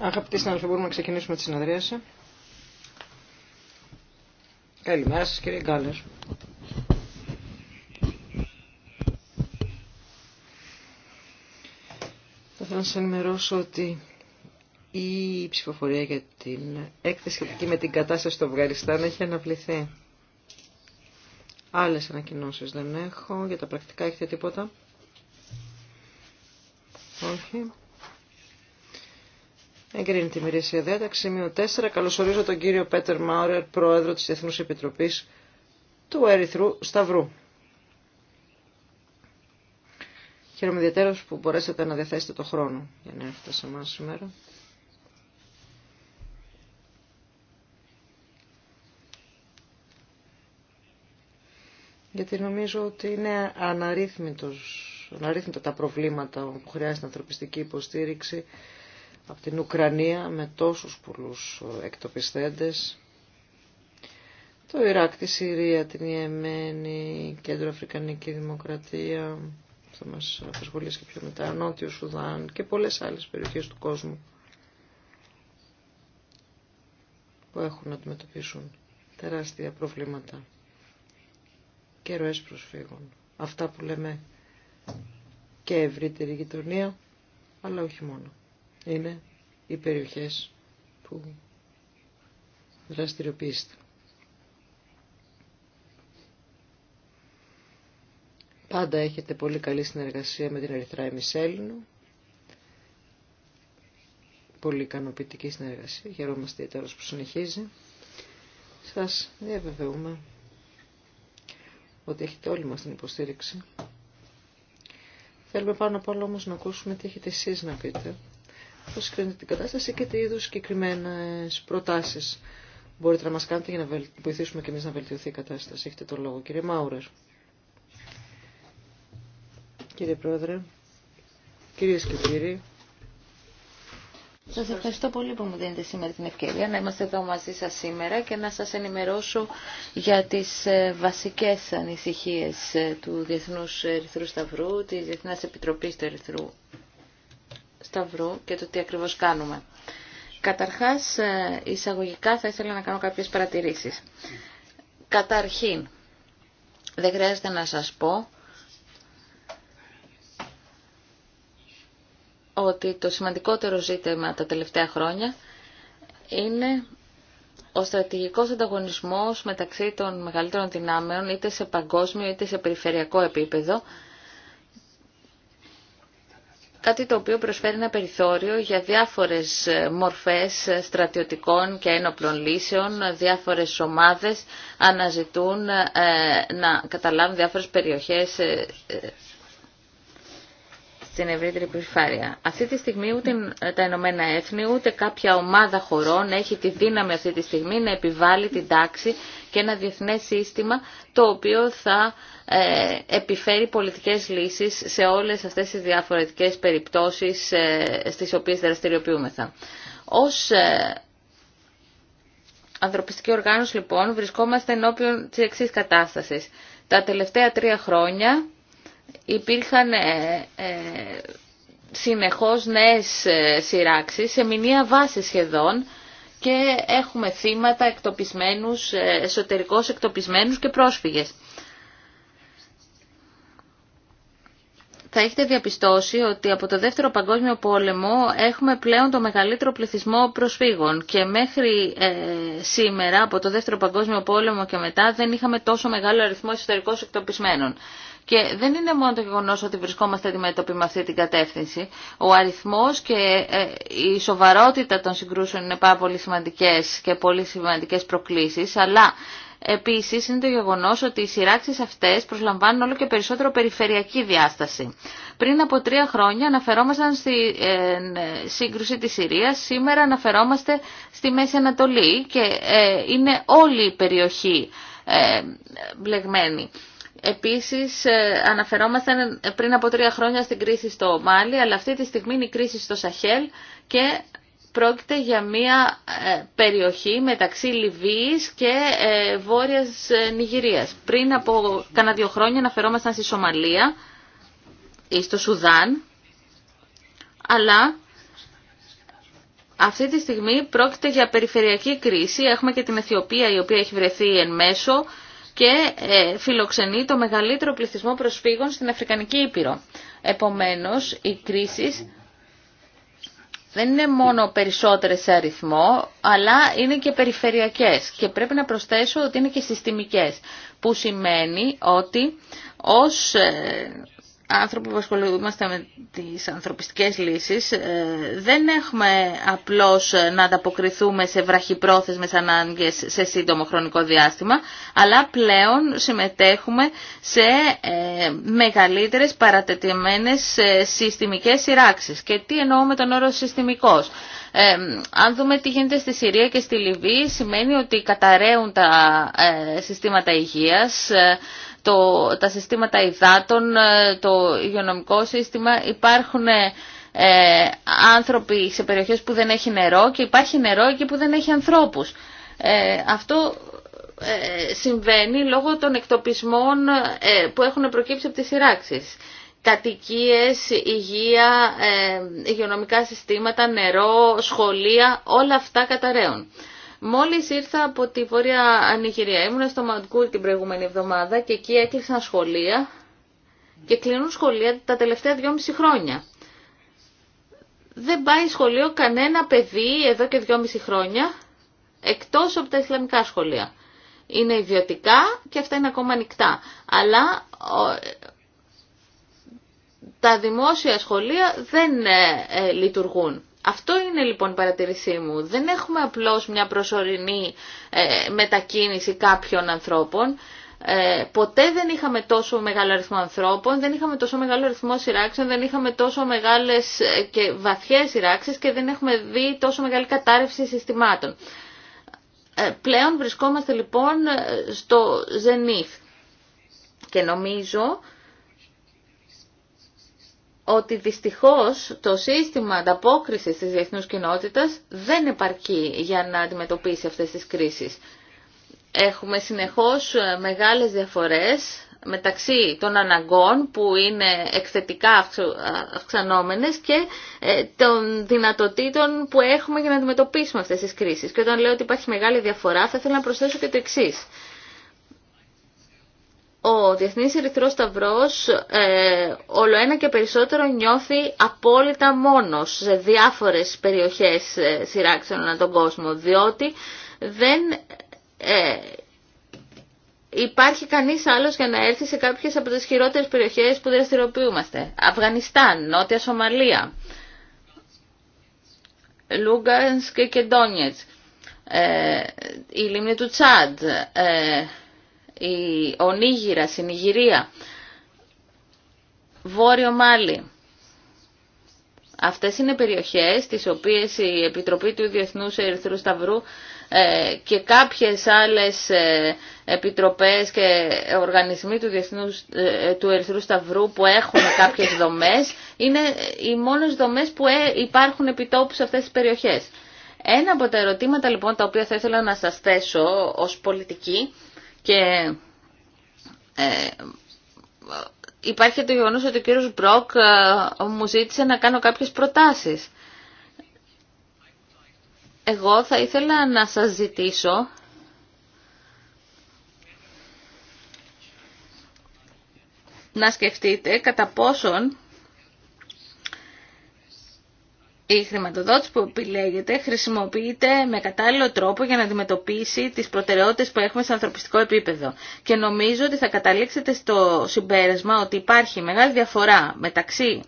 Αγαπητοί συνάδελφοι, μπορούμε να ξεκινήσουμε τη σα. Καλημέρα σα, κύριε Γκάλερ. Θα ήθελα να σα ενημερώσω ότι η ψηφοφορία για την έκθεση σχετική με την κατάσταση στο Αυγαριστάν έχει αναβληθεί. Άλλε ανακοινώσει δεν έχω, για τα πρακτικά έχετε τίποτα. Όχι. Εγκρίνει τη μυρίσια διάταξη. Σημείο 4. Καλωσορίζω τον κύριο Πέτερ Μάουρερ, πρόεδρο της Διεθνούς Επιτροπής του Ερυθρού Σταυρού. Χαίρομαι ιδιαίτερα που μπορέσατε να διαθέσετε το χρόνο για να έρθετε σε εμάς σήμερα. Γιατί νομίζω ότι είναι αναρρύθμιτος να ρίχνετε τα προβλήματα που χρειάζεται ανθρωπιστική υποστήριξη από την Ουκρανία με τόσους πολλούς ε, εκτοπιστέντες. Το Ιράκ, τη Συρία, την Ιεμένη, Κέντρο Αφρικανική Δημοκρατία, θα μας απασχολήσει και πιο μετά, Νότιο Σουδάν και πολλές άλλες περιοχές του κόσμου που έχουν να αντιμετωπίσουν τεράστια προβλήματα και ροές προσφύγων. Αυτά που λέμε και ευρύτερη γειτονία, αλλά όχι μόνο. Είναι οι περιοχές που δραστηριοποιήσετε. Πάντα έχετε πολύ καλή συνεργασία με την Ερυθρά Εμισέλινου. Πολύ ικανοποιητική συνεργασία. Χαιρόμαστε ιδιαίτερα που συνεχίζει. Σας διαβεβαιούμε ότι έχετε όλοι μας την υποστήριξη. Θέλουμε πάνω απ' όλα όμως να ακούσουμε τι έχετε εσεί να πείτε. πώ κρίνετε την κατάσταση και τι είδου συγκεκριμένε προτάσεις μπορείτε να μας κάνετε για να βοηθήσουμε και εμεί να βελτιωθεί η κατάσταση. Έχετε τον λόγο. Κύριε Μάουρερ. Κύριε Πρόεδρε, Κύριε και κύριοι, Σα ευχαριστώ πολύ που μου δίνετε σήμερα την ευκαιρία να είμαστε εδώ μαζί σα σήμερα και να σας ενημερώσω για τις ε, βασικές ανησυχίε ε, του Διεθνούς Ερυθρού Σταυρού, της Διεθνή Επιτροπής του Ερυθρού Σταυρού και το τι ακριβώς κάνουμε. Καταρχάς, ε, εισαγωγικά θα ήθελα να κάνω κάποιες παρατηρήσεις. Καταρχήν, δεν χρειάζεται να σας πω ότι το σημαντικότερο ζήτημα τα τελευταία χρόνια είναι ο στρατηγικός ανταγωνισμός μεταξύ των μεγαλύτερων δυνάμεων είτε σε παγκόσμιο είτε σε περιφερειακό επίπεδο κάτι το οποίο προσφέρει ένα περιθώριο για διάφορες μορφές στρατιωτικών και ένοπλων λύσεων, διάφορες ομάδες αναζητούν ε, να καταλάβουν διάφορες περιοχές ε, ε, στην ευρύτερη περιφέρεια. Αυτή τη στιγμή ούτε τα Ηνωμένα Έθνη ούτε κάποια ομάδα χωρών έχει τη δύναμη αυτή τη στιγμή να επιβάλλει την τάξη και ένα διεθνές σύστημα το οποίο θα ε, επιφέρει πολιτικές λύσεις σε όλες αυτές τις διαφορετικές περιπτώσεις ε, στις οποίες δραστηριοποιούμεθα. Ως ε, ανθρωπιστική οργάνωση λοιπόν βρισκόμαστε ενώπιον της εξής κατάστασης. Τα τελευταία τρία χρόνια υπήρχαν ε, ε, συνεχώς νέες ε, σειράξεις σε μηνία βάση σχεδόν και έχουμε θύματα εκτοπισμένους, εσωτερικώς εκτοπισμένους και πρόσφυγες. θα έχετε διαπιστώσει ότι από το Δεύτερο Παγκόσμιο Πόλεμο έχουμε πλέον το μεγαλύτερο πληθυσμό προσφύγων και μέχρι σήμερα από το Δεύτερο Παγκόσμιο Πόλεμο και μετά δεν είχαμε τόσο μεγάλο αριθμό εσωτερικώς εκτοπισμένων. Και δεν είναι μόνο το γεγονός ότι βρισκόμαστε αντιμέτωποι με αυτή την κατεύθυνση. Ο αριθμός και ε, η σοβαρότητα των συγκρούσεων είναι πάρα πολύ σημαντικές και πολύ σημαντικές προκλήσεις, αλλά Επίσης είναι το γεγονός ότι οι σειράξεις αυτές προσλαμβάνουν όλο και περισσότερο περιφερειακή διάσταση. Πριν από τρία χρόνια αναφερόμασταν στη ε, σύγκρουση της Συρίας, σήμερα αναφερόμαστε στη Μέση Ανατολή και ε, είναι όλη η περιοχή μπλεγμένη. Επίσης ε, αναφερόμασταν πριν από τρία χρόνια στην κρίση στο Μάλι, αλλά αυτή τη στιγμή είναι η κρίση στο Σαχέλ και πρόκειται για μια ε, περιοχή μεταξύ Λιβύης και ε, Βόρειας Νιγηρίας. Πριν από κανένα δύο χρόνια αναφερόμασταν στη Σομαλία ή στο Σουδάν, αλλά αυτή τη στιγμή πρόκειται για περιφερειακή κρίση. Έχουμε και την Αιθιοπία η οποία έχει βρεθεί εν μέσω και ε, φιλοξενεί το μεγαλύτερο πληθυσμό προσφύγων στην Αφρικανική Ήπειρο. Επομένως, οι κρίσεις δεν είναι μόνο περισσότερες σε αριθμό, αλλά είναι και περιφερειακές και πρέπει να προσθέσω ότι είναι και συστημικές, που σημαίνει ότι ως ε, άνθρωποι που ασχολούμαστε με τις ανθρωπιστικές λύσεις ε, δεν έχουμε απλώς να ανταποκριθούμε σε βραχυπρόθεσμες ανάγκες σε σύντομο χρονικό διάστημα, αλλά πλέον συμμετέχουμε σε ε, μεγαλύτερες παρατετημένες ε, συστημικές σειράξεις. Και τι εννοώ με τον όρο συστημικός. αν δούμε τι γίνεται στη Συρία και στη Λιβύη, σημαίνει ότι καταραίουν τα συστήματα υγείας, το, τα συστήματα υδάτων, ε, το υγειονομικό σύστημα. Υπάρχουν ε, ε, άνθρωποι σε περιοχές που δεν έχει νερό και υπάρχει νερό εκεί που δεν έχει ανθρώπους. αυτό συμβαίνει λόγω των εκτοπισμών που έχουν προκύψει από τις σειράξεις. Κατοικίες, υγεία, υγειονομικά συστήματα, νερό, σχολεία, όλα αυτά καταραίουν. Μόλις ήρθα από τη Βορεια Ανιγυρία, ήμουν στο Μαντκούρ την προηγούμενη εβδομάδα και εκεί έκλεισαν σχολεία και κλείνουν σχολεία τα τελευταία δυόμιση χρόνια. Δεν πάει σχολείο κανένα παιδί εδώ και δυόμιση χρόνια, εκτός από τα Ισλαμικά σχολεία. Είναι ιδιωτικά και αυτά είναι ακόμα ανοιχτά. Αλλά τα δημόσια σχολεία δεν ε, ε, λειτουργούν. Αυτό είναι λοιπόν η παρατηρήσή μου. Δεν έχουμε απλώς μια προσωρινή ε, μετακίνηση κάποιων ανθρώπων. Ε, ποτέ δεν είχαμε τόσο μεγάλο αριθμό ανθρώπων, δεν είχαμε τόσο μεγάλο αριθμό σειράξεων, δεν είχαμε τόσο μεγάλες ε, και βαθιές σειράξεις και δεν έχουμε δει τόσο μεγάλη κατάρρευση συστημάτων. Ε, πλέον βρισκόμαστε λοιπόν στο ζενήθ και νομίζω ότι δυστυχώς το σύστημα ανταπόκρισης της διεθνούς κοινότητας δεν επαρκεί για να αντιμετωπίσει αυτές τις κρίσεις. Έχουμε συνεχώς ε, μεγάλες διαφορές μεταξύ των αναγκών που είναι εκθετικά αυξανόμενες και ε, των δυνατοτήτων που έχουμε για να αντιμετωπίσουμε αυτές τις κρίσεις. Και όταν λέω ότι υπάρχει μεγάλη διαφορά θα ήθελα να προσθέσω και το εξής ο Διεθνής Ερυθρός Σταυρός ε, όλο ένα και περισσότερο νιώθει απόλυτα μόνος σε διάφορες περιοχές ε, σειράξεων ανά τον κόσμο, διότι δεν ε, υπάρχει κανείς άλλος για να έρθει σε κάποιες από τις χειρότερες περιοχές που δραστηριοποιούμαστε. Αφγανιστάν, Νότια Σομαλία, Λούγκανς και Κεντόνιες, ε, η λίμνη του Τσάντ, ε, η Ονίγυρα, η Νιγηρία, Βόρειο Μάλι. Αυτές είναι περιοχές τις οποίες η Επιτροπή του Διεθνούς Ερυθρού Σταυρού ε, και κάποιες άλλες ε, επιτροπές και οργανισμοί του, Διεθνούς, ε, του Ερυθρού Σταυρού που έχουν κάποιες δομές είναι οι μόνες δομές που υπάρχουν επιτόπου σε αυτές τις περιοχές. Ένα από τα ερωτήματα λοιπόν τα οποία θα ήθελα να σας θέσω ως πολιτική και ε, υπάρχει το γεγονό ότι ο κύριος Μπροκ ε, μου ζήτησε να κάνω κάποιες προτάσεις. Εγώ θα ήθελα να σας ζητήσω να σκεφτείτε κατά πόσον η χρηματοδότηση που επιλέγεται χρησιμοποιείται με κατάλληλο τρόπο για να αντιμετωπίσει τις προτεραιότητες που έχουμε σε ανθρωπιστικό επίπεδο. Και νομίζω ότι θα καταλήξετε στο συμπέρασμα ότι υπάρχει μεγάλη διαφορά μεταξύ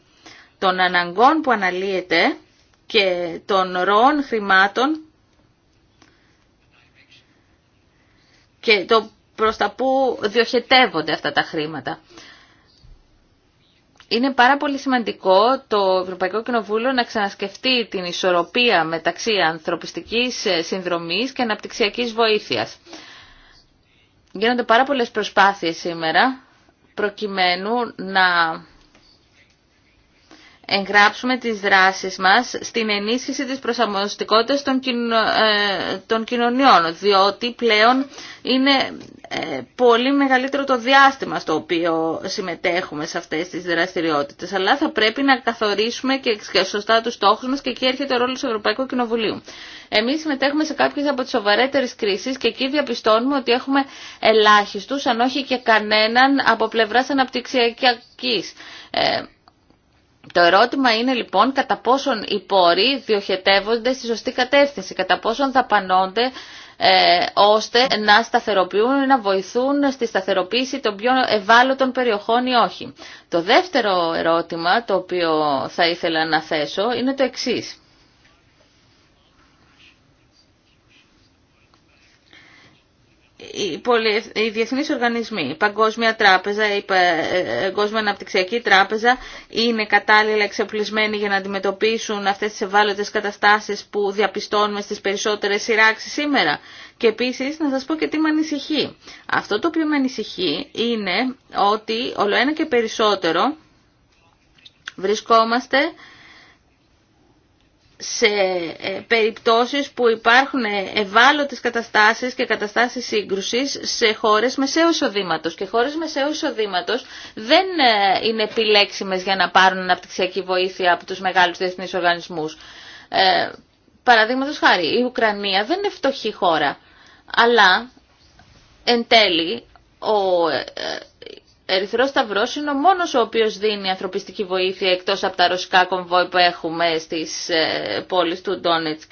των αναγκών που αναλύεται και των ροών χρημάτων και το προς τα που διοχετεύονται αυτά τα χρήματα είναι πάρα πολύ σημαντικό το Ευρωπαϊκό Κοινοβούλιο να ξανασκεφτεί την ισορροπία μεταξύ ανθρωπιστικής συνδρομής και αναπτυξιακής βοήθειας. Γίνονται πάρα πολλές προσπάθειες σήμερα προκειμένου να εγγράψουμε τις δράσεις μας στην ενίσχυση της προσαρμοστικότητας των, ε, κοινωνιών, διότι πλέον είναι ε, πολύ μεγαλύτερο το διάστημα στο οποίο συμμετέχουμε σε αυτές τις δραστηριότητες, αλλά θα πρέπει να καθορίσουμε και σωστά τους στόχους μας και εκεί έρχεται ο ρόλος του Ευρωπαϊκού Κοινοβουλίου. Εμείς συμμετέχουμε σε κάποιες από τις σοβαρέτερες κρίσεις και εκεί διαπιστώνουμε ότι έχουμε ελάχιστους, αν όχι και κανέναν, από πλευράς αναπτυξιακής. Ε, το ερώτημα είναι λοιπόν κατά πόσον οι πόροι διοχετεύονται στη σωστή κατεύθυνση, κατά πόσον δαπανώνται ε, ώστε να σταθεροποιούν, ή να βοηθούν στη σταθεροποίηση των πιο ευάλωτων περιοχών ή όχι. Το δεύτερο ερώτημα το οποίο θα ήθελα να θέσω είναι το εξής. οι, διεθνεί διεθνείς οργανισμοί, η Παγκόσμια Τράπεζα, η ε, Παγκόσμια Αναπτυξιακή Τράπεζα είναι κατάλληλα εξεπλισμένοι για να αντιμετωπίσουν αυτές τις ευάλωτες καταστάσεις που διαπιστώνουμε στις περισσότερες σειράξεις σήμερα. Και επίσης να σας πω και τι με ανησυχεί. Αυτό το οποίο με ανησυχεί είναι ότι όλο ένα και περισσότερο βρισκόμαστε σε ε, περιπτώσεις που υπάρχουν ευάλωτες καταστάσεις και καταστάσεις σύγκρουσης σε χώρες μεσαίου εισοδήματος. Και χώρες μεσαίου εισοδήματος δεν ε, είναι επιλέξιμες για να πάρουν αναπτυξιακή βοήθεια από τους μεγάλους διεθνείς οργανισμούς. Ε, Παραδείγματο χάρη, η Ουκρανία δεν είναι φτωχή χώρα, αλλά εν τέλει ο ε, Ερυθρό Σταυρό είναι ο μόνος ο οποίος δίνει ανθρωπιστική βοήθεια εκτός από τα ρωσικά κομβόη που έχουμε στις ε, πόλεις του Ντόνετσκ.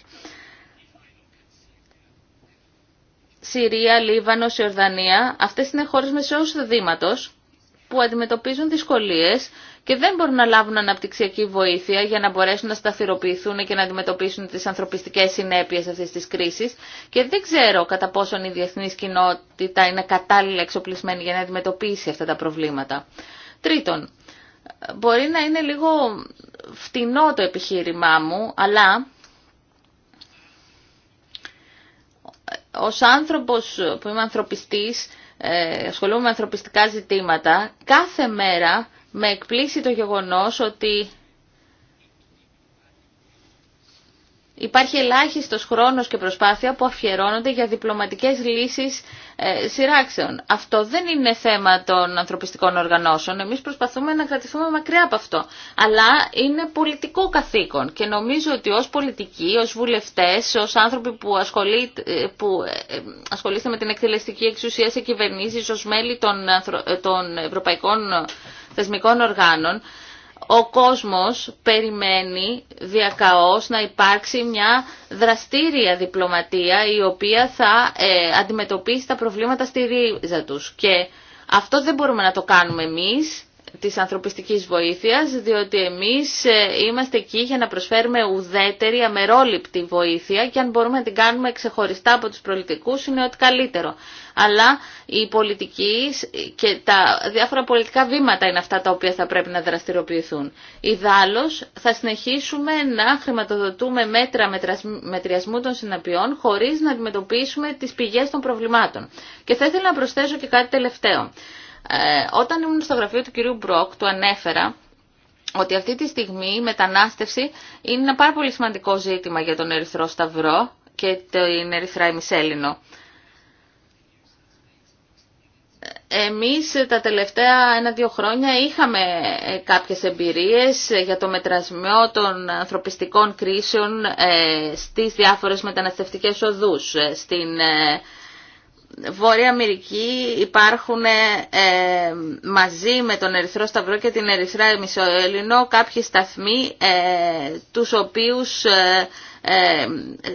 Συρία, Λίβανο, Ιορδανία, αυτές είναι χώρες μεσαίου δήματο που αντιμετωπίζουν δυσκολίες και δεν μπορούν να λάβουν αναπτυξιακή βοήθεια για να μπορέσουν να σταθεροποιηθούν και να αντιμετωπίσουν τις ανθρωπιστικές συνέπειες αυτής της κρίσης και δεν ξέρω κατά πόσον η διεθνή κοινότητα είναι κατάλληλα εξοπλισμένη για να αντιμετωπίσει αυτά τα προβλήματα. Τρίτον, μπορεί να είναι λίγο φτηνό το επιχείρημά μου, αλλά ως άνθρωπος που είμαι ανθρωπιστής, ε, ασχολούμαι με ανθρωπιστικά ζητήματα, κάθε μέρα με εκπλήσει το γεγονός ότι Υπάρχει ελάχιστος χρόνος και προσπάθεια που αφιερώνονται για διπλωματικές λύσεις ε, σειράξεων. Αυτό δεν είναι θέμα των ανθρωπιστικών οργανώσεων. Εμείς προσπαθούμε να κρατηθούμε μακριά από αυτό. Αλλά είναι πολιτικό καθήκον και νομίζω ότι ως πολιτικοί, ως βουλευτές, ως άνθρωποι που, ασχολεί, ε, που ε, ασχολείστε με την εκτελεστική εξουσία σε κυβερνήσεις, ως μέλη των ε, ευρωπαϊκών θεσμικών οργάνων, ο κόσμος περιμένει διακαώς να υπάρξει μια δραστήρια διπλωματία η οποία θα ε, αντιμετωπίσει τα προβλήματα στη ρίζα τους. Και αυτό δεν μπορούμε να το κάνουμε εμείς της ανθρωπιστικής βοήθειας, διότι εμείς ε, είμαστε εκεί για να προσφέρουμε ουδέτερη, αμερόληπτη βοήθεια και αν μπορούμε να την κάνουμε ξεχωριστά από τους πολιτικούς είναι ότι καλύτερο. Αλλά οι πολιτικοί και τα διάφορα πολιτικά βήματα είναι αυτά τα οποία θα πρέπει να δραστηριοποιηθούν. Ιδάλλως θα συνεχίσουμε να χρηματοδοτούμε μέτρα μετριασμού των συναπιών χωρίς να αντιμετωπίσουμε τις πηγές των προβλημάτων. Και θα ήθελα να προσθέσω και κάτι τελευταίο. Ε, όταν ήμουν στο γραφείο του κυρίου Μπροκ, του ανέφερα ότι αυτή τη στιγμή η μετανάστευση είναι ένα πάρα πολύ σημαντικό ζήτημα για τον Ερυθρό Σταυρό και την Ερυθρά Ημισέλινο. Εμείς τα τελευταία ένα-δύο χρόνια είχαμε ε, κάποιες εμπειρίες για το μετρασμό των ανθρωπιστικών κρίσεων ε, στις διάφορες μεταναστευτικές οδούς, στην Βόρεια Αμερική υπάρχουν ε, μαζί με τον Ερυθρό Σταυρό και την Ερυθρά Μισοέλληνο κάποιοι σταθμοί ε, τους οποίους ε, ε,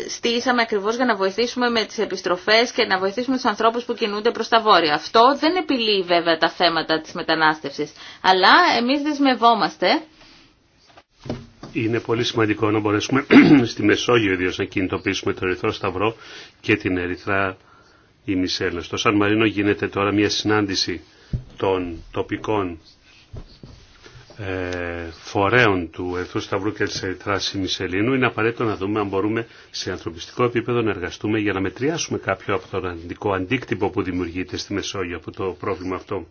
στήσαμε ακριβώς για να βοηθήσουμε με τις επιστροφές και να βοηθήσουμε τους ανθρώπους που κινούνται προς τα βόρεια. Αυτό δεν επιλύει βέβαια τα θέματα της μετανάστευσης, αλλά εμείς δεσμευόμαστε. Είναι πολύ σημαντικό να μπορέσουμε στη Μεσόγειο ιδίως να κινητοποιήσουμε τον Ερυθρό Σταυρό και την Ερυθρά η Στο Σαν Μαρίνο γίνεται τώρα μια συνάντηση των τοπικών ε, φορέων του Ερθρού Σταυρού και της Ερυθράς Μισελίνου είναι απαραίτητο να δούμε αν μπορούμε σε ανθρωπιστικό επίπεδο να εργαστούμε για να μετριάσουμε κάποιο από τον αρνητικό αντίκτυπο που δημιουργείται στη Μεσόγειο από το πρόβλημα αυτό.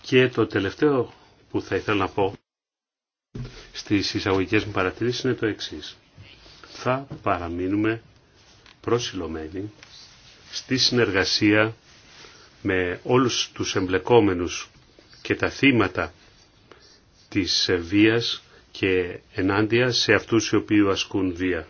Και το τελευταίο που θα ήθελα να πω στις εισαγωγικές μου παρατηρήσεις είναι το εξής. Θα παραμείνουμε προσιλωμένοι στη συνεργασία με όλους τους εμπλεκόμενους και τα θύματα της βίας και ενάντια σε αυτούς οι οποίοι ασκούν βία.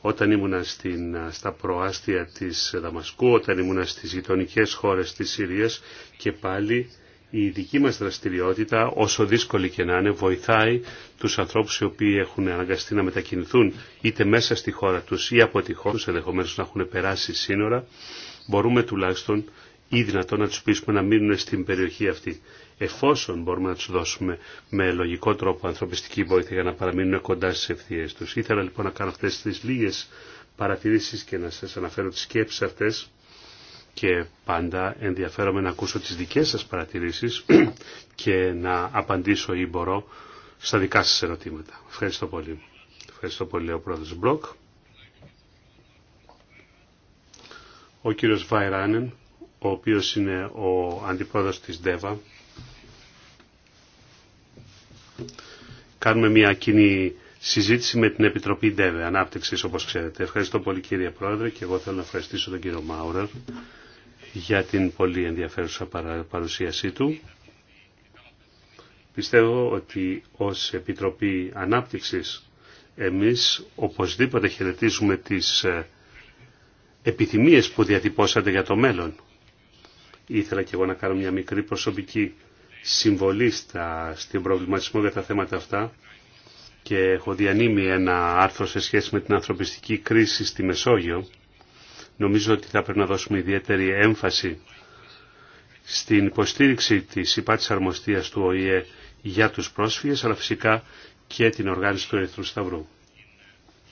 Όταν ήμουνα στην, στα προάστια της Δαμασκού, όταν ήμουνα στις γειτονικές χώρες της Συρίας και πάλι η δική μας δραστηριότητα, όσο δύσκολη και να είναι, βοηθάει τους ανθρώπους οι οποίοι έχουν αναγκαστεί να μετακινηθούν είτε μέσα στη χώρα τους ή από τη χώρα τους, ενδεχομένως να έχουν περάσει σύνορα, μπορούμε τουλάχιστον ή δυνατόν να τους πείσουμε να μείνουν στην περιοχή αυτή. Εφόσον μπορούμε να τους δώσουμε με λογικό τρόπο ανθρωπιστική βοήθεια για να παραμείνουν κοντά στις ευθείες τους. Ήθελα λοιπόν να κάνω αυτές τις λίγες παρατηρήσεις και να σας αναφέρω τις σκέψεις αυτές και πάντα ενδιαφέρομαι να ακούσω τις δικές σας παρατηρήσεις και να απαντήσω ή μπορώ στα δικά σας ερωτήματα. Ευχαριστώ πολύ. Ευχαριστώ πολύ ο πρόεδρος Μπλοκ. Ο κύριος Βαϊράνεν, ο οποίος είναι ο αντιπρόεδρος της ΔΕΒΑ. Κάνουμε μια κοινή συζήτηση με την Επιτροπή ΔΕΒΕ Ανάπτυξης, όπως ξέρετε. Ευχαριστώ πολύ κύριε Πρόεδρε και εγώ θέλω να ευχαριστήσω τον κύριο Μάουρερ για την πολύ ενδιαφέρουσα παρουσίασή του. Πιστεύω ότι ως Επιτροπή Ανάπτυξης εμείς οπωσδήποτε χαιρετίζουμε τις ε, επιθυμίες που διατυπώσατε για το μέλλον. Ήθελα και εγώ να κάνω μια μικρή προσωπική συμβολή στα, στην προβληματισμό για τα θέματα αυτά και έχω διανύμει ένα άρθρο σε σχέση με την ανθρωπιστική κρίση στη Μεσόγειο Νομίζω ότι θα πρέπει να δώσουμε ιδιαίτερη έμφαση στην υποστήριξη της υπάτης αρμοστίας του ΟΗΕ για τους πρόσφυγες, αλλά φυσικά και την οργάνωση του Ερυθρού Σταυρού.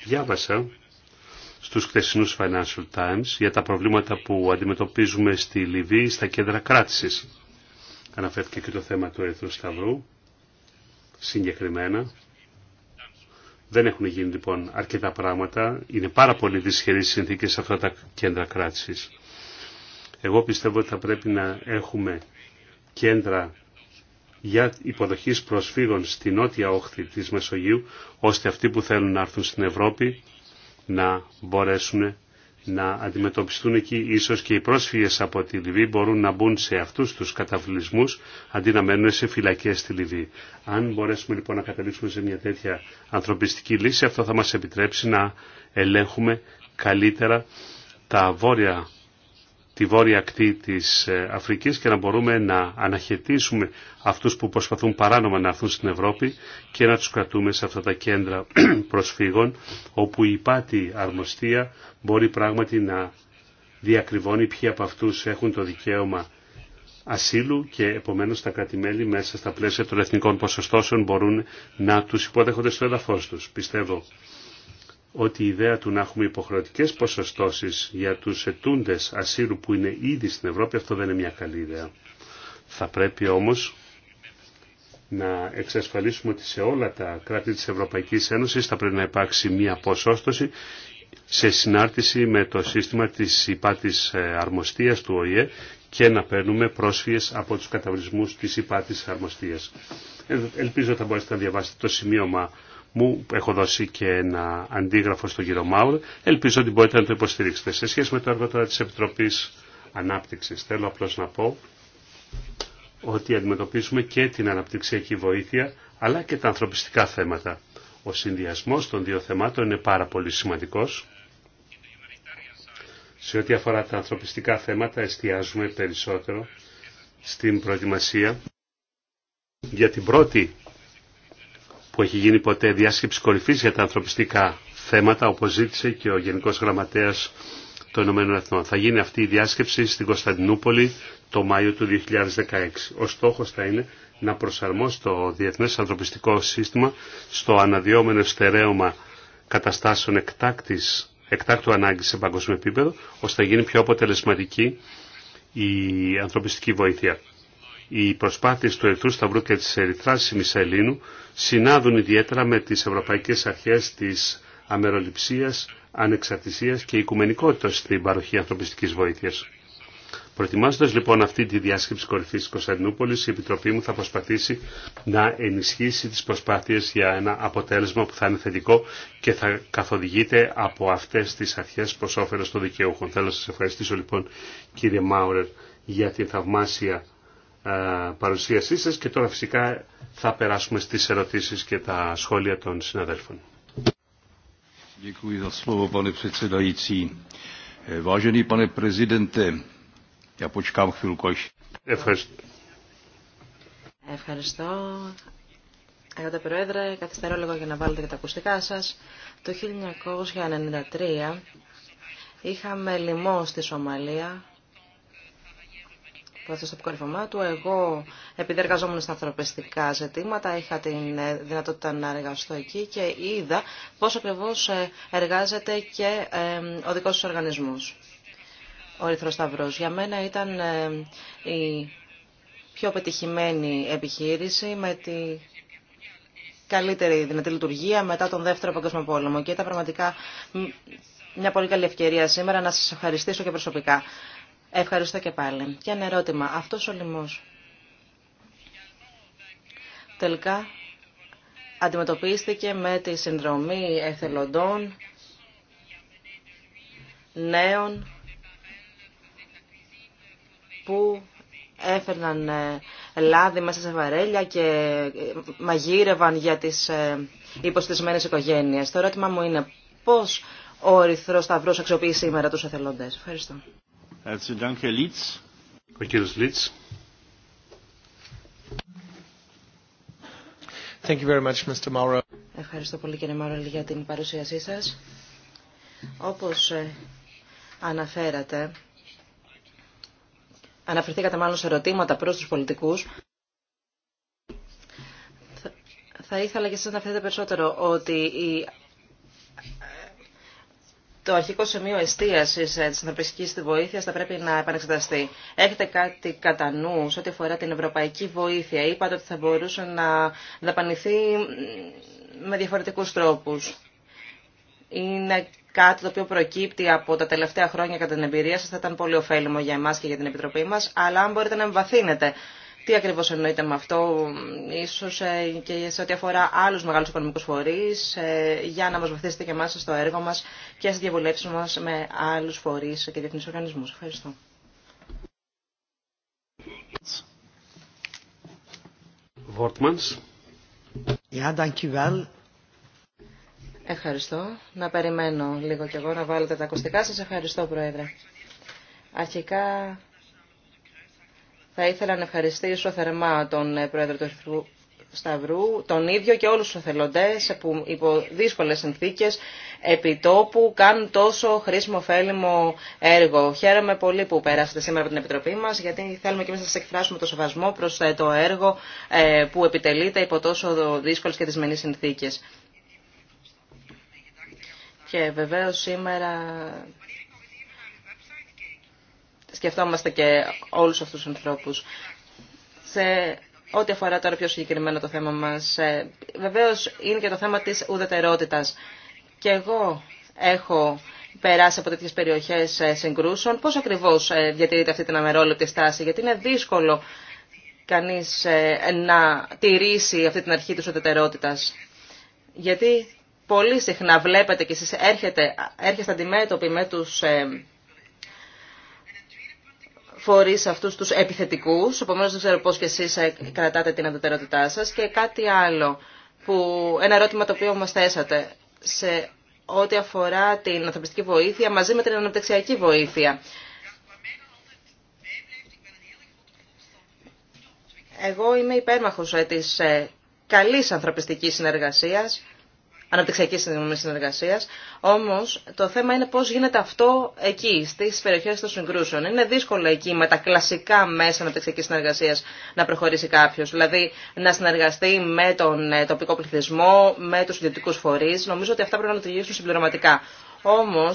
Διάβασα στους χθεσινούς Financial Times για τα προβλήματα που αντιμετωπίζουμε στη Λιβύη, στα κέντρα κράτησης. Αναφέρθηκε και το θέμα του Ερυθρού Σταυρού, συγκεκριμένα. Δεν έχουν γίνει λοιπόν αρκετά πράγματα. Είναι πάρα πολύ δυσχερή συνθήκε σε αυτά τα κέντρα κράτησης. Εγώ πιστεύω ότι θα πρέπει να έχουμε κέντρα για υποδοχή προσφύγων στη νότια όχθη της Μεσογείου, ώστε αυτοί που θέλουν να έρθουν στην Ευρώπη να μπορέσουν να αντιμετωπιστούν εκεί. Ίσως και οι πρόσφυγες από τη Λιβύη μπορούν να μπουν σε αυτούς τους καταβλισμούς αντί να μένουν σε φυλακές στη Λιβύη. Αν μπορέσουμε λοιπόν να καταλήξουμε σε μια τέτοια ανθρωπιστική λύση, αυτό θα μας επιτρέψει να ελέγχουμε καλύτερα τα βόρεια τη βόρεια ακτή της ε, Αφρικής και να μπορούμε να αναχαιτήσουμε αυτούς που προσπαθούν παράνομα να έρθουν στην Ευρώπη και να τους κρατούμε σε αυτά τα κέντρα προσφύγων όπου η πάτη αρμοστία μπορεί πράγματι να διακριβώνει ποιοι από αυτούς έχουν το δικαίωμα ασύλου και επομένως τα κρατημέλη μέσα στα πλαίσια των εθνικών ποσοστώσεων μπορούν να τους υποδέχονται στο εδάφο του. Πιστεύω ότι η ιδέα του να έχουμε υποχρεωτικέ ποσοστώσεις για τους ετούντε ασύλου που είναι ήδη στην Ευρώπη, αυτό δεν είναι μια καλή ιδέα. Θα πρέπει όμως να εξασφαλίσουμε ότι σε όλα τα κράτη της Ευρωπαϊκής Ένωσης θα πρέπει να υπάρξει μια ποσόστοση σε συνάρτηση με το σύστημα της υπάτης ε, αρμοστίας του ΟΗΕ και να παίρνουμε πρόσφυγες από τους καταβλισμούς της υπάτης αρμοστίας. Ε, ελπίζω θα μπορέσετε να διαβάσετε το σημείωμα μου. Έχω δώσει και ένα αντίγραφο στον κύριο Μάουρ. Ελπίζω ότι μπορείτε να το υποστηρίξετε. Σε σχέση με το έργο τώρα της Επιτροπής Ανάπτυξης, θέλω απλώς να πω ότι αντιμετωπίζουμε και την αναπτυξιακή βοήθεια, αλλά και τα ανθρωπιστικά θέματα. Ο συνδυασμός των δύο θεμάτων είναι πάρα πολύ σημαντικός. Σε ό,τι αφορά τα ανθρωπιστικά θέματα, εστιάζουμε περισσότερο στην προετοιμασία για την πρώτη που έχει γίνει ποτέ διάσκεψη κορυφής για τα ανθρωπιστικά θέματα, όπως ζήτησε και ο Γενικός Γραμματέας των Ηνωμένων Θα γίνει αυτή η διάσκεψη στην Κωνσταντινούπολη το Μάιο του 2016. Ο στόχος θα είναι να προσαρμόσει το Διεθνές Ανθρωπιστικό Σύστημα στο αναδυόμενο στερέωμα καταστάσεων εκτάκτης, εκτάκτου ανάγκη σε παγκόσμιο επίπεδο, ώστε να γίνει πιο αποτελεσματική η ανθρωπιστική βοήθεια οι προσπάθειες του Ερυθρού Σταυρού και της Ερυθράς Μισελίνου συνάδουν ιδιαίτερα με τις ευρωπαϊκές αρχές της αμεροληψίας, ανεξαρτησίας και οικουμενικότητας στην παροχή ανθρωπιστικής βοήθειας. Προετοιμάζοντα λοιπόν αυτή τη διάσκεψη κορυφή τη Κωνσταντινούπολη, η Επιτροπή μου θα προσπαθήσει να ενισχύσει τι προσπάθειε για ένα αποτέλεσμα που θα είναι θετικό και θα καθοδηγείται από αυτέ τι αρχέ προ όφελο των δικαιούχων. Θέλω να σα ευχαριστήσω λοιπόν κύριε Μάουρερ για την θαυμάσια ε, παρουσίασή σας και τώρα φυσικά θα περάσουμε στις ερωτήσεις και τα σχόλια των συναδέλφων. Eh, Ευχαριστώ. Ευχαριστώ. Αγαπητέ Πρόεδρε, καθυστερώ λίγο για να βάλετε και τα ακουστικά σας. Το 1993 είχαμε λοιμό στη Σομαλία το αποκορυφωμά του. Εγώ, επειδή εργαζόμουν στα ανθρωπιστικά ζητήματα, είχα την ε, δυνατότητα να εργαστώ εκεί και είδα πώ ακριβώ ε, εργάζεται και ε, ο δικό του οργανισμό, Ο Ρηθρό Για μένα ήταν η πιο πετυχημένη επιχείρηση με τη καλύτερη δυνατή λειτουργία μετά τον Δεύτερο Παγκόσμιο Πόλεμο. Και ήταν πραγματικά μια πολύ καλή ευκαιρία σήμερα να σας ευχαριστήσω και προσωπικά. Ευχαριστώ και πάλι. Και ένα ερώτημα. Αυτός ο λοιμός τελικά αντιμετωπίστηκε με τη συνδρομή εθελοντών, νέων που έφερναν ε, λάδι μέσα σε βαρέλια και ε, μαγείρευαν για τις ε, υποστησμένες οικογένειες. Το ερώτημα μου είναι πώς ο Ερυθρός Σταυρός αξιοποιεί σήμερα τους εθελοντές. Ευχαριστώ. Ευχαριστώ πολύ κύριε Μάρολη για την παρουσίασή σας. Όπως ε, αναφέρατε, αναφερθήκατε μάλλον σε ερωτήματα προς τους πολιτικούς. Θα ήθελα και εσείς να αναφέρετε περισσότερο ότι η το αρχικό σημείο εστίαση ε, τη ανθρωπιστική βοήθεια θα πρέπει να επανεξεταστεί. Έχετε κάτι κατά νου σε ό,τι αφορά την ευρωπαϊκή βοήθεια. Είπατε ότι θα μπορούσε να δαπανηθεί με διαφορετικού τρόπου. Είναι κάτι το οποίο προκύπτει από τα τελευταία χρόνια κατά την εμπειρία σα. Θα ήταν πολύ ωφέλιμο για εμά και για την Επιτροπή μα. Αλλά αν μπορείτε να εμβαθύνετε τι ακριβώ εννοείται με αυτό, ίσω ε, και σε ό,τι αφορά άλλου μεγάλου οικονομικού φορεί, ε, για να μα βοηθήσετε και εμά στο έργο μα και στι διαβουλεύσει μα με άλλου φορεί και διεθνεί οργανισμού. Ευχαριστώ. Ευχαριστώ. Να περιμένω λίγο κι εγώ να βάλετε τα ακουστικά σας. Ευχαριστώ, Πρόεδρε. Αρχικά θα ήθελα να ευχαριστήσω θερμά τον ε, Πρόεδρο του Ερυθρού Σταυρού, τον ίδιο και όλους τους εθελοντές που υπό δύσκολες συνθήκες επιτόπου κάνουν τόσο χρήσιμο ωφέλιμο έργο. Χαίρομαι πολύ που πέρασατε σήμερα από την Επιτροπή μας γιατί θέλουμε και εμείς να σας εκφράσουμε το σεβασμό προς ε, το έργο ε, που επιτελείται υπό τόσο δύσκολες και δυσμενείς συνθήκες. Και βεβαίως σήμερα σκεφτόμαστε και όλους αυτούς τους ανθρώπους. Σε ό,τι αφορά τώρα πιο συγκεκριμένα το θέμα μας, ε, βεβαίως είναι και το θέμα της ουδετερότητας. Και εγώ έχω περάσει από τέτοιες περιοχές ε, συγκρούσεων. Πώς ακριβώς ε, διατηρείται αυτή την αμερόληπτη στάση, γιατί είναι δύσκολο κανείς να τηρήσει αυτή την αρχή της ουδετερότητας. Γιατί πολύ συχνά βλέπετε και εσείς έρχεστε αντιμέτωποι με τους φορεί αυτούς τους επιθετικούς, επομένως δεν ξέρω πώς και εσείς ε, κρατάτε την αντιτερότητά σας και κάτι άλλο, που, ένα ερώτημα το οποίο μας θέσατε σε ό,τι αφορά την ανθρωπιστική βοήθεια μαζί με την αναπτυξιακή βοήθεια. Εγώ είμαι υπέρμαχος ε, της ε, καλής ανθρωπιστικής συνεργασίας αναπτυξιακή συνεργασία. Όμως το θέμα είναι πώς γίνεται αυτό εκεί, στις περιοχές των συγκρούσεων. Είναι δύσκολο εκεί με τα κλασικά μέσα αναπτυξιακή συνεργασία να προχωρήσει κάποιο, Δηλαδή να συνεργαστεί με τον ε, τοπικό πληθυσμό, με τους ιδιωτικού φορείς. Νομίζω ότι αυτά πρέπει να λειτουργήσουν συμπληρωματικά. Όμω,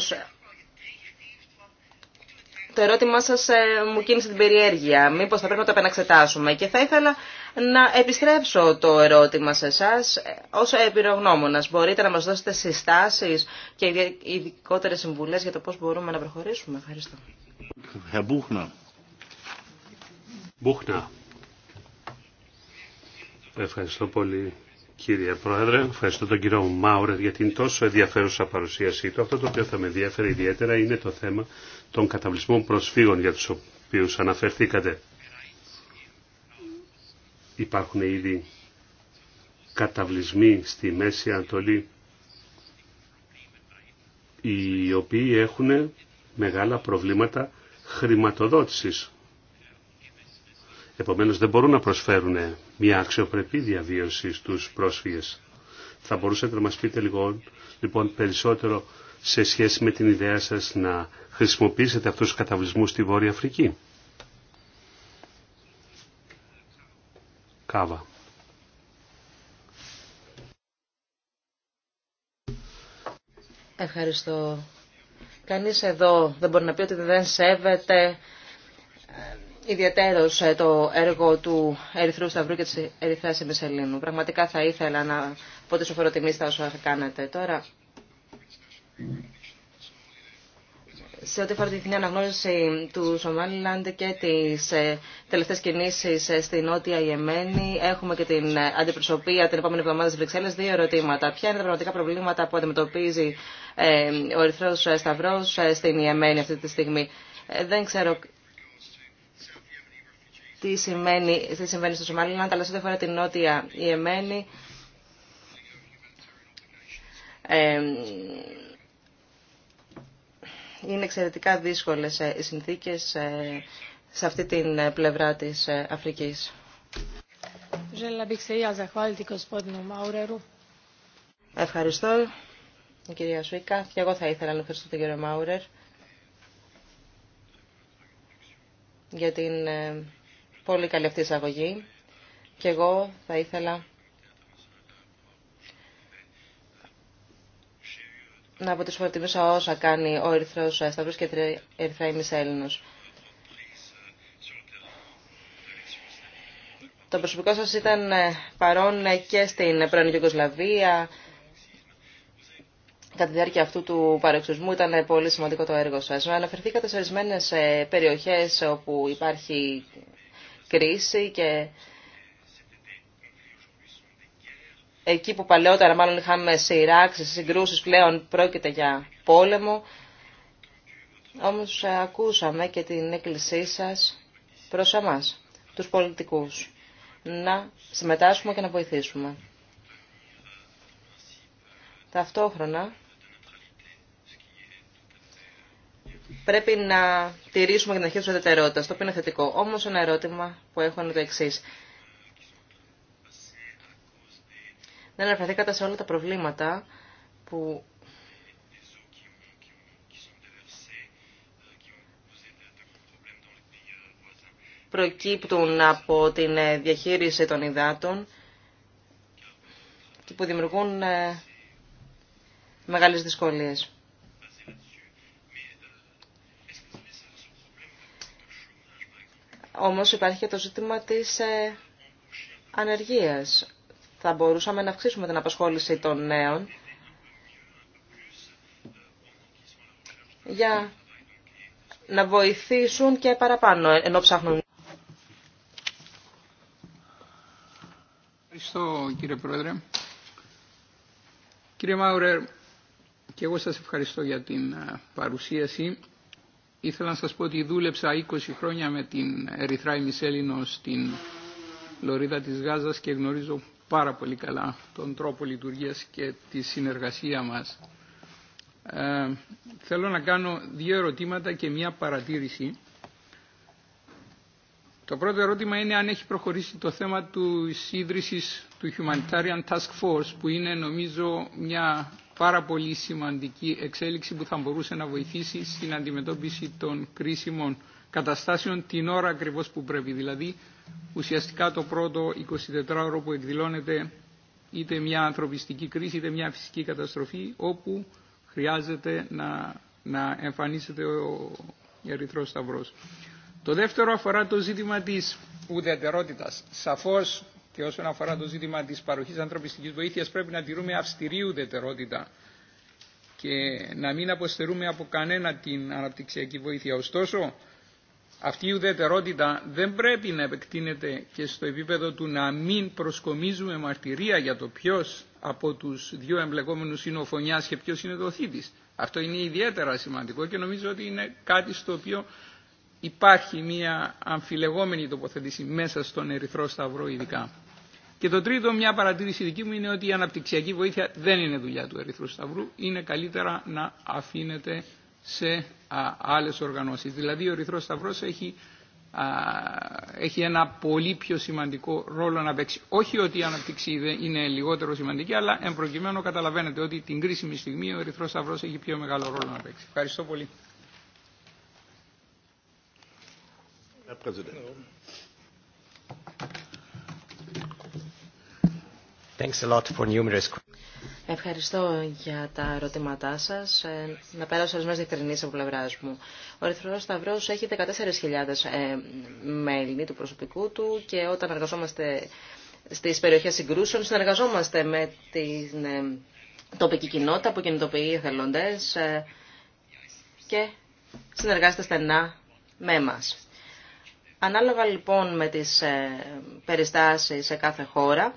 το ερώτημά σας ε, μου κίνησε την περιέργεια. μήπω θα πρέπει να το επαναξετάσουμε. Και θα ήθελα να επιστρέψω το ερώτημα σε εσά Ω εμπειρογνώμονα, Μπορείτε να μας δώσετε συστάσεις και ειδικότερε συμβουλές για το πώς μπορούμε να προχωρήσουμε. Ευχαριστώ. Ευχαριστώ πολύ κύριε Πρόεδρε. Ευχαριστώ τον κύριο Μάουρε για την τόσο ενδιαφέρουσα παρουσίασή του. Αυτό το οποίο θα με ενδιαφέρει ιδιαίτερα είναι το θέμα των καταβλισμών προσφύγων για τους οποίους αναφερθήκατε. Υπάρχουν ήδη καταβλισμοί στη Μέση Ανατολή οι οποίοι έχουν μεγάλα προβλήματα χρηματοδότησης. Επομένως δεν μπορούν να προσφέρουν μια αξιοπρεπή διαβίωση στους πρόσφυγες. Θα μπορούσατε να μας πείτε λίγο, λοιπόν, λοιπόν περισσότερο σε σχέση με την ιδέα σας να χρησιμοποιήσετε αυτούς τους καταβλισμούς στη Βόρεια Αφρική. Κάβα. Ευχαριστώ. Κανείς εδώ δεν μπορεί να πει ότι δεν σέβεται ε, ιδιαίτερος ε, το έργο του Ερυθρού Σταυρού και της Ερυθράς Εμισελίνου. Πραγματικά θα ήθελα να πω τη σοφοροτιμή στα όσα κάνετε. Τώρα, σε ό,τι αφορά την αναγνώριση του Σομάλιλαντ και τις ε, τελευταίες κινήσεις ε, στη Νότια Ιεμένη, έχουμε και την αντιπροσωπεία την επόμενη εβδομάδα στι Βρυξέλλε. Δύο ερωτήματα. Ποια είναι τα πραγματικά προβλήματα που αντιμετωπίζει ε, ο Ερυθρός Σταυρός στην Ιεμένη αυτή τη στιγμή. Δεν ξέρω τι σημαίνει, τι συμβαίνει στο Σομάλιλαντ, αλλά σε ό,τι αφορά την Νότια Ιεμένη, είναι εξαιρετικά δύσκολες ε, οι συνθήκες ε, σε αυτή την ε, πλευρά της Αφρικής. Ευχαριστώ, κυρία Σουίκα. Και εγώ θα ήθελα να ευχαριστώ τον κύριο Μάουρερ για την πολύ καλή αυτή εισαγωγή. Και εγώ θα ήθελα να μέσα όσα κάνει ο Ερυθρός Σταυρός και η Ερυθρά Έλληνος. Το προσωπικό σας ήταν ε, παρόν ε, και στην πρώην Ιουγκοσλαβία. Κατά τη διάρκεια αυτού του παρεξουσμού ήταν ε, πολύ σημαντικό το έργο σας. Αναφερθήκατε σε ορισμένε περιοχές όπου υπάρχει κρίση και εκεί που παλαιότερα μάλλον είχαμε σειράξει, συγκρούσεις, πλέον πρόκειται για πόλεμο. Όμως ε, ακούσαμε και την έκκλησή σας προς εμάς, τους πολιτικούς, να συμμετάσχουμε και να βοηθήσουμε. Ταυτόχρονα πρέπει να τηρήσουμε και να αρχή τα ουδετερότητας, το οποίο είναι θετικό. Όμως ένα ερώτημα που έχω είναι το εξής. δεν αναφερθήκατε σε όλα τα προβλήματα που προκύπτουν από την ε, διαχείριση των υδάτων και που δημιουργούν ε, μεγάλες δυσκολίες. Όμως υπάρχει και το ζήτημα της ε, ανεργίας θα μπορούσαμε να αυξήσουμε την απασχόληση των νέων για να βοηθήσουν και παραπάνω ενώ ψάχνουν. Ευχαριστώ κύριε Πρόεδρε. Κύριε Μάουρερ, και εγώ σας ευχαριστώ για την ε, παρουσίαση. Ήθελα να σας πω ότι δούλεψα 20 χρόνια με την Ερυθράη Μισέλινο στην Λωρίδα της Γάζας και γνωρίζω πάρα πολύ καλά τον τρόπο λειτουργίας και τη συνεργασία μας. Ε, θέλω να κάνω δύο ερωτήματα και μία παρατήρηση. Το πρώτο ερώτημα είναι αν έχει προχωρήσει το θέμα του ίδρυσης του Humanitarian Task Force που είναι νομίζω μια πάρα πολύ σημαντική εξέλιξη που θα μπορούσε να βοηθήσει στην αντιμετώπιση των κρίσιμων καταστάσεων την ώρα ακριβώς που πρέπει. Δηλαδή ουσιαστικά το πρώτο 24ωρο που εκδηλώνεται είτε μια ανθρωπιστική κρίση είτε μια φυσική καταστροφή όπου χρειάζεται να, να εμφανίσεται ο Ερυθρός Σταυρός. Το δεύτερο αφορά το ζήτημα της ουδετερότητας. Σαφώς και όσον αφορά το ζήτημα της παροχής ανθρωπιστικής βοήθειας πρέπει να τηρούμε αυστηρή ουδετερότητα και να μην αποστερούμε από κανένα την αναπτυξιακή βοήθεια. Ωστόσο, αυτή η ουδετερότητα δεν πρέπει να επεκτείνεται και στο επίπεδο του να μην προσκομίζουμε μαρτυρία για το ποιο από του δύο εμπλεκόμενου είναι ο φωνιά και ποιο είναι το θήτη. Αυτό είναι ιδιαίτερα σημαντικό και νομίζω ότι είναι κάτι στο οποίο υπάρχει μια αμφιλεγόμενη τοποθέτηση μέσα στον Ερυθρό Σταυρό ειδικά. Και το τρίτο, μια παρατήρηση δική μου είναι ότι η αναπτυξιακή βοήθεια δεν είναι δουλειά του Ερυθρού Σταυρού. Είναι καλύτερα να αφήνεται σε άλλες οργανώσεις. Δηλαδή ο Ρηθρός Σταυρός έχει, α, έχει ένα πολύ πιο σημαντικό ρόλο να παίξει. Όχι ότι η αναπτύξη είναι λιγότερο σημαντική, αλλά εν καταλαβαίνετε ότι την κρίσιμη στιγμή ο Ρηθρός Σταυρός έχει πιο μεγάλο ρόλο να παίξει. Ευχαριστώ πολύ. Thanks a lot for numerous Ευχαριστώ για τα ερωτήματά σα. Ε, να πέρασω ορισμένε διευκρινήσει από πλευρά μου. Ο Ερυθρό Σταυρό έχει 14.000 ε, μέλη του προσωπικού του και όταν εργαζόμαστε στι περιοχέ συγκρούσεων συνεργαζόμαστε με την ε, τοπική κοινότητα που κινητοποιεί εθελοντέ και συνεργάζεται στενά με εμά. Ανάλογα λοιπόν με τις περιστάσει σε κάθε χώρα,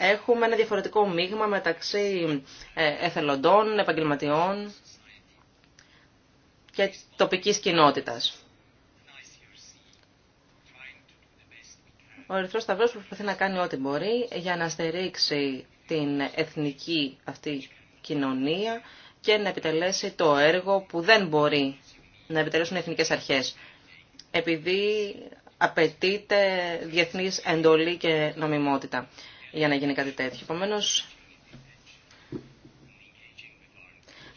έχουμε ένα διαφορετικό μείγμα μεταξύ ε, εθελοντών, επαγγελματιών και τοπικής κοινότητας. Ο Ερυθρός Σταυρός προσπαθεί να κάνει ό,τι μπορεί για να στηρίξει την εθνική αυτή κοινωνία και να επιτελέσει το έργο που δεν μπορεί να επιτελέσουν οι εθνικές αρχές. Επειδή απαιτείται διεθνής εντολή και νομιμότητα για να γίνει κάτι τέτοιο. Επομένω,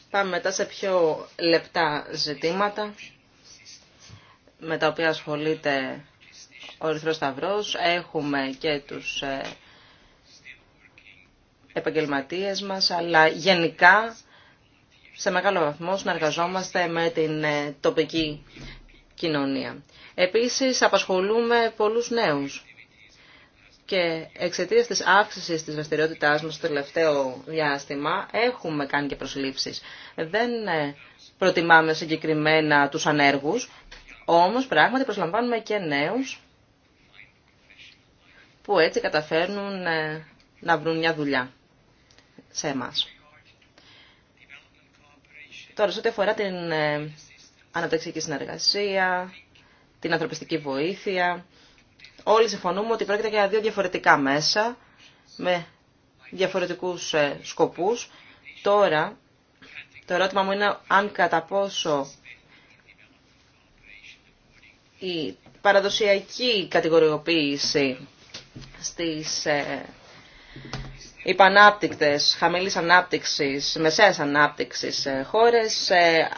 πάμε μετά σε πιο λεπτά ζητήματα με τα οποία ασχολείται ο Ερυθρός Σταυρός. Έχουμε και τους ε, επαγγελματίες μας, αλλά γενικά σε μεγάλο βαθμό συνεργαζόμαστε με την ε, τοπική κοινωνία. Επίσης, απασχολούμε πολλούς νέους. Και εξαιτία τη αύξηση τη δραστηριότητά μα στο τελευταίο διάστημα, έχουμε κάνει και προσλήψει. Δεν ε, προτιμάμε συγκεκριμένα του ανέργου, όμω πράγματι προσλαμβάνουμε και νέου που έτσι καταφέρνουν ε, να βρουν μια δουλειά σε εμά. Τώρα, σε ό,τι αφορά την ε, αναπτυξιακή συνεργασία, την ανθρωπιστική βοήθεια, όλοι συμφωνούμε ότι πρόκειται για δύο διαφορετικά μέσα με διαφορετικούς ε, σκοπούς. Τώρα, το ερώτημα μου είναι αν κατά πόσο η παραδοσιακή κατηγοριοποίηση στις ε, υπανάπτυκτες, χαμηλής ανάπτυξης, μεσαίας ανάπτυξης ε, χώρες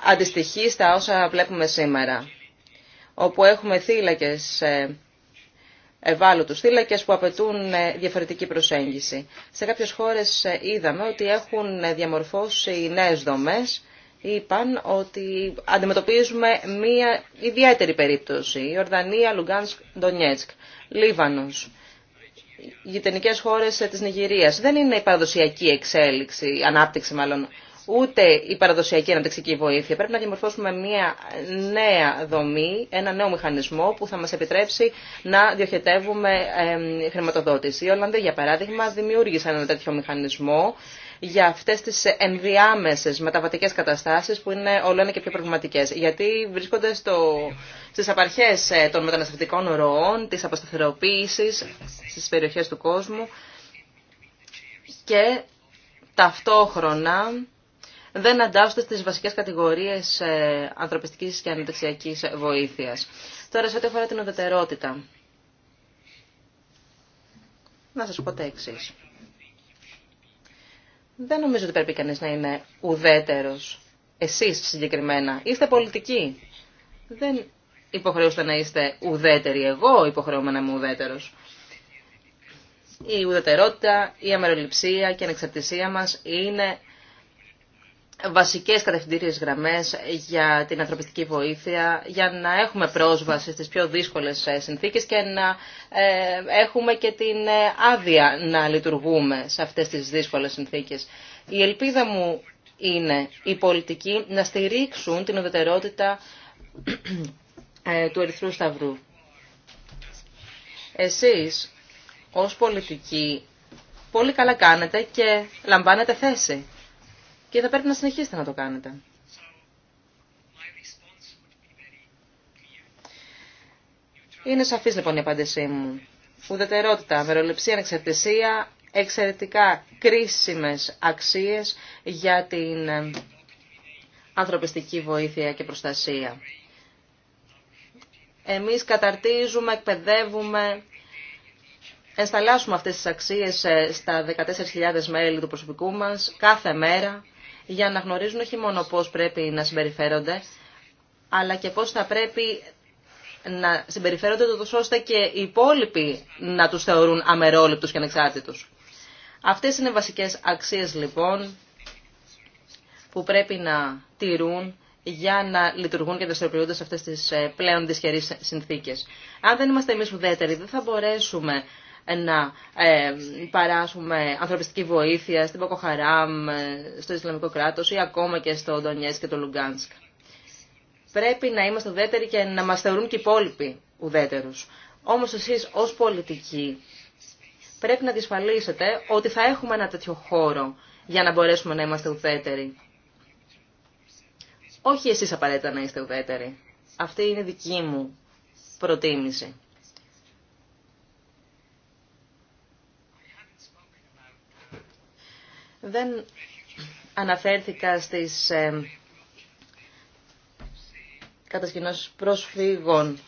αντιστοιχεί στα όσα βλέπουμε σήμερα, όπου έχουμε θύλακες ευάλωτους θύλακε που απαιτούν ε, διαφορετική προσέγγιση. Σε κάποιες χώρες ε, είδαμε ότι έχουν διαμορφώσει νέες δομές. Είπαν ότι αντιμετωπίζουμε μία ιδιαίτερη περίπτωση. Η Ορδανία, Λουγκάνσκ, Ντονιέτσκ, Λίβανος, γειτονικέ χώρες ε, της Νιγηρίας. Δεν είναι η παραδοσιακή εξέλιξη, ανάπτυξη μάλλον ούτε η παραδοσιακή αναπτυξική βοήθεια. Πρέπει να διαμορφώσουμε μια νέα δομή, ένα νέο μηχανισμό που θα μας επιτρέψει να διοχετεύουμε χρηματοδότηση. Οι Ολλανδοί, για παράδειγμα, δημιούργησαν ένα τέτοιο μηχανισμό για αυτές τις ενδιάμεσες μεταβατικές καταστάσεις που είναι όλο ένα και πιο προβληματικές. Γιατί βρίσκονται στο, στις απαρχές ε, των μεταναστευτικών ροών, της αποσταθεροποίησης στις περιοχές του κόσμου και ταυτόχρονα δεν αντάσσονται στις βασικές κατηγορίες ε, ανθρωπιστική και ανεδεξιακής βοήθεια. Τώρα, σε ό,τι αφορά την ουδετερότητα, να σα πω τα εξής. Δεν νομίζω ότι πρέπει κανεί να είναι ουδέτερο. Εσεί συγκεκριμένα. Είστε πολιτικοί. Δεν υποχρεούστε να είστε ουδέτεροι. Εγώ υποχρεώμαι να είμαι ουδέτερο. Η ουδετερότητα, η αμεροληψία και η ανεξαρτησία μας είναι βασικές κατευθυντήριες γραμμές για την ανθρωπιστική βοήθεια, για να έχουμε πρόσβαση στις πιο δύσκολες ε, συνθήκες και να ε, έχουμε και την ε, άδεια να λειτουργούμε σε αυτές τις δύσκολες συνθήκες. Η ελπίδα μου είναι οι πολιτικοί να στηρίξουν την οδετερότητα του Ερυθρού Σταυρού. Εσείς, ως πολιτικοί, πολύ καλά κάνετε και λαμβάνετε θέση και θα πρέπει να συνεχίσετε να το κάνετε. Είναι σαφής λοιπόν η απάντησή μου. Ουδετερότητα, μεροληψία, ανεξαρτησία, εξαιρετικά κρίσιμες αξίες για την ε, ανθρωπιστική βοήθεια και προστασία. Εμείς καταρτίζουμε, εκπαιδεύουμε, ενσταλάσσουμε αυτές τις αξίες ε, στα 14.000 μέλη του προσωπικού μας κάθε μέρα για να γνωρίζουν όχι μόνο πώς πρέπει να συμπεριφέρονται, αλλά και πώς θα πρέπει να συμπεριφέρονται τόσο ώστε και οι υπόλοιποι να τους θεωρούν αμερόληπτους και ανεξάρτητους. Αυτές είναι βασικές αξίες λοιπόν που πρέπει να τηρούν για να λειτουργούν και δραστηριοποιούνται σε αυτές τις ε, πλέον δυσχερείς συνθήκες. Αν δεν είμαστε εμείς ουδέτεροι, δεν θα μπορέσουμε να παράσουμε ανθρωπιστική βοήθεια στην Ποκοχαράμ, ε, στο Ισλαμικό κράτος ή ακόμα και στο Ντονιές και το Λουγκάνσκ. Πρέπει να είμαστε ουδέτεροι και να μας θεωρούν και οι υπόλοιποι ουδέτερους. Όμως εσείς ως πολιτικοί πρέπει να διασφαλίσετε ότι θα έχουμε ένα τέτοιο χώρο για να μπορέσουμε να είμαστε ουδέτεροι. Όχι εσείς απαραίτητα να είστε ουδέτεροι. Αυτή είναι δική μου προτίμηση. Δεν αναφέρθηκα στις ε, κατασκηνώσεις προσφύγων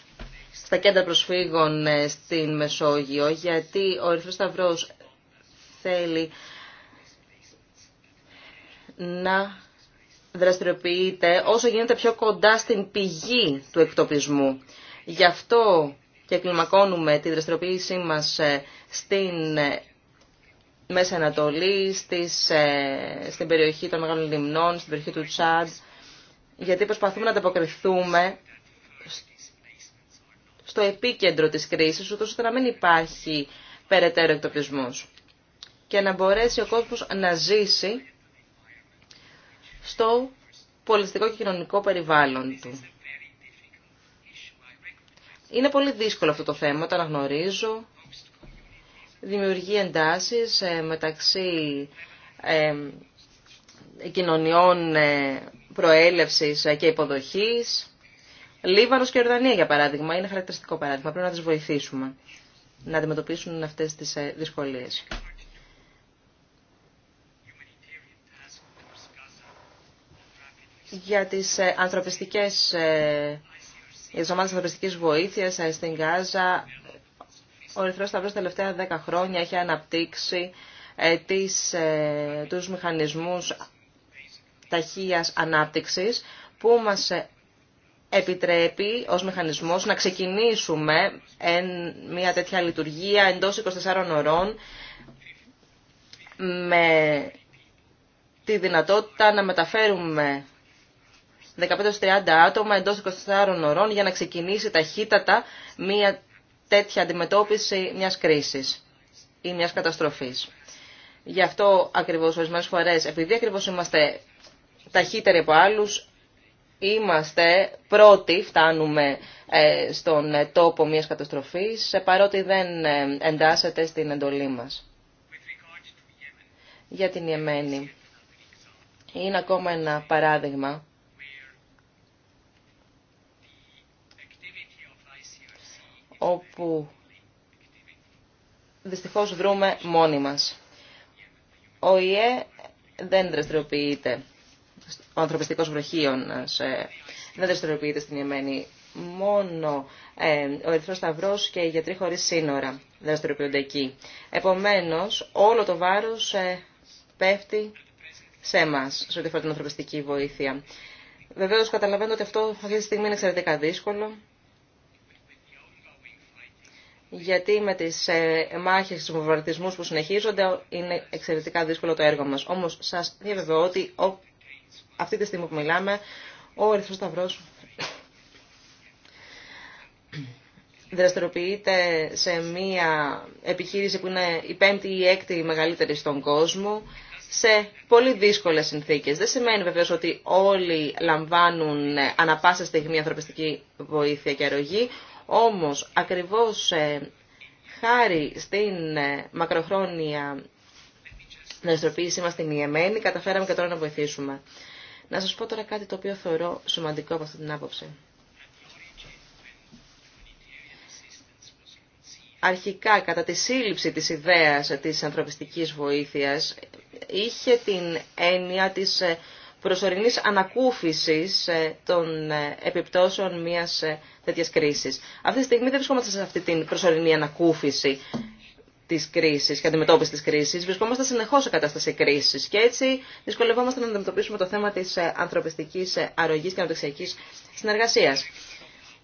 στα κέντρα προσφύγων ε, στην Μεσόγειο, γιατί ο Ερυθρός Σταυρός θέλει να δραστηριοποιείται όσο γίνεται πιο κοντά στην πηγή του εκτοπισμού. Γι' αυτό και κλιμακώνουμε τη δραστηριοποίησή μας ε, στην μέσα Ανατολή, στις, ε, στην περιοχή των Μεγάλων Λιμνών, στην περιοχή του Τσάντ, γιατί προσπαθούμε να ανταποκριθούμε στο επίκεντρο της κρίσης, ούτως ώστε να μην υπάρχει περαιτέρω εκτοπισμός και να μπορέσει ο κόσμος να ζήσει στο πολιτιστικό και κοινωνικό περιβάλλον του. Είναι πολύ δύσκολο αυτό το θέμα, το αναγνωρίζω δημιουργεί εντάσεις ε, μεταξύ ε, κοινωνιών ε, προέλευσης και υποδοχής. Λίβανος και Ορδανία, για παράδειγμα, είναι χαρακτηριστικό παράδειγμα. Πρέπει να τις βοηθήσουμε να αντιμετωπίσουν αυτές τις δυσκολίες. Για τις ανθρωπιστικές για τις ομάδες ανθρωπιστικής βοήθειας στην Γάζα ο Ερυθρός Σταυρός τα τελευταία 10 χρόνια έχει αναπτύξει ε, τις, ε, τους μηχανισμούς ταχείας ανάπτυξης που μας ε, επιτρέπει ως μηχανισμός να ξεκινήσουμε μια τέτοια λειτουργία εντός 24 ωρών με τη δυνατότητα να μεταφέρουμε 15-30 άτομα εντός 24 ωρών για να ξεκινήσει ταχύτατα μια τέτοια αντιμετώπιση μια κρίση ή μιας καταστροφή. Γι' αυτό ακριβώ ορισμένε φορέ, επειδή ακριβώ είμαστε ταχύτεροι από άλλου, είμαστε πρώτοι, φτάνουμε ε, στον τόπο μιας καταστροφής, ε, παρότι δεν ε, εντάσσεται στην εντολή μα. Για την Ιεμένη. Είναι ακόμα ένα παράδειγμα όπου δυστυχώς βρούμε μόνοι μας. Ο ΙΕ δεν δραστηριοποιείται, ο ανθρωπιστικός ε, σε δεν δραστηριοποιείται στην Ιεμένη. Μόνο ε, ο Ερυθρός Σταυρός και οι γιατροί χωρίς σύνορα δραστηριοποιούνται εκεί. Επομένως, όλο το βάρος ε, πέφτει σε εμά σε ό,τι αφορά την ανθρωπιστική βοήθεια. Βεβαίω καταλαβαίνω ότι αυτό αυτή τη στιγμή είναι εξαιρετικά δύσκολο γιατί με τις ε, μάχες και του που συνεχίζονται είναι εξαιρετικά δύσκολο το έργο μας. Όμως σας διαβεβαιώ ότι αυτή τη στιγμή που μιλάμε ο Ερυθρός Σταυρός δραστηριοποιείται σε μια επιχείρηση που είναι η πέμπτη ή η έκτη μεγαλύτερη στον κόσμο σε πολύ δύσκολες συνθήκες. Δεν σημαίνει βεβαίω ότι όλοι λαμβάνουν ε, ανα πάσα στιγμή ανθρωπιστική βοήθεια και αρρωγή, όμως, ακριβώς ε, χάρη στην ε, μακροχρόνια δραστηριοποίησή μας στην Ιεμένη, καταφέραμε και τώρα να βοηθήσουμε. Να σας πω τώρα κάτι το οποίο θεωρώ σημαντικό από αυτή την άποψη. Αρχικά, κατά τη σύλληψη της ιδέας της ανθρωπιστικής βοήθειας, είχε την έννοια της ε, προσωρινής ανακούφισης ε, των ε, επιπτώσεων μιας ε, τέτοιας κρίσης. Αυτή τη στιγμή δεν βρισκόμαστε σε αυτή την προσωρινή ανακούφιση της κρίσης και αντιμετώπιση της κρίσης. Βρισκόμαστε συνεχώς σε κατάσταση κρίσης και έτσι δυσκολευόμαστε να αντιμετωπίσουμε το θέμα της ανθρωπιστικής αρρωγής και αναπτυξιακής συνεργασίας.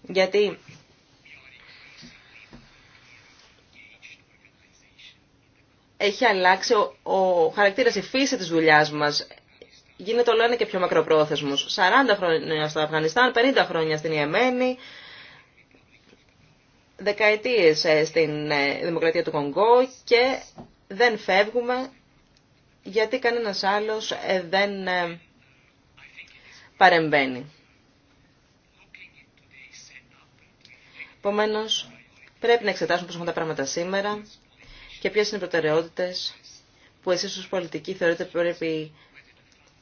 Γιατί έχει αλλάξει ο, ο χαρακτήρας, η φύση της δουλειάς μας γίνεται όλο ένα και πιο μακροπρόθεσμος. 40 χρόνια στο Αφγανιστάν, 50 χρόνια στην Ιεμένη, δεκαετίες ε, στην ε, Δημοκρατία του Κονγκό και δεν φεύγουμε γιατί κανένας άλλος ε, δεν παρεμβαίνει. Επομένω, πρέπει να εξετάσουμε πώς έχουν τα πράγματα σήμερα και ποιες είναι οι προτεραιότητες που εσείς ως πολιτικοί θεωρείτε πρέπει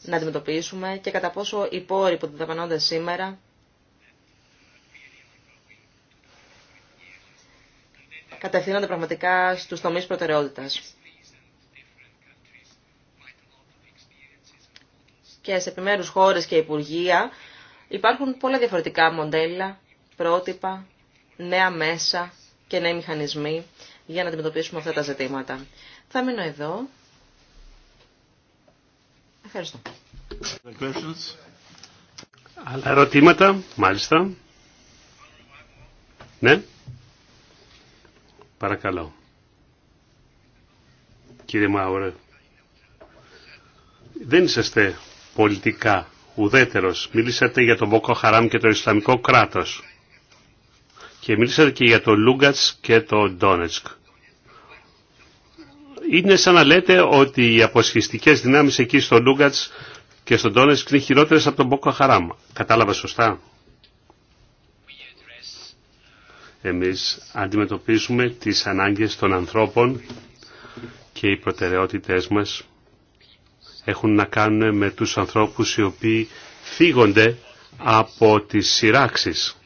να αντιμετωπίσουμε και κατά πόσο οι πόροι που δαπανώνται σήμερα κατευθύνονται πραγματικά στους τομείς προτεραιότητας. Και σε επιμέρους χώρες και υπουργεία υπάρχουν πολλά διαφορετικά μοντέλα, πρότυπα, νέα μέσα και νέοι μηχανισμοί για να αντιμετωπίσουμε αυτά τα ζητήματα. Θα μείνω εδώ. Ευχαριστώ. Άλλα ερωτήματα, μάλιστα. Ναι. Παρακαλώ. Κύριε Μάουρε, δεν είσαστε πολιτικά ουδέτερος. Μίλησατε για τον Μπόκο Χαράμ και το Ισλαμικό κράτος. Και μίλησατε και για το Λούγκατς και το Ντόνετσκ είναι σαν να λέτε ότι οι αποσχιστικές δυνάμεις εκεί στο Λούγκατς και στον Τόνες είναι χειρότερες από τον Μπόκο Χαράμ. Κατάλαβα σωστά. Εμείς αντιμετωπίζουμε τις ανάγκες των ανθρώπων και οι προτεραιότητές μας έχουν να κάνουν με τους ανθρώπους οι οποίοι φύγονται από τις σειράξεις.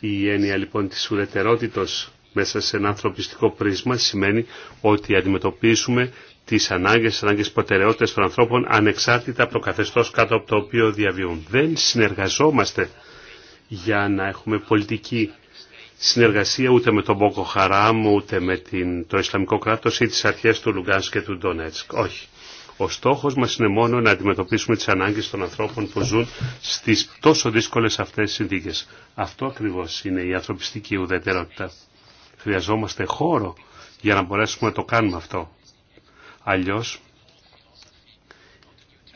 Η έννοια λοιπόν της ουρετερότητος μέσα σε ένα ανθρωπιστικό πρίσμα σημαίνει ότι αντιμετωπίσουμε τις ανάγκες, τις ανάγκες προτεραιότητες των ανθρώπων ανεξάρτητα από το καθεστώς κάτω από το οποίο διαβιούν. Δεν συνεργαζόμαστε για να έχουμε πολιτική συνεργασία ούτε με τον Μπόκο Χαράμ, ούτε με την, το Ισλαμικό κράτος ή τις αρχές του Λουγκάνς και του Ντονέτσκ. Όχι. Ο στόχος μας είναι μόνο να αντιμετωπίσουμε τις ανάγκες των ανθρώπων που ζουν στις τόσο δύσκολες αυτές συνθήκες. Αυτό ακριβώς είναι η ανθρωπιστική ουδετερότητα. Χρειαζόμαστε χώρο για να μπορέσουμε να το κάνουμε αυτό. Αλλιώς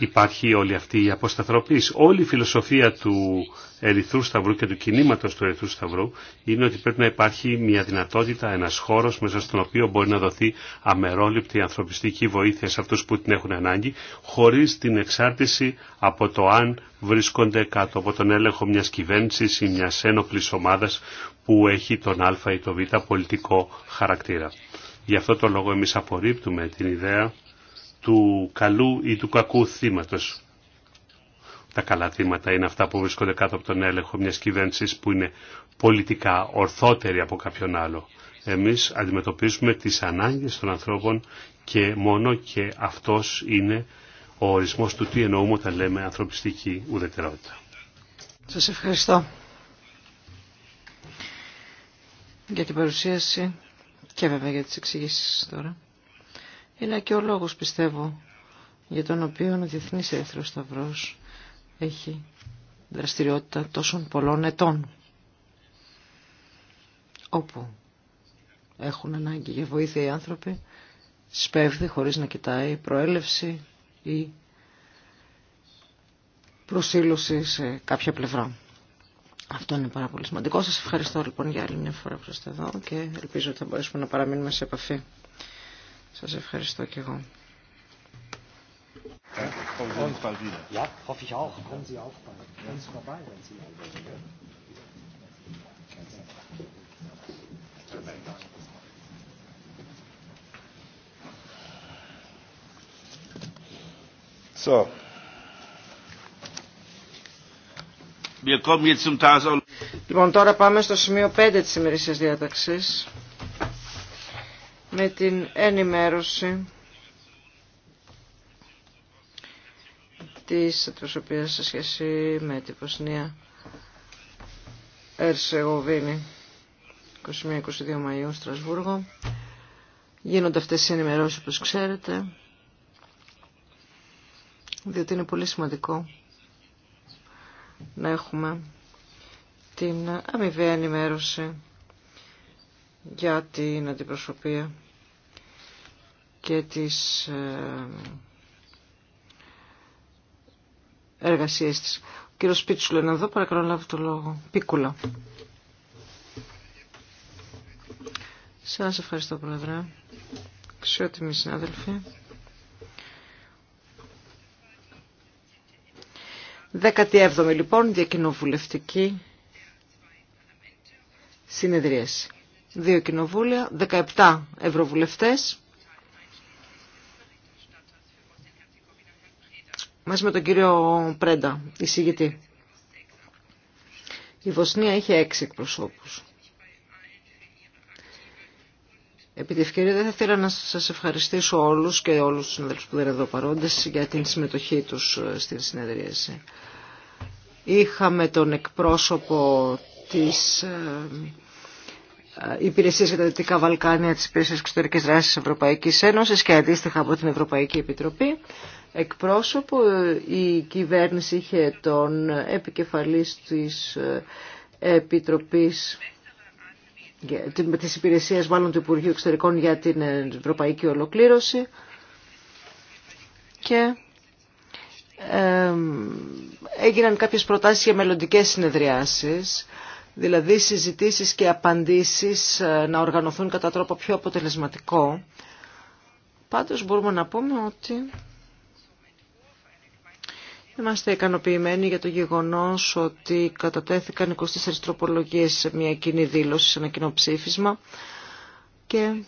υπάρχει όλη αυτή η αποσταθροπή. Όλη η φιλοσοφία του Ερυθρού Σταυρού και του κινήματος του Ερυθρού Σταυρού είναι ότι πρέπει να υπάρχει μια δυνατότητα, ένας χώρος μέσα στον οποίο μπορεί να δοθεί αμερόληπτη ανθρωπιστική βοήθεια σε αυτούς που την έχουν ανάγκη, χωρίς την εξάρτηση από το αν βρίσκονται κάτω από τον έλεγχο μιας κυβέρνησης ή μιας ένοπλης ομάδας που έχει τον α ή τον β πολιτικό χαρακτήρα. Γι' αυτό το λόγο εμείς απορρίπτουμε την ιδέα του καλού ή του κακού θύματος. Τα καλά θύματα είναι αυτά που βρίσκονται κάτω από τον έλεγχο μιας κυβέρνησης που είναι πολιτικά ορθότερη από κάποιον άλλο. Εμείς αντιμετωπίζουμε τις ανάγκες των ανθρώπων και μόνο και αυτός είναι ο ορισμός του τι εννοούμε όταν λέμε ανθρωπιστική ουδετερότητα. Σας ευχαριστώ για την παρουσίαση και βέβαια για τις εξηγήσεις τώρα. Είναι και ο λόγος, πιστεύω, για τον οποίο ο Διεθνής Ερυθρός Σταυρός έχει δραστηριότητα τόσων πολλών ετών. Όπου έχουν ανάγκη για βοήθεια οι άνθρωποι, σπέβδει χωρίς να κοιτάει προέλευση ή προσήλωση σε κάποια πλευρά. Αυτό είναι πάρα πολύ σημαντικό. Σας ευχαριστώ λοιπόν για άλλη μια φορά που είστε εδώ και ελπίζω ότι θα μπορέσουμε να παραμείνουμε σε επαφή. Σας ευχαριστώ και εγώ. Kommen Λοιπόν, τώρα πάμε στο σημείο 5 της ημερήσιας διάταξης με την ενημέρωση της αντιπροσωπείας σε σχέση με την ποσνια ερσεγοβινη Ερσεγοβίνη 21-22 Μαΐου Στρασβούργο. Γίνονται αυτές οι ενημερώσεις όπως ξέρετε διότι είναι πολύ σημαντικό να έχουμε την αμοιβαία ενημέρωση για την αντιπροσωπεία και τις ε, εργασίες της. Ο κύριος Σπίτσου, να εδώ, παρακαλώ λάβει το λόγο. Πίκουλα. Σας ευχαριστώ, Ξιότιμοι Αξιότιμοι συνάδελφοι. 17η λοιπόν διακοινοβουλευτική συνεδρίαση δύο κοινοβούλια, 17 ευρωβουλευτές. Μαζί με τον κύριο Πρέντα, εισηγητή. Η Βοσνία είχε έξι εκπροσώπους. Επί τη ευκαιρία δεν θα ήθελα να σας ευχαριστήσω όλους και όλους τους συναδέλφους που δεν είναι εδώ παρόντες για την συμμετοχή τους ε, στην συνεδρίαση. Είχαμε τον εκπρόσωπο της ε, υπηρεσίες για τα Δυτικά Βαλκάνια της Υπηρεσίας Εξωτερικές Δράσης τη Ευρωπαϊκής Ένωσης και αντίστοιχα από την Ευρωπαϊκή Επιτροπή. Εκπρόσωπο η κυβέρνηση είχε τον επικεφαλής της Επιτροπής της Υπηρεσίας μάλλον του Υπουργείου Εξωτερικών για την Ευρωπαϊκή Ολοκλήρωση και έγιναν κάποιες προτάσεις για μελλοντικές συνεδριάσεις δηλαδή συζητήσεις και απαντήσεις ε, να οργανωθούν κατά τρόπο πιο αποτελεσματικό. Πάντως μπορούμε να πούμε ότι είμαστε ικανοποιημένοι για το γεγονός ότι κατατέθηκαν 24 τροπολογίες σε μια κοινή δήλωση, σε ένα κοινό ψήφισμα και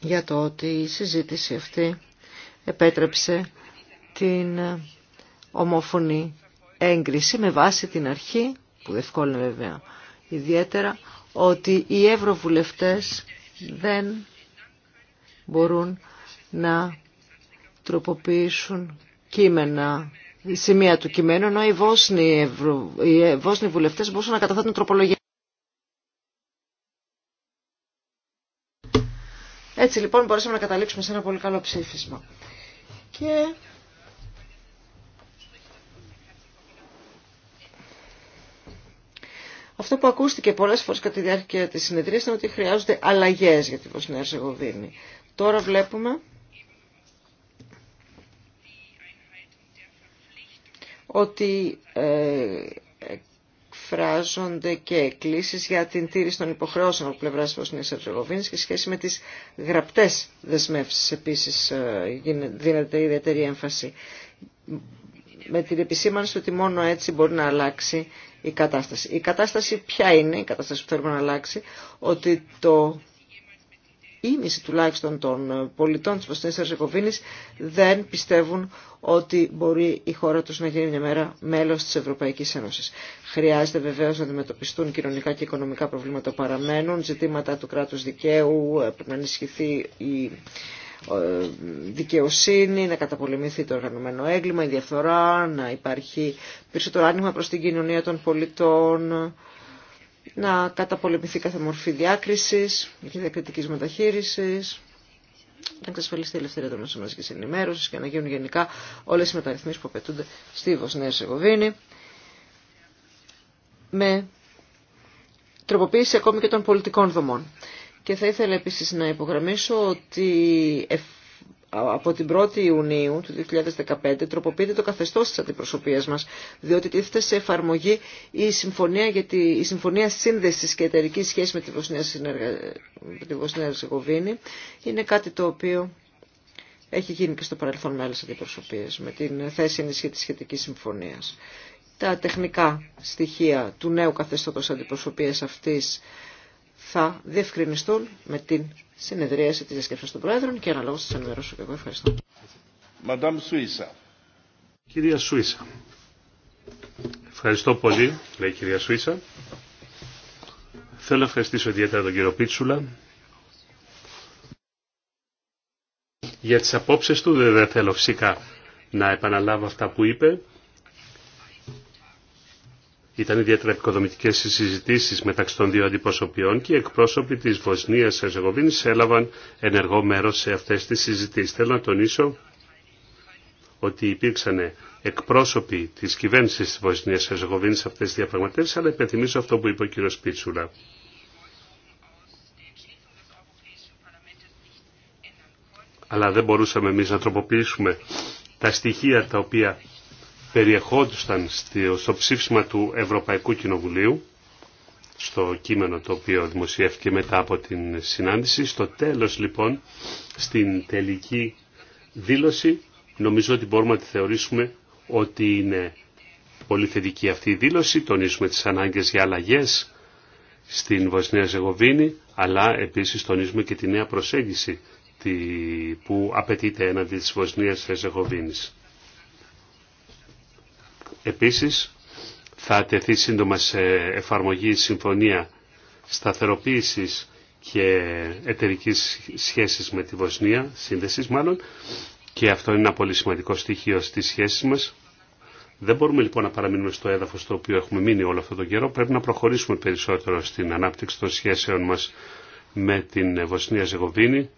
για το ότι η συζήτηση αυτή επέτρεψε την ομόφωνη έγκριση με βάση την αρχή, που ευκόλυνε βέβαια ιδιαίτερα, ότι οι ευρωβουλευτές δεν μπορούν να τροποποιήσουν κείμενα σημεία του κειμένου, ενώ οι Βόσνοι, Ευρω... οι Βόσνοι βουλευτές μπορούσαν να καταθέτουν τροπολογία. Έτσι λοιπόν μπορέσαμε να καταλήξουμε σε ένα πολύ καλό ψήφισμα. Και Αυτό που ακούστηκε πολλέ φορέ κατά τη διάρκεια τη συνεδρίας ήταν ότι χρειάζονται αλλαγές για την Βοσνία Ζεγοβίνη. Τώρα βλέπουμε ότι ε, εκφράζονται και εκκλήσεις για την τήρηση των υποχρεώσεων από πλευρά τη Βοσνία Ερζεγοβίνη και σχέση με τι γραπτέ δεσμεύσει. Επίση, ε, δίνεται ιδιαίτερη έμφαση με την επισήμανση ότι μόνο έτσι μπορεί να αλλάξει η κατάσταση. Η κατάσταση ποια είναι, η κατάσταση που θέλουμε να αλλάξει, ότι το ίμιση τουλάχιστον των πολιτών της Βοστινής Ερζεκοβίνης δεν πιστεύουν ότι μπορεί η χώρα τους να γίνει μια μέρα μέλος της Ευρωπαϊκής Ένωσης. Χρειάζεται βεβαίως να αντιμετωπιστούν κοινωνικά και οικονομικά προβλήματα παραμένουν, ζητήματα του κράτους δικαίου, ε, πρέπει να ενισχυθεί η ε, δικαιοσύνη, να καταπολεμηθεί το οργανωμένο έγκλημα, η διαφθορά, να υπάρχει περισσότερο άνοιγμα προς την κοινωνία των πολιτών, να καταπολεμηθεί κάθε μορφή διάκρισης και διακριτικής μεταχείρισης να εξασφαλιστεί η ελευθερία των μέσων μαζική ενημέρωση και να γίνουν γενικά όλες οι μεταρρυθμίσεις που απαιτούνται στη Βοσνία Σεγοβίνη. Με τροποποίηση ακόμη και των πολιτικών δομών. Και θα ήθελα επίσης να υπογραμμίσω ότι από την 1η Ιουνίου του 2015 τροποποιείται το καθεστώς της αντιπροσωπείας μας, διότι τίθεται σε εφαρμογή η συμφωνία, για τη, συμφωνία σύνδεσης και εταιρική σχέση με τη Βοσνία, με Είναι κάτι το οποίο έχει γίνει και στο παρελθόν με άλλες αντιπροσωπείες, με την θέση ενισχύ της σχετικής συμφωνίας. Τα τεχνικά στοιχεία του νέου καθεστώτος αντιπροσωπείας αυτής θα διευκρινιστούν με την συνεδρίαση της διασκέψης των Πρόεδρων και αναλόγως σας ενημερώσω και εγώ. Ευχαριστώ. Σουίσα. Κυρία Σουίσα. Ευχαριστώ πολύ, λέει η κυρία Σουίσα. Θέλω να ευχαριστήσω ιδιαίτερα τον κύριο Πίτσουλα. Για τις απόψεις του δεν θέλω φυσικά να επαναλάβω αυτά που είπε. Ήταν ιδιαίτερα επικοδομητικέ οι συζητήσεις μεταξύ των δύο αντιπροσωπιών και οι εκπρόσωποι της Βοσνίας Ερζεγοβίνη έλαβαν ενεργό μέρο σε αυτέ τι συζητήσει. Θέλω να τονίσω ότι υπήρξαν εκπρόσωποι της κυβέρνηση της Βοσνίας Ερζεγοβίνη σε αυτές τι διαπραγματεύσει, αλλά υπενθυμίζω αυτό που είπε ο κ. Σπίτσουλα. Αλλά δεν μπορούσαμε εμεί να τροποποιήσουμε τα στοιχεία τα οποία περιεχόντουσαν στο ψήφισμα του Ευρωπαϊκού Κοινοβουλίου, στο κείμενο το οποίο δημοσιεύτηκε μετά από την συνάντηση. Στο τέλος λοιπόν, στην τελική δήλωση, νομίζω ότι μπορούμε να τη θεωρήσουμε ότι είναι πολύ θετική αυτή η δήλωση. Τονίζουμε τις ανάγκες για αλλαγές στην Βοσνία Ζεγοβίνη, αλλά επίσης τονίζουμε και τη νέα προσέγγιση που απαιτείται έναντι της Βοσνίας Ζεγοβίνης. Επίσης, θα τεθεί σύντομα σε εφαρμογή συμφωνία σταθεροποίησης και εταιρική σχέσης με τη Βοσνία, σύνδεσης μάλλον, και αυτό είναι ένα πολύ σημαντικό στοιχείο στις σχέσεις μας. Δεν μπορούμε λοιπόν να παραμείνουμε στο έδαφος στο οποίο έχουμε μείνει όλο αυτό τον καιρό. Πρέπει να προχωρήσουμε περισσότερο στην ανάπτυξη των σχέσεων μας με την Βοσνία Ζεγοβίνη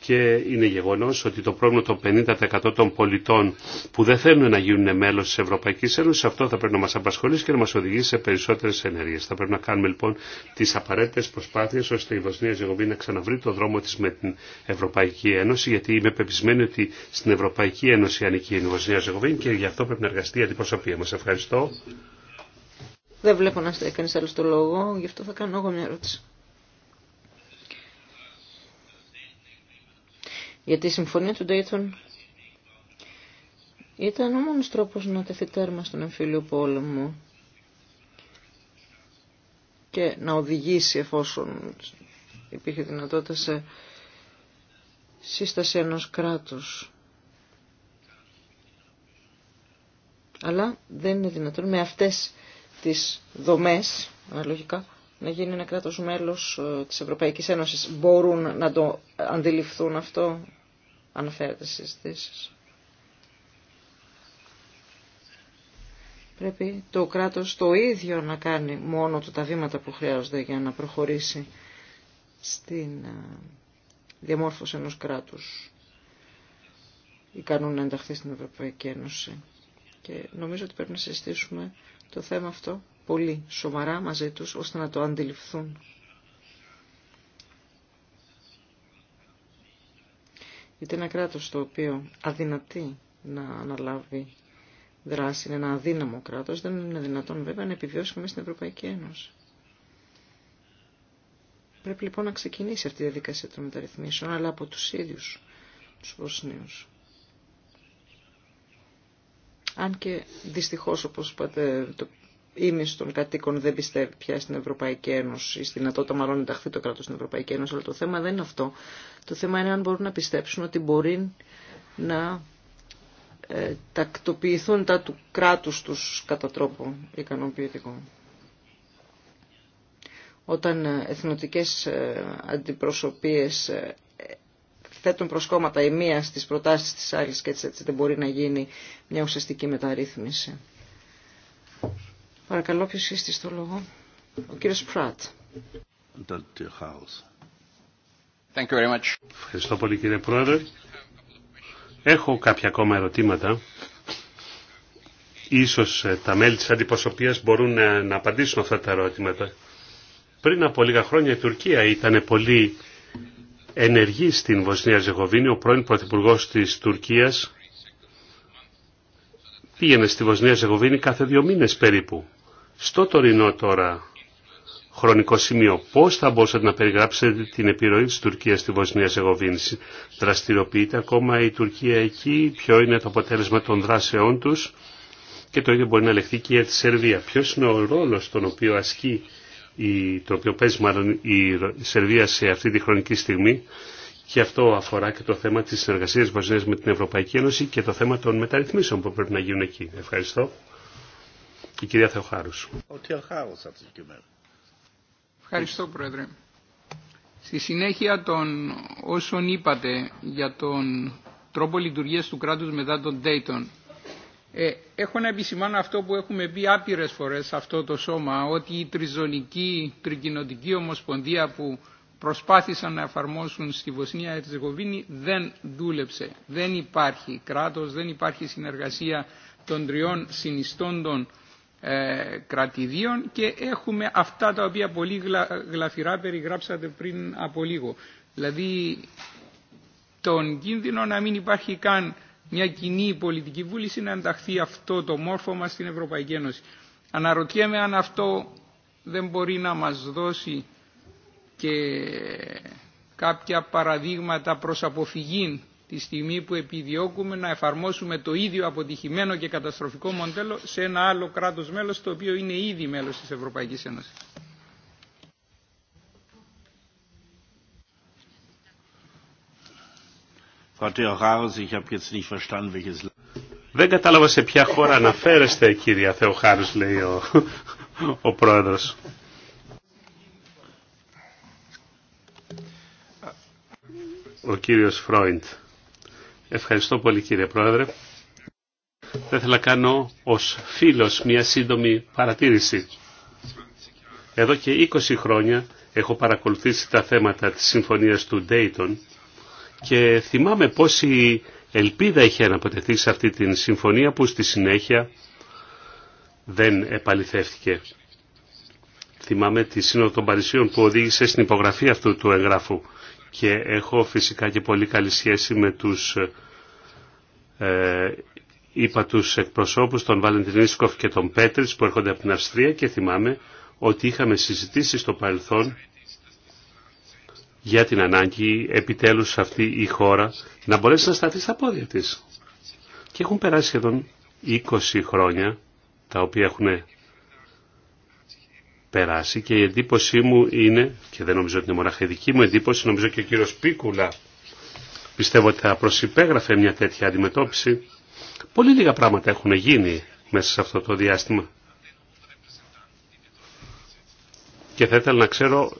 και είναι γεγονός ότι το πρόβλημα των 50% των πολιτών που δεν θέλουν να γίνουν μέλος της Ευρωπαϊκής Ένωσης, αυτό θα πρέπει να μας απασχολήσει και να μας οδηγήσει σε περισσότερες ενέργειες. Θα πρέπει να κάνουμε λοιπόν τις απαραίτητες προσπάθειες ώστε η Βοσνία Ζεγοβίνη να ξαναβρει το δρόμο της με την Ευρωπαϊκή Ένωση, γιατί είμαι πεπισμένη ότι στην Ευρωπαϊκή Ένωση ανήκει η Βοσνία Ζεγοβίνη και γι' αυτό πρέπει να εργαστεί η αντιπροσωπεία μας. Ευχαριστώ. Δεν βλέπω να είστε άλλο το λόγο, γι' αυτό θα κάνω εγώ μια ερώτηση. Γιατί η συμφωνία του Ντέιτον ήταν ο μόνος τρόπος να τεθεί τέρμα στον εμφύλιο πόλεμο και να οδηγήσει εφόσον υπήρχε δυνατότητα σε σύσταση ενός κράτους. Αλλά δεν είναι δυνατόν με αυτές τις δομές, αναλογικά, να γίνει ένα κράτος μέλος ε, της Ευρωπαϊκής Ένωσης. Μπορούν να το αντιληφθούν αυτό αναφέρεται στις συζητήσεις. Πρέπει το κράτος το ίδιο να κάνει μόνο του τα βήματα που χρειάζονται για να προχωρήσει στην ε, διαμόρφωση ενός κράτους ικανού να ενταχθεί στην Ευρωπαϊκή Ένωση. Και νομίζω ότι πρέπει να συζητήσουμε το θέμα αυτό πολύ σοβαρά μαζί τους ώστε να το αντιληφθούν. Γιατί ένα κράτος το οποίο αδυνατεί να αναλάβει δράση, είναι ένα αδύναμο κράτος, δεν είναι δυνατόν βέβαια να επιβιώσουμε στην Ευρωπαϊκή Ένωση. Πρέπει λοιπόν να ξεκινήσει αυτή η διαδικασία των μεταρρυθμίσεων, αλλά από τους ίδιους τους Βοσνίους. Αν και δυστυχώς, όπως είπατε, το ίμιση των κατοίκων δεν πιστεύει πια στην Ευρωπαϊκή Ένωση, στη δυνατότητα μάλλον ενταχθεί το κράτος στην Ευρωπαϊκή Ένωση, αλλά το θέμα δεν είναι αυτό. Το θέμα είναι αν μπορούν να πιστέψουν ότι μπορεί να ε, τακτοποιηθούν τα του κράτους τους κατά τρόπο ικανοποιητικό. Όταν ε, εθνοτικές ε, αντιπροσωπείες ε, θέτουν προσκόμματα η μία στις προτάσεις της άλλης και έτσι, έτσι δεν μπορεί να γίνει μια ουσιαστική μεταρρύθμιση. Παρακαλώ, ποιος είστε στο λόγο. Ο κύριος Πράτ. Ευχαριστώ πολύ κύριε Πρόεδρε. Έχω κάποια ακόμα ερωτήματα. Ίσως ε, τα μέλη της αντιπροσωπείας μπορούν ε, να, απαντήσουν αυτά τα ερώτηματα. Πριν από λίγα χρόνια η Τουρκία ήταν πολύ ενεργή στην Βοσνία Ζεγοβίνη. Ο πρώην Πρωθυπουργό της Τουρκίας πήγαινε στη Βοσνία Ζεγοβίνη κάθε δύο μήνες περίπου. Στο τωρινό τώρα χρονικό σημείο, πώς θα μπορούσατε να περιγράψετε την επιρροή της Τουρκίας στη Βοσνία Ζεγοβίνη. Δραστηριοποιείται ακόμα η Τουρκία εκεί, ποιο είναι το αποτέλεσμα των δράσεών τους και το ίδιο μπορεί να λεχθεί και για τη Σερβία. Ποιος είναι ο ρόλος τον οποίο ασκεί η, το οποίο παίζει η Σερβία σε αυτή τη χρονική στιγμή και αυτό αφορά και το θέμα της συνεργασίας Βοσνίας με την Ευρωπαϊκή Ένωση και το θέμα των μεταρρυθμίσεων που πρέπει να γίνουν εκεί. Ευχαριστώ. Η κυρία Θεοχάρους. Ο συγκεκριμένη. Ευχαριστώ Πρόεδρε. Στη συνέχεια των όσων είπατε για τον τρόπο λειτουργίας του κράτους μετά τον Dayton, ε, έχω να επισημάνω αυτό που έχουμε πει άπειρες φορές σε αυτό το σώμα, ότι η τριζωνική τρικοινοτική ομοσπονδία που προσπάθησαν να εφαρμόσουν στη Βοσνία Ερζεγοβίνη δεν δούλεψε. Δεν υπάρχει κράτος, δεν υπάρχει συνεργασία των τριών συνιστόντων ε, κρατηδίων και έχουμε αυτά τα οποία πολύ γλαφυρά περιγράψατε πριν από λίγο. Δηλαδή τον κίνδυνο να μην υπάρχει καν μια κοινή πολιτική βούληση να ενταχθεί αυτό το μόρφωμα στην Ευρωπαϊκή Ένωση. Αναρωτιέμαι αν αυτό δεν μπορεί να μας δώσει και κάποια παραδείγματα προς αποφυγή τη στιγμή που επιδιώκουμε να εφαρμόσουμε το ίδιο αποτυχημένο και καταστροφικό μοντέλο σε ένα άλλο κράτος μέλος το οποίο είναι ήδη μέλος της Ευρωπαϊκής Ένωσης. Δεν κατάλαβα σε ποια χώρα αναφέρεστε κύριε Θεοχάρης λέει ο, ο πρόεδρος. Ο κύριος Φρόιντ. Ευχαριστώ πολύ κύριε Πρόεδρε. Θα ήθελα να κάνω ως φίλος μια σύντομη παρατήρηση. Εδώ και 20 χρόνια έχω παρακολουθήσει τα θέματα της συμφωνίας του Dayton και θυμάμαι πόση ελπίδα είχε αναποτεθεί σε αυτή την συμφωνία που στη συνέχεια δεν επαληθεύτηκε. Θυμάμαι τη Σύνοδο των Παρισίων που οδήγησε στην υπογραφή αυτού του εγγράφου και έχω φυσικά και πολύ καλή σχέση με τους ε, είπα τους εκπροσώπους των Βαλεντινίσκοφ και τον Πέτριτς που έρχονται από την Αυστρία και θυμάμαι ότι είχαμε συζητήσει στο παρελθόν για την ανάγκη επιτέλους αυτή η χώρα να μπορέσει να σταθεί στα πόδια της. Και έχουν περάσει σχεδόν 20 χρόνια τα οποία έχουν περάσει και η εντύπωσή μου είναι, και δεν νομίζω ότι είναι μονάχα δική μου εντύπωση, νομίζω και ο κύριος Πίκουλα πιστεύω ότι θα προσυπέγραφε μια τέτοια αντιμετώπιση. Πολύ λίγα πράγματα έχουν γίνει μέσα σε αυτό το διάστημα. Και θα ήθελα να ξέρω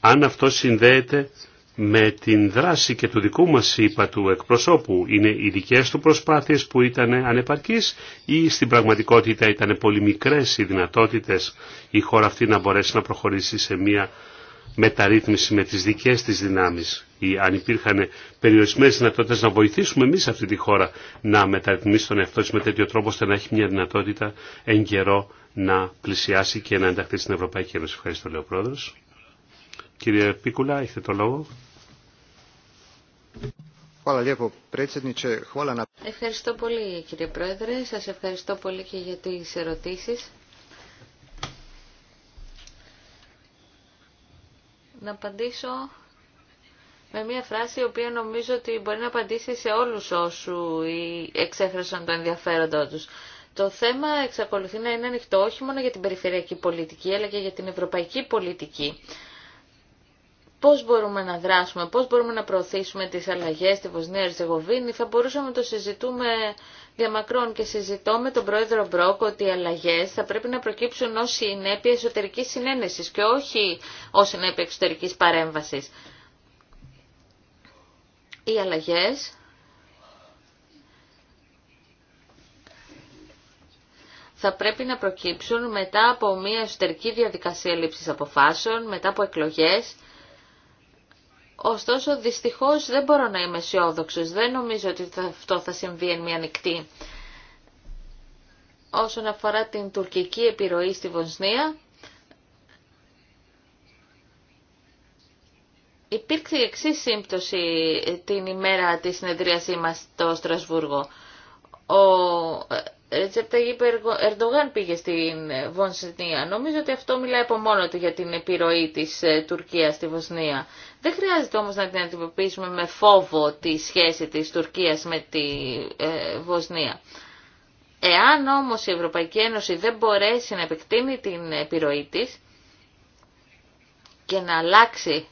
αν αυτό συνδέεται με την δράση και του δικού μας είπα του εκπροσώπου. Είναι οι δικές του προσπάθειες που ήταν ανεπαρκείς ή στην πραγματικότητα ήταν πολύ μικρές οι δυνατότητες η χώρα αυτή να μπορέσει να προχωρήσει σε μια μεταρρύθμιση με τις δικές της δυνάμεις ή αν υπήρχαν περιορισμένες δυνατότητες να βοηθήσουμε εμείς αυτή τη χώρα να μεταρρυθμίσει τον εαυτό της με τέτοιο τρόπο ώστε να έχει μια δυνατότητα εν καιρό να πλησιάσει και να ενταχθεί στην Ευρωπαϊκή Ένωση. Ευχαριστώ, λέει Κύριε Πίκουλα, έχετε το λόγο. Ευχαριστώ πολύ κύριε Πρόεδρε. Σας ευχαριστώ πολύ και για τις ερωτήσεις. Να απαντήσω με μια φράση η οποία νομίζω ότι μπορεί να απαντήσει σε όλους όσου εξέφρασαν το ενδιαφέροντό τους. Το θέμα εξακολουθεί να είναι ανοιχτό όχι μόνο για την περιφερειακή πολιτική αλλά και για την ευρωπαϊκή πολιτική πώς μπορούμε να δράσουμε, πώς μπορούμε να προωθήσουμε τις αλλαγές στη Βοσνία Ερζεγοβίνη. Θα μπορούσαμε να το συζητούμε διαμακρών και συζητώ με τον πρόεδρο Μπρόκ ότι οι αλλαγές θα πρέπει να προκύψουν ως συνέπεια εσωτερική συνένεσης και όχι ως συνέπεια εξωτερικής παρέμβασης. Οι αλλαγές θα πρέπει να προκύψουν μετά από μια εσωτερική διαδικασία λήψης αποφάσεων, μετά από εκλογές Ωστόσο, δυστυχώς δεν μπορώ να είμαι αισιόδοξο. Δεν νομίζω ότι αυτό θα συμβεί εν μία νυχτή. Όσον αφορά την τουρκική επιρροή στη Βοσνία, υπήρξε η εξή σύμπτωση την ημέρα της συνεδρίασή μας στο Στρασβούργο. Ο ε, Ερντογάν πήγε στην Βοσνία. Νομίζω ότι αυτό μιλάει από μόνο του για την επιρροή της ε, Τουρκίας στη Βοσνία. Δεν χρειάζεται όμως να την αντιμετωπίσουμε με φόβο τη σχέση της Τουρκίας με τη ε, Βοσνία. Εάν όμως η Ευρωπαϊκή Ένωση δεν μπορέσει να επεκτείνει την επιρροή της και να αλλάξει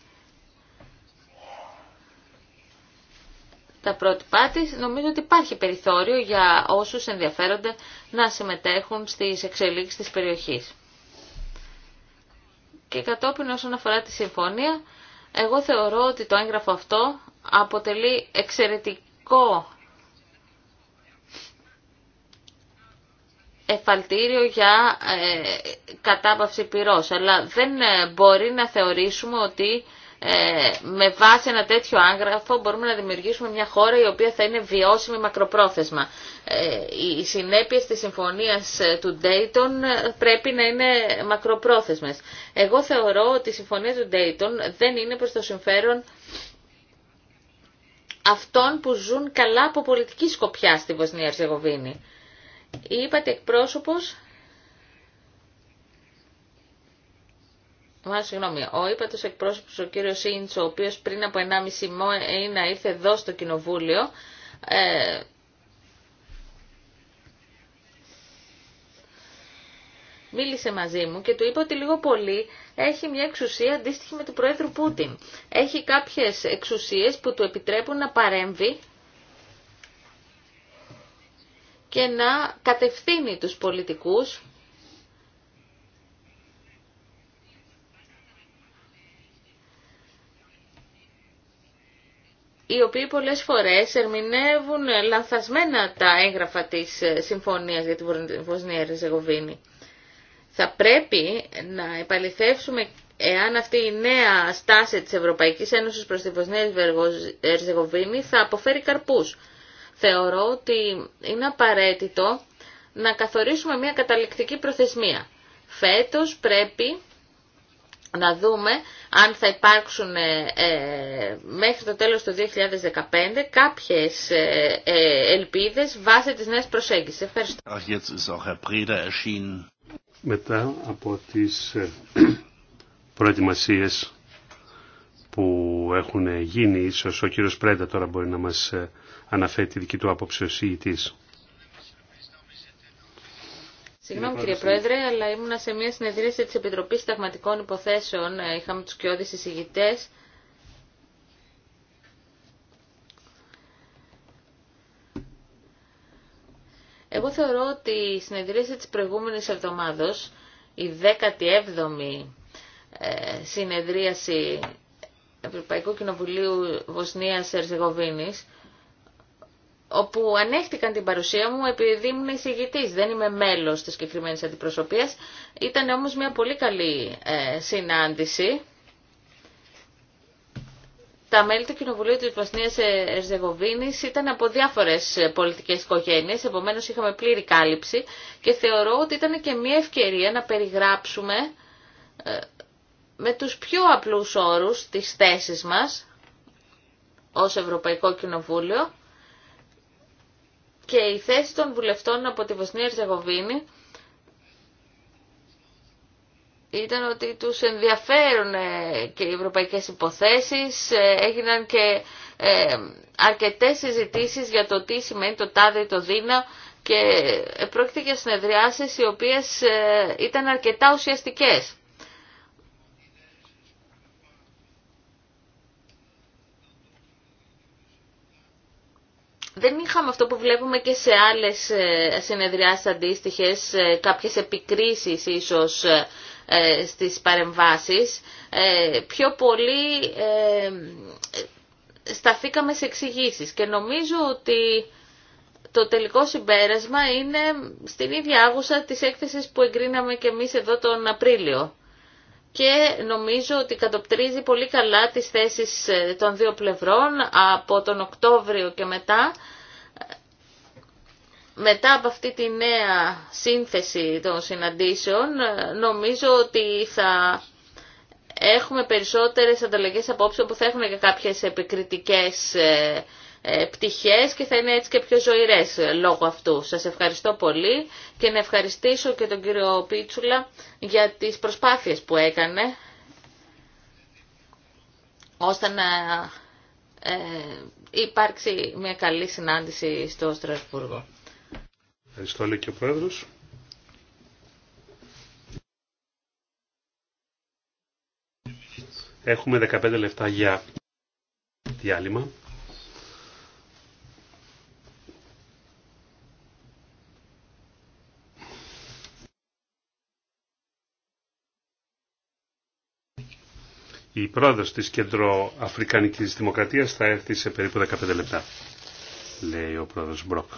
τα πρότυπά της, νομίζω ότι υπάρχει περιθώριο για όσους ενδιαφέρονται να συμμετέχουν στις εξελίξεις της περιοχής. Και κατόπιν όσον αφορά τη συμφωνία, εγώ θεωρώ ότι το έγγραφο αυτό αποτελεί εξαιρετικό εφαλτήριο για ε, κατάπαυση πυρός, αλλά δεν ε, μπορεί να θεωρήσουμε ότι ε, με βάση ένα τέτοιο άγγραφο μπορούμε να δημιουργήσουμε μια χώρα η οποία θα είναι βιώσιμη μακροπρόθεσμα. Ε, οι συνέπειες της συμφωνίας ε, του Dayton πρέπει να είναι μακροπρόθεσμες. Εγώ θεωρώ ότι η συμφωνία του Dayton δεν είναι προς το συμφέρον αυτών που ζουν καλά από πολιτική σκοπιά στη Βοσνία Ερζεγοβίνη. Είπατε εκπρόσωπος Μα συγγνώμη, ο ύπατο εκπρόσωπο, ο κύριο Σίντ, ο οποίο πριν από 1,5 μήνα ήρθε εδώ στο κοινοβούλιο, ε, μίλησε μαζί μου και του είπα ότι λίγο πολύ έχει μια εξουσία αντίστοιχη με του Προέδρου Πούτιν. Έχει κάποιες εξουσίες που του επιτρέπουν να παρέμβει και να κατευθύνει τους πολιτικούς οι οποίοι πολλές φορές ερμηνεύουν λανθασμένα τα έγγραφα της ε, συμφωνίας για τη Βοσνία Ριζεγοβίνη. Θα πρέπει να επαληθεύσουμε εάν αυτή η νέα στάση της Ευρωπαϊκής Ένωσης προς τη Βοσνία Ριζεγοβίνη θα αποφέρει καρπούς. Θεωρώ ότι είναι απαραίτητο να καθορίσουμε μια καταληκτική προθεσμία. Φέτος πρέπει να δούμε αν θα υπάρξουν ε, ε, μέχρι το τέλος του 2015 κάποιες ε, ε, ελπίδες βάσει της νέας προσέγγισης. Ευχαριστώ. Μετά από τις προετοιμασίες που έχουν γίνει, ίσως ο κύριος Πρέντα τώρα μπορεί να μας αναφέρει τη δική του άποψη ο Συγγνώμη κύριε Πρόεδρε, αλλά ήμουνα σε μια συνεδρίαση της Επιτροπής Συνταγματικών Υποθέσεων. Ε, είχαμε τους κοιόδης εισηγητές. Εγώ θεωρώ ότι η συνεδρίαση της προηγούμενης εβδομάδος, η 17η ε, συνεδρίαση Ευρωπαϊκού Κοινοβουλίου Βοσνίας Ερζεγοβίνης, όπου ανέχτηκαν την παρουσία μου επειδή ήμουν εισηγητής, δεν είμαι μέλος της συγκεκριμένη αντιπροσωπείας. Ήταν όμως μια πολύ καλή ε, συνάντηση. Τα μέλη του Κοινοβουλίου της Βασνίας Ερζεγοβίνης ήταν από διάφορες πολιτικές οικογένειες, επομένως είχαμε πλήρη κάλυψη και θεωρώ ότι ήταν και μια ευκαιρία να περιγράψουμε ε, με τους πιο απλούς όρους τις θέσεις μας ως Ευρωπαϊκό Κοινοβούλιο και η θέση των βουλευτών από τη Βοσνία Ερζεγοβίνη ήταν ότι τους ενδιαφέρουν και οι ευρωπαϊκές υποθέσεις, ε, έγιναν και ε, αρκετές συζητήσεις για το τι σημαίνει το τάδε ή το δίνα και πρόκειται για συνεδριάσεις οι οποίες ε, ήταν αρκετά ουσιαστικές. δεν είχαμε αυτό που βλέπουμε και σε άλλες ε, συνεδριάσεις αντίστοιχες, ε, κάποιες επικρίσεις ίσως ε, στις παρεμβάσεις. Πιο πολύ σταθήκαμε σε εξηγήσει και νομίζω ότι το τελικό συμπέρασμα είναι στην ίδια άγουσα της έκθεσης που εγκρίναμε και εμείς εδώ τον Απρίλιο και νομίζω ότι κατοπτρίζει πολύ καλά τις θέσεις ε, των δύο πλευρών από τον Οκτώβριο και μετά. Μετά από αυτή τη νέα σύνθεση των συναντήσεων ε, νομίζω ότι θα έχουμε περισσότερες ανταλλαγές απόψεων που θα έχουν και κάποιες επικριτικές ε, ε, πτυχές και θα είναι έτσι και πιο ζωηρές ε, λόγω αυτού. Σας ευχαριστώ πολύ και να ευχαριστήσω και τον κύριο Πίτσουλα για τις προσπάθειες που έκανε ώστε να ε, υπάρξει μια καλή συνάντηση στο Στρασβούργο. Ευχαριστώ και ο Πρόεδρος. Έχουμε 15 λεπτά για διάλειμμα. η πρόεδρος της Κεντροαφρικανικής Δημοκρατίας θα έρθει σε περίπου 15 λεπτά, λέει ο πρόεδρος Μπροκ.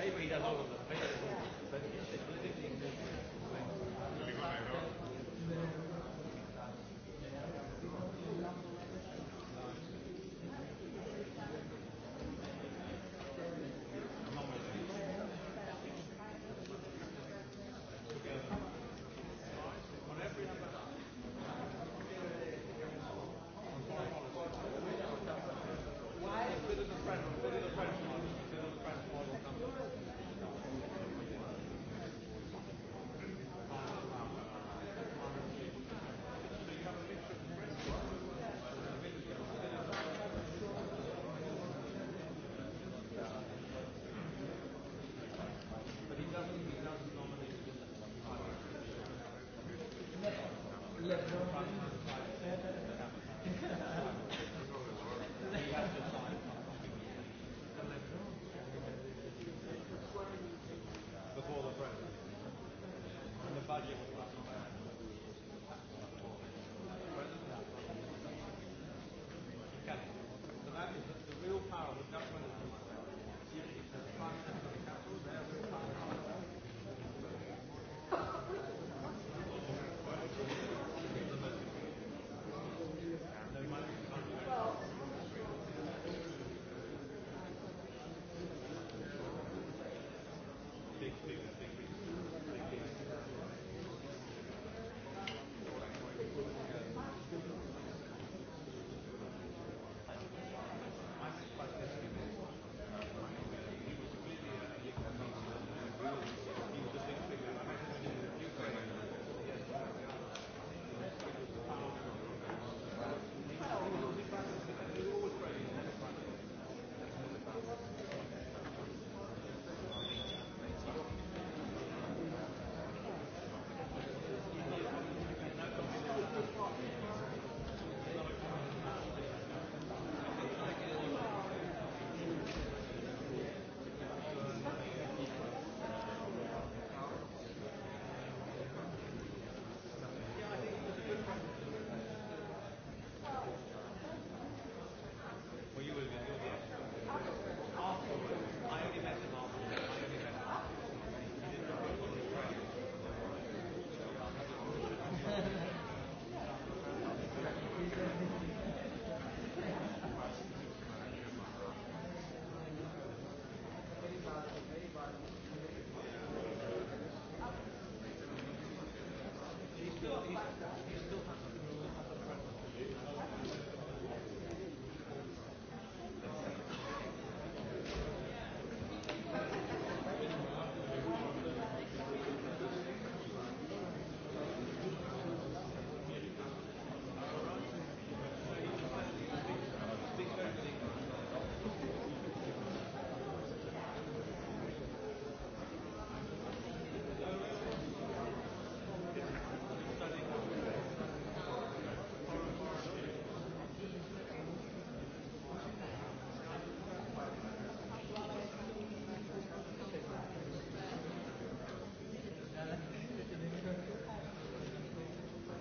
paper he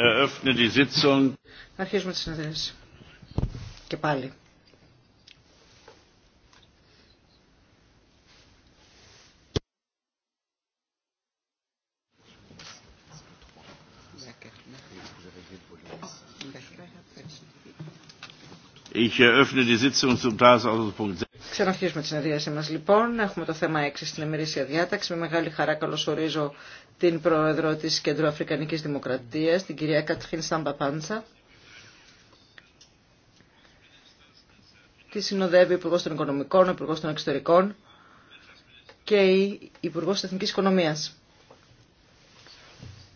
Eröffne die Sitzung. Αρχίζουμε τη συνεδρίαση. Και πάλι. Ich eröffne die Sitzung zum Tagesordnungspunkt 6. Ξαναρχίζουμε τη συνεδρίαση μα λοιπόν. Έχουμε το θέμα 6 στην ημερήσια διάταξη. Με μεγάλη χαρά καλωσορίζω την πρόεδρο της Κεντροαφρικανικής Δημοκρατίας, την κυρία Κατρίν Πάντσα. Τη συνοδεύει ο Υπουργό των Οικονομικών, ο Υπουργό των Εξωτερικών και η Υπουργό της Εθνικής Οικονομίας.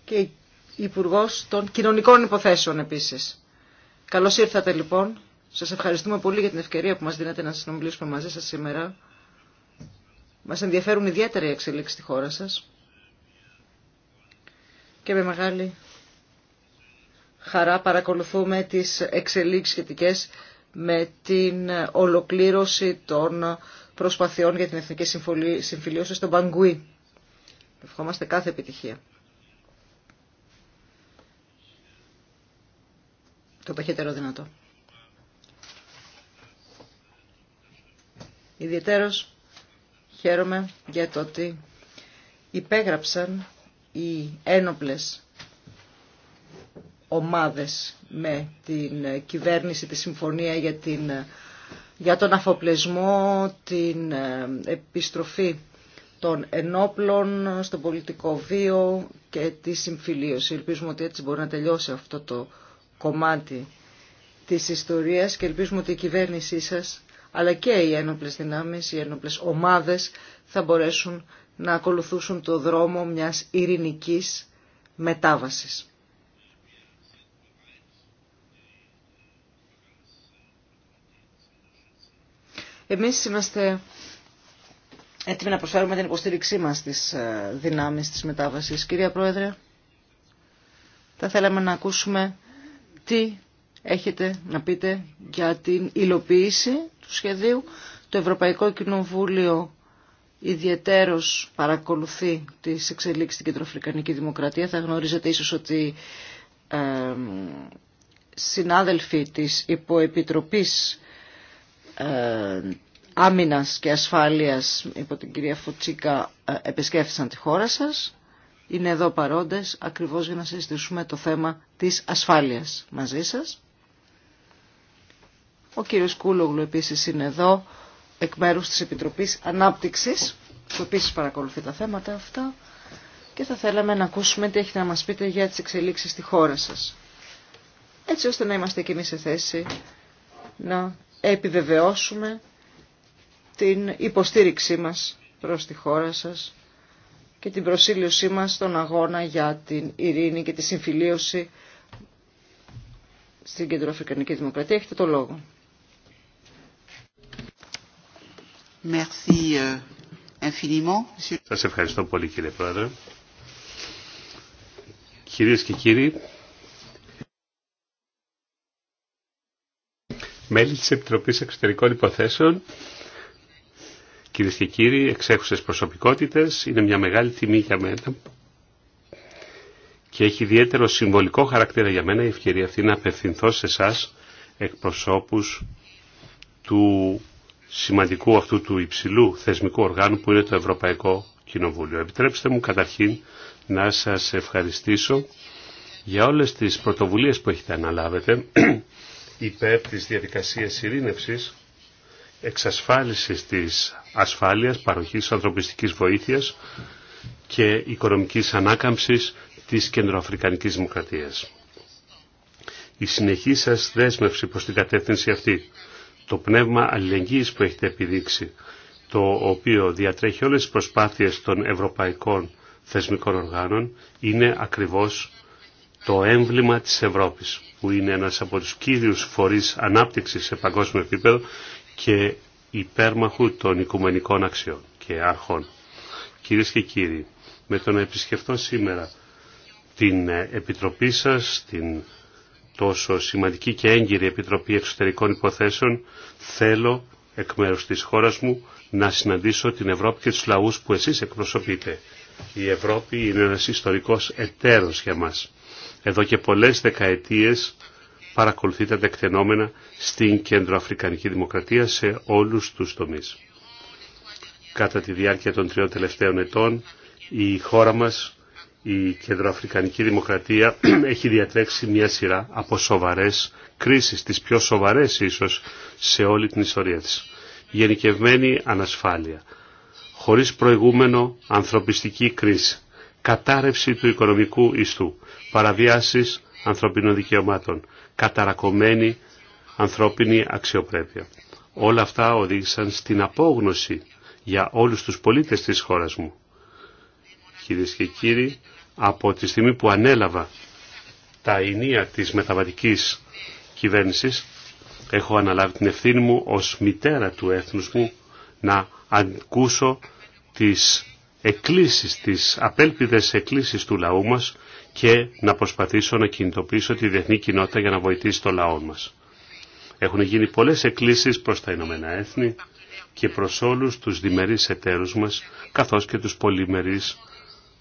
Και η υπουργό των Κοινωνικών Υποθέσεων επίση. Καλώ ήρθατε λοιπόν σας ευχαριστούμε πολύ για την ευκαιρία που μας δίνετε να συνομιλήσουμε μαζί σας σήμερα. Μας ενδιαφέρουν ιδιαίτερα οι εξελίξεις στη χώρα σας. Και με μεγάλη χαρά παρακολουθούμε τις εξελίξεις σχετικές με την ολοκλήρωση των προσπαθειών για την Εθνική Συμφιλίωση στον Πανγκουί. Ευχόμαστε κάθε επιτυχία. Το ταχύτερο δυνατό. Ιδιαίτερος χαίρομαι για το ότι υπέγραψαν οι ένοπλες ομάδες με την κυβέρνηση, τη συμφωνία για, την, για τον αφοπλεσμό, την ε, επιστροφή των ενόπλων στον πολιτικό βίο και τη συμφιλίωση. Ελπίζουμε ότι έτσι μπορεί να τελειώσει αυτό το κομμάτι της ιστορίας και ελπίζουμε ότι η κυβέρνησή σας αλλά και οι ένοπλες δυνάμεις, οι ένοπλες ομάδες θα μπορέσουν να ακολουθούσουν το δρόμο μιας ειρηνικής μετάβασης. Εμείς είμαστε έτοιμοι να προσφέρουμε την υποστήριξή μας στις ε, δυνάμεις της μετάβασης. Κυρία Πρόεδρε, θα θέλαμε να ακούσουμε τι έχετε να πείτε για την υλοποίηση του σχεδίου. Το Ευρωπαϊκό Κοινοβούλιο ιδιαιτέρως παρακολουθεί τις εξελίξεις στην κεντροαφρικανική Δημοκρατία. Θα γνωρίζετε ίσως ότι συνάδελφοι της Υποεπιτροπής ε, Άμυνας και Ασφάλειας υπό την κυρία Φωτσίκα ε, επισκέφθησαν τη χώρα σας. Είναι εδώ παρόντες ακριβώς για να συζητήσουμε το θέμα της ασφάλειας μαζί σας. Ο κύριος Κούλογλου επίσης είναι εδώ, εκ μέρους της Επιτροπής Ανάπτυξης, που επίσης παρακολουθεί τα θέματα αυτά και θα θέλαμε να ακούσουμε τι έχετε να μας πείτε για τις εξελίξεις στη χώρα σας. Έτσι ώστε να είμαστε και εμείς σε θέση να επιβεβαιώσουμε την υποστήριξή μας προς τη χώρα σας και την προσήλωσή μας στον αγώνα για την ειρήνη και τη συμφιλίωση στην Κεντροαφρικανική Δημοκρατία. Έχετε το λόγο. Euh, Σας ευχαριστώ πολύ κύριε Πρόεδρε. Κυρίες και κύριοι, μέλη της Επιτροπής Εξωτερικών Υποθέσεων, Κυρίε και κύριοι, εξέχουσες προσωπικότητες, είναι μια μεγάλη τιμή για μένα και έχει ιδιαίτερο συμβολικό χαρακτήρα για μένα η ευκαιρία αυτή να απευθυνθώ σε εσά εκπροσώπους του σημαντικού αυτού του υψηλού θεσμικού οργάνου που είναι το Ευρωπαϊκό Κοινοβούλιο. Επιτρέψτε μου καταρχήν να σας ευχαριστήσω για όλες τις πρωτοβουλίες που έχετε αναλάβετε υπέρ της διαδικασίας ειρήνευσης, εξασφάλισης της ασφάλειας, παροχής ανθρωπιστικής βοήθειας και οικονομικής ανάκαμψης της κεντροαφρικανικής δημοκρατίας. Η συνεχή σας δέσμευση προς την κατεύθυνση αυτή το πνεύμα αλληλεγγύης που έχετε επιδείξει, το οποίο διατρέχει όλες τις προσπάθειες των ευρωπαϊκών θεσμικών οργάνων, είναι ακριβώς το έμβλημα της Ευρώπης, που είναι ένας από τους κύριους φορείς ανάπτυξης σε παγκόσμιο επίπεδο και υπέρμαχου των οικουμενικών αξιών και αρχών. Κυρίες και κύριοι, με τον να σήμερα την Επιτροπή σας, την τόσο σημαντική και έγκυρη Επιτροπή Εξωτερικών Υποθέσεων, θέλω εκ μέρους της χώρας μου να συναντήσω την Ευρώπη και τους λαούς που εσείς εκπροσωπείτε. Η Ευρώπη είναι ένας ιστορικός εταίρος για μας. Εδώ και πολλές δεκαετίες παρακολουθείτε τα εκτενομένα στην Κεντροαφρικανική Δημοκρατία σε όλους τους τομείς. Κατά τη διάρκεια των τριών τελευταίων ετών η χώρα μας η κεντροαφρικανική δημοκρατία έχει διατρέξει μια σειρά από σοβαρές κρίσεις, τις πιο σοβαρές ίσως σε όλη την ιστορία της. Γενικευμένη ανασφάλεια, χωρίς προηγούμενο ανθρωπιστική κρίση, κατάρρευση του οικονομικού ιστού, παραβιάσεις ανθρωπινών δικαιωμάτων, καταρακωμένη ανθρώπινη αξιοπρέπεια. Όλα αυτά οδήγησαν στην απόγνωση για όλους τους πολίτες της χώρας μου. Κυρίες και κύριοι, από τη στιγμή που ανέλαβα τα ενία της μεταβατικής κυβέρνησης, έχω αναλάβει την ευθύνη μου ως μητέρα του έθνους μου να ακούσω τις εκκλήσεις, τις απέλπιδες εκκλήσεις του λαού μας και να προσπαθήσω να κινητοποιήσω τη διεθνή κοινότητα για να βοηθήσει το λαό μας. Έχουν γίνει πολλές εκκλήσεις προς τα Ηνωμένα Έθνη και προς όλους τους διμερείς εταίρους μας, καθώς και τους πολυμερείς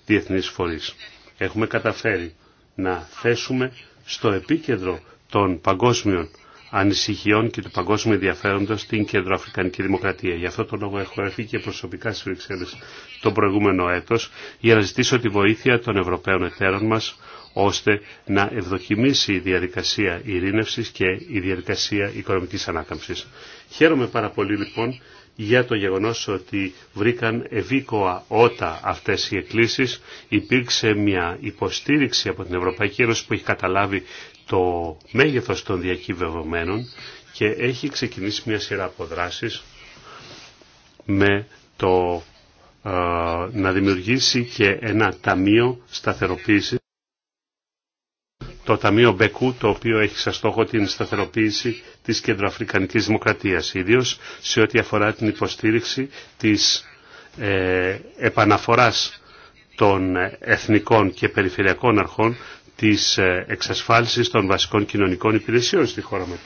διεθνείς φορείς. Έχουμε καταφέρει να θέσουμε στο επίκεντρο των παγκόσμιων ανησυχιών και του παγκόσμιου ενδιαφέροντος στην Κεντροαφρικανική Δημοκρατία. Γι' αυτό το λόγο έχω έρθει και προσωπικά στις Βρυξέλλες τον προηγούμενο έτος για να ζητήσω τη βοήθεια των Ευρωπαίων εταίρων μας ώστε να ευδοκιμήσει η διαδικασία ειρήνευσης και η διαδικασία οικονομικής ανάκαμψης. Χαίρομαι πάρα πολύ λοιπόν για το γεγονός ότι βρήκαν ευήκοα ότα αυτές οι εκκλήσεις. Υπήρξε μια υποστήριξη από την Ευρωπαϊκή Ένωση που έχει καταλάβει το μέγεθος των διακυβευμένων και έχει ξεκινήσει μια σειρά από με το ε, να δημιουργήσει και ένα ταμείο σταθεροποίησης το Ταμείο Μπεκού, το οποίο έχει σαν στόχο την σταθεροποίηση της κεντροαφρικανικής δημοκρατίας, ιδίως σε ό,τι αφορά την υποστήριξη της ε, επαναφοράς των εθνικών και περιφερειακών αρχών της ε, εξασφάλισης των βασικών κοινωνικών υπηρεσιών στη χώρα με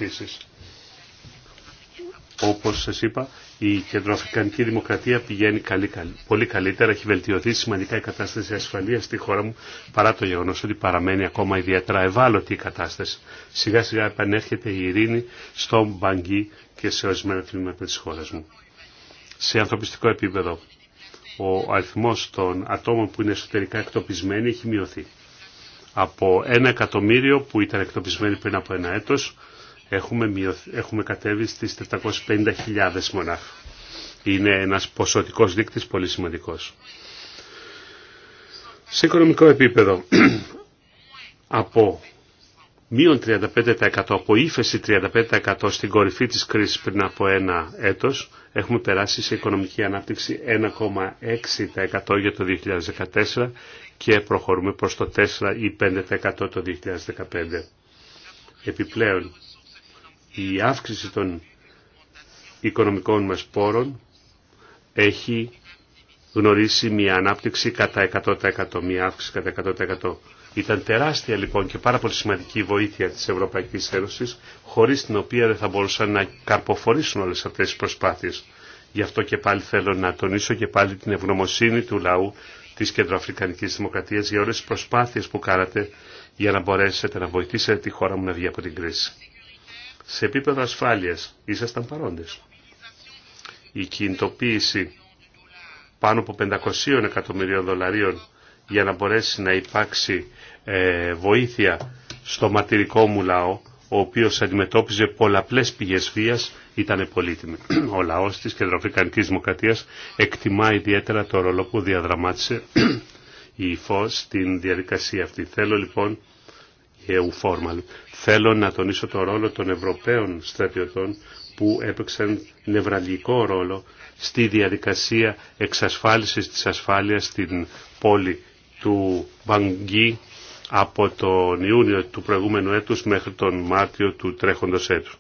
Όπως σας είπα, η κεντροαφρικανική δημοκρατία πηγαίνει καλή, πολύ καλύτερα. Έχει βελτιωθεί σημαντικά η κατάσταση ασφαλείας στη χώρα μου παρά το γεγονό ότι παραμένει ακόμα ιδιαίτερα ευάλωτη η κατάσταση. Σιγά σιγά επανέρχεται η ειρήνη στον Μπαγκή και σε ορισμένα τμήματα της χώρας μου. Σε ανθρωπιστικό επίπεδο, ο αριθμός των ατόμων που είναι εσωτερικά εκτοπισμένοι έχει μειωθεί. Από ένα εκατομμύριο που ήταν εκτοπισμένοι πριν από ένα έτος, έχουμε, έχουμε κατέβει στις 450.000 μονάχα. Είναι ένας ποσοτικός δείκτης πολύ σημαντικός. Σε οικονομικό επίπεδο, από μείον 35% από ύφεση 35% στην κορυφή της κρίσης πριν από ένα έτος, έχουμε περάσει σε οικονομική ανάπτυξη 1,6% για το 2014 και προχωρούμε προς το 4 ή 5% το 2015. Επιπλέον, η αύξηση των οικονομικών μας πόρων έχει γνωρίσει μια ανάπτυξη κατά 100%, μια αύξηση κατά 100%. Ήταν τεράστια λοιπόν και πάρα πολύ σημαντική βοήθεια της Ευρωπαϊκής Ένωσης, χωρίς την οποία δεν θα μπορούσαν να καρποφορήσουν όλες αυτές τις προσπάθειες. Γι' αυτό και πάλι θέλω να τονίσω και πάλι την ευγνωμοσύνη του λαού της Κεντροαφρικανικής Δημοκρατίας για όλες τις προσπάθειες που κάνατε για να μπορέσετε να βοηθήσετε τη χώρα μου να βγει από την κρίση. Σε επίπεδο ασφάλειας ήσασταν παρόντες. Η κινητοποίηση πάνω από 500 εκατομμυρίων δολαρίων για να μπορέσει να υπάρξει ε, βοήθεια στο ματηρικό μου λαό, ο οποίος αντιμετώπιζε πολλαπλές πηγές βίας, ήταν πολύτιμη. Ο λαός της Κεντροαφρικανικής Δημοκρατίας εκτιμά ιδιαίτερα το ρόλο που διαδραμάτισε η ΦΟΣ στην διαδικασία αυτή. Θέλω λοιπόν Formal. Θέλω να τονίσω το ρόλο των Ευρωπαίων στρατιωτών που έπαιξαν νευραλγικό ρόλο στη διαδικασία εξασφάλισης της ασφάλειας στην πόλη του Μπαγκή από τον Ιούνιο του προηγούμενου έτους μέχρι τον Μάρτιο του τρέχοντος έτους.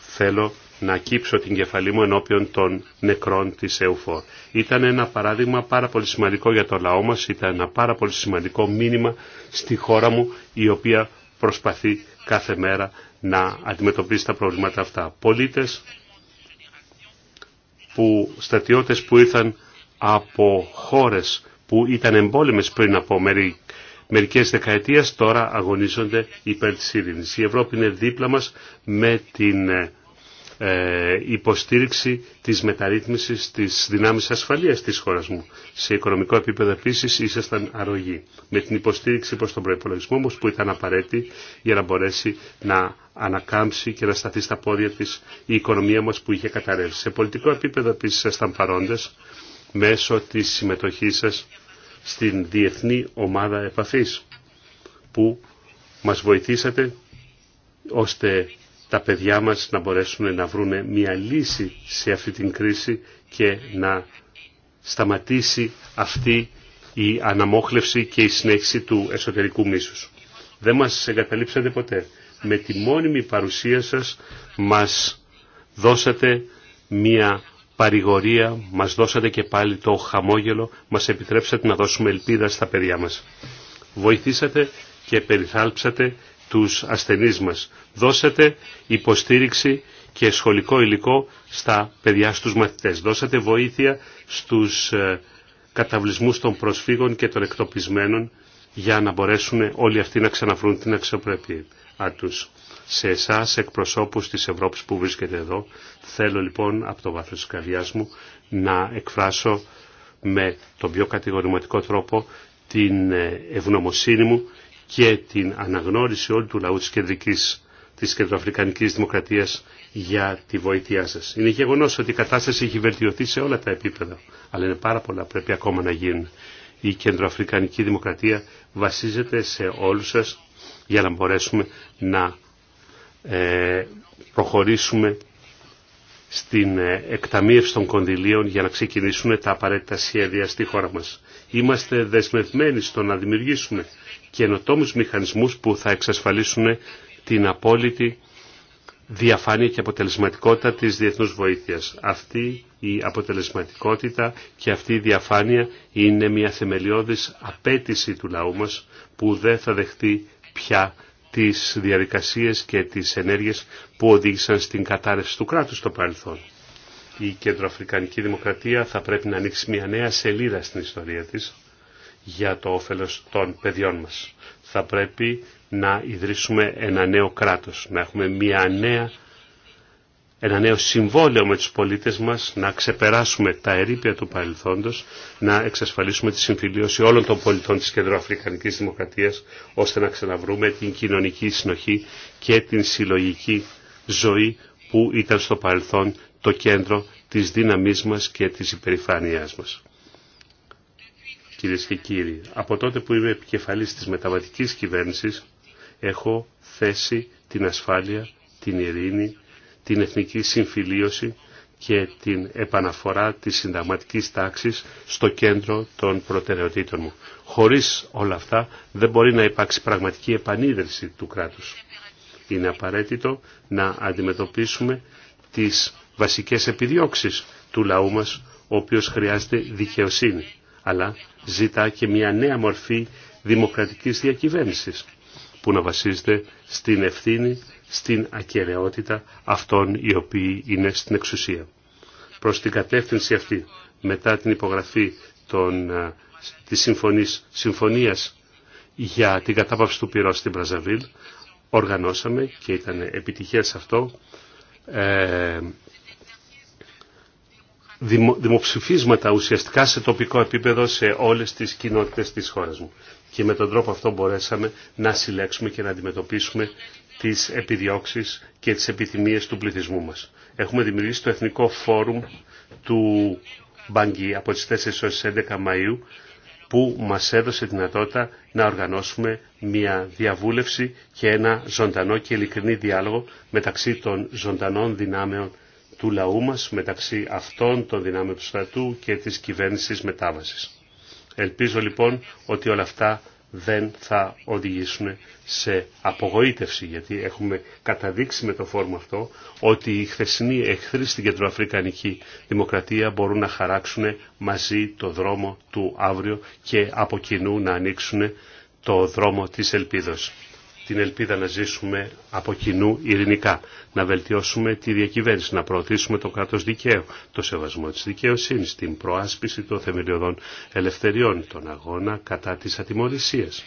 Θέλω να κύψω την κεφαλή μου ενώπιον των νεκρών της ΕΟΦΟΡ. Ήταν ένα παράδειγμα πάρα πολύ σημαντικό για το λαό μας, ήταν ένα πάρα πολύ σημαντικό μήνυμα στη χώρα μου η οποία προσπαθεί κάθε μέρα να αντιμετωπίσει τα προβλήματα αυτά. Πολίτες που στρατιώτες που ήρθαν από χώρες που ήταν εμπόλεμες πριν από μερικές δεκαετίες τώρα αγωνίζονται υπέρ της ειρήνης. Η Ευρώπη είναι δίπλα μας με την ε, ε, υποστήριξη της μεταρρύθμισης της δυνάμεις ασφαλείας της χώρας μου. Σε οικονομικό επίπεδο επίση ήσασταν αρρωγή. Με την υποστήριξη προς τον προϋπολογισμό όμως που ήταν απαραίτητη για να μπορέσει να ανακάμψει και να σταθεί στα πόδια της η οικονομία μας που είχε καταρρεύσει. Σε πολιτικό επίπεδο επίση ήσασταν παρόντες μέσω της συμμετοχής σας στην Διεθνή Ομάδα Επαφής που μας βοηθήσατε ώστε τα παιδιά μας να μπορέσουν να βρουν μια λύση σε αυτή την κρίση και να σταματήσει αυτή η αναμόχλευση και η συνέχιση του εσωτερικού μίσους. Δεν μας εγκαταλείψατε ποτέ. Με τη μόνιμη παρουσία σας μας δώσατε μια παρηγορία, μας δώσατε και πάλι το χαμόγελο, μας επιτρέψατε να δώσουμε ελπίδα στα παιδιά μας. Βοηθήσατε και περιθάλψατε τους ασθενείς μας. Δώσατε υποστήριξη και σχολικό υλικό στα παιδιά στους μαθητές. Δώσατε βοήθεια στους ε, καταβλισμούς των προσφύγων και των εκτοπισμένων για να μπορέσουν όλοι αυτοί να ξαναβρούν την αξιοπρέπειά τους. Σε εσά, εκπροσώπους της Ευρώπης που βρίσκεται εδώ, θέλω λοιπόν από το βάθος της καρδιάς μου να εκφράσω με τον πιο κατηγορηματικό τρόπο την ε, ευγνωμοσύνη μου και την αναγνώριση όλου του λαού της κεντρικής της κεντροαφρικανικής δημοκρατίας για τη βοήθειά σας. Είναι γεγονός ότι η κατάσταση έχει βελτιωθεί σε όλα τα επίπεδα, αλλά είναι πάρα πολλά πρέπει ακόμα να γίνουν. Η κεντροαφρικανική δημοκρατία βασίζεται σε όλους σας για να μπορέσουμε να ε, προχωρήσουμε στην ε, εκταμείευση των κονδυλίων για να ξεκινήσουν τα απαραίτητα σχέδια στη χώρα μας. Είμαστε δεσμευμένοι στο να δημιουργήσουμε καινοτόμους μηχανισμούς που θα εξασφαλίσουν την απόλυτη διαφάνεια και αποτελεσματικότητα της διεθνούς βοήθειας. Αυτή η αποτελεσματικότητα και αυτή η διαφάνεια είναι μια θεμελιώδης απέτηση του λαού μας που δεν θα δεχτεί πια τις διαδικασίες και τις ενέργειες που οδήγησαν στην κατάρρευση του κράτους στο παρελθόν. Η Κεντροαφρικανική Δημοκρατία θα πρέπει να ανοίξει μια νέα σελίδα στην ιστορία της για το όφελος των παιδιών μας. Θα πρέπει να ιδρύσουμε ένα νέο κράτος, να έχουμε μια νέα, ένα νέο συμβόλαιο με τους πολίτες μας, να ξεπεράσουμε τα ερήπια του παρελθόντος, να εξασφαλίσουμε τη συμφιλίωση όλων των πολιτών της Κεντροαφρικανικής Δημοκρατίας, ώστε να ξαναβρούμε την κοινωνική συνοχή και την συλλογική ζωή που ήταν στο παρελθόν το κέντρο της δύναμής μας και της υπερηφάνειάς μας κυρίε και κύριοι. Από τότε που είμαι επικεφαλής της μεταβατικής κυβέρνησης έχω θέσει την ασφάλεια, την ειρήνη, την εθνική συμφιλίωση και την επαναφορά της συνταγματικής τάξης στο κέντρο των προτεραιοτήτων μου. Χωρίς όλα αυτά δεν μπορεί να υπάρξει πραγματική επανίδρυση του κράτους. Είναι απαραίτητο να αντιμετωπίσουμε τις βασικές επιδιώξεις του λαού μας, ο οποίος χρειάζεται δικαιοσύνη αλλά ζητά και μια νέα μορφή δημοκρατικής διακυβέρνησης που να βασίζεται στην ευθύνη, στην ακαιρεότητα αυτών οι οποίοι είναι στην εξουσία. Προς την κατεύθυνση αυτή, μετά την υπογραφή των, της συμφωνής, συμφωνίας για την κατάπαυση του πυρός στην Πραζαβίλ, οργανώσαμε και ήταν επιτυχές αυτό, ε, δημοψηφίσματα ουσιαστικά σε τοπικό επίπεδο σε όλες τις κοινότητες της χώρας μου. Και με τον τρόπο αυτό μπορέσαμε να συλλέξουμε και να αντιμετωπίσουμε τις επιδιώξεις και τις επιθυμίες του πληθυσμού μας. Έχουμε δημιουργήσει το Εθνικό Φόρουμ του Μπαγκή από τις 4 έως 11 Μαΐου που μας έδωσε δυνατότητα να οργανώσουμε μια διαβούλευση και ένα ζωντανό και ειλικρινή διάλογο μεταξύ των ζωντανών δυνάμεων του λαού μας μεταξύ αυτών των δυνάμεων του στρατού και της κυβέρνησης μετάβασης. Ελπίζω λοιπόν ότι όλα αυτά δεν θα οδηγήσουν σε απογοήτευση, γιατί έχουμε καταδείξει με το φόρμα αυτό ότι οι χθεσινοί εχθροί στην κεντροαφρικανική δημοκρατία μπορούν να χαράξουν μαζί το δρόμο του αύριο και από κοινού να ανοίξουν το δρόμο της ελπίδος την ελπίδα να ζήσουμε από κοινού ειρηνικά, να βελτιώσουμε τη διακυβέρνηση, να προωθήσουμε το κράτος δικαίου, το σεβασμό της δικαιοσύνης, την προάσπιση των θεμελιωδών ελευθεριών, τον αγώνα κατά της ατιμορρησίας,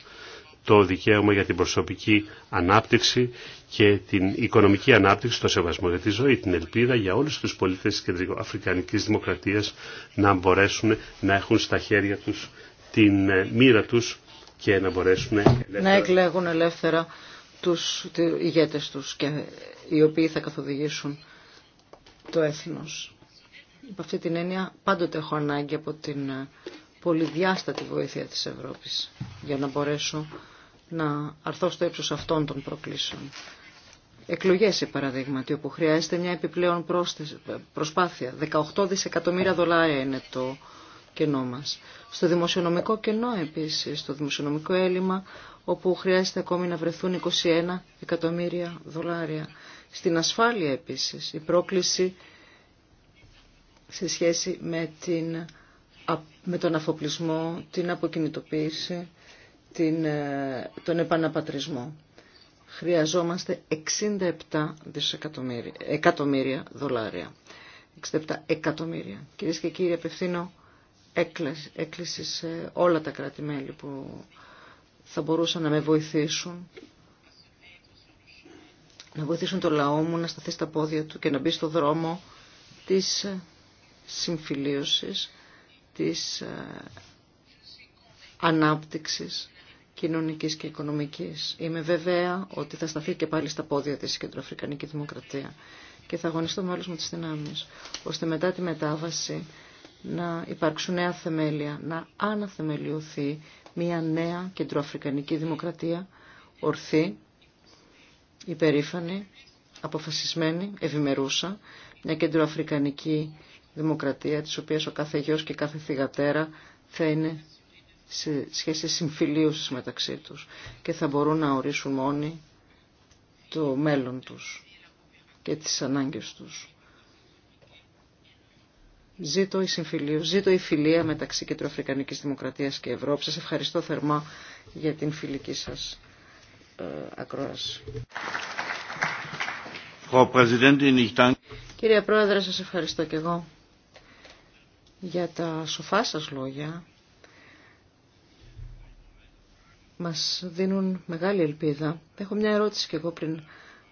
το δικαίωμα για την προσωπική ανάπτυξη και την οικονομική ανάπτυξη, το σεβασμό για τη ζωή, την ελπίδα για όλους τους πολίτες της Κεντρικοαφρικανικής Δημοκρατίας να μπορέσουν να έχουν στα χέρια τους την ε, μοίρα τους και να μπορέσουν να εκλέγουν ελεύθερα τους ηγέτες τους και οι οποίοι θα καθοδηγήσουν το έθνος. Από αυτή την έννοια πάντοτε έχω ανάγκη από την ε, πολυδιάστατη βοήθεια της Ευρώπης για να μπορέσω να αρθώ στο ύψος αυτών των προκλήσεων. Εκλογές, παραδείγματι, όπου χρειάζεται μια επιπλέον ε, προσπάθεια. 18 δισεκατομμύρια δολάρια είναι το κενό Στο δημοσιονομικό κενό επίσης, στο δημοσιονομικό έλλειμμα, όπου χρειάζεται ακόμη να βρεθούν 21 εκατομμύρια δολάρια. Στην ασφάλεια επίσης, η πρόκληση σε σχέση με, την, με τον αφοπλισμό, την αποκινητοποίηση, την, ε, τον επαναπατρισμό. Χρειαζόμαστε 67 δισεκατομμύρια, εκατομμύρια δολάρια. 67 εκατομμύρια. Κυρίε και κύριοι, απευθύνω έκλειση σε όλα τα κράτη-μέλη που θα μπορούσαν να με βοηθήσουν να βοηθήσουν το λαό μου να σταθεί στα πόδια του και να μπει στο δρόμο της συμφιλίωσης, της ε, ανάπτυξης κοινωνικής και οικονομικής. Είμαι βέβαια ότι θα σταθεί και πάλι στα πόδια της κεντροαφρικανικής Κεντροαφρικανική Δημοκρατία και θα αγωνιστώ με όλους μου τις δυνάμεις, ώστε μετά τη μετάβαση να υπάρξουν νέα θεμέλια, να αναθεμελιωθεί μια νέα κεντροαφρικανική δημοκρατία, ορθή, υπερήφανη, αποφασισμένη, ευημερούσα, μια κεντροαφρικανική δημοκρατία της οποίας ο κάθε γιος και κάθε θυγατέρα θα είναι σε σχέση συμφιλίωσης μεταξύ τους και θα μπορούν να ορίσουν μόνοι το μέλλον τους και τις ανάγκες τους. Ζήτω η συμφιλία, ζήτω η φιλία μεταξύ Κεντροαφρικανικής Δημοκρατίας και Ευρώπης. Σας ευχαριστώ θερμά για την φιλική σας ε, ακρόαση. Κύριε Πρόεδρε, σας ευχαριστώ και εγώ για τα σοφά σας λόγια. Μας δίνουν μεγάλη ελπίδα. Έχω μια ερώτηση και εγώ πριν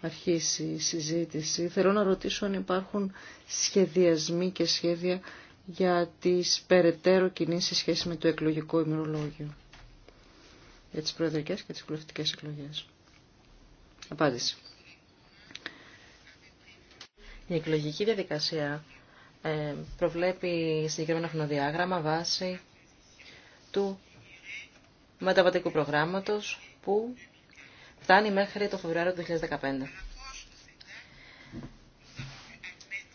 αρχίσει η συζήτηση. Θέλω να ρωτήσω αν υπάρχουν σχεδιασμοί και σχέδια για τις περαιτέρω κινήσεις σε σχέση με το εκλογικό ημερολόγιο για τις προεδρικές και τις κουλευτικές εκλογές. Απάντηση. Η εκλογική διαδικασία ε, προβλέπει συγκεκριμένο χρονοδιάγραμμα βάση του μεταβατικού προγράμματος που φτάνει μέχρι το Φεβρουάριο του 2015.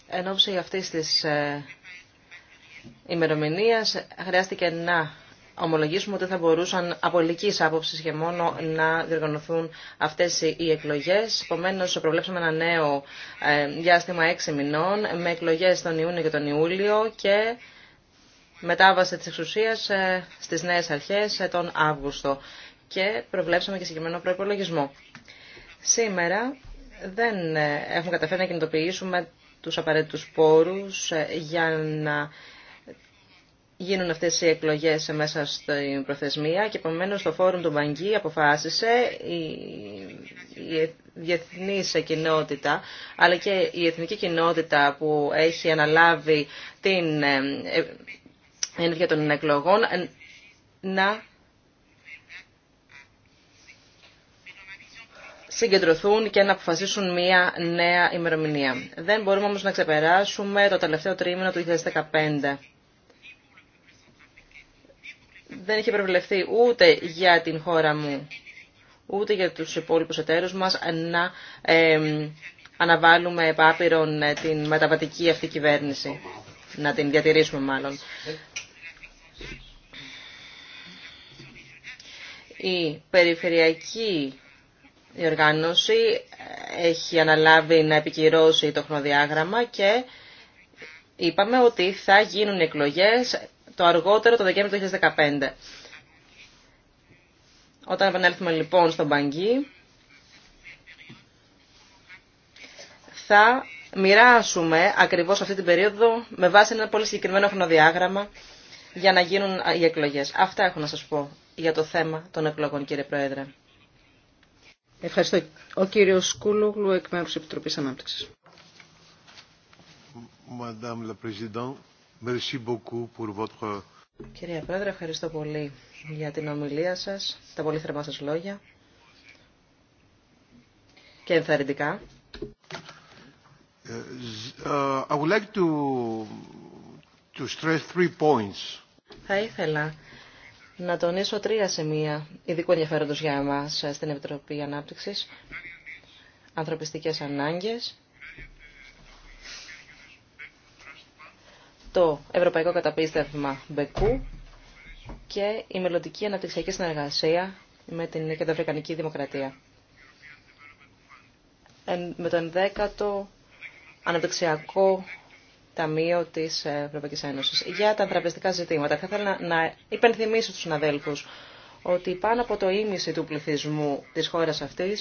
Εν ώψη αυτή τη ε, ημερομηνία, χρειάστηκε να ομολογήσουμε ότι θα μπορούσαν από ηλική άποψη και μόνο να διοργανωθούν αυτέ οι εκλογέ. Επομένω, προβλέψαμε ένα νέο ε, διάστημα έξι μηνών με εκλογέ τον Ιούνιο και τον Ιούλιο και μετάβαση τη εξουσία ε, στι νέε αρχέ τον Αύγουστο και προβλέψαμε και συγκεκριμένο προπολογισμό. Σήμερα δεν έχουμε καταφέρει να κινητοποιήσουμε τους απαραίτητους πόρους ε, για να γίνουν αυτές οι εκλογές μέσα στην προθεσμία και επομένω το Φόρουμ του Μπαγκή αποφάσισε η, διεθνή κοινότητα αλλά και η εθνική κοινότητα που έχει αναλάβει την ε, ε, ενέργεια των εκλογών να συγκεντρωθούν και να αποφασίσουν μία νέα ημερομηνία. Δεν μπορούμε όμως να ξεπεράσουμε το τελευταίο τρίμηνο του 2015. Δεν είχε προβλεφθεί ούτε για την χώρα μου, ούτε για τους υπόλοιπους εταίρους μας να ε, αναβάλουμε επάπειρον ε, την μεταβατική αυτή κυβέρνηση. Να την διατηρήσουμε μάλλον. Η περιφερειακή η οργάνωση ε, έχει αναλάβει να επικυρώσει το χρονοδιάγραμμα και είπαμε ότι θα γίνουν εκλογές το αργότερο το Δεκέμβριο του 2015. Όταν επανέλθουμε λοιπόν στον Παγκή, θα μοιράσουμε ακριβώς αυτή την περίοδο με βάση ένα πολύ συγκεκριμένο χρονοδιάγραμμα για να γίνουν οι εκλογές. Αυτά έχω να σας πω για το θέμα των εκλογών κύριε Πρόεδρε. Ευχαριστώ. Ο κύριος Σκούλογλου εκ μέρους της Επιτροπής Ανάπτυξης. Κυρία Πρόεδρε, ευχαριστώ πολύ για την ομιλία σας, τα πολύ θερμά σας λόγια και ενθαρρυντικά. Ε, ε, Θα ήθελα να τονίσω τρία σημεία ειδικού ενδιαφέροντο για εμά στην Επιτροπή Ανάπτυξης. Ανθρωπιστικές ανάγκες, το Ευρωπαϊκό Καταπίστευμα Μπεκού και η μελλοντική αναπτυξιακή συνεργασία με την Κεντροαφρικανική Δημοκρατία. με τον 10 ο Αναπτυξιακό Ταμείο της Ευρωπαϊκή Ένωσης. Για τα ανθρωπιστικά ζητήματα, θα ήθελα να υπενθυμίσω στους συναδέλφους ότι πάνω από το ίμιση του πληθυσμού της χώρας αυτή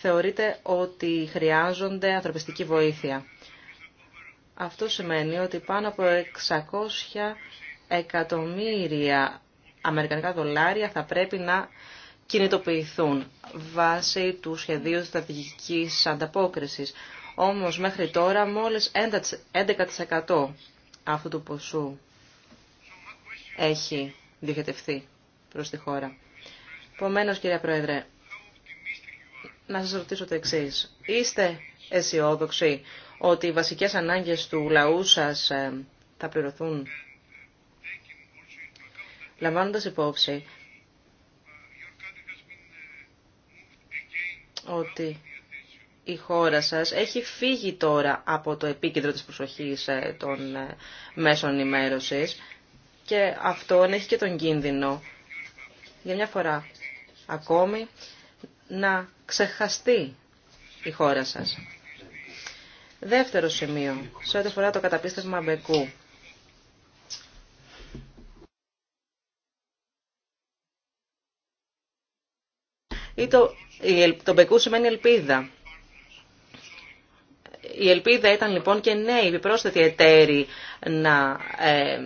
θεωρείται ότι χρειάζονται ανθρωπιστική βοήθεια. Αυτό σημαίνει ότι πάνω από 600 εκατομμύρια αμερικανικά δολάρια θα πρέπει να κινητοποιηθούν βάσει του σχεδίου στρατηγικής ανταπόκρισης όμως μέχρι τώρα μόλις 11% αυτού του ποσού έχει διοχετευθεί προς τη χώρα. Επομένω, κύριε Πρόεδρε, να σας ρωτήσω το εξή. Είστε αισιόδοξοι ότι οι βασικές ανάγκες του λαού σας ε, θα πληρωθούν λαμβάνοντας υπόψη ότι η χώρα σας έχει φύγει τώρα από το επίκεντρο της προσοχής ε, των ε, μέσων ενημέρωσης και αυτό έχει και τον κίνδυνο για μια φορά ακόμη να ξεχαστεί η χώρα σας. Δεύτερο σημείο, σε ό,τι αφορά το καταπίστευμα Μπεκού. Ή το, το Μπεκού σημαίνει ελπίδα. Η ελπίδα ήταν λοιπόν και νέοι επιπρόσθετοι εταίροι να ε,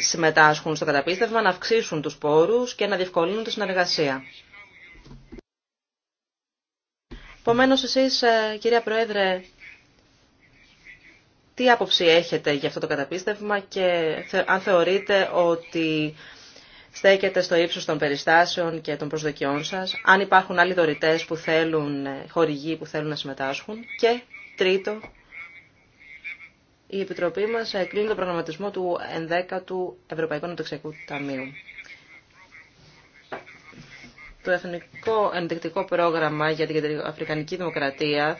συμμετάσχουν στο καταπίστευμα, να αυξήσουν τους πόρους και να διευκολύνουν τη συνεργασία. Επομένω, εσείς, ε, κυρία Πρόεδρε, τι άποψη έχετε για αυτό το καταπίστευμα και αν θεωρείτε ότι στέκεται στο ύψος των περιστάσεων και των προσδοκιών σας, αν υπάρχουν άλλοι δωρητές που θέλουν, ε, χορηγοί που θέλουν να συμμετάσχουν και Τρίτο, η Επιτροπή μας κλείνει τον προγραμματισμό του 11ου Ευρωπαϊκού Νοτοξιακού Ταμείου. Το Εθνικό Ενδεικτικό Πρόγραμμα για την Αφρικανική Δημοκρατία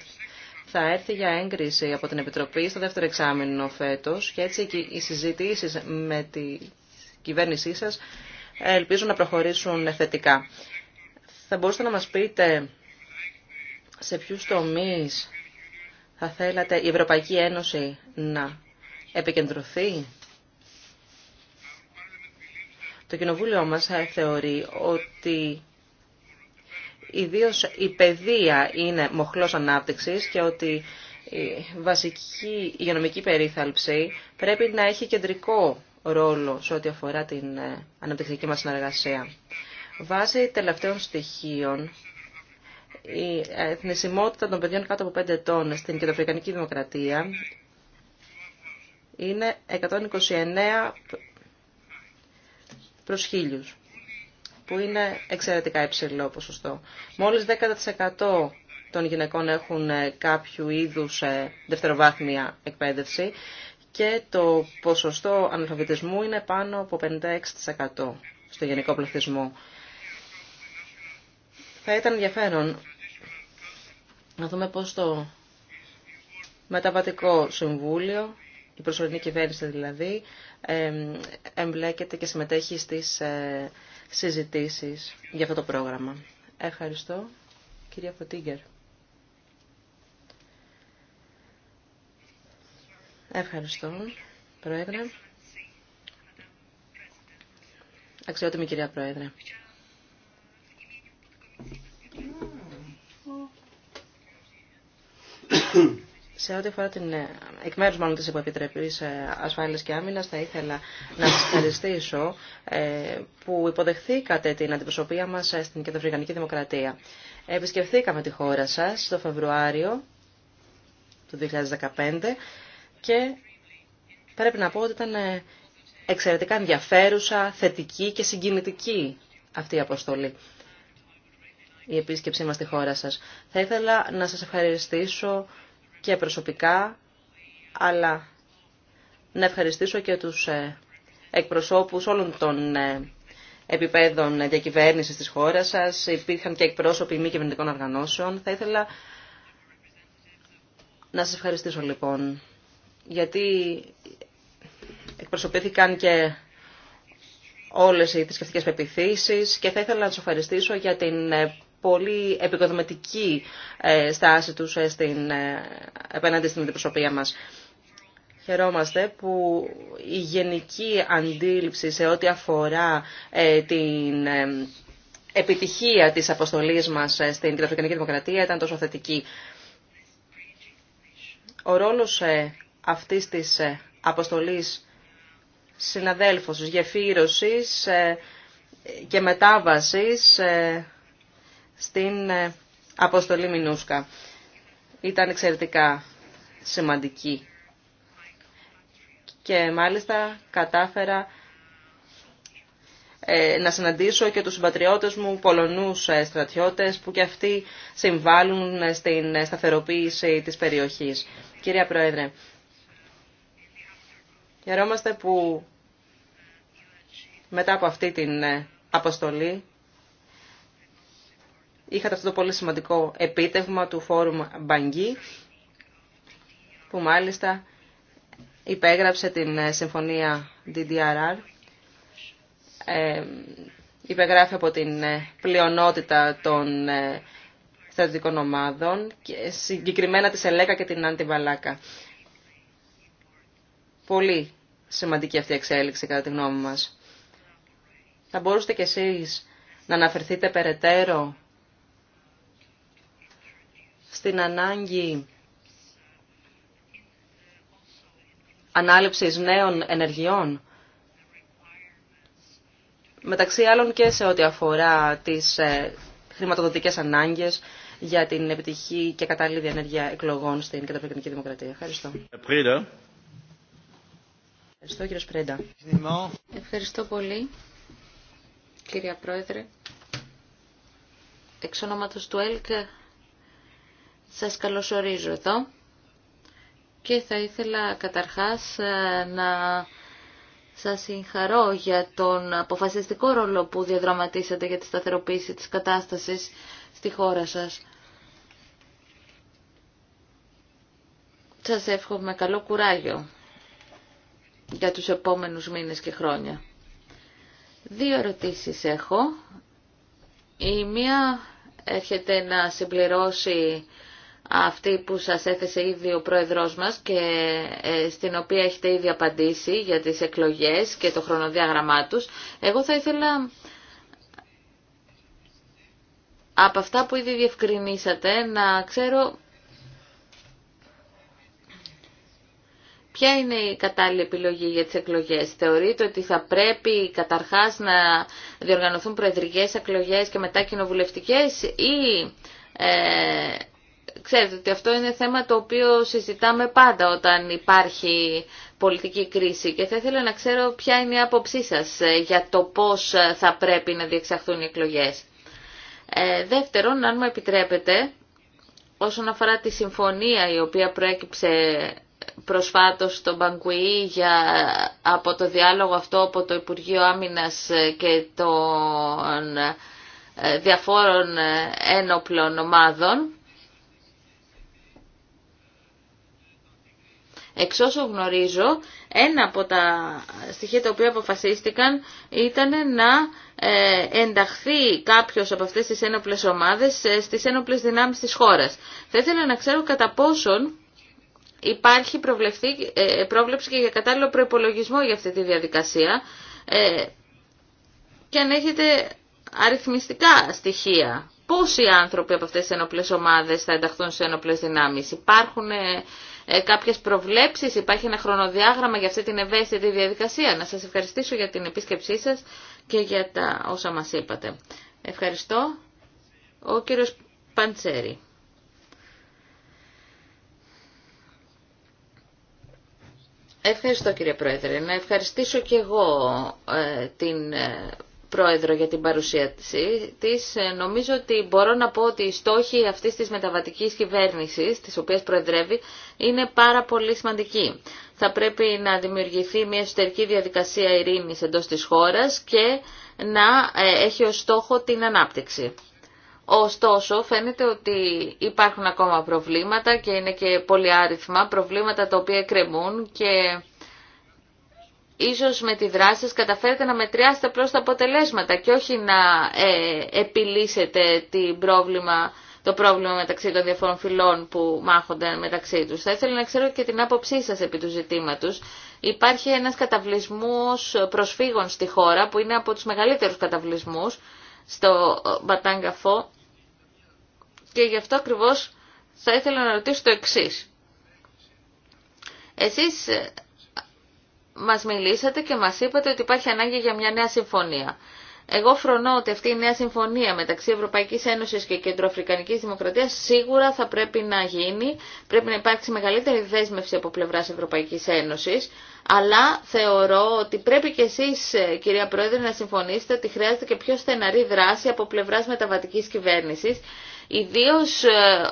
θα έρθει για έγκριση από την Επιτροπή στο δεύτερο εξάμεινο φέτος και έτσι οι συζητήσεις με τη κυβέρνησή σας ελπίζω να προχωρήσουν θετικά. Θα μπορούσατε να μας πείτε σε ποιους τομείς θα θέλατε η Ευρωπαϊκή Ένωση να επικεντρωθεί. Το Κοινοβούλιο μας θεωρεί ότι ιδίω η παιδεία είναι μοχλός ανάπτυξης και ότι η βασική υγειονομική περίθαλψη πρέπει να έχει κεντρικό ρόλο σε ό,τι αφορά την ε, αναπτυξιακή μας συνεργασία. Βάσει τελευταίων στοιχείων η εθνισμότητα των παιδιών κάτω από 5 ετών στην Κεντροαφρικανική Δημοκρατία είναι 129 προς χίλιους, που είναι εξαιρετικά υψηλό ποσοστό. Μόλις 10% των γυναικών έχουν ε, κάποιο είδους ε, δευτεροβάθμια εκπαίδευση και το ποσοστό αναλφαβητισμού είναι πάνω από 56% στο γενικό πληθυσμό. Θα ήταν ενδιαφέρον να δούμε πώς το μεταβατικό συμβούλιο, η προσωρινή κυβέρνηση δηλαδή, εμπλέκεται και συμμετέχει στις ε, συζητήσεις για αυτό το πρόγραμμα. Ευχαριστώ, κυρία Φωτίγκερ. Ευχαριστώ, Πρόεδρε. Αξιότιμη κυρία Πρόεδρε. Σε ό,τι αφορά την ε, εκ μάλλον της Υποεπιτρεπής ε, ασφάλεια και Άμυνας θα ήθελα να σα ευχαριστήσω ε, που υποδεχθήκατε την αντιπροσωπεία μας στην Κεντροφρυγανική Δημοκρατία. Επισκεφθήκαμε τη χώρα σας το Φεβρουάριο του 2015 και πρέπει να πω ότι ήταν εξαιρετικά ενδιαφέρουσα, θετική και συγκινητική αυτή η αποστολή η επίσκεψή μας στη χώρα σας. Θα ήθελα να σας ευχαριστήσω και προσωπικά, αλλά να ευχαριστήσω και τους ε, εκπροσώπους όλων των ε, επιπέδων διακυβέρνησης της χώρας σας. Υπήρχαν και εκπρόσωποι μη κυβερνητικών οργανώσεων. Θα ήθελα να σας ευχαριστήσω λοιπόν, γιατί εκπροσωπήθηκαν και όλες οι θρησκευτικέ πεπιθήσεις και θα ήθελα να σας ευχαριστήσω για την ε, πολύ επικοδομητική ε, στάση τους ε, στην, ε, στην αντιπροσωπεία μας. Χαιρόμαστε που η γενική αντίληψη σε ό,τι αφορά την επιτυχία της αποστολής μας στην Κεντροαφρικανική Δημοκρατία ήταν τόσο θετική. Ο ρόλος αυτής της αποστολής συναδέλφωσης, γεφύρωσης και μετάβασης στην ε, αποστολή Μινούσκα. Ήταν εξαιρετικά σημαντική. Και μάλιστα κατάφερα ε, να συναντήσω και τους συμπατριώτες μου Πολωνούς ε, στρατιώτες που και αυτοί συμβάλλουν στην σταθεροποίηση της περιοχής. Κυρία Πρόεδρε, χαιρόμαστε που μετά από αυτή την αποστολή είχατε αυτό το πολύ σημαντικό επίτευγμα του Φόρουμ Μπαγκή, που μάλιστα υπέγραψε την ε, συμφωνία DDRR. Ε, υπεγράφει από την ε, πλειονότητα των στρατιωτικών ε, ομάδων, και συγκεκριμένα της ΕΛΕΚΑ και την Αντιβαλάκα. Πολύ σημαντική αυτή η εξέλιξη κατά τη γνώμη μας. Θα μπορούσατε κι εσείς να αναφερθείτε περαιτέρω στην ανάγκη ανάληψης νέων ενεργειών, μεταξύ άλλων και σε ό,τι αφορά τις ε, χρηματοδοτικές ανάγκες για την επιτυχή και κατάλληλη διενέργεια εκλογών στην καταπληκτική Δημοκρατία. Ευχαριστώ. Ευχαριστώ κύριε Σπρέντα. Ευχαριστώ πολύ κύριε Πρόεδρε. Εξ του ΕΛΚ σας καλωσορίζω εδώ και θα ήθελα καταρχάς ε, να σας συγχαρώ για τον αποφασιστικό ρόλο που διαδραματίσατε για τη σταθεροποίηση της κατάστασης στη χώρα σας. Σας εύχομαι καλό κουράγιο για τους επόμενους μήνες και χρόνια. Δύο ερωτήσεις έχω. Η μία έρχεται να συμπληρώσει αυτή που σας έθεσε ήδη ο πρόεδρός μας και ε, στην οποία έχετε ήδη απαντήσει για τις εκλογές και το χρονοδιάγραμμά τους. Εγώ θα ήθελα από αυτά που ήδη διευκρινίσατε να ξέρω Ποια είναι η κατάλληλη επιλογή για τις εκλογές. Θεωρείτε ότι θα πρέπει καταρχάς να διοργανωθούν προεδρικές εκλογές και μετά κοινοβουλευτικές ή ε, Ξέρετε ότι αυτό είναι θέμα το οποίο συζητάμε πάντα όταν υπάρχει πολιτική κρίση και θα ήθελα να ξέρω ποια είναι η άποψή σας ε, για το πώς ε, θα πρέπει να διεξαχθούν οι εκλογές. Ε, δεύτερον, αν μου επιτρέπετε, όσον αφορά τη συμφωνία η οποία προέκυψε προσφάτως στον Μπαγκουή για, από το διάλογο αυτό από το Υπουργείο Άμυνας και των διαφόρων ένοπλων ομάδων, Εξ όσων γνωρίζω, ένα από τα στοιχεία τα οποία αποφασίστηκαν ήταν να ε, ενταχθεί κάποιος από αυτές τις ένοπλες ομάδες ε, στις ένοπλες δυνάμεις της χώρας. Θα ήθελα να ξέρω κατά πόσον υπάρχει ε, πρόβλεψη και για κατάλληλο προπολογισμό για αυτή τη διαδικασία και αν έχετε αριθμιστικά στοιχεία. Πόσοι άνθρωποι από αυτές τις ενοπλές ομάδες θα ενταχθούν σε ενοπλές δυνάμεις. Υπάρχουν ε, κάποιες προβλέψεις, υπάρχει ένα χρονοδιάγραμμα για αυτή την ευαίσθητη διαδικασία. Να σας ευχαριστήσω για την επίσκεψή σας και για τα όσα μας είπατε. Ευχαριστώ. Ο κύριος Παντσέρη. Ευχαριστώ κύριε Πρόεδρε. Να ευχαριστήσω και εγώ ε, την ε, Πρόεδρο για την παρουσία της. Ε, νομίζω ότι μπορώ να πω ότι οι στόχοι αυτής της μεταβατικής κυβέρνησης, της οποίας προεδρεύει, είναι πάρα πολύ σημαντικοί. Θα πρέπει να δημιουργηθεί μια εσωτερική διαδικασία ειρήνης εντός της χώρας και να ε, έχει ως στόχο την ανάπτυξη. Ωστόσο, φαίνεται ότι υπάρχουν ακόμα προβλήματα και είναι και πολύ άριθμα προβλήματα τα οποία κρεμούν και ίσως με τη δράση σας καταφέρετε να μετριάσετε απλώ τα αποτελέσματα και όχι να ε, επιλύσετε την πρόβλημα, το πρόβλημα μεταξύ των διαφόρων φυλών που μάχονται μεταξύ τους. Θα ήθελα να ξέρω και την άποψή σας επί του ζητήματος. Υπάρχει ένας καταβλισμός προσφύγων στη χώρα που είναι από τους μεγαλύτερους καταβλισμούς στο Μπατάγκαφό και γι' αυτό ακριβώς θα ήθελα να ρωτήσω το εξής. Εσείς μας μιλήσατε και μας είπατε ότι υπάρχει ανάγκη για μια νέα συμφωνία. Εγώ φρονώ ότι αυτή η νέα συμφωνία μεταξύ Ευρωπαϊκής Ένωσης και Κεντροαφρικανικής Δημοκρατίας σίγουρα θα πρέπει να γίνει, πρέπει να υπάρξει μεγαλύτερη δέσμευση από πλευράς Ευρωπαϊκής Ένωσης, αλλά θεωρώ ότι πρέπει και εσείς ε, κυρία Πρόεδρε να συμφωνήσετε ότι χρειάζεται και πιο στεναρή δράση από πλευράς μεταβατικής κυβέρνησης ιδίως ε,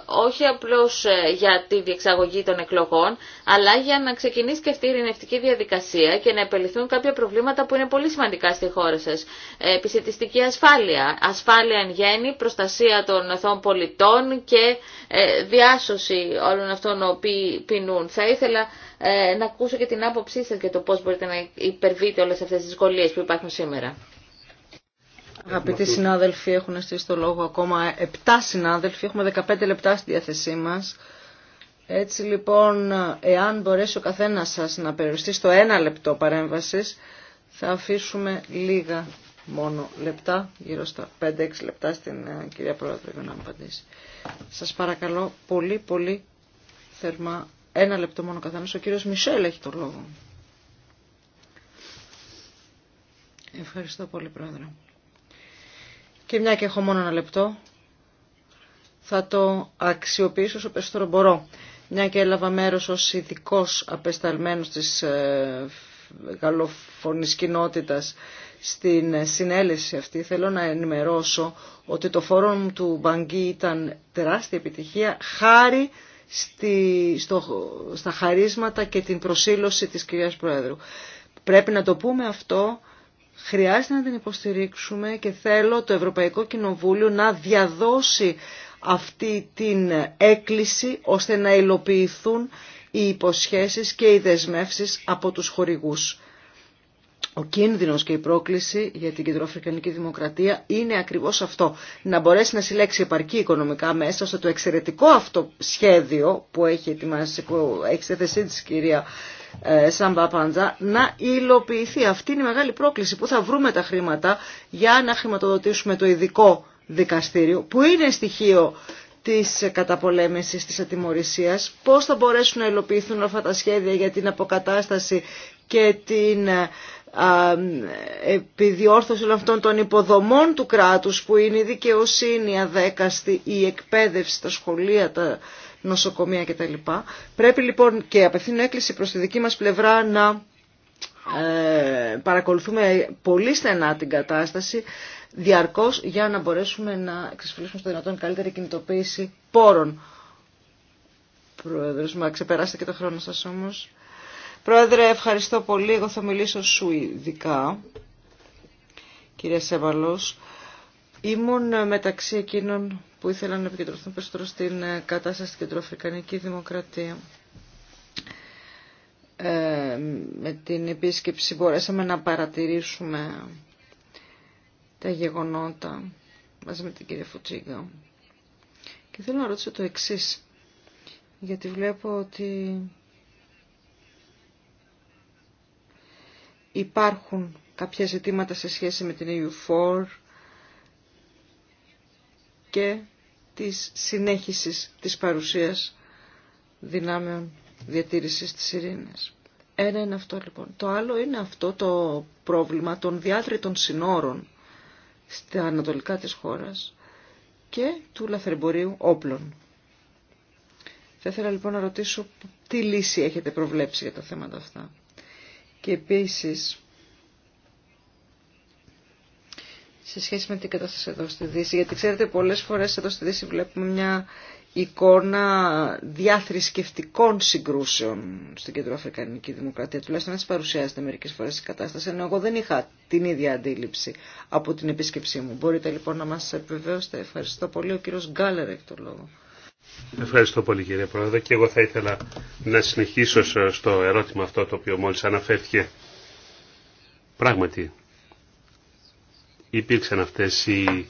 όχι απλώς ε, για τη διεξαγωγή των εκλογών, αλλά για να ξεκινήσει και αυτή η ειρηνευτική διαδικασία και να επελυθούν κάποια προβλήματα που είναι πολύ σημαντικά στη χώρα σας. Ε, επισητιστική ασφάλεια, ασφάλεια εν γέννη, προστασία των εθών πολιτών και διάσωση όλων αυτών που πεινούν. Θα ήθελα να ακούσω και την άποψή σας για το πώς μπορείτε να υπερβείτε όλες αυτές τις δυσκολίες που υπάρχουν σήμερα. Αγαπητοί συνάδελφοι, έχουν στήσει το λόγο ακόμα 7 συνάδελφοι. Έχουμε 15 λεπτά στη διάθεσή μα. Έτσι λοιπόν, εάν μπορέσει ο καθένα σα να περιοριστεί στο ένα λεπτό παρέμβαση, θα αφήσουμε λίγα μόνο λεπτά, γύρω στα 5-6 λεπτά στην ε, κυρία Πρόεδρε για να απαντήσει. Σα παρακαλώ πολύ πολύ θερμά, ένα λεπτό μόνο καθένας, ο κύριο Μισελ έχει το λόγο. Ευχαριστώ πολύ Πρόεδρε. Και μια και έχω μόνο ένα λεπτό, θα το αξιοποιήσω όσο περισσότερο μπορώ. Μια και έλαβα μέρος ως ειδικό απεσταλμένος της ε, γαλλοφωνής στην ε, συνέλεση αυτή, θέλω να ενημερώσω ότι το φόρουμ του Μπαγκή ήταν τεράστια επιτυχία, χάρη στη, στα χαρίσματα και την προσήλωση της κυρίας Πρόεδρου. Πρέπει να το πούμε αυτό Χρειάζεται να την υποστηρίξουμε και θέλω το Ευρωπαϊκό Κοινοβούλιο να διαδώσει αυτή την έκκληση ώστε να υλοποιηθούν οι υποσχέσεις και οι δεσμεύσεις από τους χορηγούς. Ο κίνδυνος και η πρόκληση για την κεντροαφρικανική δημοκρατία είναι ακριβώς αυτό. Να μπορέσει να συλλέξει επαρκή οικονομικά μέσα, στο το εξαιρετικό αυτό σχέδιο που έχει ετοιμάσει, που έχει κυρία ε, σαν Παπάντζα να υλοποιηθεί. Αυτή είναι η μεγάλη πρόκληση που θα βρούμε τα χρήματα για να χρηματοδοτήσουμε το ειδικό δικαστήριο που είναι στοιχείο της καταπολέμησης της ατιμορρησίας, πώς θα μπορέσουν να υλοποιηθούν αυτά τα σχέδια για την αποκατάσταση και την ε, ε, επιδιόρθωση όλων αυτών των υποδομών του κράτους που είναι η δικαιοσύνη, η αδέκαστη, η εκπαίδευση, τα σχολεία, νοσοκομεία κτλ. Πρέπει λοιπόν και απευθύνω έκκληση προς τη δική μας πλευρά να ε, παρακολουθούμε πολύ στενά την κατάσταση διαρκώς για να μπορέσουμε να εξασφαλίσουμε στο δυνατόν καλύτερη κινητοποίηση πόρων. Πρόεδρος, μα ξεπεράσετε και το χρόνο σας όμως. Πρόεδρε, ευχαριστώ πολύ. Εγώ θα μιλήσω σου ειδικά, Κύριε Σεβαλός. Ήμουν μεταξύ εκείνων που ήθελαν να επικεντρωθούν περισσότερο στην ε, κατάσταση στην κεντροαφρικανική δημοκρατία. Ε, με την επίσκεψη μπορέσαμε να παρατηρήσουμε τα γεγονότα μαζί με την κυρία Φουτσίγκα. Και θέλω να ρωτήσω το εξής, γιατί βλέπω ότι υπάρχουν κάποια ζητήματα σε σχέση με την EU4, και της συνέχισης της παρουσίας δυνάμεων διατήρησης της ειρήνης. Ένα είναι αυτό λοιπόν. Το άλλο είναι αυτό το πρόβλημα των διάτριτων συνόρων στα ανατολικά της χώρας και του λαθρεμπορίου όπλων. Θα ήθελα λοιπόν να ρωτήσω τι λύση έχετε προβλέψει για τα θέματα αυτά. Και επίσης σε σχέση με την κατάσταση εδώ στη Δύση. Γιατί ξέρετε πολλέ φορέ εδώ στη Δύση βλέπουμε μια εικόνα διαθρησκευτικών συγκρούσεων στην Κεντροαφρικανική Δημοκρατία. Τουλάχιστον έτσι παρουσιάζεται μερικέ φορέ η κατάσταση, ενώ εγώ δεν είχα την ίδια αντίληψη από την επίσκεψή μου. Μπορείτε λοιπόν να μα επιβεβαιώσετε. Ευχαριστώ πολύ. Ο κύριο Γκάλερ έχει το λόγο. Ευχαριστώ πολύ κύριε Πρόεδρε και εγώ θα ήθελα να συνεχίσω στο ερώτημα αυτό το οποίο μόλις αναφέρθηκε. Πράγματι, υπήρξαν αυτές οι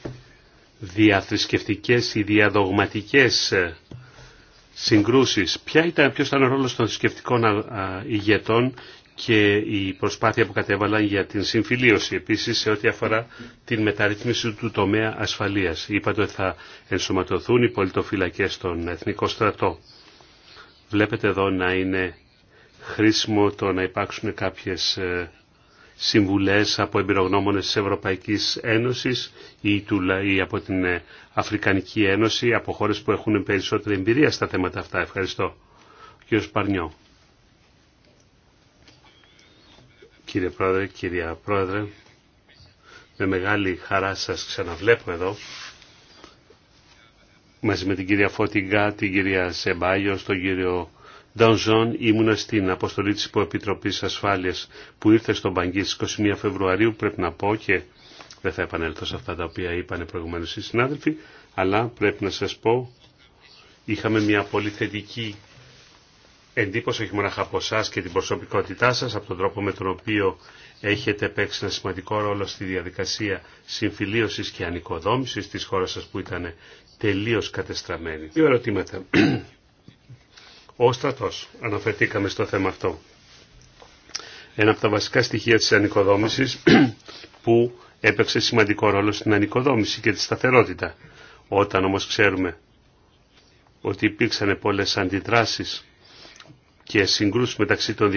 διαθρησκευτικές οι διαδογματικές ε, συγκρούσεις. Ποια ήταν, ποιος ήταν ο ρόλος των θρησκευτικών ηγετών και η προσπάθεια που κατέβαλαν για την συμφιλίωση επίσης σε ό,τι αφορά την μεταρρύθμιση του τομέα ασφαλείας. Είπατε ότι θα ενσωματωθούν οι πολιτοφυλακές στον Εθνικό Στρατό. Βλέπετε εδώ να είναι χρήσιμο το να υπάρξουν κάποιες ε, συμβουλές από εμπειρογνώμονες της Ευρωπαϊκής Ένωσης ή, του, ή από την ε, Αφρικανική Ένωση, από χώρες που έχουν περισσότερη εμπειρία στα θέματα αυτά. Ευχαριστώ. Κύριο Σπαρνιό. Κύριε Πρόεδρε, κυρία Πρόεδρε, με μεγάλη χαρά σας ξαναβλέπω εδώ μαζί με την κυρία Φώτιγκα, την κυρία Σεμπάγιο, τον κύριο Ντανζόν ήμουνα στην αποστολή της Υποεπιτροπής Ασφάλειας που ήρθε στον Παγκή στις 21 Φεβρουαρίου πρέπει να πω και δεν θα επανέλθω σε αυτά τα οποία είπαν προηγουμένως οι συνάδελφοι αλλά πρέπει να σας πω είχαμε μια πολύ θετική εντύπωση όχι μόνο από εσά και την προσωπικότητά σας από τον τρόπο με τον οποίο έχετε παίξει ένα σημαντικό ρόλο στη διαδικασία συμφιλίωσης και ανοικοδόμησης της χώρας σας που ήταν τελείως κατεστραμμένη. Δύο ερωτήματα ο στρατός. Αναφερθήκαμε στο θέμα αυτό. Ένα από τα βασικά στοιχεία της ανοικοδόμησης που έπαιξε σημαντικό ρόλο στην ανοικοδόμηση και τη σταθερότητα. Όταν όμως ξέρουμε ότι υπήρξαν πολλές αντιδράσεις και συγκρούσεις μεταξύ των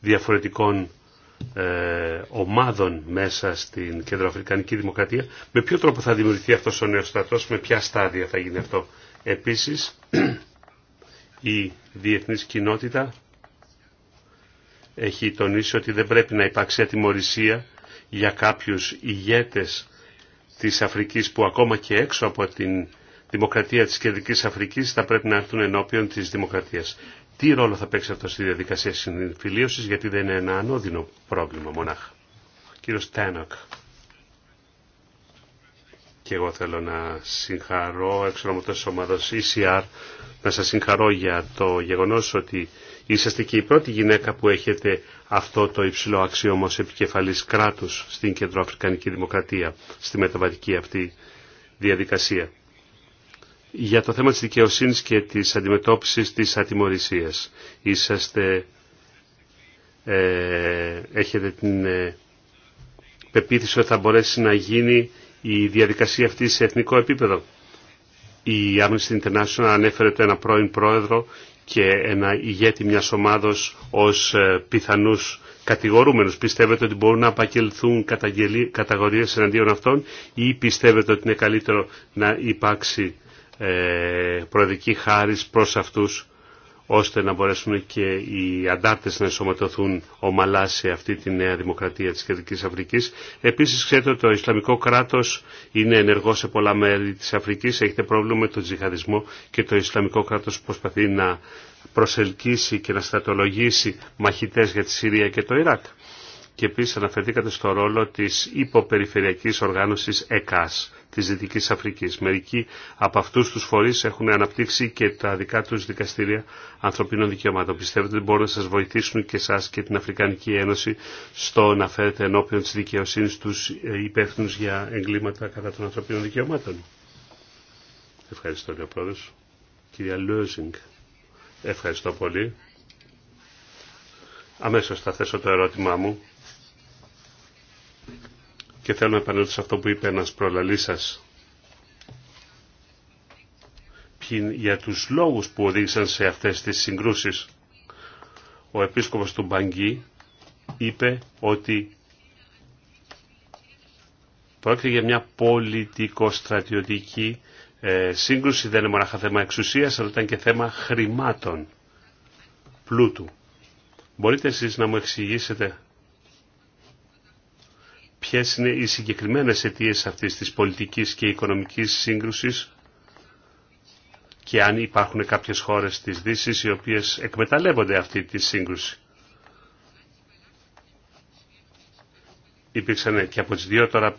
διαφορετικών ε, ομάδων μέσα στην Κεντροαφρικανική Δημοκρατία, με ποιο τρόπο θα δημιουργηθεί αυτός ο νέος στρατός, με ποια στάδια θα γίνει αυτό. Επίσης, η διεθνής κοινότητα έχει τονίσει ότι δεν πρέπει να υπάρξει ατιμορρησία για κάποιους ηγέτες της Αφρικής που ακόμα και έξω από την δημοκρατία της Κεντρικής Αφρικής θα πρέπει να έρθουν ενώπιον της δημοκρατίας. Τι ρόλο θα παίξει αυτό στη διαδικασία συμφιλίωσης γιατί δεν είναι ένα ανώδυνο πρόβλημα μονάχα. Κύριος Τένοκ. Και εγώ θέλω να συγχαρώ εξ ονόματος ομάδος ECR να σας συγχαρώ για το γεγονός ότι είσαστε και η πρώτη γυναίκα που έχετε αυτό το υψηλό αξίωμα ως επικεφαλής κράτους στην Κεντροαφρικανική Δημοκρατία, στη μεταβατική αυτή διαδικασία. Για το θέμα της δικαιοσύνης και της αντιμετώπισης της ατιμορρησίας. Είσαστε, ε, έχετε την ε, πεποίθηση ότι θα μπορέσει να γίνει η διαδικασία αυτή σε εθνικό επίπεδο. Η Amnesty International ανέφερε το ένα πρώην πρόεδρο και ένα ηγέτη μιας ομάδος ως ε, πιθανούς κατηγορούμενους. Πιστεύετε ότι μπορούν να απαγγελθούν καταγορίε εναντίον αυτών ή πιστεύετε ότι είναι καλύτερο να υπάρξει ε, προεδική χάρις προς αυτούς ώστε να μπορέσουν και οι αντάρτες να ενσωματωθούν ομαλά σε αυτή τη νέα δημοκρατία της Κεντρικής Αφρικής. Επίσης ξέρετε ότι το Ισλαμικό κράτος είναι ενεργό σε πολλά μέρη της Αφρικής, έχετε πρόβλημα με τον τζιχαδισμό και το Ισλαμικό κράτος προσπαθεί να προσελκύσει και να στρατολογήσει μαχητές για τη Συρία και το Ιράκ και επίση αναφερθήκατε στο ρόλο τη υποπεριφερειακή οργάνωση ΕΚΑΣ τη Δυτική Αφρική. Μερικοί από αυτού του φορεί έχουν αναπτύξει και τα δικά του δικαστήρια ανθρωπίνων δικαιωμάτων. Πιστεύετε ότι μπορούν να σα βοηθήσουν και εσά και την Αφρικανική Ένωση στο να φέρετε ενώπιον τη δικαιοσύνη του ε, υπεύθυνου για εγκλήματα κατά των ανθρωπίνων δικαιωμάτων. Ευχαριστώ, κύριε Κυρία Λούζινγκ. Ευχαριστώ πολύ. Αμέσως θα θέσω το ερώτημά μου. Και θέλω να επανέλθω σε αυτό που είπε ένας προλαλής σας. Για τους λόγους που οδήγησαν σε αυτές τις συγκρούσεις. Ο επίσκοπος του Μπαγκή είπε ότι πρόκειται για μια πολιτικο-στρατιωτική ε, σύγκρουση. Δεν είναι μονάχα θέμα εξουσίας, αλλά ήταν και θέμα χρημάτων, πλούτου. Μπορείτε εσείς να μου εξηγήσετε Ποιε είναι οι συγκεκριμένες αιτίε αυτή τη πολιτική και οικονομική σύγκρουσης και αν υπάρχουν κάποιες χώρες της δύση οι οποίες εκμεταλλεύονται αυτή τη σύγκρουση. Υπήρξαν και από τις δύο τώρα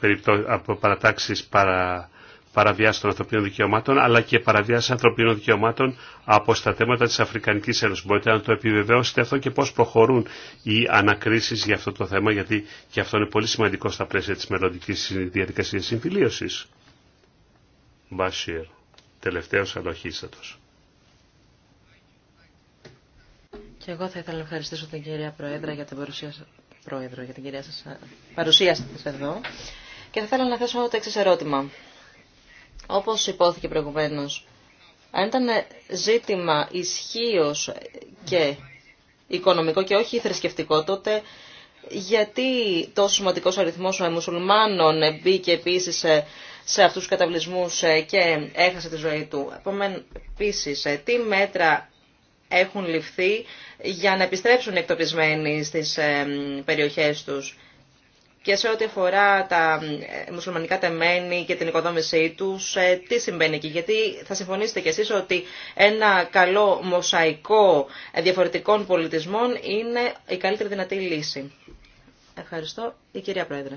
από παρατάξεις παρα, παραβιάσει των ανθρωπίνων δικαιωμάτων, αλλά και παραβιάσει ανθρωπίνων δικαιωμάτων από στα θέματα τη Αφρικανική Ένωση. Μπορείτε να το επιβεβαιώσετε αυτό και πώ προχωρούν οι ανακρίσει για αυτό το θέμα, γιατί και αυτό είναι πολύ σημαντικό στα πλαίσια τη μελλοντική διαδικασία συμφιλίωσης. Μπασίρ, τελευταίο ανοχίστατο. Και εγώ θα ήθελα να ευχαριστήσω την κυρία Πρόεδρα για την παρουσία, Πρόεδρο, για την κυρία σας... παρουσία σας εδώ. Και θα ήθελα να θέσω το εξή ερώτημα. Όπως υπόθηκε προηγουμένως, αν ήταν ζήτημα ισχύω και οικονομικό και όχι θρησκευτικό, τότε γιατί τόσο σημαντικό αριθμό μουσουλμάνων μπήκε επίση σε, σε αυτού του καταβλισμού ε, και έχασε τη ζωή του. Επίση, ε, τι μέτρα έχουν ληφθεί για να επιστρέψουν οι εκτοπισμένοι στι ε, περιοχέ τους και σε ό,τι αφορά τα ε, μουσουλμανικά τεμένη και την οικοδόμησή τους, ε, τι συμβαίνει εκεί. Γιατί θα συμφωνήσετε κι εσείς ότι ένα καλό μοσαϊκό διαφορετικών πολιτισμών είναι η καλύτερη δυνατή λύση. Ευχαριστώ. Η κυρία Πρόεδρε.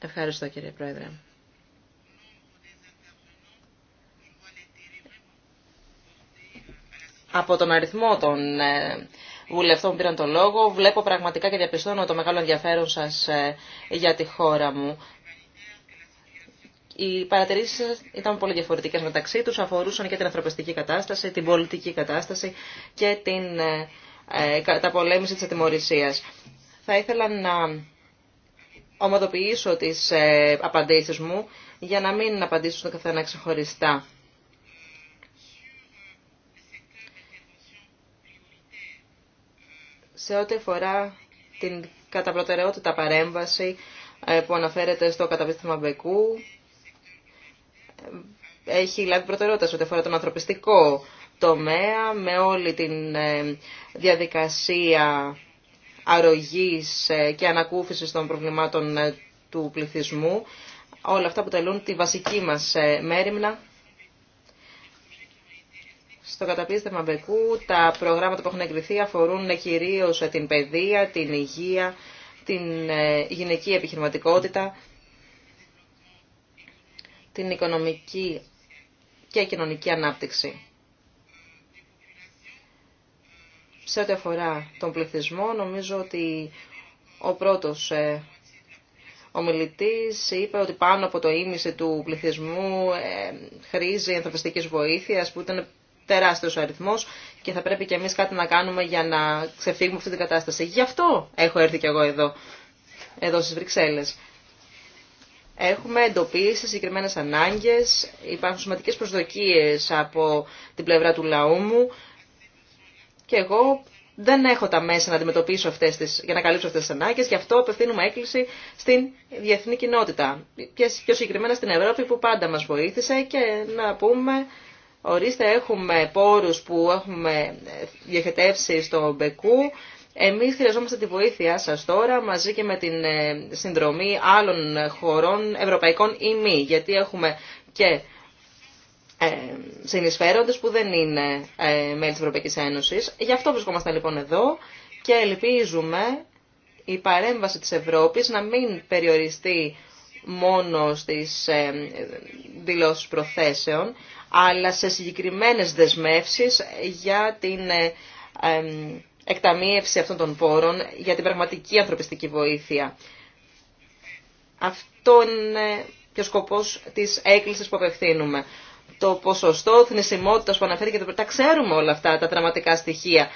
Ευχαριστώ κύριε Πρόεδρε. από τον αριθμό των ε, βουλευτών που πήραν το λόγο, βλέπω πραγματικά και διαπιστώνω το μεγάλο ενδιαφέρον σας ε, για τη χώρα μου. Οι παρατηρήσει ήταν πολύ διαφορετικέ μεταξύ του. Αφορούσαν και την ανθρωπιστική κατάσταση, την πολιτική κατάσταση και την ε, ε καταπολέμηση τη ατιμορρησία. Θα ήθελα να ομοδοποιήσω τι ε, απαντήσει μου για να μην απαντήσω στον καθένα ξεχωριστά. σε ό,τι αφορά την κατά παρέμβαση ε, που αναφέρεται στο καταπίστευμα Μπεκού, ε, έχει λάβει προτεραιότητα σε ό,τι αφορά τον ανθρωπιστικό τομέα, με όλη την ε, διαδικασία αρρωγής και ανακούφισης των προβλημάτων του πληθυσμού. Όλα αυτά αποτελούν τη βασική μας μέρημνα στο καταπίστευμα Μπεκού τα προγράμματα που έχουν εγκριθεί αφορούν κυρίως την παιδεία, την υγεία, την ε, γυναική επιχειρηματικότητα, την οικονομική και κοινωνική ανάπτυξη. Σε ό,τι αφορά τον πληθυσμό, νομίζω ότι ο πρώτος ε, ομιλητή είπε ότι πάνω από το ίμιση του πληθυσμού ε, χρήζει ανθρωπιστικής βοήθειας, που ήταν τεράστιο ο αριθμό και θα πρέπει και εμεί κάτι να κάνουμε για να ξεφύγουμε αυτή την κατάσταση. Γι' αυτό έχω έρθει κι εγώ εδώ, εδώ στις Βρυξέλλες. Έχουμε εντοπίσει συγκεκριμένε ανάγκε, υπάρχουν σημαντικέ προσδοκίε από την πλευρά του λαού μου και εγώ δεν έχω τα μέσα να αντιμετωπίσω αυτές τις, για να καλύψω αυτές τις ανάγκες, γι' αυτό απευθύνουμε έκκληση στην διεθνή κοινότητα. πιο συγκεκριμένα στην Ευρώπη που πάντα μας βοήθησε και να πούμε Ορίστε, έχουμε πόρους που έχουμε διοχετεύσει στο Μπεκού. Εμείς χρειαζόμαστε τη βοήθειά σας τώρα μαζί και με την ε, συνδρομή άλλων χωρών ευρωπαϊκών ή μη, γιατί έχουμε και ε, συνεισφέροντες που δεν είναι ε, μέλη της Ευρωπαϊκής Ένωσης. Γι' αυτό βρισκόμαστε λοιπόν εδώ και ελπίζουμε η παρέμβαση της Ευρώπης να μην περιοριστεί μόνο στις ε, δηλώσεις προθέσεων, αλλά σε συγκεκριμένες δεσμεύσεις για την ε, εκταμείευση αυτών των πόρων, για την πραγματική ανθρωπιστική βοήθεια. Αυτό είναι και ο σκοπός της έκκλησης που απευθύνουμε. Το ποσοστό θνησιμότητας που αναφέρει, και τα ξέρουμε όλα αυτά τα δραματικά στοιχεία,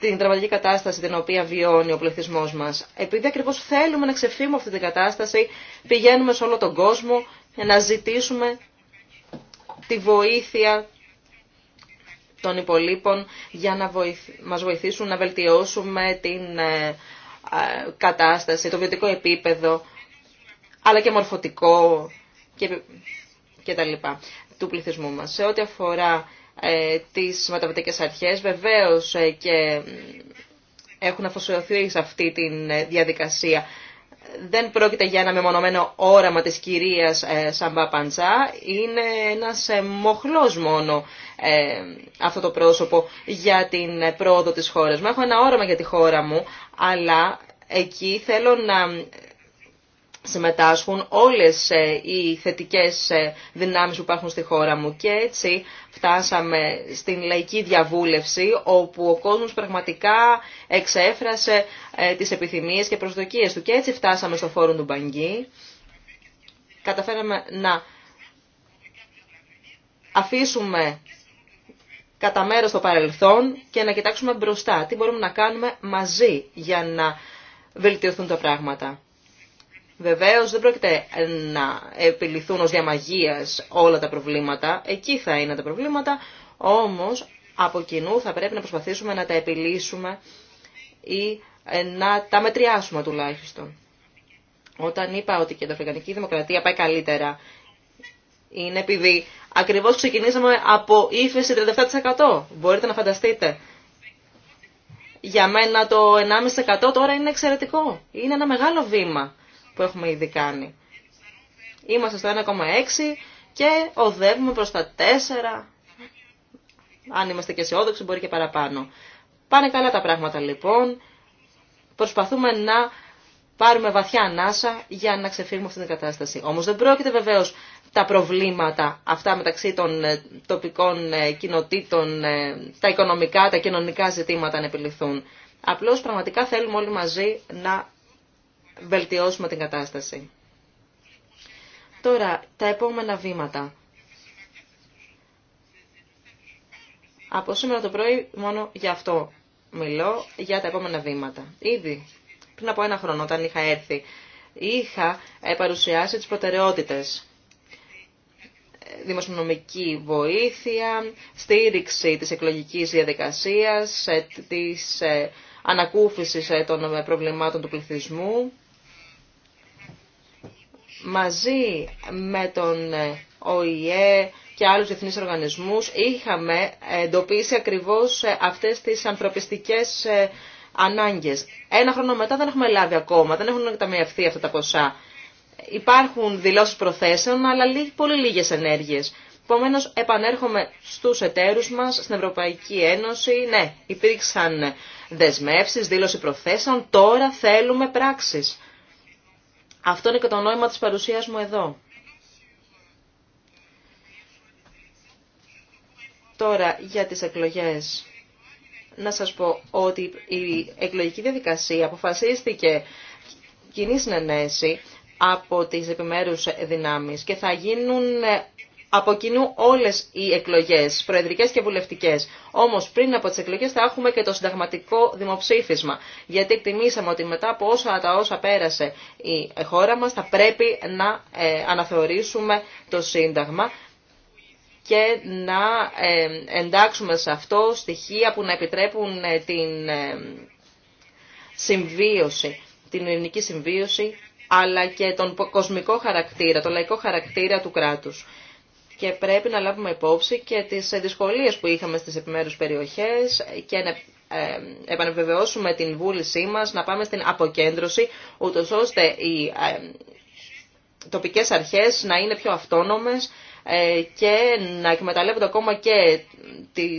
την δραματική κατάσταση την οποία βιώνει ο πληθυσμός μας. Επειδή ακριβώς θέλουμε να ξεφύγουμε αυτή την κατάσταση, πηγαίνουμε σε όλο τον κόσμο να ζητήσουμε τη βοήθεια των υπολείπων για να μας βοηθήσουν να βελτιώσουμε την ε, ε, κατάσταση, το βιωτικό επίπεδο, αλλά και μορφωτικό και, και τα λοιπά του πληθυσμού μας. Σε ό,τι αφορά ε, τις μεταβατικές αρχές, βεβαίως ε, και έχουν αφοσιωθεί σε αυτή τη διαδικασία δεν πρόκειται για ένα μεμονωμένο όραμα της κυρίας ε, Σαμπά Παντζά, είναι ένας ε, μοχλός μόνο ε, αυτό το πρόσωπο για την πρόοδο της χώρας μου. Έχω ένα όραμα για τη χώρα μου, αλλά εκεί θέλω να συμμετάσχουν όλες ε, οι θετικές ε, δυνάμεις που υπάρχουν στη χώρα μου και έτσι φτάσαμε στην λαϊκή διαβούλευση όπου ο κόσμος πραγματικά εξέφρασε ε, τις επιθυμίες και προσδοκίες του και έτσι φτάσαμε στο φόρουμ του Μπαγκή. Καταφέραμε να αφήσουμε κατά μέρος το παρελθόν και να κοιτάξουμε μπροστά τι μπορούμε να κάνουμε μαζί για να βελτιωθούν τα πράγματα. Βεβαίω δεν πρόκειται να επιληθούν ω διαμαγεία όλα τα προβλήματα. Εκεί θα είναι τα προβλήματα. Όμω από κοινού θα πρέπει να προσπαθήσουμε να τα επιλύσουμε ή ε, να τα μετριάσουμε τουλάχιστον. Όταν είπα ότι και η Κεντροαφρικανική Δημοκρατία πάει καλύτερα, είναι επειδή ακριβώς ξεκινήσαμε από ύφεση 37%. Μπορείτε να φανταστείτε. Για μένα το 1,5% τώρα είναι εξαιρετικό. Είναι ένα μεγάλο βήμα που έχουμε ήδη κάνει. Είμαστε στο 1,6 και οδεύουμε προς τα 4. Αν είμαστε και αισιόδοξοι μπορεί και παραπάνω. Πάνε καλά τα πράγματα λοιπόν. Προσπαθούμε να πάρουμε βαθιά ανάσα για να ξεφύγουμε αυτήν την κατάσταση. Όμως δεν πρόκειται βεβαίως τα προβλήματα αυτά μεταξύ των ε, τοπικών ε, κοινοτήτων, ε, τα οικονομικά, τα κοινωνικά ζητήματα να επιληθούν. Απλώς πραγματικά θέλουμε όλοι μαζί να βελτιώσουμε την κατάσταση. Τώρα, τα επόμενα βήματα. Από σήμερα το πρωί μόνο για αυτό μιλώ, για τα επόμενα βήματα. Ήδη πριν από ένα χρόνο όταν είχα έρθει, είχα ε, παρουσιάσει τις προτεραιότητες. Δημοσιονομική βοήθεια, στήριξη της εκλογικής διαδικασίας, ε, της ε, ανακούφισης των προβλημάτων του πληθυσμού, μαζί με τον ε, ΟΗΕ και άλλους διεθνείς οργανισμούς είχαμε εντοπίσει ακριβώς ε, αυτές τις ανθρωπιστικές ε, ανάγκες. Ένα χρόνο μετά δεν έχουμε λάβει ακόμα, δεν έχουν ταμιευθεί αυτά τα ποσά. Υπάρχουν δηλώσεις προθέσεων, αλλά πολύ λίγες ενέργειες. Επομένω, επανέρχομαι στους εταίρους μας, στην Ευρωπαϊκή Ένωση. Ναι, υπήρξαν δεσμεύσεις, δήλωση προθέσεων. Τώρα θέλουμε πράξεις. Αυτό είναι και το νόημα της παρουσίας μου εδώ. Τώρα για τις εκλογές. Να σας πω ότι η εκλογική διαδικασία αποφασίστηκε κοινή συνενέση από τις επιμέρους δυνάμεις και θα γίνουν από κοινού όλες οι εκλογές, προεδρικέ και βουλευτικές. Όμως πριν από τι εκλογές θα έχουμε και το συνταγματικό δημοψήφισμα, γιατί εκτιμήσαμε ότι μετά από όσα τα όσα πέρασε η χώρα μας θα πρέπει να ε, αναθεωρήσουμε το Σύνταγμα και να ε, εντάξουμε σε αυτό στοιχεία που να επιτρέπουν ε, την συμβίωση, την ελληνική συμβίωση, αλλά και τον κοσμικό χαρακτήρα, τον λαϊκό χαρακτήρα του κράτους και πρέπει να λάβουμε υπόψη και τις δυσκολίες που είχαμε στις επιμέρους περιοχές και να ε, επανεβεβαιώσουμε την βούλησή μας να πάμε στην αποκέντρωση, ούτως ώστε οι ε, τοπικές αρχές να είναι πιο αυτόνομες ε, και να εκμεταλλεύονται ακόμα και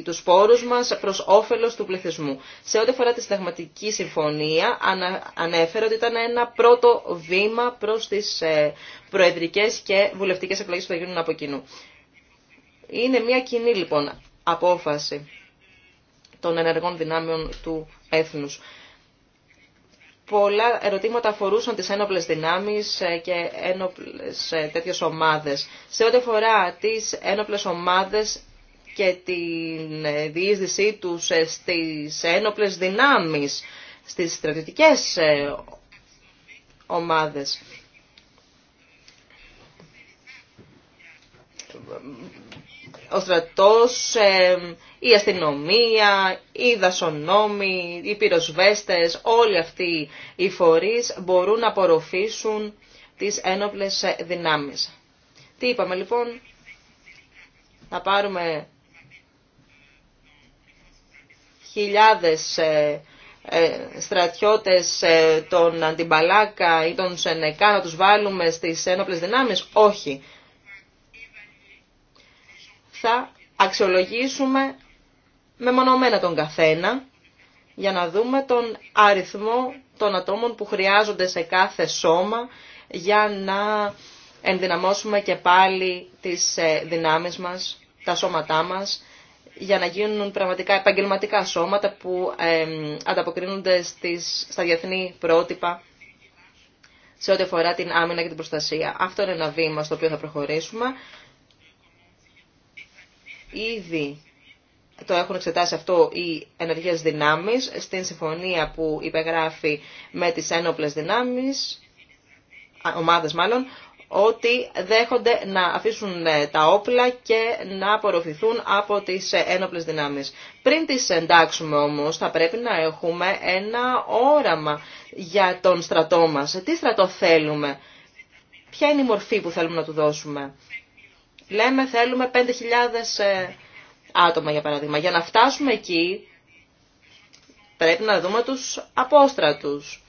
τους πόρους μας προς όφελος του πληθυσμού. Σε ό,τι αφορά τη συνταγματική συμφωνία, ανέφερε ότι ήταν ένα πρώτο βήμα προς τις ε, προεδρικές και βουλευτικές εκλογές που θα γίνουν από κοινού. Είναι μια κοινή λοιπόν απόφαση των ενεργών δυνάμεων του έθνους πολλά ερωτήματα αφορούσαν τις ένοπλες δυνάμεις ε, και ένοπλες ε, τέτοιες ομάδες. Σε ό,τι αφορά τις ένοπλες ομάδες και την ε, διείσδυσή τους στις ένοπλες δυνάμεις, στις στρατιωτικές ομάδες ο στρατός, η αστυνομία, οι δασονόμοι, οι πυροσβέστες, όλοι αυτοί οι φορείς μπορούν να απορροφήσουν τις ένοπλες δυνάμεις. Τι είπαμε λοιπόν, να πάρουμε χιλιάδες ε, ε, στρατιώτες ε, των Αντιμπαλάκα ή των Σενεκά να τους βάλουμε στις ένοπλες δυνάμεις. Όχι θα αξιολογήσουμε μεμονωμένα τον καθένα για να δούμε τον αριθμό των ατόμων που χρειάζονται σε κάθε σώμα για να ενδυναμώσουμε και πάλι τις ε, δυνάμεις μας, τα σώματά μας, για να γίνουν πραγματικά επαγγελματικά σώματα που ανταποκρίνονται στις, στα διεθνή πρότυπα σε ό,τι αφορά την άμυνα και την προστασία. Αυτό είναι ένα βήμα στο οποίο θα προχωρήσουμε. Ήδη το έχουν εξετάσει αυτό οι ενεργέ δυνάμεις στην συμφωνία που υπεγράφει με τις ένοπλες δυνάμεις, ομάδες μάλλον, ότι δέχονται να αφήσουν ε, τα όπλα και να απορροφηθούν από τις ε, ένοπλες δυνάμεις. Πριν τις εντάξουμε όμως θα πρέπει να έχουμε ένα όραμα για τον στρατό μας. Τι στρατό θέλουμε, ποια είναι η μορφή που θέλουμε να του δώσουμε λέμε θέλουμε 5.000 ε, άτομα για παράδειγμα. Για να φτάσουμε εκεί πρέπει να δούμε τους απόστρατους,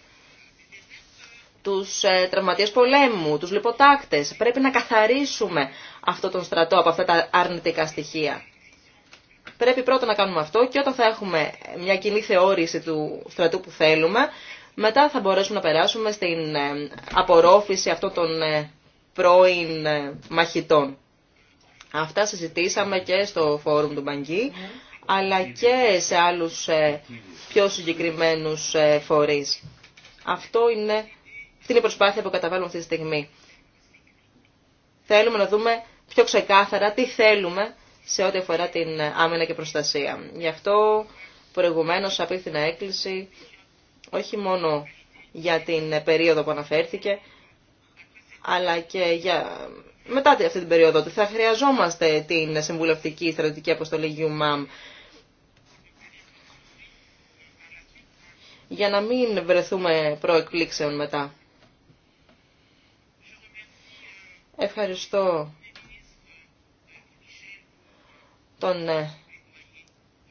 τους ε, τραυματίες πολέμου, τους λιποτάκτες. Πρέπει να καθαρίσουμε αυτό τον στρατό από αυτά τα αρνητικά στοιχεία. Πρέπει πρώτα να κάνουμε αυτό και όταν θα έχουμε μια κοινή θεώρηση του στρατού που θέλουμε, μετά θα μπορέσουμε να περάσουμε στην ε, απορρόφηση αυτών των πρώην μαχητών. Αυτά συζητήσαμε και στο φόρουμ του Μπαγκή, αλλά και σε άλλους ε, πιο συγκεκριμένους ε, φορείς. Αυτό είναι, αυτή είναι η προσπάθεια που καταβάλουμε αυτή τη στιγμή. Θέλουμε να δούμε πιο ξεκάθαρα τι θέλουμε σε ό,τι αφορά την ε, άμυνα και προστασία. Γι' αυτό προηγουμένως απίθυνα έκκληση όχι μόνο για την περίοδο που αναφέρθηκε, αλλά και για μετά αυτή την περίοδο ότι θα χρειαζόμαστε την συμβουλευτική στρατητική αποστολή UMAM για να μην βρεθούμε προεκπλήξεων μετά. Ευχαριστώ τον ε,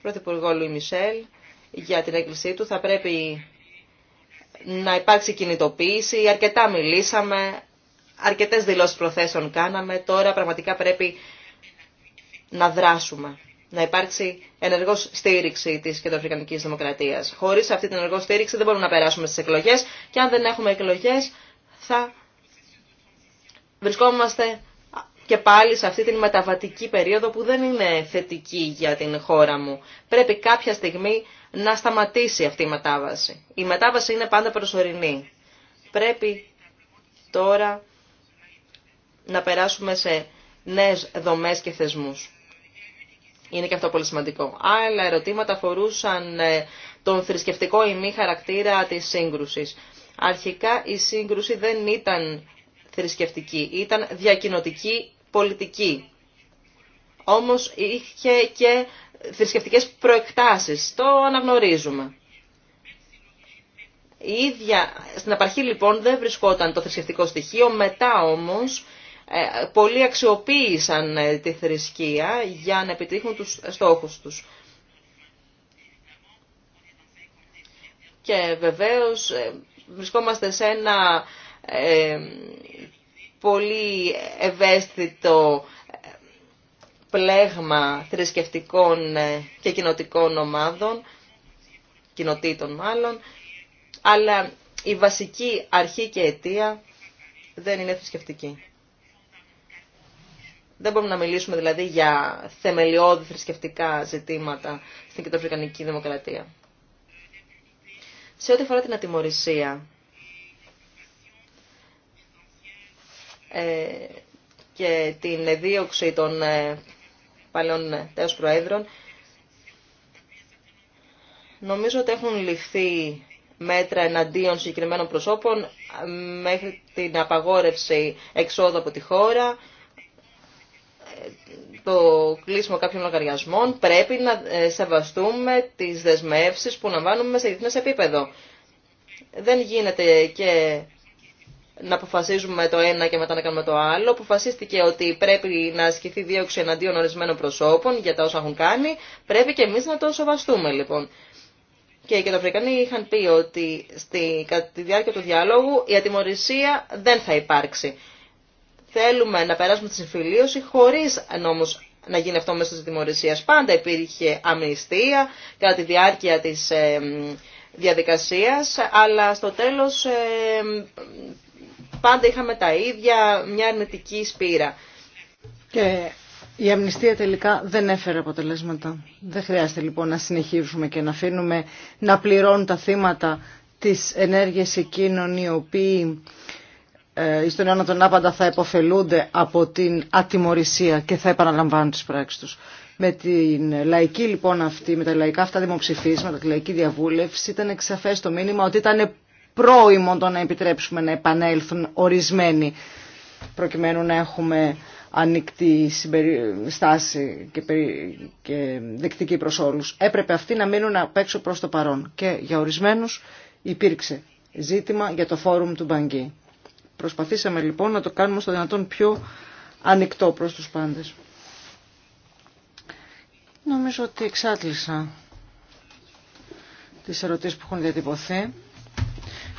Πρωθυπουργό Λουί Μισελ για την έκκλησή του. Θα πρέπει να υπάρξει κινητοποίηση. Αρκετά μιλήσαμε αρκετές δηλώσεις προθέσεων κάναμε, τώρα πραγματικά πρέπει να δράσουμε. Να υπάρξει ενεργό στήριξη τη κεντροαφρικανική δημοκρατία. Χωρί αυτή την ενεργό στήριξη δεν μπορούμε να περάσουμε στι εκλογέ και αν δεν έχουμε εκλογέ θα βρισκόμαστε και πάλι σε αυτή την μεταβατική περίοδο που δεν είναι θετική για την χώρα μου. Πρέπει κάποια στιγμή να σταματήσει αυτή η μετάβαση. Η μετάβαση είναι πάντα προσωρινή. Πρέπει τώρα να περάσουμε σε νέε δομές και θεσμούς. Είναι και αυτό πολύ σημαντικό. Άλλα ερωτήματα αφορούσαν ε, τον θρησκευτικό ή μη χαρακτήρα της σύγκρουσης. Αρχικά η σύγκρουση δεν ήταν θρησκευτική, ήταν διακοινωτική πολιτική. Όμως είχε και θρησκευτικές προεκτάσεις, το αναγνωρίζουμε. Η ίδια, στην απαρχή λοιπόν δεν βρισκόταν το θρησκευτικό στοιχείο, μετά όμως ε, πολλοί αξιοποίησαν ε, τη θρησκεία για να επιτύχουν τους στόχους τους. Και βεβαίως ε, βρισκόμαστε σε ένα πολύ ευαίσθητο πλέγμα θρησκευτικών και κοινοτικών ομάδων, κοινοτήτων μάλλον, αλλά η βασική αρχή και αιτία δεν είναι θρησκευτική. Δεν μπορούμε να μιλήσουμε δηλαδή για θεμελιώδη θρησκευτικά ζητήματα στην κεντροαφρικανική δημοκρατία. Σε ό,τι αφορά την ατιμορρησία ε, και την δίωξη των ε, παλαιών ε, τέος προέδρων, νομίζω ότι έχουν ληφθεί μέτρα εναντίον συγκεκριμένων προσώπων μέχρι την απαγόρευση εξόδου από τη χώρα, το κλείσιμο κάποιων λογαριασμών πρέπει να ε, σεβαστούμε τις δεσμεύσεις που λαμβάνουμε σε διεθνές επίπεδο. Δεν γίνεται και να αποφασίζουμε το ένα και μετά να κάνουμε το άλλο. Αποφασίστηκε ότι πρέπει να ασκηθεί δίωξη εναντίον ορισμένων προσώπων για τα όσα έχουν κάνει. Πρέπει και εμείς να το σεβαστούμε λοιπόν. Και οι Κεντροαφρικανοί είχαν πει ότι στη, κατά τη διάρκεια του διάλογου η ατιμορρησία δεν θα υπάρξει θέλουμε να περάσουμε τη συμφιλίωση χωρίς νόμους να γίνει αυτό μέσω της δημορρησίας. Πάντα υπήρχε αμνηστία κατά τη διάρκεια της ε, διαδικασίας, αλλά στο τέλος ε, πάντα είχαμε τα ίδια, μια αρνητική σπήρα. Και η αμνηστία τελικά δεν έφερε αποτελέσματα. Δεν χρειάζεται λοιπόν να συνεχίσουμε και να αφήνουμε να πληρώνουν τα θύματα της ενέργειας εκείνων οι οποίοι στον ε, αιώνα των άπαντα θα επωφελούνται από την ατιμορρησία και θα επαναλαμβάνουν τις πράξεις τους. Με την λαϊκή λοιπόν αυτή, με τα λαϊκά αυτά δημοψηφίσματα, τη λαϊκή διαβούλευση, ήταν εξαφές το μήνυμα ότι ήταν πρόημο το να επιτρέψουμε να επανέλθουν ορισμένοι προκειμένου να έχουμε ανοιχτή στάση και, και δεκτική προς όλους. Έπρεπε αυτοί να μείνουν απ' έξω προς το παρόν. Και για ορισμένους υπήρξε ζήτημα για το φόρουμ του Μπαγκή. Προσπαθήσαμε λοιπόν να το κάνουμε στο δυνατόν πιο ανοιχτό προς τους πάντες. Νομίζω ότι εξάτλησα τις ερωτήσεις που έχουν διατυπωθεί.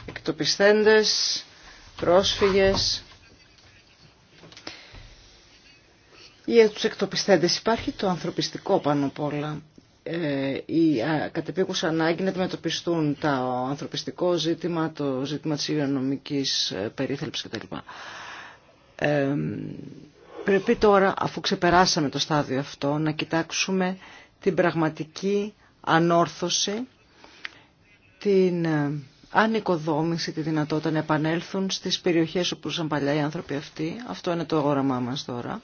Εκτοπισθέντες, πρόσφυγες. Για τους εκτοπισθέντες υπάρχει το ανθρωπιστικό πάνω απ' όλα η ε, κατεπίκουσα ανάγκη να αντιμετωπιστούν το ανθρωπιστικό ζήτημα, το ζήτημα της υγειονομικής ε, περίθαλψης κτλ. Ε, πρέπει τώρα, αφού ξεπεράσαμε το στάδιο αυτό, να κοιτάξουμε την πραγματική ανόρθωση, την ανοικοδόμηση, τη δυνατότητα να επανέλθουν στις περιοχές όπου ζουν παλιά οι άνθρωποι αυτοί. Αυτό είναι το όραμά μας τώρα.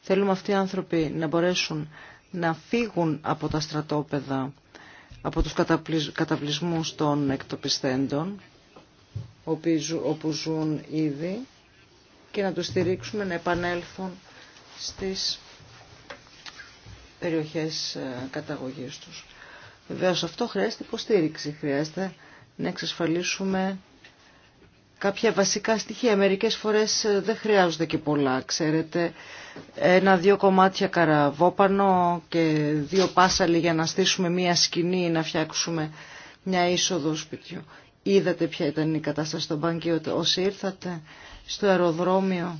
Θέλουμε αυτοί οι άνθρωποι να μπορέσουν να φύγουν από τα στρατόπεδα, από τους καταβλισμούς των εκτοπιστέντων, όπου ζουν ήδη, και να τους στηρίξουμε να επανέλθουν στις περιοχές ε, καταγωγής τους. Βεβαίω αυτό χρειάζεται υποστήριξη, χρειάζεται να εξασφαλίσουμε κάποια βασικά στοιχεία. Μερικές φορές ε, δεν χρειάζονται και πολλά, ξέρετε. Ένα-δύο κομμάτια καραβόπανο και δύο πάσαλοι για να στήσουμε μία σκηνή ή να φτιάξουμε μια είσοδο σπιτιού. Είδατε ποια ήταν η κατάσταση στο μπάνκι όσοι ήρθατε στο αεροδρόμιο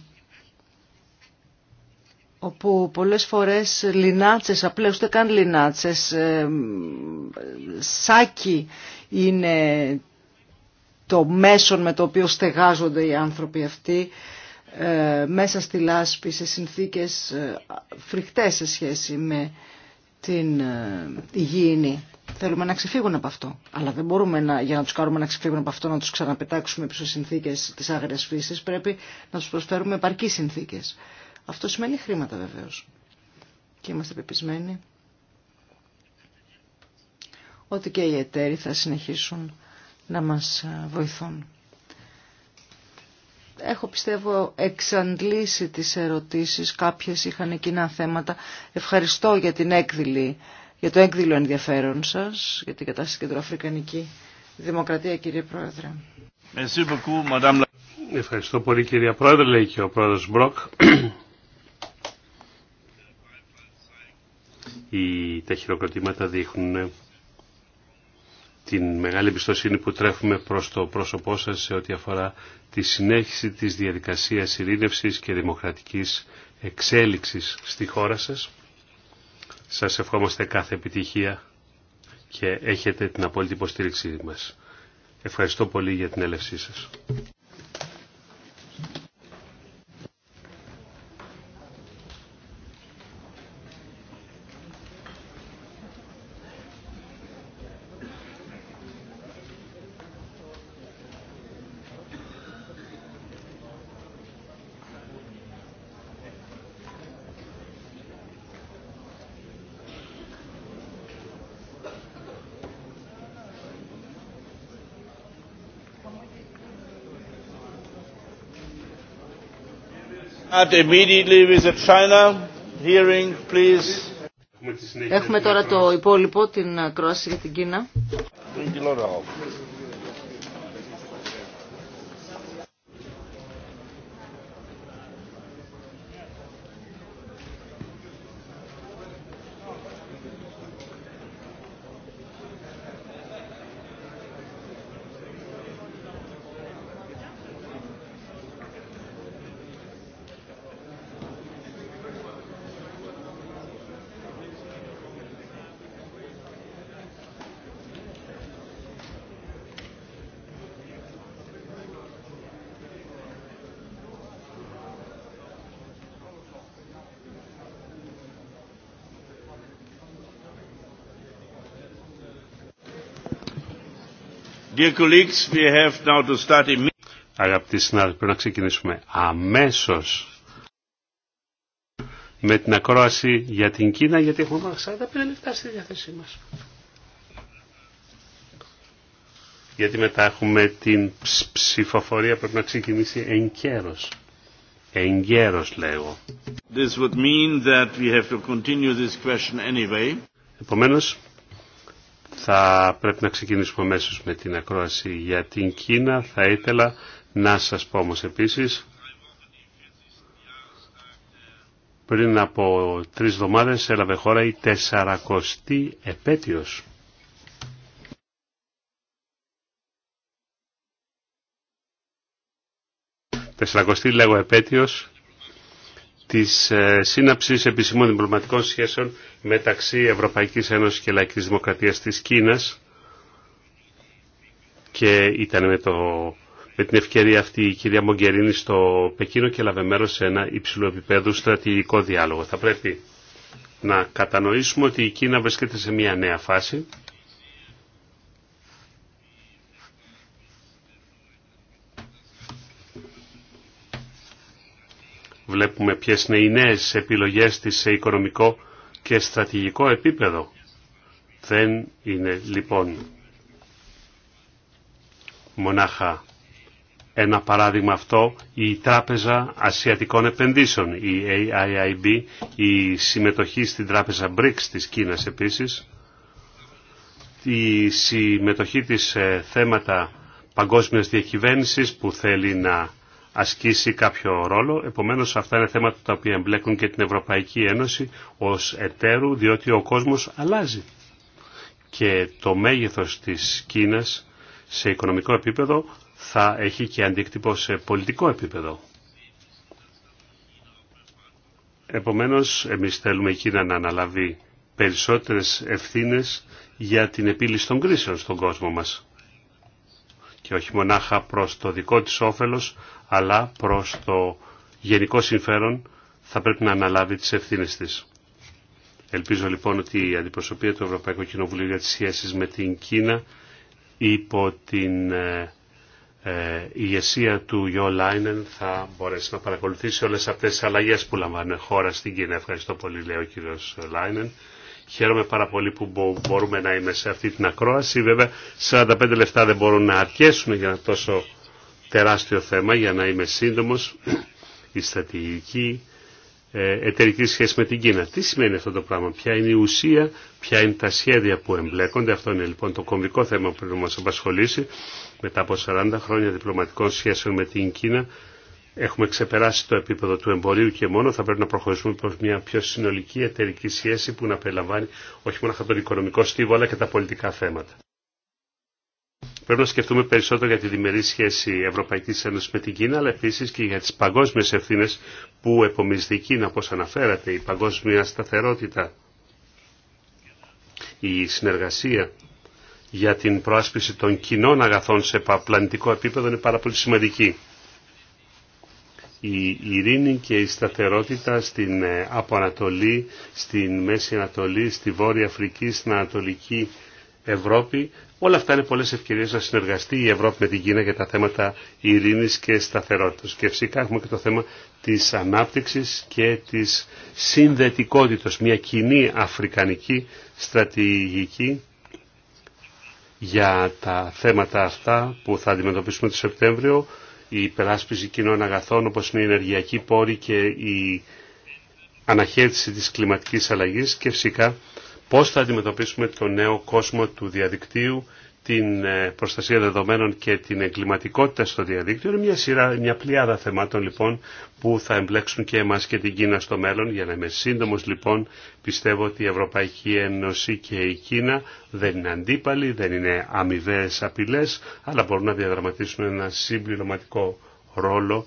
όπου πολλές φορές λινάτσες, απλά ούτε καν λινάτσες, ε, σάκι είναι το μέσον με το οποίο στεγάζονται οι άνθρωποι αυτοί ε, μέσα στη λάσπη σε συνθήκες ε, φρικτές σε σχέση με την ε, υγιεινή. Θέλουμε να ξεφύγουν από αυτό. Αλλά δεν μπορούμε να, για να τους κάνουμε να ξεφύγουν από αυτό να τους ξαναπετάξουμε πίσω συνθήκες της άγριας φύσης. Πρέπει να τους προσφέρουμε επαρκείς συνθήκες. Αυτό σημαίνει χρήματα βεβαίως. Και είμαστε πεπισμένοι ότι και οι εταίροι θα συνεχίσουν να μας ε, βοηθούν. Έχω πιστεύω εξαντλήσει τις ερωτήσεις, κάποιες είχαν κοινά θέματα. Ευχαριστώ για την έκδηλη, για το έκδηλο ενδιαφέρον σας, για την κατάσταση στην Κεντροαφρικανική Δημοκρατία κύριε Πρόεδρε. Ευχαριστώ πολύ κυρία Πρόεδρε, λέει και ο Πρόεδρος Μπροκ. Οι, τα χειροκροτήματα δείχνουν την μεγάλη εμπιστοσύνη που τρέφουμε προς το πρόσωπό σας σε ό,τι αφορά τη συνέχιση της διαδικασίας ειρήνευσης και δημοκρατικής εξέλιξης στη χώρα σας. Σας ευχόμαστε κάθε επιτυχία και έχετε την απόλυτη υποστήριξή μας. Ευχαριστώ πολύ για την έλευσή σας. Έχουμε τώρα το υπόλοιπο, την κρόαση για την Κίνα. Αγαπητοί συνάδελφοι, πρέπει να ξεκινήσουμε αμέσως με την ακρόαση για την Κίνα, γιατί έχουμε μόνο 45 λεπτά στη διάθεσή μας. Γιατί μετά έχουμε την ψηφοφορία πρέπει να ξεκινήσει εν καιρός. Εν καιρός, λέγω. This Επομένως, θα πρέπει να ξεκινήσουμε αμέσω με την ακρόαση για την Κίνα. Θα ήθελα να σας πω όμως επίσης, πριν από τρεις εβδομάδες έλαβε χώρα η 400η επέτειος. Τεσσαρακοστή λέγω επέτειος της ε, σύναψης επισημών διπλωματικών σχέσεων μεταξύ Ευρωπαϊκής Ένωσης και Λαϊκής Δημοκρατίας της Κίνας και ήταν με, το, με την ευκαιρία αυτή η κυρία Μογκερίνη στο Πεκίνο και έλαβε μέρος σε ένα υψηλό επίπεδο στρατηγικό διάλογο. Θα πρέπει να κατανοήσουμε ότι η Κίνα βρίσκεται σε μια νέα φάση βλέπουμε ποιες είναι οι νέες επιλογές της σε οικονομικό και στρατηγικό επίπεδο. Δεν είναι λοιπόν μονάχα ένα παράδειγμα αυτό η Τράπεζα Ασιατικών Επενδύσεων, η AIIB, η συμμετοχή στην Τράπεζα BRICS της Κίνας επίσης, η συμμετοχή της σε θέματα παγκόσμιας διακυβέρνησης που θέλει να ασκήσει κάποιο ρόλο. Επομένως αυτά είναι θέματα τα οποία εμπλέκουν και την Ευρωπαϊκή Ένωση ως εταίρου διότι ο κόσμος αλλάζει. Και το μέγεθος της Κίνας σε οικονομικό επίπεδο θα έχει και αντίκτυπο σε πολιτικό επίπεδο. Επομένως, εμείς θέλουμε η Κίνα να αναλαβεί περισσότερες ευθύνες για την επίλυση των κρίσεων στον κόσμο μας. Και όχι μονάχα προς το δικό της όφελος, αλλά προς το γενικό συμφέρον θα πρέπει να αναλάβει τις ευθύνες της. Ελπίζω λοιπόν ότι η αντιπροσωπεία του Ευρωπαϊκού Κοινοβουλίου για τις σχέσεις με την Κίνα υπό την ε, ε, ηγεσία του Γιώ Λάινεν θα μπορέσει να παρακολουθήσει όλες αυτές τις αλλαγές που λαμβάνουν χώρα στην Κίνα. Ευχαριστώ πολύ λέει ο κύριος Λάινεν. Χαίρομαι πάρα πολύ που μπορούμε να είμαι σε αυτή την ακρόαση. Βέβαια 45 λεπτά δεν μπορούν να αρκέσουν για να τόσο τεράστιο θέμα, για να είμαι σύντομος, η στρατηγική ε, εταιρική σχέση με την Κίνα. Τι σημαίνει αυτό το πράγμα, ποια είναι η ουσία, ποια είναι τα σχέδια που εμπλέκονται. Αυτό είναι λοιπόν το κομβικό θέμα που πρέπει να μας απασχολήσει. Μετά από 40 χρόνια διπλωματικών σχέσεων με την Κίνα έχουμε ξεπεράσει το επίπεδο του εμπορίου και μόνο θα πρέπει να προχωρήσουμε προς μια πιο συνολική εταιρική σχέση που να περιλαμβάνει όχι μόνο τον οικονομικό στίβο αλλά και τα πολιτικά θέματα. Πρέπει να σκεφτούμε περισσότερο για τη διμερή σχέση Ευρωπαϊκής Ένωσης με την Κίνα, αλλά επίση και για τι παγκόσμιες ευθύνε που επομίζεται η Κίνα, όπω αναφέρατε, η παγκόσμια σταθερότητα, η συνεργασία για την προάσπιση των κοινών αγαθών σε πλανητικό επίπεδο είναι πάρα πολύ σημαντική. Η ειρήνη και η σταθερότητα στην ε, Ανατολή, στην Μέση Ανατολή, στη Βόρεια Αφρική, στην Ανατολική Ευρώπη Όλα αυτά είναι πολλές ευκαιρίες να συνεργαστεί η Ευρώπη με την Κίνα για τα θέματα ειρήνης και σταθερότητας. Και φυσικά έχουμε και το θέμα της ανάπτυξης και της συνδετικότητας, μια κοινή αφρικανική στρατηγική για τα θέματα αυτά που θα αντιμετωπίσουμε το Σεπτέμβριο, η υπεράσπιση κοινών αγαθών όπως είναι η ενεργειακή πόρη και η αναχέτηση της κλιματικής αλλαγής και φυσικά πώς θα αντιμετωπίσουμε το νέο κόσμο του διαδικτύου, την ε, προστασία δεδομένων και την εγκληματικότητα στο διαδίκτυο. Είναι μια, σειρά, μια πλειάδα θεμάτων λοιπόν που θα εμπλέξουν και εμάς και την Κίνα στο μέλλον. Για να είμαι σύντομο λοιπόν πιστεύω ότι η Ευρωπαϊκή Ένωση και η Κίνα δεν είναι αντίπαλοι, δεν είναι αμοιβέ, απειλέ, αλλά μπορούν να διαδραματίσουν ένα συμπληρωματικό ρόλο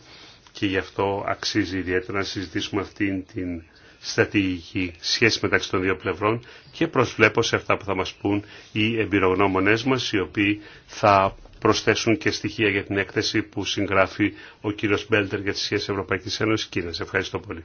και γι' αυτό αξίζει ιδιαίτερα να συζητήσουμε αυτήν την στρατηγική σχέση μεταξύ των δύο πλευρών και προσβλέπω σε αυτά που θα μας πούν οι εμπειρογνώμονές μας οι οποίοι θα προσθέσουν και στοιχεία για την έκθεση που συγγράφει ο κύριος Μπέλτερ για τις σχέσεις Ευρωπαϊκής Ένωσης Κίνας. Ευχαριστώ πολύ.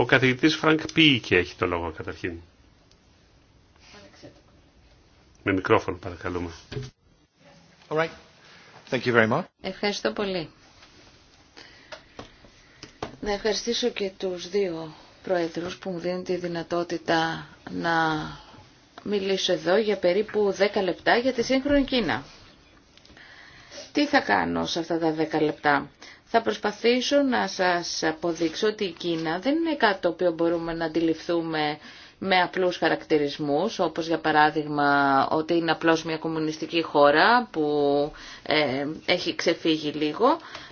Ο καθηγητής Φρανκ και έχει το λόγο καταρχήν. Με μικρόφωνο παρακαλούμε. Ευχαριστώ πολύ. Να ευχαριστήσω και τους δύο πρόεδρους που μου δίνουν τη δυνατότητα να μιλήσω εδώ για περίπου 10 λεπτά για τη σύγχρονη Κίνα. Τι θα κάνω σε αυτά τα 10 λεπτά θα προσπαθήσω να σας αποδείξω ότι η Κίνα δεν είναι κάτι το οποίο μπορούμε να αντιληφθούμε με απλούς χαρακτηρισμούς, όπως για παράδειγμα ότι είναι απλώς μια κομμουνιστική χώρα που ε, έχει ξεφύγει λίγο,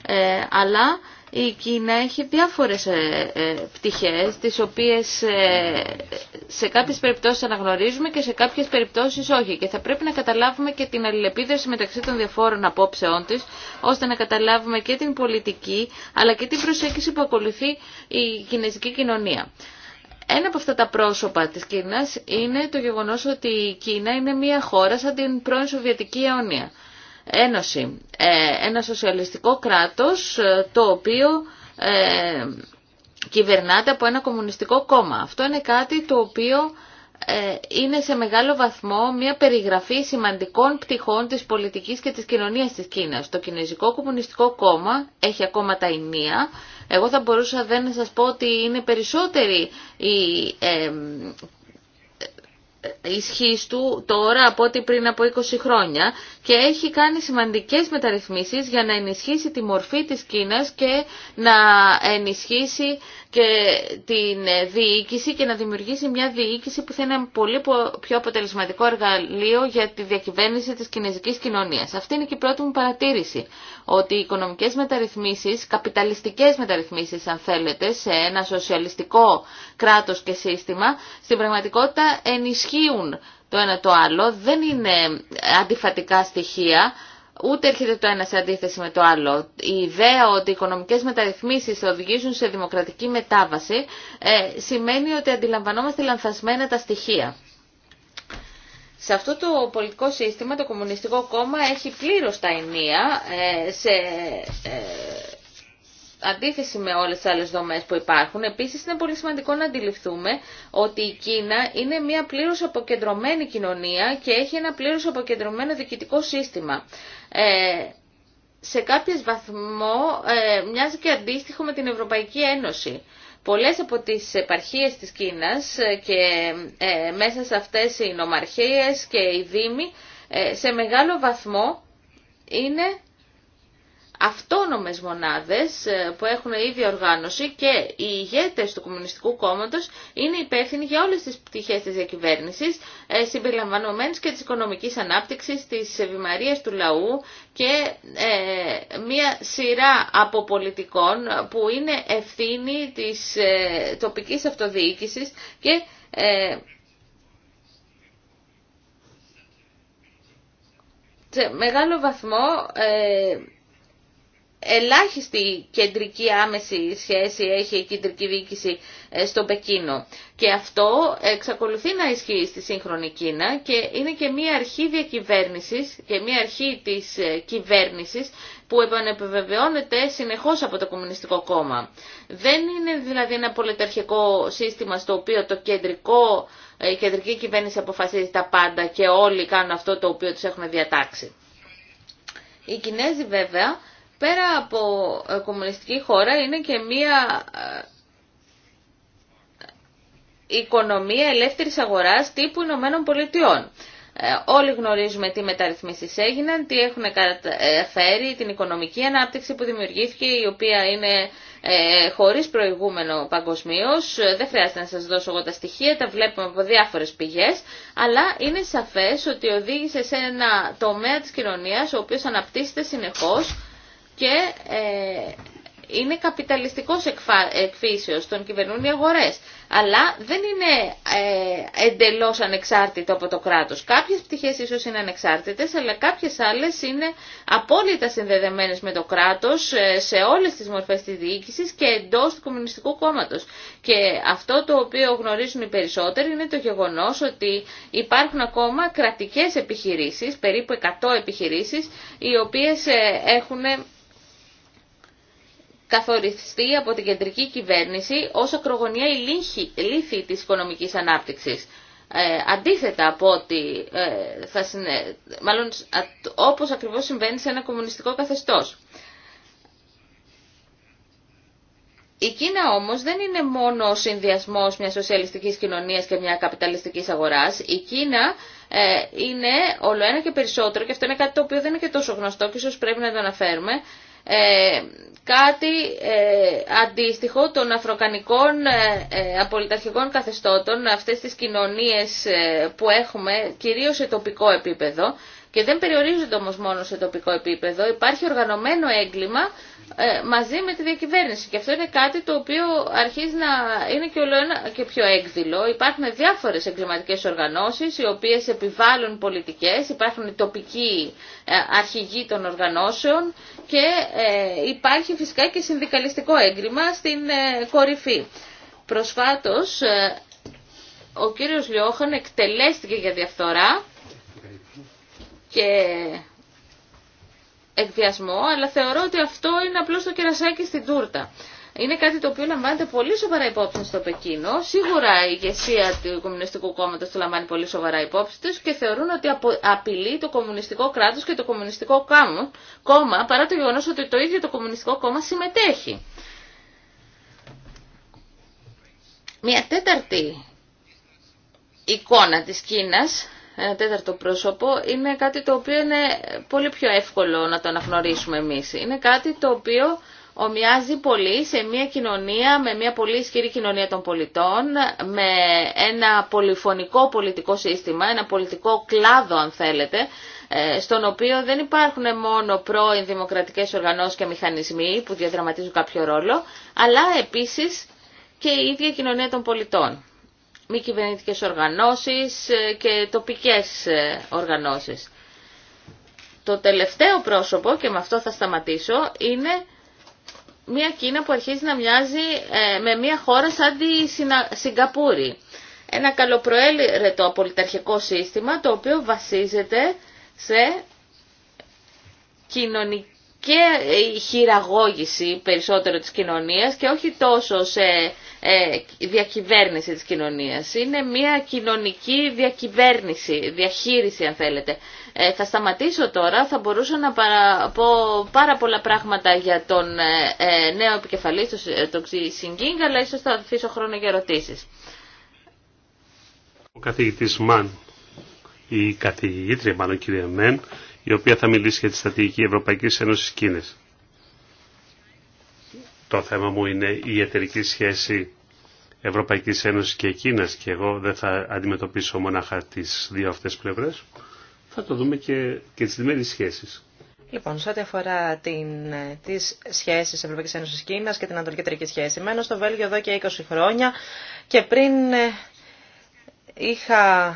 ε, αλλά η Κίνα έχει διάφορες ε, ε, πτυχές, τις οποίες ε, σε κάποιες περιπτώσεις αναγνωρίζουμε και σε κάποιες περιπτώσεις όχι. Και θα πρέπει να καταλάβουμε και την αλληλεπίδραση μεταξύ των διαφόρων απόψεών της, ώστε να καταλάβουμε και την πολιτική, αλλά και την προσέγγιση που ακολουθεί η κινέζικη κοινωνία. Ένα από αυτά τα πρόσωπα της Κίνας είναι το γεγονός ότι η Κίνα είναι μια χώρα σαν την πρώην Σοβιετική αιώνια ένωση, ε, ένα σοσιαλιστικό κράτος ε, το οποίο ε, κυβερνάται από ένα κομμουνιστικό κόμμα. Αυτό είναι κάτι το οποίο είναι σε μεγάλο βαθμό μια περιγραφή σημαντικών πτυχών της πολιτικής και της κοινωνίας της Κίνας. Το Κινέζικο Κομμουνιστικό Κόμμα έχει ακόμα τα ενία. Εγώ θα μπορούσα δεν να σας πω ότι είναι περισσότεροι οι ε, ισχύς του τώρα από ό,τι πριν από 20 χρόνια και έχει κάνει σημαντικές μεταρρυθμίσεις για να ενισχύσει τη μορφή της Κίνας και να ενισχύσει και την διοίκηση και να δημιουργήσει μια διοίκηση που θα είναι πολύ πιο αποτελεσματικό εργαλείο για τη διακυβέρνηση της κινέζικης κοινωνίας. Αυτή είναι και η πρώτη μου παρατήρηση, ότι οι οικονομικές μεταρρυθμίσεις, καπιταλιστικές μεταρρυθμίσεις αν θέλετε, σε ένα σοσιαλιστικό κράτος και σύστημα, στην πραγματικότητα ενισχύουν το ένα το άλλο, δεν είναι αντιφατικά στοιχεία, ούτε έρχεται το ένα σε αντίθεση με το άλλο. Η ιδέα ότι οι οικονομικές μεταρρυθμίσεις οδηγήσουν σε δημοκρατική μετάβαση ε, σημαίνει ότι αντιλαμβανόμαστε λανθασμένα τα στοιχεία. Σε αυτό το πολιτικό σύστημα το Κομμουνιστικό Κόμμα έχει πλήρως τα ενία ε, σε... Ε, αντίθεση με όλες τις άλλες δομές που υπάρχουν. Επίσης είναι πολύ σημαντικό να αντιληφθούμε ότι η Κίνα είναι μια πλήρως αποκεντρωμένη κοινωνία και έχει ένα πλήρως αποκεντρωμένο διοικητικό σύστημα. Ε, σε κάποιο βαθμό ε, μοιάζει και αντίστοιχο με την Ευρωπαϊκή Ένωση. Πολλές από τις επαρχίες της Κίνας ε, και ε, μέσα σε αυτές οι νομαρχίες και οι δήμοι ε, σε μεγάλο βαθμό είναι αυτόνομες μονάδες ε, που έχουν ίδια οργάνωση και οι ηγέτες του Κομμουνιστικού Κόμματος είναι υπεύθυνοι για όλες τις πτυχές της διακυβέρνησης, ε, συμπεριλαμβανομένης και της οικονομικής ανάπτυξης, της ευημαρίας του λαού και ε, μία σειρά από πολιτικών που είναι ευθύνη της τοπικής αυτοδιοίκησης και σε μεγάλο βαθμό ελάχιστη κεντρική άμεση σχέση έχει η κεντρική διοίκηση ε, στο Πεκίνο. Και αυτό εξακολουθεί να ισχύει στη σύγχρονη Κίνα και είναι και μια αρχή διακυβέρνησης και μια αρχή της ε, κυβέρνησης που επανεπιβεβαιώνεται συνεχώς από το Κομμουνιστικό Κόμμα. Δεν είναι δηλαδή ένα πολυτερχικό σύστημα στο οποίο το κεντρικό, ε, η κεντρική κυβέρνηση αποφασίζει τα πάντα και όλοι κάνουν αυτό το οποίο τους έχουν διατάξει. Οι Κινέζοι βέβαια πέρα από ε, κομμουνιστική χώρα είναι και μία ε, οικονομία ελεύθερης αγοράς τύπου Ηνωμένων Πολιτειών. Ε, όλοι γνωρίζουμε τι μεταρρυθμίσεις έγιναν, τι έχουν φέρει, την οικονομική ανάπτυξη που δημιουργήθηκε, η οποία είναι ε, χωρίς προηγούμενο παγκοσμίω. Δεν χρειάζεται να σας δώσω εγώ τα στοιχεία, τα βλέπουμε από διάφορες πηγές, αλλά είναι σαφές ότι οδήγησε σε ένα τομέα της κοινωνίας, ο οποίος αναπτύσσεται συνεχώς, και ε, είναι καπιταλιστικός εκφύσεως, τον κυβερνούν οι αγορές. Αλλά δεν είναι ε, εντελώς ανεξάρτητο από το κράτος. Κάποιες πτυχές ίσως είναι ανεξάρτητες, αλλά κάποιες άλλες είναι απόλυτα συνδεδεμένες με το κράτος ε, σε όλες τις μορφές της διοίκησης και εντός του Κομμουνιστικού Κόμματος. Και αυτό το οποίο γνωρίζουν οι περισσότεροι είναι το γεγονός ότι υπάρχουν ακόμα κρατικές επιχειρήσεις, περίπου 100 επιχειρήσεις, οι οποίες ε, έχουν καθοριστεί από την κεντρική κυβέρνηση ως η λύθη της οικονομικής ανάπτυξης. Ε, αντίθετα από ότι ε, θα συνε... μάλλον όπως ακριβώς συμβαίνει σε ένα κομμουνιστικό καθεστώς. Η Κίνα όμως δεν είναι μόνο ο συνδυασμός μιας σοσιαλιστικής κοινωνίας και μια καπιταλιστικής αγοράς. Η Κίνα ε, είναι όλο ένα και περισσότερο, και αυτό είναι κάτι το οποίο δεν είναι και τόσο γνωστό και ίσως πρέπει να το αναφέρουμε, ε, κάτι ε, αντίστοιχο των αφροκανικών ε, ε, απολυταρχικών καθεστώτων, αυτές τις κοινωνίες που έχουμε κυρίως σε τοπικό επίπεδο, και δεν περιορίζονται όμως μόνο σε τοπικό επίπεδο. Υπάρχει οργανωμένο έγκλημα ε, μαζί με τη διακυβέρνηση. Και αυτό είναι κάτι το οποίο αρχίζει να είναι και, ολοένα και πιο έκδηλο. Υπάρχουν διάφορες εγκληματικές οργανώσεις οι οποίες επιβάλλουν πολιτικές, υπάρχουν τοπικοί ε, αρχηγοί των οργανώσεων και ε, υπάρχει φυσικά και συνδικαλιστικό έγκλημα στην κορυφή. Προσφάτως ο κύριος Λιώχαν εκτελέστηκε για διαφθορά και εκβιασμό, αλλά θεωρώ ότι αυτό είναι απλώς το κερασάκι στην τούρτα. Είναι κάτι το οποίο λαμβάνεται πολύ σοβαρά υπόψη στο Πεκίνο. Σίγουρα η ηγεσία του Κομμουνιστικού Κόμματο το λαμβάνει πολύ σοβαρά υπόψη του και θεωρούν ότι απειλεί το Κομμουνιστικό κράτο και το Κομμουνιστικό Κόμμα παρά το γεγονό ότι το ίδιο το Κομμουνιστικό Κόμμα συμμετέχει. Μια τέταρτη εικόνα της Κίνας ένα τέταρτο πρόσωπο είναι κάτι το οποίο είναι πολύ πιο εύκολο να το αναγνωρίσουμε εμείς. Είναι κάτι το οποίο ομοιάζει πολύ σε μια κοινωνία, με μια πολύ ισχυρή κοινωνία των πολιτών, με ένα πολυφωνικό πολιτικό σύστημα, ένα πολιτικό κλάδο αν θέλετε, ε, στον οποίο δεν υπάρχουν μόνο πρώην δημοκρατικές οργανώσεις και μηχανισμοί που διαδραματίζουν κάποιο ρόλο, αλλά επίσης και η ίδια κοινωνία των πολιτών μη κυβερνητικέ οργανώσεις ε, και τοπικές ε, οργανώσεις. Το τελευταίο πρόσωπο, και με αυτό θα σταματήσω, είναι μια Κίνα που αρχίζει να μοιάζει ε, με μια χώρα σαν τη Σιγκαπούρη. Ένα καλοπροέλερετο πολιταρχικό σύστημα το οποίο βασίζεται σε κοινωνική χειραγώγηση περισσότερο της κοινωνίας και όχι τόσο σε ε, διακυβέρνηση της κοινωνίας. Είναι μια κοινωνική διακυβέρνηση, διαχείριση αν θέλετε. Ε, θα σταματήσω τώρα, θα μπορούσα να πω πάρα πολλά πράγματα για τον ε, νέο επικεφαλή, τον Ξησυγκίνγκ, αλλά ίσως θα αφήσω χρόνο για ερωτήσεις. Ο καθηγητής Μαν, η καθηγήτρια μάλλον κυρία Μεν, η οποία θα μιλήσει για τη στρατηγική Ευρωπαϊκής Ένωσης Κίνες. Το θέμα μου είναι η εταιρική σχέση Ευρωπαϊκή Ένωση και Κίνας και εγώ δεν θα αντιμετωπίσω μονάχα τις δύο αυτές πλευρές. Θα το δούμε και, και τις διμερείς σχέσεις. Λοιπόν, σε ό,τι αφορά τι σχέσει Ευρωπαϊκή Ένωση Κίνα και την Ανατολική Σχέση, μένω στο Βέλγιο εδώ και 20 χρόνια και πριν ε, είχα.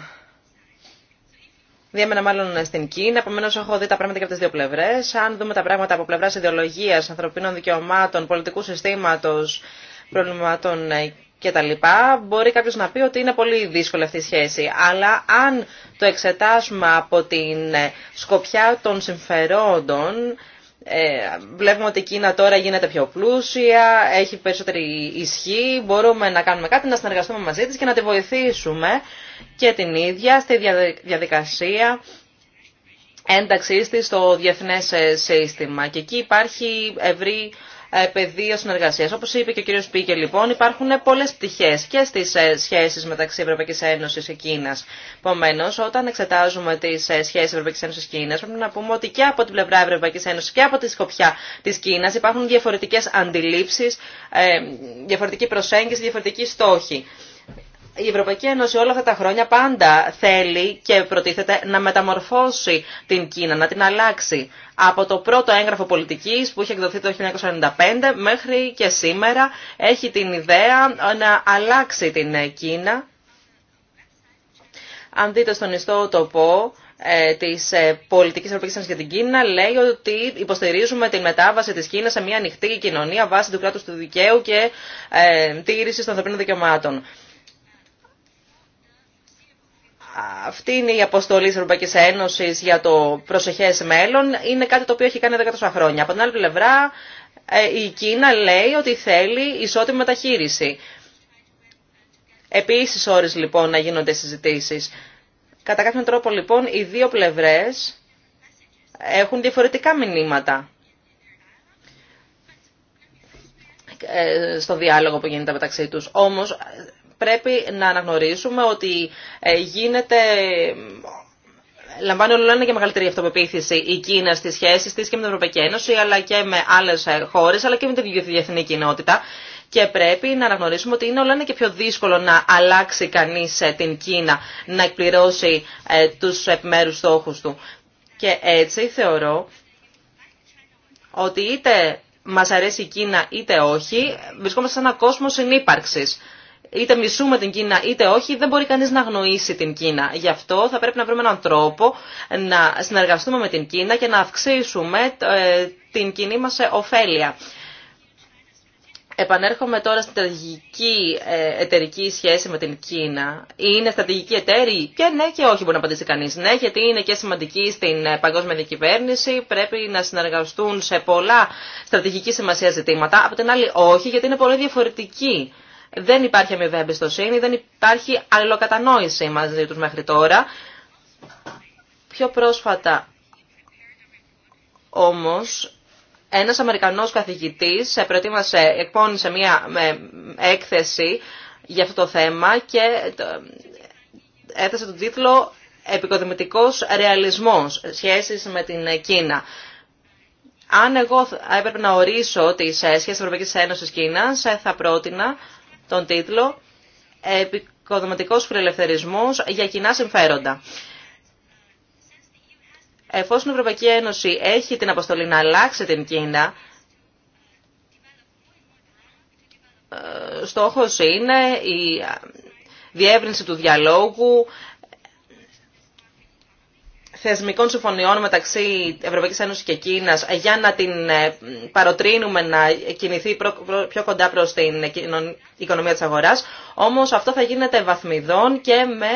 Διέμενα μάλλον στην Κίνα, επομένω έχω δει τα πράγματα και από τι δύο πλευρέ. Αν δούμε τα πράγματα από πλευρά ιδεολογία, ανθρωπίνων δικαιωμάτων, πολιτικού συστήματο, προβλημάτων ε, και τα λοιπά, μπορεί κάποιος να πει ότι είναι πολύ δύσκολη αυτή η σχέση. Αλλά αν το εξετάσουμε από την σκοπιά των συμφερόντων, ε, βλέπουμε ότι η Κίνα τώρα γίνεται πιο πλούσια, έχει περισσότερη ισχύ, μπορούμε να κάνουμε κάτι, να συνεργαστούμε μαζί της και να τη βοηθήσουμε και την ίδια στη διαδικασία ένταξής της στο διεθνές ε, σύστημα. Και εκεί υπάρχει ευρύ ε, πεδίο συνεργασία. Όπω είπε και ο κύριο Πίκε, λοιπόν, υπάρχουν πολλέ πτυχέ και στι ε, σχέσει μεταξύ Ευρωπαϊκή Ένωση και Κίνα. Επομένω, όταν εξετάζουμε τι ε, σχέσει Ευρωπαϊκή Ένωση και Κίνα, πρέπει να πούμε ότι και από την πλευρά Ευρωπαϊκή Ένωση και από τη σκοπιά τη Κίνα υπάρχουν διαφορετικέ αντιλήψει, διαφορετική προσέγγιση, διαφορετικοί στόχοι η Ευρωπαϊκή Ένωση όλα αυτά τα χρόνια πάντα θέλει και προτίθεται να μεταμορφώσει την Κίνα, να την αλλάξει. Από το πρώτο έγγραφο πολιτικής που είχε εκδοθεί το 1995 μέχρι και σήμερα έχει την ιδέα να αλλάξει την Κίνα. Αν δείτε στον ιστό τοπό ε, της ε, πολιτικής Ευρωπαϊκής Ένωσης για την Κίνα λέει ότι υποστηρίζουμε την μετάβαση της Κίνας σε μια ανοιχτή κοινωνία βάσει του κράτους του δικαίου και ε, τήρησης των ανθρωπίνων δικαιωμάτων αυτή είναι η αποστολή τη Ευρωπαϊκή Ένωση για το προσεχές μέλλον. Είναι κάτι το οποίο έχει κάνει 100 χρόνια. Από την άλλη πλευρά ε, η Κίνα λέει ότι θέλει ισότιμη μεταχείριση. Επίση ώρε λοιπόν να γίνονται συζητήσεις. Κατά κάποιον τρόπο λοιπόν οι δύο πλευρές έχουν διαφορετικά μηνύματα ε, στο διάλογο που γίνεται μεταξύ τους. Όμως πρέπει να αναγνωρίσουμε ότι ε, γίνεται λαμβάνει όλο ένα και μεγαλύτερη αυτοπεποίθηση η Κίνα στι σχέσεις τη και με την Ευρωπαϊκή Ένωση, αλλά και με άλλε χώρε, αλλά και με την διεθνή κοινότητα. Και πρέπει να αναγνωρίσουμε ότι είναι όλο ένα και πιο δύσκολο να αλλάξει κανεί ε, την Κίνα, να εκπληρώσει ε, του επιμέρου στόχου του. Και έτσι θεωρώ ότι είτε μα αρέσει η Κίνα είτε όχι, βρισκόμαστε σε ένα κόσμο συνύπαρξης είτε μισούμε την Κίνα είτε όχι, δεν μπορεί κανείς να αγνοήσει την Κίνα. Γι' αυτό θα πρέπει να βρούμε έναν τρόπο να συνεργαστούμε με την Κίνα και να αυξήσουμε ε, την κοινή μας ωφέλεια. Επανέρχομαι τώρα στην στρατηγική ε, εταιρική σχέση με την Κίνα. Είναι στρατηγική εταίρη και ναι και όχι μπορεί να απαντήσει κανείς. Ναι γιατί είναι και σημαντική στην ε, παγκόσμια διακυβέρνηση, πρέπει να συνεργαστούν σε πολλά στρατηγική σημασία ζητήματα. Από την άλλη όχι γιατί είναι πολύ διαφορετική δεν υπάρχει αμοιβαία εμπιστοσύνη, δεν υπάρχει αλληλοκατανόηση μαζί τους μέχρι τώρα. Πιο πρόσφατα όμως ένας Αμερικανός καθηγητής προετοίμασε, εκπώνησε μία ε, έκθεση για αυτό το θέμα και ε, έθεσε τον τίτλο «Επικοδημητικός ρεαλισμός. Σχέσεις με την Κίνα». Αν εγώ έπρεπε να ορίσω τις ε, σχέσεις Ευρωπαϊκής Ένωσης Κίνας, θα πρότεινα τον τίτλο «Επικοδοματικός φιλελευθερισμός για κοινά συμφέροντα». Εφόσον η Ευρωπαϊκή Ένωση έχει την αποστολή να αλλάξει την Κίνα, ε, στόχος είναι η διεύρυνση του διαλόγου, θεσμικών συμφωνιών μεταξύ Ευρωπαϊκής Ένωσης και Κίνας για να την ε, παροτρύνουμε να κινηθεί πιο κοντά προς την οικονομία της αγοράς. Όμως αυτό θα γίνεται βαθμιδών και με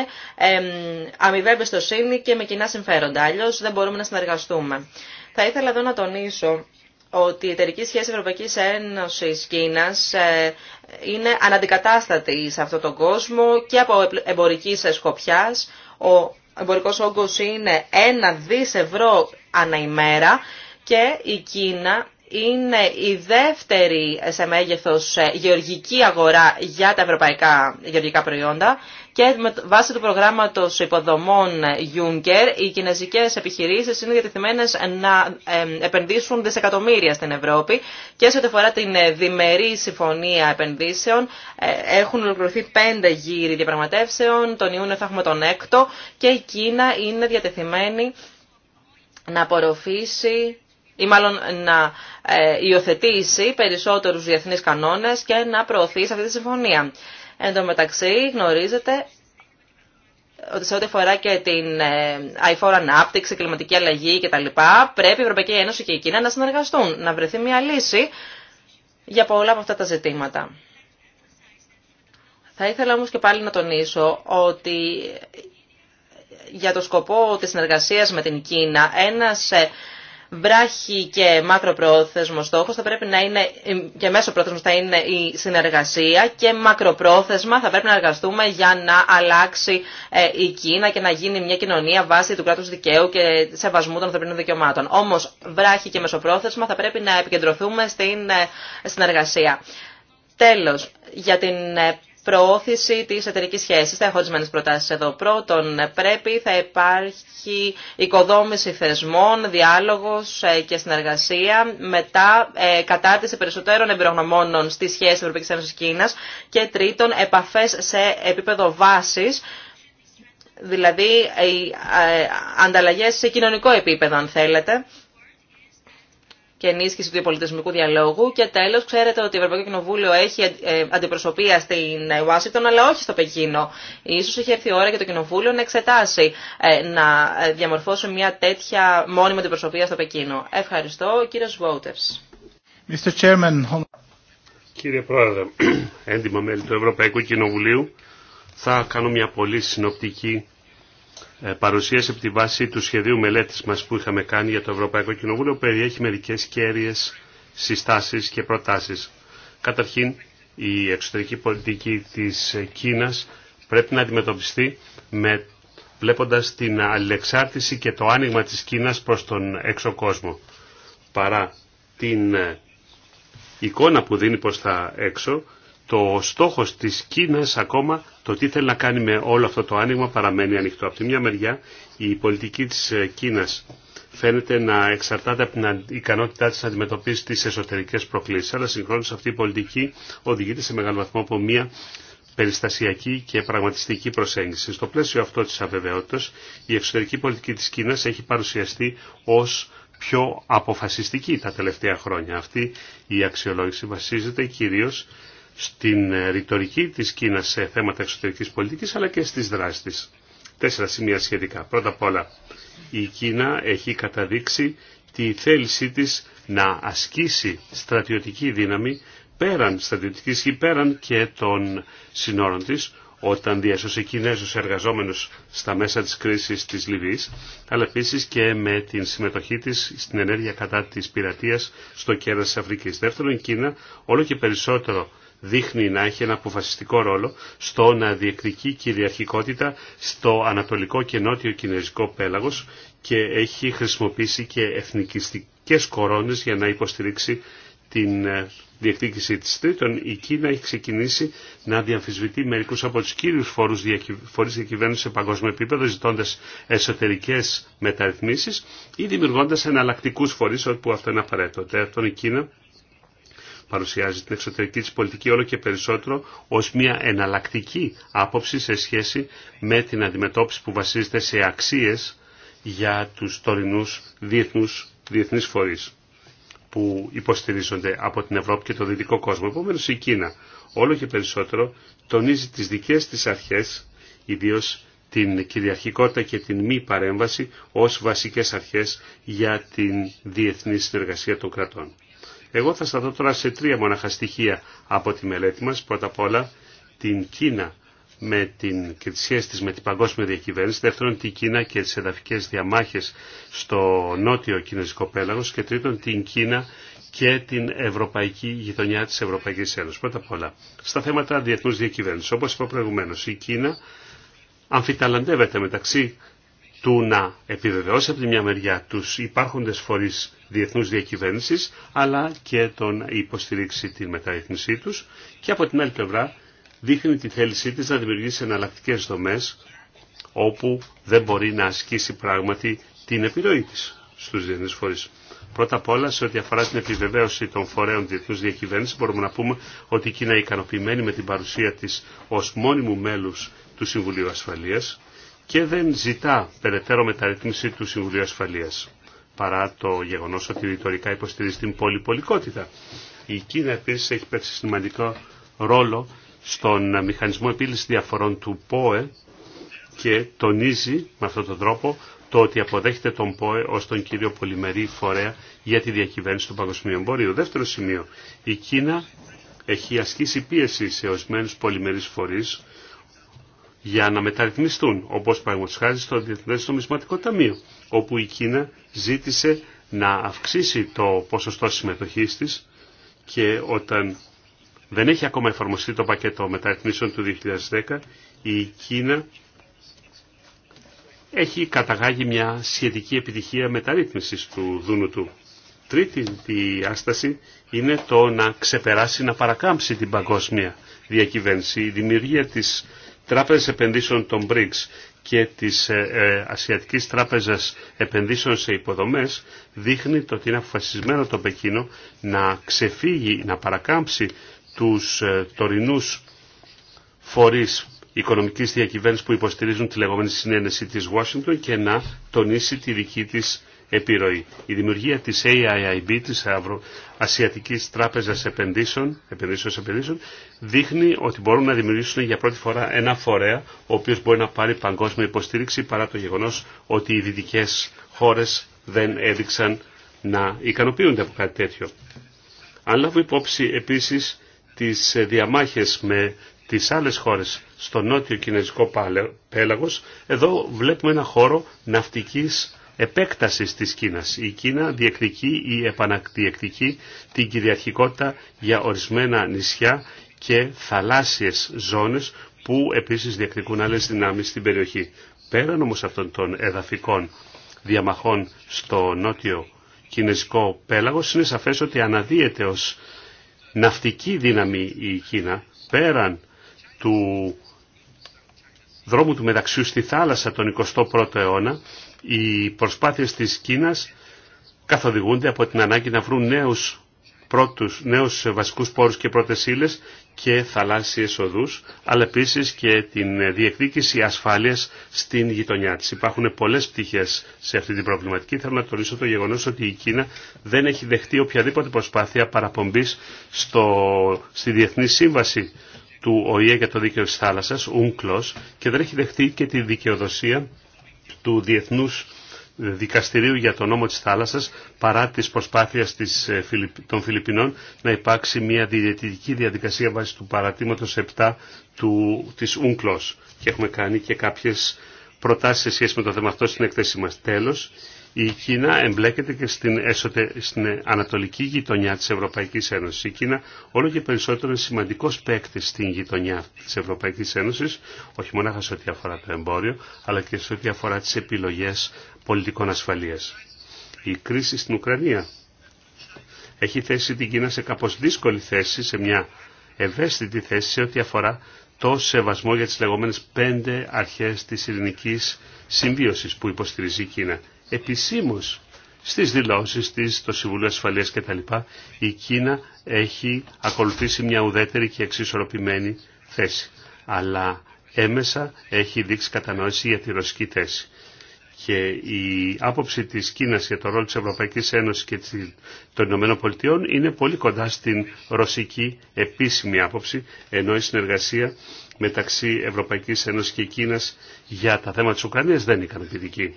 αμοιβή εμπιστοσύνη και με κοινά συμφέροντα. Αλλιώ δεν μπορούμε να συνεργαστούμε. Θα ήθελα εδώ να τονίσω ότι η εταιρική σχέση Ευρωπαϊκής Ένωσης Κίνας ε, είναι αναντικατάστατη σε αυτόν τον κόσμο και από εμπορική σκοπιά. Ο εμπορικό όγκο είναι 1 δι ευρώ ανά ημέρα και η Κίνα είναι η δεύτερη σε μέγεθος ε, γεωργική αγορά για τα ευρωπαϊκά γεωργικά προϊόντα και με βάση του προγράμματο υποδομών Juncker οι κινεζικέ επιχειρήσεις είναι διατεθειμένες να επενδύσουν δισεκατομμύρια στην Ευρώπη και σε ό,τι φορά την ε, διμερή συμφωνία επενδύσεων ε, έχουν ολοκληρωθεί πέντε γύροι διαπραγματεύσεων, τον Ιούνιο θα έχουμε τον έκτο και η Κίνα είναι διατεθειμένη να απορροφήσει ή μάλλον να ε, υιοθετήσει περισσότερους διεθνεί κανόνες και να προωθεί σε αυτή τη συμφωνία. Εν τω μεταξύ γνωρίζετε ότι σε ό,τι αφορά και την ε, αϊφόρα ανάπτυξη, κλιματική αλλαγή κτλ. πρέπει η Ευρωπαϊκή Ένωση και η Κίνα να συνεργαστούν, να βρεθεί μια λύση για πολλά από αυτά τα ζητήματα. Θα ήθελα όμως και πάλι να τονίσω ότι για το σκοπό της συνεργασίας με την Κίνα ένας ε, βράχη και πρόθεσμο στόχο θα πρέπει να είναι και μέσο πρόθεσμο θα είναι η συνεργασία και μακροπρόθεσμα θα πρέπει να εργαστούμε για να αλλάξει ε, η Κίνα και να γίνει μια κοινωνία βάση του κράτου δικαίου και σεβασμού των ανθρωπίνων δικαιωμάτων. Όμω βράχη και μεσοπρόθεσμα θα πρέπει να επικεντρωθούμε στην ε, συνεργασία. Τέλο, για την ε, προώθηση τη εταιρική σχέση, Θα έχω ορισμένες προτάσεις εδώ. Πρώτον, πρέπει θα υπάρχει οικοδόμηση θεσμών, διάλογος ε, και συνεργασία. Μετά, ε, κατάρτιση περισσότερων εμπειρογνωμόνων στη σχέση της Ευρωπαϊκής Ένωσης Κίνας. Και τρίτον, επαφές σε επίπεδο βάσης, δηλαδή ε, ανταλλαγές σε κοινωνικό επίπεδο αν θέλετε και ενίσχυση του πολιτισμικού διαλόγου. Και τέλο, ξέρετε ότι το Ευρωπαϊκό Κοινοβούλιο έχει ε, αντιπροσωπεία στην Ουάσιγκτον, αλλά όχι στο Πεκίνο. σω έχει έρθει η ώρα και το Κοινοβούλιο να εξετάσει ε, να ε, διαμορφώσει μια τέτοια μόνιμη αντιπροσωπεία στο Πεκίνο. Ευχαριστώ, κύριο Βόουτερ. Κύριε Πρόεδρε, έντιμα μέλη του Ευρωπαϊκού Κοινοβουλίου, θα κάνω μια πολύ συνοπτική ε, παρουσίασε από τη βάση του σχεδίου μελέτης μας που είχαμε κάνει για το Ευρωπαϊκό Κοινοβούλιο περιέχει μερικές κέρυες συστάσεις και προτάσεις. Καταρχήν, η εξωτερική πολιτική της Κίνας πρέπει να αντιμετωπιστεί με, βλέποντας την αλληλεξάρτηση και το άνοιγμα της Κίνας προς τον έξω κόσμο. Παρά την ε, εικόνα που δίνει προς τα έξω, το στόχος της Κίνας ακόμα, το τι θέλει να κάνει με όλο αυτό το άνοιγμα παραμένει ανοιχτό. Από τη μια μεριά η πολιτική της ε, Κίνας φαίνεται να εξαρτάται από την ικανότητά της να αντιμετωπίσει τις εσωτερικές προκλήσεις. Αλλά συγχρόνως αυτή η πολιτική οδηγείται σε μεγάλο βαθμό από μια περιστασιακή και πραγματιστική προσέγγιση. Στο πλαίσιο αυτό της αβεβαιότητας, η εξωτερική πολιτική της Κίνας έχει παρουσιαστεί ως πιο αποφασιστική τα τελευταία χρόνια. Αυτή η αξιολόγηση βασίζεται κυρίως στην ε, ρητορική της Κίνας σε θέματα εξωτερικής πολιτικής αλλά και στις δράσεις της. Τέσσερα σημεία σχετικά. Πρώτα απ' όλα, η Κίνα έχει καταδείξει τη θέλησή της να ασκήσει στρατιωτική δύναμη πέραν στρατιωτική ισχύ, πέραν και των συνόρων της, όταν διάσωσε Κινέζους εργαζόμενους στα μέσα της κρίσης της Λιβύης, αλλά επίσης και με την συμμετοχή της στην ενέργεια κατά της πειρατείας στο κέρας της Αφρικής. Δεύτερον, η Κίνα όλο και περισσότερο δείχνει να έχει ένα αποφασιστικό ρόλο στο να διεκδικεί κυριαρχικότητα στο ανατολικό και νότιο κινέζικο πέλαγος και έχει χρησιμοποιήσει και εθνικιστικές κορώνες για να υποστηρίξει την ε, διεκδίκησή της. Τρίτον, η Κίνα έχει ξεκινήσει να διαμφισβητεί μερικούς από τους κύριους φορούς διακυ... διακυβέρνηση σε παγκόσμιο επίπεδο, ζητώντας εσωτερικές μεταρρυθμίσεις ή δημιουργώντας εναλλακτικούς φορείς, όπου αυτό είναι απαραίτητο. Τέταρτον, η δημιουργωντας εναλλακτικους φορεις οπου αυτο ειναι απαραιτητο η κινα παρουσιάζει την εξωτερική της πολιτική όλο και περισσότερο ως μια εναλλακτική άποψη σε σχέση με την αντιμετώπιση που βασίζεται σε αξίες για τους τωρινούς διεθνούς, διεθνείς φορείς που υποστηρίζονται από την Ευρώπη και το δυτικό κόσμο. Επομένω η Κίνα όλο και περισσότερο τονίζει τις δικές της αρχές, ιδίως την κυριαρχικότητα και την μη παρέμβαση ως βασικές αρχές για την διεθνή συνεργασία των κρατών. Εγώ θα σταθώ τώρα σε τρία μοναχα στοιχεία από τη μελέτη μας. Πρώτα απ' όλα την Κίνα με την, και τις σχέσεις της με την παγκόσμια διακυβέρνηση, δεύτερον την Κίνα και τις εδαφικές διαμάχες στο νότιο κινέζικο πέλαγος και τρίτον την Κίνα και την ευρωπαϊκή γειτονιά της Ευρωπαϊκής Ένωσης. Πρώτα απ' όλα, στα θέματα διεθνούς διακυβέρνησης, όπως είπα προηγουμένως, η Κίνα αμφιταλαντεύεται μεταξύ του να επιβεβαιώσει από τη μια μεριά τους υπάρχοντες φορείς διεθνούς διακυβέρνησης αλλά και τον να υποστηρίξει τη μεταρρύθμισή τους και από την άλλη πλευρά δείχνει τη θέλησή της να δημιουργήσει εναλλακτικέ δομές όπου δεν μπορεί να ασκήσει πράγματι την επιρροή της στους διεθνείς φορείς. Πρώτα απ' όλα, σε ό,τι αφορά την επιβεβαίωση των φορέων διεθνού διακυβέρνηση, μπορούμε να πούμε ότι η Κίνα ικανοποιημένη με την παρουσία τη ω μόνιμου μέλου του Συμβουλίου Ασφαλείας και δεν ζητά περαιτέρω μεταρρύθμιση του Συμβουλίου Ασφαλείας παρά το γεγονός ότι ρητορικά υποστηρίζει την πολυπολικότητα. Η Κίνα επίσης έχει παίξει σημαντικό ρόλο στον μηχανισμό επίλυσης διαφορών του ΠΟΕ και τονίζει με αυτόν τον τρόπο το ότι αποδέχεται τον ΠΟΕ ως τον κύριο πολυμερή φορέα για τη διακυβέρνηση του παγκοσμίου εμπορίου. Δεύτερο σημείο, η Κίνα έχει ασκήσει πίεση σε ορισμένου πολυμερεί φορεί για να μεταρρυθμιστούν, όπως παραγωγός χάρη στο Διεθνές Νομισματικό Ταμείο, όπου η Κίνα ζήτησε να αυξήσει το ποσοστό συμμετοχής της και όταν δεν έχει ακόμα εφαρμοστεί το πακέτο μεταρρυθμίσεων του 2010, η Κίνα έχει καταγάγει μια σχετική επιτυχία μεταρρύθμισης του Δούνου του. Τρίτη διάσταση είναι το να ξεπεράσει, να παρακάμψει την παγκόσμια διακυβέρνηση. Η δημιουργία της Τράπεζες Επενδύσεων των BRICS και της ε, ε, Ασιατικής Τράπεζας Επενδύσεων σε Υποδομές δείχνει το ότι είναι αποφασισμένο το Πεκίνο να ξεφύγει, να παρακάμψει τους ε, τωρινούς φορείς οικονομικής διακυβέρνησης που υποστηρίζουν τη λεγόμενη συνένεση της Washington και να τονίσει τη δική της επιρροή. Η δημιουργία της AIIB, της Ασιατικής Τράπεζας Επενδύσεων, επενδύσεων, επενδύσεων, δείχνει ότι μπορούν να δημιουργήσουν για πρώτη φορά ένα φορέα, ο οποίος μπορεί να πάρει παγκόσμια υποστήριξη, παρά το γεγονός ότι οι δυτικές χώρες δεν έδειξαν να ικανοποιούνται από κάτι τέτοιο. Αν λάβω υπόψη επίσης τις διαμάχες με τις άλλες χώρες στο νότιο κινέζικο πέλαγος, εδώ βλέπουμε ένα χώρο ναυτικής επέκτασης της Κίνας. Η Κίνα διεκδικεί ή επαναδιεκδικεί την κυριαρχικότητα για ορισμένα νησιά και θαλάσσιες ζώνες που επίσης διεκδικούν άλλες δυνάμεις στην περιοχή. Πέραν όμως αυτών των εδαφικών διαμαχών στο νότιο κινέζικο πέλαγος είναι σαφές ότι αναδύεται ως ναυτική δύναμη η Κίνα πέραν του δρόμου του μεταξύ στη θάλασσα τον 21ο αιώνα οι προσπάθειες της Κίνας καθοδηγούνται από την ανάγκη να βρουν νέους, πρώτους, νέους βασικούς πόρους και πρώτες ύλες και θαλάσσιες οδούς, αλλά επίσης και την διεκδίκηση ασφάλειας στην γειτονιά της. Υπάρχουν πολλές πτυχές σε αυτή την προβληματική. Θέλω να τονίσω το γεγονός ότι η Κίνα δεν έχει δεχτεί οποιαδήποτε προσπάθεια παραπομπής στο, στη Διεθνή Σύμβαση του ΟΗΕ για το Δίκαιο της Θάλασσας, UNCLOS, και δεν έχει δεχτεί και τη δικαιοδοσία του Διεθνούς Δικαστηρίου για τον νόμο της θάλασσας παρά τις προσπάθειες ε, των Φιλιππινών να υπάρξει μια διαιτητική διαδικασία βάσει του παρατήματος 7 του, της UNCLOS και έχουμε κάνει και κάποιες προτάσεις σε σχέση με το θέμα αυτό στην εκθέση μας. Τέλος, η Κίνα εμπλέκεται και στην, εσωτε... στην ανατολική γειτονιά της Ευρωπαϊκής Ένωσης. Η Κίνα όλο και περισσότερο είναι σημαντικός παίκτη στην γειτονιά της Ευρωπαϊκής Ένωσης, όχι μόνο σε ό,τι αφορά το εμπόριο, αλλά και σε ό,τι αφορά τις επιλογές πολιτικών ασφαλείας. Η κρίση στην Ουκρανία έχει θέσει την Κίνα σε κάπως δύσκολη θέση, σε μια ευαίσθητη θέση σε ό,τι αφορά το σεβασμό για τις λεγόμενες πέντε αρχές της ειρηνικής συμβίωσης που υποστηρίζει η Κίνα επισήμως στις δηλώσεις της, στο Συμβουλίο Ασφαλείας κτλ. Η Κίνα έχει ακολουθήσει μια ουδέτερη και εξισορροπημένη θέση. Αλλά έμεσα έχει δείξει κατανόηση για τη ρωσική θέση. Και η άποψη της Κίνας για το ρόλο της Ευρωπαϊκής Ένωσης και των Ηνωμένων Πολιτειών είναι πολύ κοντά στην ρωσική επίσημη άποψη, ενώ η συνεργασία μεταξύ Ευρωπαϊκής Ένωσης και Κίνας για τα θέματα της Ουκρανίας δεν είναι ικανοποιητική.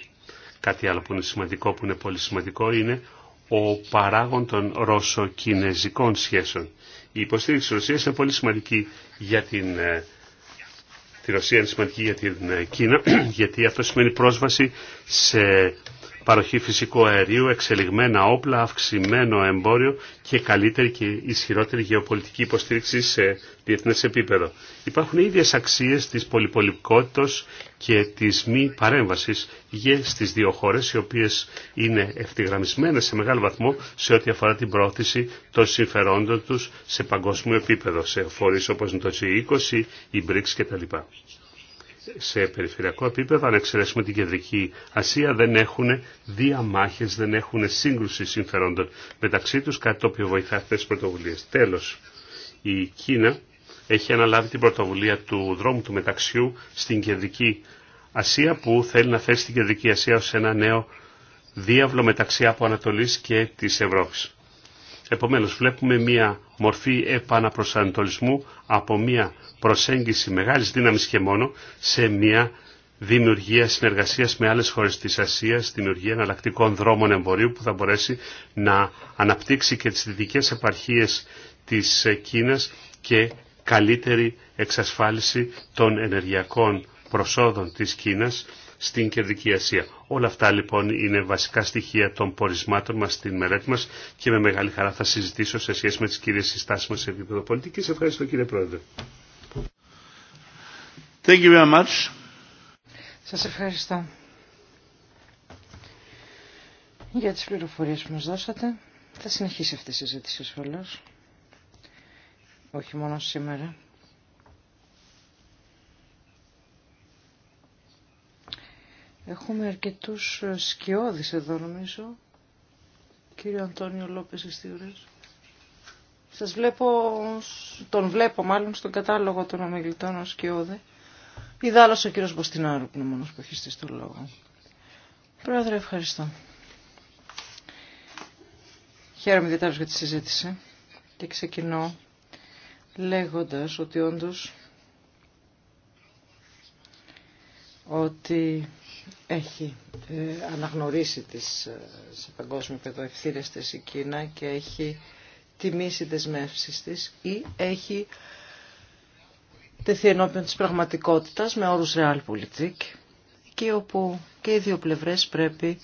Κάτι άλλο που είναι σημαντικό, που είναι πολύ σημαντικό, είναι ο παράγον των ρωσοκινέζικων σχέσεων. Η υποστήριξη της Ρωσίας είναι πολύ σημαντική για την, ε, Ρωσία, είναι σημαντική για την ε, Κίνα, γιατί αυτό σημαίνει πρόσβαση σε παροχή φυσικού αερίου, εξελιγμένα όπλα, αυξημένο εμπόριο και καλύτερη και ισχυρότερη γεωπολιτική υποστήριξη σε διεθνές επίπεδο. Υπάρχουν οι ίδιες αξίες της πολυπολικότητας και της μη παρέμβασης για στις δύο χώρες, οι οποίες είναι ευθυγραμμισμένες σε μεγάλο βαθμό σε ό,τι αφορά την πρόθεση των συμφερόντων τους σε παγκόσμιο επίπεδο, σε φορείς όπως είναι το G20, η BRICS κτλ σε περιφερειακό επίπεδο, αν εξαιρέσουμε την Κεντρική Ασία, δεν έχουν διαμάχες, δεν έχουν σύγκρουση συμφερόντων μεταξύ τους, κάτι το οποίο βοηθά αυτές τις πρωτοβουλίες. Τέλος, η Κίνα έχει αναλάβει την πρωτοβουλία του δρόμου του μεταξιού στην Κεντρική Ασία, που θέλει να θέσει την Κεντρική Ασία ως ένα νέο διάβλο μεταξύ από Ανατολής και της Ευρώπης. Επομένως βλέπουμε μια μορφή επαναπροσανατολισμού από μια προσέγγιση μεγάλης δύναμης και μόνο σε μια δημιουργία συνεργασίας με άλλες χώρες της Ασίας, δημιουργία εναλλακτικών δρόμων εμπορίου που θα μπορέσει να αναπτύξει και τις δυτικές επαρχίες της Κίνας και καλύτερη εξασφάλιση των ενεργειακών προσόδων της Κίνας στην Κεντρική Ασία. Όλα αυτά λοιπόν είναι βασικά στοιχεία των πορισμάτων μας στην μελέτη μας και με μεγάλη χαρά θα συζητήσω σε σχέση με τις κύριες συστάσεις μας σε επίπεδο πολιτικής. Ευχαριστώ κύριε Πρόεδρε. Thank you very much. Σας ευχαριστώ για τις πληροφορίες που μας δώσατε. Θα συνεχίσει αυτή η συζήτηση ασφαλώς, όχι μόνο σήμερα. Έχουμε αρκετούς ε, σκιώδεις εδώ νομίζω. Κύριο Αντώνιο Λόπες Ιστιούρες. Σας βλέπω, τον βλέπω μάλλον στον κατάλογο των ομιλητών ως σκιώδη. Ιδάλλως ο κύριος Μποστινάρου που είναι μόνος που έχει στήσει τον λόγο. Πρόεδρε, ευχαριστώ. Χαίρομαι ιδιαίτερα για τη συζήτηση και ξεκινώ λέγοντας ότι όντως ότι έχει ε, αναγνωρίσει τις, ε, σε παγκόσμιο επίπεδο ευθύρες της η Κίνα και έχει τιμήσει δεσμεύσει της ή έχει τεθεί ενώπιον της πραγματικότητας με όρους realpolitik και όπου και οι δύο πλευρές πρέπει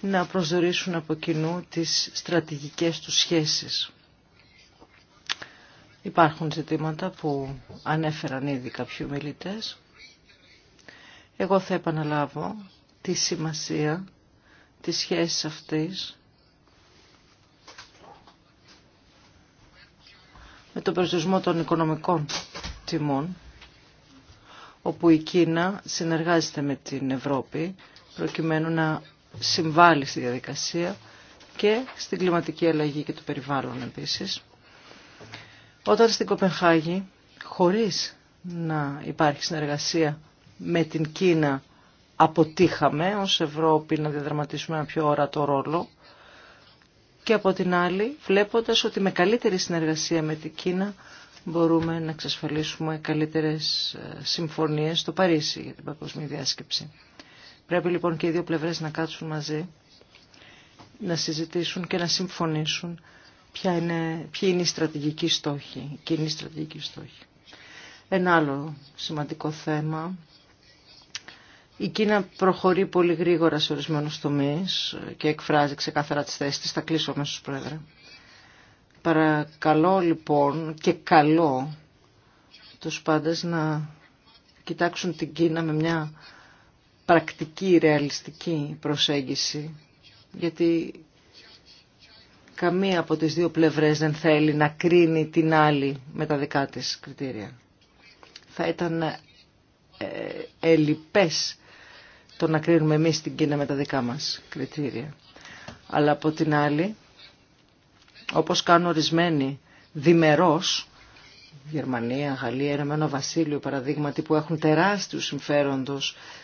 να προσδορίσουν από κοινού τις στρατηγικές τους σχέσεις. Υπάρχουν ζητήματα που ανέφεραν ήδη κάποιοι ομιλητές εγώ θα επαναλάβω τη σημασία της σχέσης αυτής με τον προσδιορισμό των οικονομικών τιμών, όπου η Κίνα συνεργάζεται με την Ευρώπη προκειμένου να συμβάλλει στη διαδικασία και στην κλιματική αλλαγή και το περιβάλλον επίσης. Όταν στην Κοπενχάγη, χωρίς να υπάρχει συνεργασία με την Κίνα αποτύχαμε ως Ευρώπη να διαδραματίσουμε ένα πιο ορατό ρόλο και από την άλλη βλέποντας ότι με καλύτερη συνεργασία με την Κίνα μπορούμε να εξασφαλίσουμε καλύτερες ε, συμφωνίες στο Παρίσι για την παγκοσμία διάσκεψη. Πρέπει λοιπόν και οι δύο πλευρές να κάτσουν μαζί, να συζητήσουν και να συμφωνήσουν ποια είναι, ποιοι είναι οι στρατηγική στοχή. οι κοινοί στρατηγικοί στόχοι. Ένα άλλο σημαντικό θέμα η Κίνα προχωρεί πολύ γρήγορα σε ορισμένους τομείς και εκφράζει ξεκάθαρα τις θέσεις της. Θα κλείσω αμέσως, Πρόεδρε. Παρακαλώ λοιπόν και καλό τους πάντες να κοιτάξουν την Κίνα με μια πρακτική, ρεαλιστική προσέγγιση, γιατί καμία από τις δύο πλευρές δεν θέλει να κρίνει την άλλη με τα δικά της κριτήρια. Θα ήταν ε, ε το να κρίνουμε εμεί την Κίνα με τα δικά μας κριτήρια. Αλλά από την άλλη, όπως κάνουν ορισμένοι διμερό, Γερμανία, Γαλλία, Ενωμένο Βασίλειο παραδείγματι που έχουν τεράστιου συμφέροντο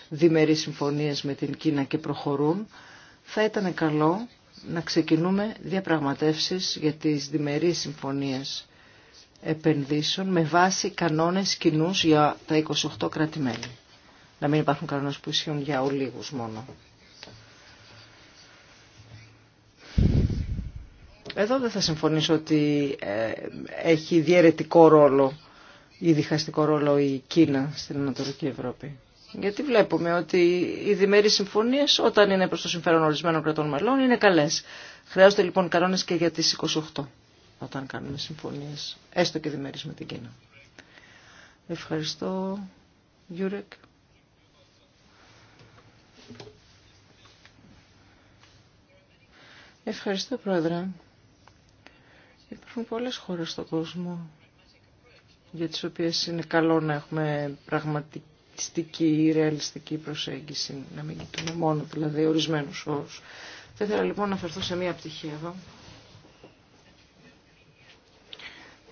διμερεί συμφωνίες με την Κίνα και προχωρούν, θα ήταν καλό να ξεκινούμε διαπραγματεύσεις για τις διμερείς συμφωνίες επενδύσεων με βάση κανόνες κοινούς για τα 28 κρατη να μην υπάρχουν κανόνες που ισχύουν για ολίγους μόνο. Εδώ δεν θα συμφωνήσω ότι ε, έχει διαιρετικό ρόλο ή διχαστικό ρόλο η Κίνα στην Ανατολική Ευρώπη. Γιατί βλέπουμε ότι οι διμερείς συμφωνίες όταν είναι προς το συμφέρον ορισμένων κρατών μελών είναι καλές. Χρειάζονται λοιπόν κανόνε και για τις 28 όταν κάνουμε συμφωνίε. έστω και διμερεί με την Κίνα. Ευχαριστώ, Γιούρεκ. Ευχαριστώ, Πρόεδρε. Υπάρχουν πολλές χώρες στον κόσμο για τις οποίες είναι καλό να έχουμε πραγματιστική ή ρεαλιστική προσέγγιση, να μην κοιτούμε μόνο δηλαδή ορισμένους όρους. Θα ήθελα λοιπόν να φερθώ σε μία πτυχή εδώ,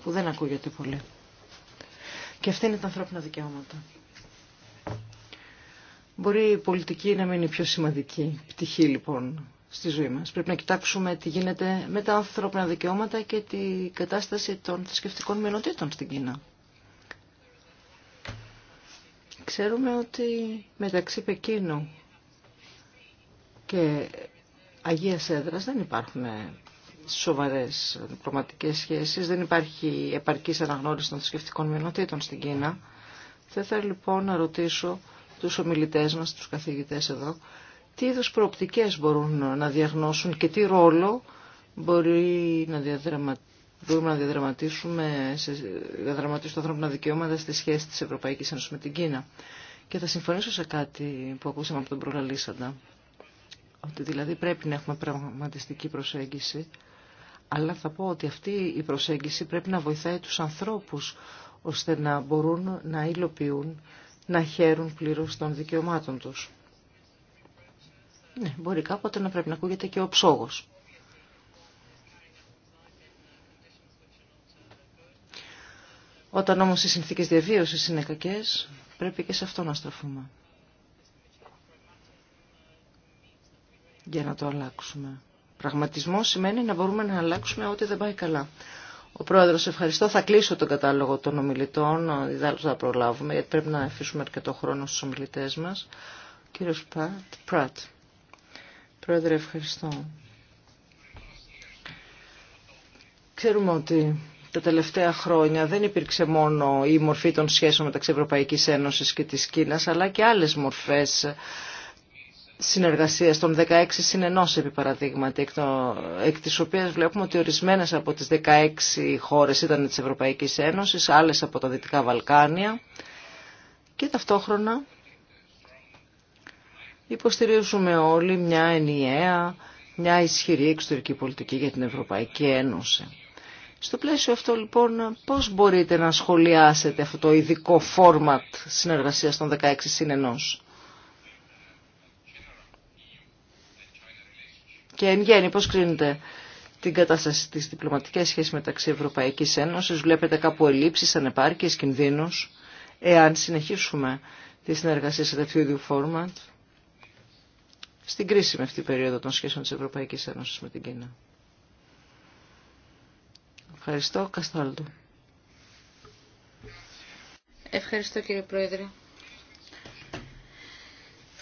που δεν ακούγεται πολύ. Και αυτή είναι τα ανθρώπινα δικαιώματα. Μπορεί η πολιτική να μην είναι η πιο σημαντική πτυχή λοιπόν στη ζωή μας. Πρέπει να κοιτάξουμε τι γίνεται με τα ανθρώπινα δικαιώματα και τη κατάσταση των θρησκευτικών μειονοτήτων στην Κίνα. Ξέρουμε ότι μεταξύ Πεκίνου και Αγίας Έδρας δεν υπάρχουν σοβαρές διπλωματικές σχέσεις, δεν υπάρχει επαρκής αναγνώριση των θρησκευτικών μειονοτήτων στην Κίνα. Θα ήθελα λοιπόν να ρωτήσω τους ομιλητές μας, τους καθηγητές εδώ, τι είδους προοπτικές μπορούν να διαγνώσουν και τι ρόλο μπορεί να διαδραματίσουν μπορούμε να διαδραματίσουμε, σε, διαδραματίσουμε τα ανθρώπινα δικαιώματα στη σχέση της Ευρωπαϊκής Ένωσης με την Κίνα. Και θα συμφωνήσω σε κάτι που ακούσαμε από τον προλαλήσαντα, ότι δηλαδή πρέπει να έχουμε πραγματιστική προσέγγιση, αλλά θα πω ότι αυτή η προσέγγιση πρέπει να βοηθάει τους ανθρώπους, ώστε να μπορούν να υλοποιούν, να χαίρουν πλήρως των δικαιωμάτων τους. Ναι, μπορεί κάποτε να πρέπει να ακούγεται και ο ψόγος. Όταν όμως οι συνθήκες διαβίωσης είναι κακές, πρέπει και σε αυτό να στραφούμε. Για να το αλλάξουμε. Πραγματισμό σημαίνει να μπορούμε να αλλάξουμε ό,τι δεν πάει καλά. Ο Πρόεδρος, ευχαριστώ. Θα κλείσω τον κατάλογο των ομιλητών, διδάλλως θα προλάβουμε, γιατί πρέπει να αφήσουμε αρκετό χρόνο στους ομιλητές μας. κύριος Πρατ. Πρόεδρε, ευχαριστώ. Ξέρουμε ότι τα τελευταία χρόνια δεν υπήρξε μόνο η μορφή των σχέσεων μεταξύ Ευρωπαϊκής Ένωσης και της Κίνας, αλλά και άλλες μορφές συνεργασίας των 16 συνενός επί παραδείγματι, εκ, το, εκ της οποίας βλέπουμε ότι ορισμένες από τις 16 χώρες ήταν της Ευρωπαϊκής Ένωσης, άλλες από τα Δυτικά Βαλκάνια και ταυτόχρονα υποστηρίζουμε όλοι μια ενιαία, μια ισχυρή εξωτερική πολιτική για την Ευρωπαϊκή Ένωση. Στο πλαίσιο αυτό λοιπόν πώς μπορείτε να σχολιάσετε αυτό το ειδικό φόρματ συνεργασίας των 16 συνενός. Και εν γέννη πώς κρίνετε την κατάσταση της διπλωματικής σχέσης μεταξύ Ευρωπαϊκής Ένωσης, βλέπετε κάπου ελλείψεις, ανεπάρκειες, κινδύνους, εάν συνεχίσουμε τη συνεργασία σε τέτοιου ίδιου φόρματ στην αυτήν αυτή περίοδο των σχέσεων της Ευρωπαϊκής Ένωσης με την Κίνα. Ευχαριστώ. Καστάλτου. Ευχαριστώ κύριε Πρόεδρε.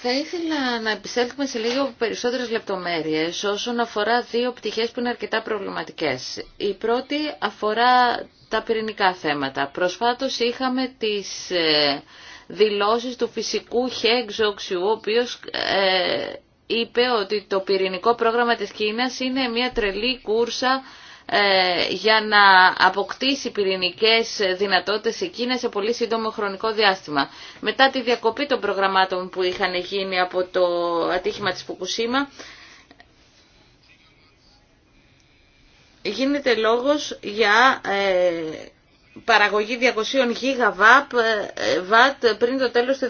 Θα ήθελα να επισέλθουμε σε λίγο περισσότερες λεπτομέρειες όσον αφορά δύο πτυχές που είναι αρκετά προβληματικές. Η πρώτη αφορά τα πυρηνικά θέματα. Προσφάτως είχαμε τις ε, δηλώσεις του φυσικού Χέγγ ο οποίος ε, είπε ότι το πυρηνικό πρόγραμμα της Κίνας είναι μια τρελή κούρσα ε, για να αποκτήσει πυρηνικές δυνατότητες η Κίνα σε πολύ σύντομο χρονικό διάστημα. Μετά τη διακοπή των προγραμμάτων που είχαν γίνει από το ατύχημα της Φουκουσίμα, γίνεται λόγος για ε, παραγωγή 200 γιγαβάτ ε, πριν το τέλος του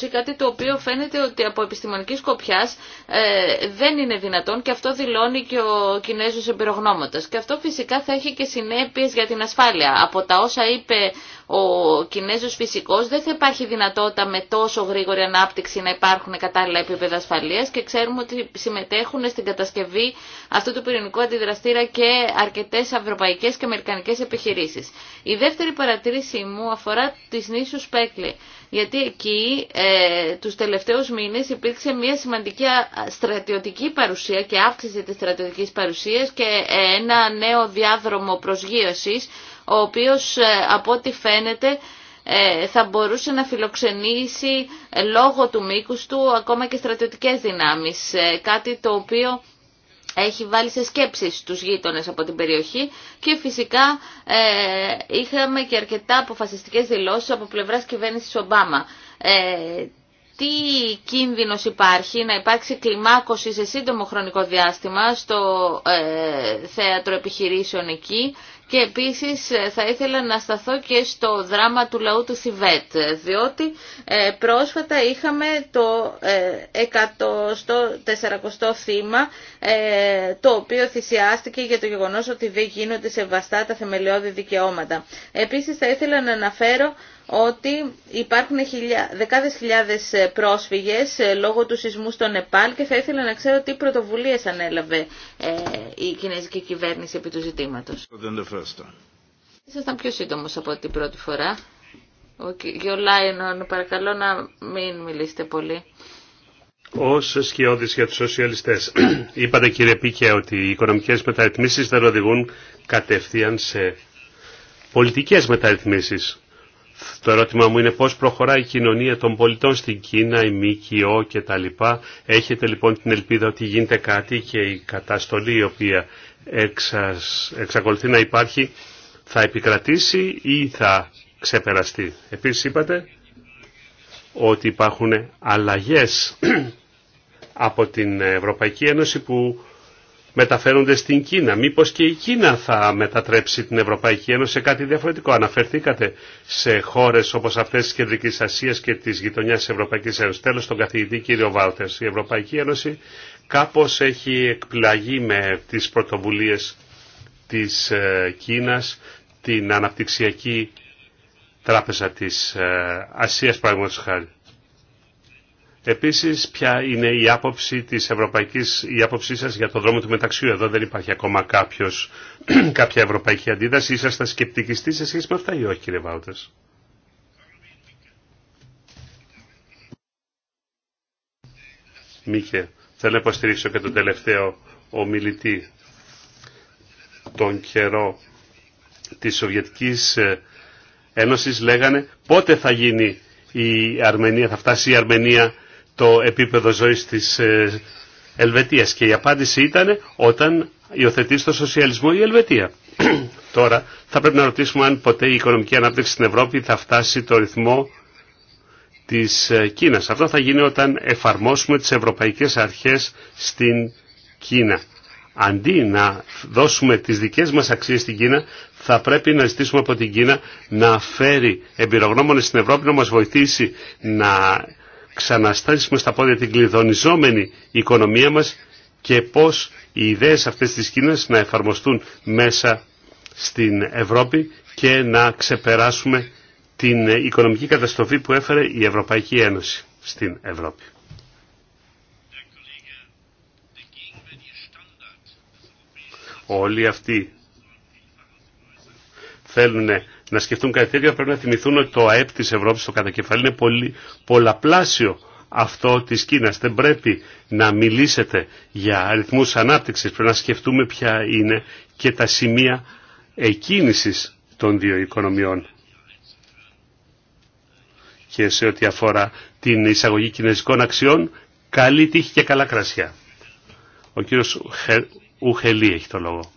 2020, κάτι το οποίο φαίνεται ότι από επιστημονική σκοπιά ε, δεν είναι δυνατόν και αυτό δηλώνει και ο Κινέζος εμπειρογνώματος. Και αυτό φυσικά θα έχει και συνέπειες για την ασφάλεια. Από τα όσα είπε ο Κινέζος φυσικός δεν θα υπάρχει δυνατότητα με τόσο γρήγορη ανάπτυξη να υπάρχουν κατάλληλα επίπεδα ασφαλείας και ξέρουμε ότι συμμετέχουν στην κατασκευή αυτού του πυρηνικού αντιδραστήρα και αρκετές ευρωπαϊκές και αμερικανικές επιχειρήσεις. Η δεύτερη παρατήρησή μου αφορά τις νήσους Πέκλη, γιατί εκεί ε, τους τελευταίους μήνες υπήρξε μια σημαντική στρατιωτική παρουσία και αύξηση τη στρατιωτική παρουσίας και ε, ένα νέο διάδρομο προσγείωσης ο οποίος ε, από ό,τι φαίνεται ε, θα μπορούσε να φιλοξενήσει ε, λόγω του μήκους του ακόμα και στρατιωτικές δυνάμεις, κάτι το οποίο έχει βάλει σε σκέψεις τους γείτονες από την περιοχή και φυσικά είχαμε και αρκετά αποφασιστικές δηλώσεις από πλευράς κυβέρνησης Ομπάμα. Τι κίνδυνος υπάρχει να υπάρξει κλιμάκωση σε σύντομο χρονικό διάστημα στο θέατρο επιχειρήσεων εκεί και επίσης ε, θα ήθελα να σταθώ και στο δράμα του λαού του Θιβέτ, διότι ε, πρόσφατα είχαμε το 140 ε, θύμα, το οποίο θυσιάστηκε για το γεγονός ότι δεν γίνονται σεβαστά τα θεμελιώδη δικαιώματα. Επίσης θα ήθελα να αναφέρω ότι υπάρχουν χιλιά, δεκάδες χιλιάδες ε, πρόσφυγες ε, λόγω του σεισμού στο Νεπάλ και θα ήθελα να ξέρω τι πρωτοβουλίες ανέλαβε ε, η κινέζικη κυβέρνηση επί του ζητήματος. Ήσασταν πιο σύντομος από την πρώτη φορά. Ο Γιολάινον, παρακαλώ να μην μιλήσετε πολύ. Ω σκιώδη για του σοσιαλιστέ, είπατε κύριε Πίκε ότι οι οικονομικέ μεταρρυθμίσει δεν οδηγούν κατευθείαν σε πολιτικέ μεταρρυθμίσει. Το ερώτημά μου είναι πώς προχωράει η κοινωνία των πολιτών στην Κίνα, η ΜΚΟ και τα λοιπά. Έχετε λοιπόν την ελπίδα ότι γίνεται κάτι και η καταστολή η οποία εξασ... εξακολουθεί να υπάρχει θα επικρατήσει ή θα ξεπεραστεί. Επίσης είπατε ότι υπάρχουν αλλαγές από την Ευρωπαϊκή Ένωση που μεταφέρονται στην Κίνα. Μήπως και η Κίνα θα μετατρέψει την Ευρωπαϊκή Ένωση σε κάτι διαφορετικό. Αναφερθήκατε σε χώρες όπως αυτές της Κεντρικής Ασίας και της γειτονιάς της Ευρωπαϊκής Ένωσης. Τέλος, τον καθηγητή κύριο Βάλτερς. Η Ευρωπαϊκή Ένωση κάπως έχει εκπλαγεί με τις πρωτοβουλίες της ε, Κίνας, την αναπτυξιακή τράπεζα της ε, Ασίας, παραδείγματος χάρη. Επίσης, ποια είναι η άποψη της Ευρωπαϊκής, η άποψή σας για το δρόμο του μεταξύ. Εδώ δεν υπάρχει ακόμα κάποιος, κάποια ευρωπαϊκή αντίδραση. Είσαστε σκεπτικιστή σε σχέση με αυτά ή όχι, κύριε Βάουτες. Μίκε, θέλω να υποστηρίξω και τον τελευταίο ομιλητή τον καιρό της Σοβιετικής ε, Ένωσης λέγανε πότε θα γίνει η Αρμενία, θα φτάσει η Αρμενία το επίπεδο ζωής της ε, Ελβετίας και η απάντηση ήταν όταν υιοθετεί στο σοσιαλισμό η Ελβετία. Τώρα θα πρέπει να ρωτήσουμε αν ποτέ η οικονομική ανάπτυξη στην Ευρώπη θα φτάσει το ρυθμό της ε, Κίνας. Αυτό θα γίνει όταν εφαρμόσουμε τις ευρωπαϊκές αρχές στην Κίνα. Αντί να δώσουμε τις δικές μας αξίες στην Κίνα, θα πρέπει να ζητήσουμε από την Κίνα να φέρει εμπειρογνώμονες στην Ευρώπη να μας βοηθήσει να ξαναστάσουμε στα πόδια την κλειδονιζόμενη οικονομία μας και πώς οι ιδέες αυτές της Κίνας να εφαρμοστούν μέσα στην Ευρώπη και να ξεπεράσουμε την οικονομική καταστροφή που έφερε η Ευρωπαϊκή Ένωση στην Ευρώπη. Όλοι αυτοί θέλουν να σκεφτούν κάτι τέτοιο πρέπει να θυμηθούν ότι το ΑΕΠ της Ευρώπης στο κατακεφάλι είναι πολύ, πολλαπλάσιο αυτό της Κίνας. Δεν πρέπει να μιλήσετε για αριθμούς ανάπτυξης. Πρέπει να σκεφτούμε ποια είναι και τα σημεία εκκίνησης των δύο οικονομιών. Και σε ό,τι αφορά την εισαγωγή κινέζικων αξιών, καλή τύχη και καλά κρασιά. Ο κύριος Ουχελή έχει το λόγο.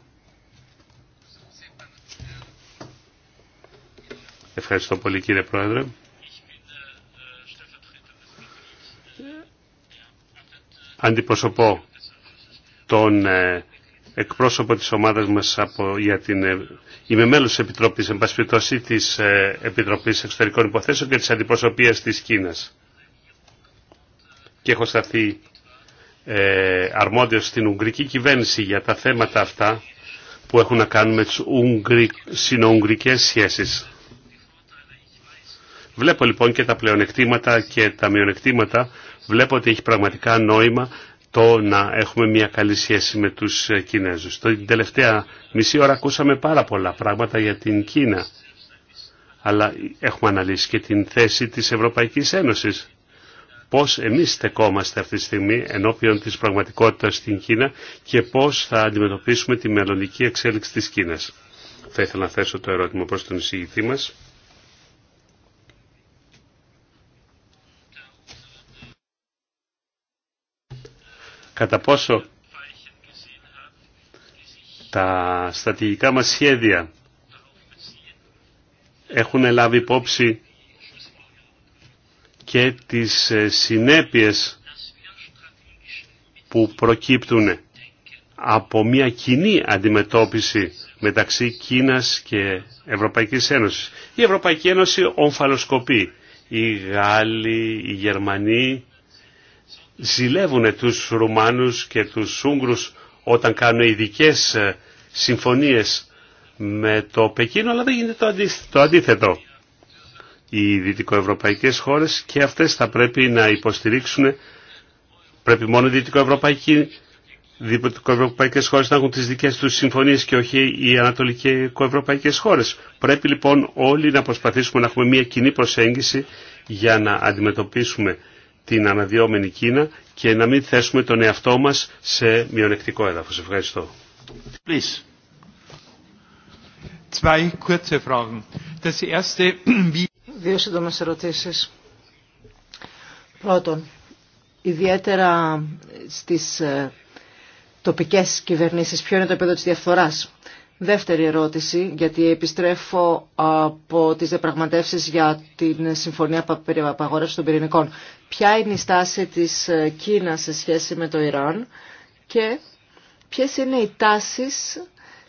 Ευχαριστώ πολύ κύριε Πρόεδρε. Αντιπροσωπώ τον ε, εκπρόσωπο της ομάδας μας για την... Ε, είμαι μέλος της Επιτροπής, εν της ε, Επιτροπής Εξωτερικών Υποθέσεων και της Αντιπροσωπείας της Κίνας. Και έχω σταθεί ε, αρμόδιος στην Ουγγρική κυβέρνηση για τα θέματα αυτά που έχουν να κάνουν με τις Ουγγρικ... συνοουγγρικές σχέσεις. Βλέπω λοιπόν και τα πλεονεκτήματα και τα μειονεκτήματα. Βλέπω ότι έχει πραγματικά νόημα το να έχουμε μια καλή σχέση με τους ε, Κινέζους. Την τελευταία μισή ώρα ακούσαμε πάρα πολλά πράγματα για την Κίνα. Αλλά έχουμε αναλύσει και την θέση της Ευρωπαϊκής Ένωσης. Πώς εμείς στεκόμαστε αυτή τη στιγμή ενώπιον της πραγματικότητας στην Κίνα και πώς θα αντιμετωπίσουμε τη μελλοντική εξέλιξη της Κίνας. Θα ήθελα να θέσω το ερώτημα προς τον εισηγητή μας. κατά πόσο τα στρατηγικά μας σχέδια έχουν λάβει υπόψη και τις ε, συνέπειες που προκύπτουν από μια κοινή αντιμετώπιση μεταξύ Κίνας και Ευρωπαϊκής Ένωσης. Η Ευρωπαϊκή Ένωση ομφαλοσκοπεί. Οι Γάλλοι, οι Γερμανοί ζηλεύουν τους Ρουμάνους και τους Ούγγρους όταν κάνουν ειδικέ ε, συμφωνίες με το Πεκίνο, αλλά δεν γίνεται το αντίθετο. Οι δυτικοευρωπαϊκές χώρες και αυτές θα πρέπει να υποστηρίξουν, πρέπει μόνο οι δυτικοευρωπαϊκές χώρες να έχουν τις δικές τους συμφωνίες και όχι οι ανατολικοευρωπαϊκές χώρες. Πρέπει λοιπόν όλοι να προσπαθήσουμε να έχουμε μια κοινή προσέγγιση για να αντιμετωπίσουμε την αναδυόμενη Κίνα και να μην θέσουμε τον εαυτό μας σε μειονεκτικό έδαφος. Ευχαριστώ. Please. Δύο σύντομες ερωτήσεις. Πρώτον, ιδιαίτερα στις ε, τοπικές κυβερνήσεις, ποιο είναι το επίπεδο της διαφθοράς Δεύτερη ερώτηση, γιατί επιστρέφω από τις διαπραγματεύσεις για την Συμφωνία Απαγόρευσης των Πυρηνικών. Ποια είναι η στάση της Κίνας σε σχέση με το Ιράν και ποιες είναι οι τάσεις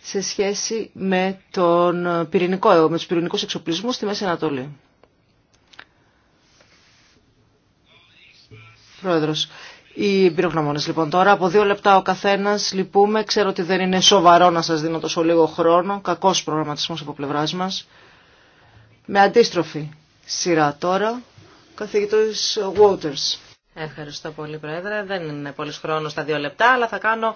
σε σχέση με, τον πυρηνικό, με τους πυρηνικούς εξοπλισμούς στη Μέση Ανατολή. Πρόεδρος, οι πυρογνωμόνες λοιπόν τώρα, από δύο λεπτά ο καθένας, λυπούμε, ξέρω ότι δεν είναι σοβαρό να σας δίνω τόσο λίγο χρόνο, κακός προγραμματισμός από πλευράς μας. Με αντίστροφη σειρά τώρα, καθηγητής Waters. Ευχαριστώ πολύ Πρόεδρε, δεν είναι πολύ χρόνο στα δύο λεπτά, αλλά θα κάνω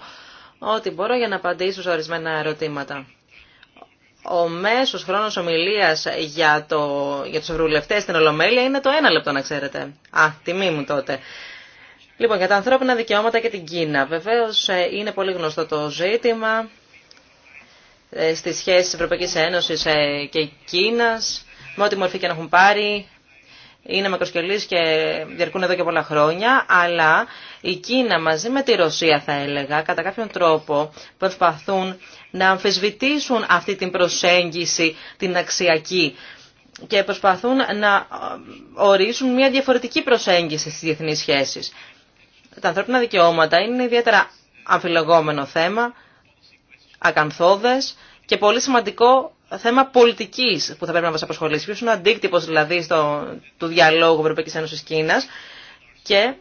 ό,τι μπορώ για να απαντήσω σε ορισμένα ερωτήματα. Ο μέσος χρόνος ομιλίας για, το, για τους ευρωβουλευτές στην Ολομέλεια είναι το ένα λεπτό να ξέρετε. Α, τιμή μου τότε. Λοιπόν, για τα ανθρώπινα δικαιώματα και την Κίνα. Βεβαίω ε, είναι πολύ γνωστό το ζήτημα ε, στι σχέσει της Ευρωπαϊκής Ένωσης ε, και Κίνας, με ό,τι μορφή και να έχουν πάρει. Είναι μακροσκελής και διαρκούν εδώ και πολλά χρόνια, αλλά η Κίνα μαζί με τη Ρωσία θα έλεγα, κατά κάποιον τρόπο προσπαθούν να αμφισβητήσουν αυτή την προσέγγιση, την αξιακή και προσπαθούν να ορίσουν μια διαφορετική προσέγγιση στις διεθνείς σχέσεις τα ανθρώπινα δικαιώματα είναι ιδιαίτερα αμφιλεγόμενο θέμα, ακανθώδες και πολύ σημαντικό θέμα πολιτικής που θα πρέπει να μας απασχολήσει. Ποιος είναι ο αντίκτυπος δηλαδή στο, του διαλόγου Ευρωπαϊκής Ένωσης Κίνα και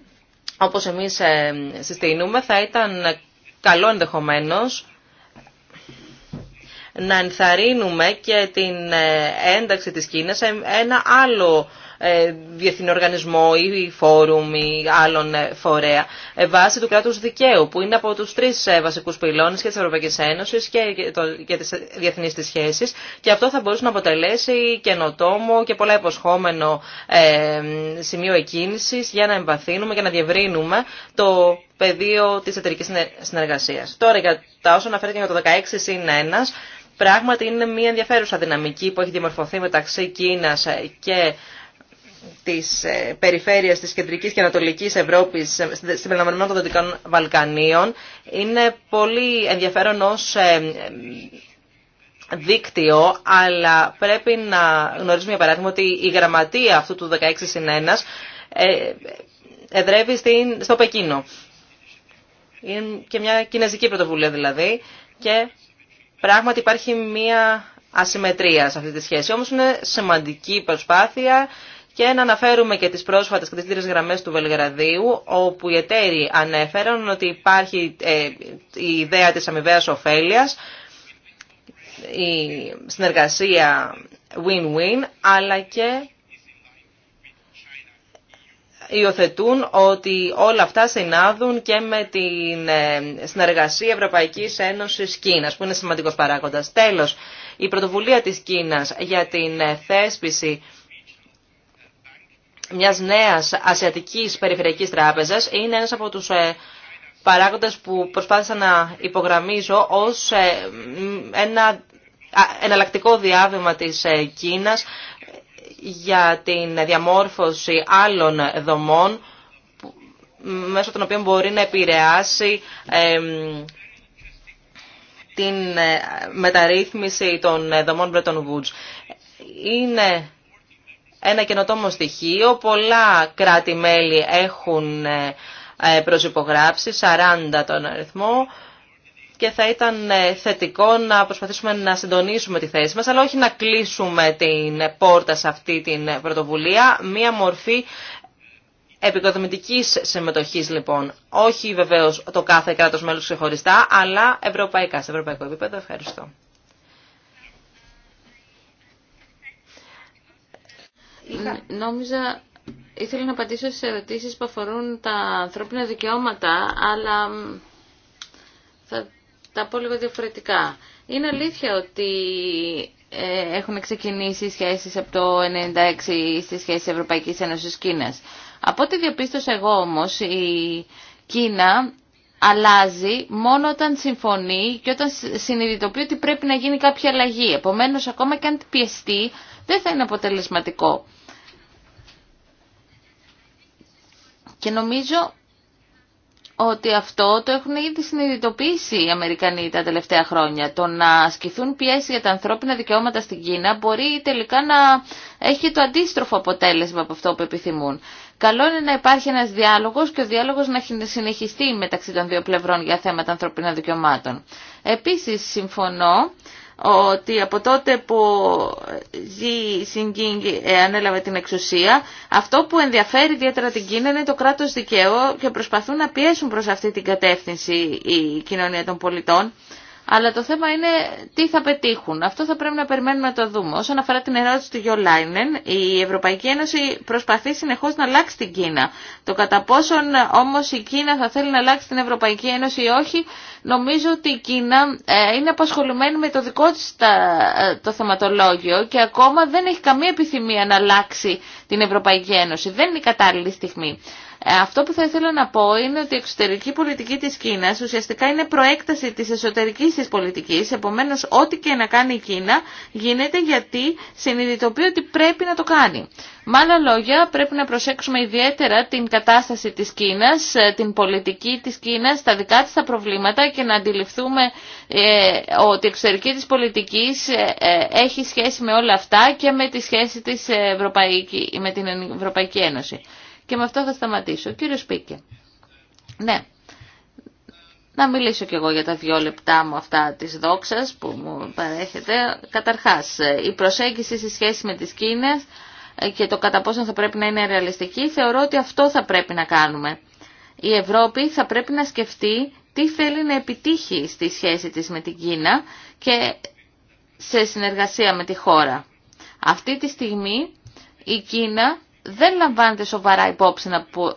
όπως εμείς ε, συστήνουμε θα ήταν καλό ενδεχομένω να ενθαρρύνουμε και την ε, ένταξη της Κίνας σε ένα άλλο ε, διεθνή οργανισμό ή φόρουμ ή άλλων ε, φορέα ε, βάσει του κράτους δικαίου που είναι από τους τρεις βασικούς πυλώνες και της Ευρωπαϊκής Ένωσης και, το, και της διεθνής της σχέσης και αυτό θα μπορούσε να αποτελέσει καινοτόμο και πολλά υποσχόμενο σημείο εκκίνησης για να εμβαθύνουμε και να διευρύνουμε το πεδίο της εταιρικής συνεργασίας. Τώρα για τα όσα αναφέρεται για το 16 είναι 1, Πράγματι είναι μια ενδιαφέρουσα δυναμική που έχει διαμορφωθεί μεταξύ Κίνας και της ε, περιφέρειας της Κεντρικής και Ανατολικής Ευρώπης ε, συμπεριλαμβανομένων των Δυτικών Βαλκανίων είναι πολύ ενδιαφέρον ως ε, δίκτυο, αλλά πρέπει να γνωρίζουμε για παράδειγμα ότι η γραμματεία αυτού του 16 συν 1 εδρεύει στο Πεκίνο. Είναι και μια κινέζικη πρωτοβουλία δηλαδή και πράγματι υπάρχει μια ασυμμετρία σε αυτή τη σχέση. Όμως είναι σημαντική προσπάθεια και να αναφέρουμε και τις πρόσφατες τρεις γραμμές του Βελγραδίου, όπου οι εταίροι ανέφεραν ότι υπάρχει ε, η ιδέα της αμοιβαίας ωφέλειας, η συνεργασία win-win, αλλά και υιοθετούν ότι όλα αυτά συνάδουν και με την ε, συνεργασία Ευρωπαϊκής Ένωσης Κίνας, που είναι σημαντικός παράγοντας. Τέλος, η πρωτοβουλία της Κίνας για την ε, θέσπιση μιας νέας ασιατικής περιφερειακής τράπεζας είναι ένας από τους ε, παράγοντες που προσπάθησα να υπογραμμίζω ως ε, ένα εναλλακτικό διάβημα της ε, Κίνας για την διαμόρφωση άλλων δομών μέσω των οποίων μπορεί να επηρεάσει την μεταρρύθμιση των δομών Bretton Woods. Είναι ένα καινοτόμο στοιχείο. Πολλά κράτη-μέλη έχουν ε, ε, προσυπογράψει, 40 τον αριθμό και θα ήταν ε, θετικό να προσπαθήσουμε να συντονίσουμε τη θέση μας, αλλά όχι να κλείσουμε την πόρτα σε αυτή την πρωτοβουλία. Μία μορφή επικοδομητικής συμμετοχής λοιπόν. Όχι βεβαίως το κάθε κράτος μέλος ξεχωριστά, αλλά ευρωπαϊκά, σε ευρωπαϊκό επίπεδο. Ευχαριστώ. Νόμιζα ήθελα να απαντήσω στις ερωτήσεις που αφορούν τα ανθρώπινα δικαιώματα, αλλά θα τα πω λίγο διαφορετικά. Είναι αλήθεια ότι ε, έχουν ξεκινήσει οι σχέσεις από το 1996 στις σχέσεις Ευρωπαϊκής Ένωσης Κίνας. Από ό,τι διαπίστωσα εγώ όμως, η Κίνα αλλάζει μόνο όταν συμφωνεί και όταν συνειδητοποιεί ότι πρέπει να γίνει κάποια αλλαγή. Επομένως, ακόμα και αν πιεστεί, δεν θα είναι αποτελεσματικό. Και νομίζω ότι αυτό το έχουν ήδη συνειδητοποιήσει οι Αμερικανοί τα τελευταία χρόνια. Το να ασκηθούν πιέσει για τα ανθρώπινα δικαιώματα στην Κίνα μπορεί τελικά να έχει το αντίστροφο αποτέλεσμα από αυτό που επιθυμούν. Καλό είναι να υπάρχει ένας διάλογος και ο διάλογος να συνεχιστεί μεταξύ των δύο πλευρών για θέματα ανθρωπίνων δικαιωμάτων. Επίσης συμφωνώ ότι από τότε που Ζη Σιγκίνγκ ε, ανέλαβε την εξουσία, αυτό που ενδιαφέρει ιδιαίτερα την Κίνα είναι το κράτος δικαίου και προσπαθούν να πιέσουν προς αυτή την κατεύθυνση η κοινωνία των πολιτών. Αλλά το θέμα είναι τι θα πετύχουν. Αυτό θα πρέπει να περιμένουμε να το δούμε. Όσον αφορά την ερώτηση του Γιώ η Ευρωπαϊκή Ένωση προσπαθεί συνεχώ να αλλάξει την Κίνα. Το κατά πόσον όμω η Κίνα θα θέλει να αλλάξει την Ευρωπαϊκή Ένωση ή όχι, νομίζω ότι η Κίνα ε, είναι απασχολημένη με το δικό τη ε, το θεματολόγιο και ακόμα δεν έχει καμία επιθυμία να αλλάξει την Ευρωπαϊκή Ένωση. Δεν είναι η κατάλληλη στιγμή. Ε, αυτό που θα ήθελα να πω είναι ότι η εξωτερική πολιτική της Κίνας ουσιαστικά είναι προέκταση της εσωτερικής της πολιτικής, επομένως ό,τι και να κάνει η Κίνα γίνεται γιατί συνειδητοποιεί ότι πρέπει να το κάνει. Με άλλα λόγια, πρέπει να προσέξουμε ιδιαίτερα την κατάσταση της Κίνας, ε, την πολιτική της Κίνας, τα δικά της τα προβλήματα και να αντιληφθούμε ε, ότι η εξωτερική της πολιτικής έχει σχέση με όλα αυτά και με τη σχέση της Ευρωπαϊκή, με την Ευρωπαϊκή Ένωση. Και με αυτό θα σταματήσω. Κύριο Πίκη. Ναι. Να μιλήσω κι εγώ για τα δυο λεπτά μου αυτά της δόξας που μου παρέχεται. Καταρχάς, η προσέγγιση στη σχέση με τις Κίνες και το κατά πόσο θα πρέπει να είναι ρεαλιστική, θεωρώ ότι αυτό θα πρέπει να κάνουμε. Η Ευρώπη θα πρέπει να σκεφτεί τι θέλει να επιτύχει στη σχέση της με την Κίνα και σε συνεργασία με τη χώρα. Αυτή τη στιγμή η Κίνα δεν λαμβάνεται σοβαρά υπόψη από...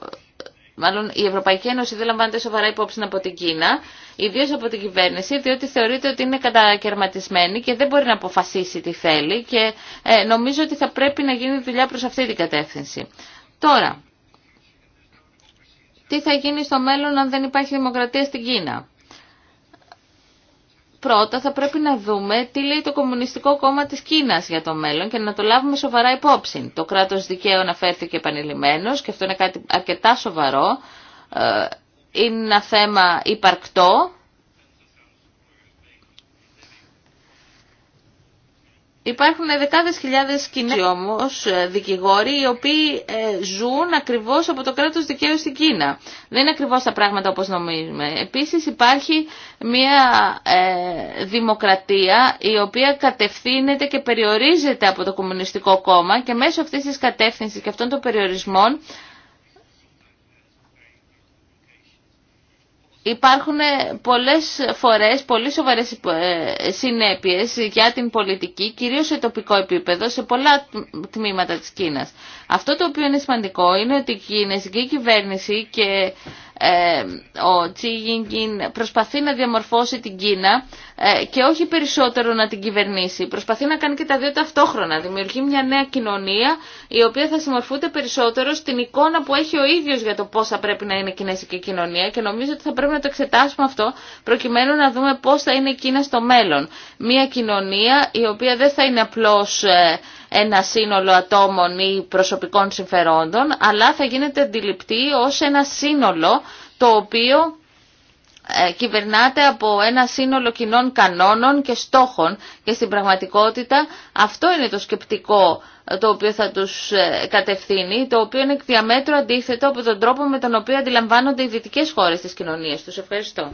Μάλλον η Ευρωπαϊκή Ένωση δεν λαμβάνεται σοβαρά υπόψη από την Κίνα, ιδίω από την κυβέρνηση, διότι θεωρείται ότι είναι κατακαιρματισμένη και δεν μπορεί να αποφασίσει τι θέλει και ε, νομίζω ότι θα πρέπει να γίνει δουλειά προς αυτή την κατεύθυνση. Τώρα, τι θα γίνει στο μέλλον αν δεν υπάρχει δημοκρατία στην Κίνα πρώτα θα πρέπει να δούμε τι λέει το Κομμουνιστικό Κόμμα της Κίνας για το μέλλον και να το λάβουμε σοβαρά υπόψη. Το κράτος δικαίου αναφέρθηκε επανειλημμένος και αυτό είναι κάτι αρκετά σοβαρό. Ε, είναι ένα θέμα υπαρκτό Υπάρχουν δεκάδε χιλιάδε Κινέζοι όμω, ε, δικηγόροι οι οποίοι ε, ζουν ακριβώς από το κράτο δικαίου στην Κίνα. Δεν είναι ακριβώς τα πράγματα όπως νομίζουμε. Επίσης υπάρχει μια ε, δημοκρατία η οποία κατευθύνεται και περιορίζεται από το Κομμουνιστικό Κόμμα και μέσω αυτής της κατεύθυνση και αυτών των περιορισμών υπάρχουν ε, πολλές φορές πολύ σοβαρές ε, συνέπειες για την πολιτική, κυρίως σε τοπικό επίπεδο, σε πολλά τμήματα της Κίνας. Αυτό το οποίο είναι σημαντικό είναι ότι η κινέζικη κυβέρνηση και ε, ο Τσι προσπαθεί να διαμορφώσει την Κίνα ε, και όχι περισσότερο να την κυβερνήσει. Προσπαθεί να κάνει και τα δύο ταυτόχρονα. Δημιουργεί μια νέα κοινωνία η οποία θα συμμορφούνται περισσότερο στην εικόνα που έχει ο ίδιος για το πώς θα πρέπει να είναι η κινέζικη κοινωνία και νομίζω ότι θα πρέπει να το εξετάσουμε αυτό προκειμένου να δούμε πώ θα είναι η Κίνα στο μέλλον. Μια κοινωνία η οποία δεν θα είναι απλώς ε, ένα σύνολο ατόμων ή προσωπικών συμφερόντων, αλλά θα γίνεται αντιληπτή ως ένα σύνολο το οποίο ε, κυβερνάται από ένα σύνολο κοινών κανόνων και στόχων και στην πραγματικότητα αυτό είναι το σκεπτικό ε, το οποίο θα τους ε, κατευθύνει, το οποίο είναι διαμέτρου αντίθετο από τον τρόπο με τον οποίο αντιλαμβάνονται οι δυτικές χώρες της κοινωνίας τους. Ευχαριστώ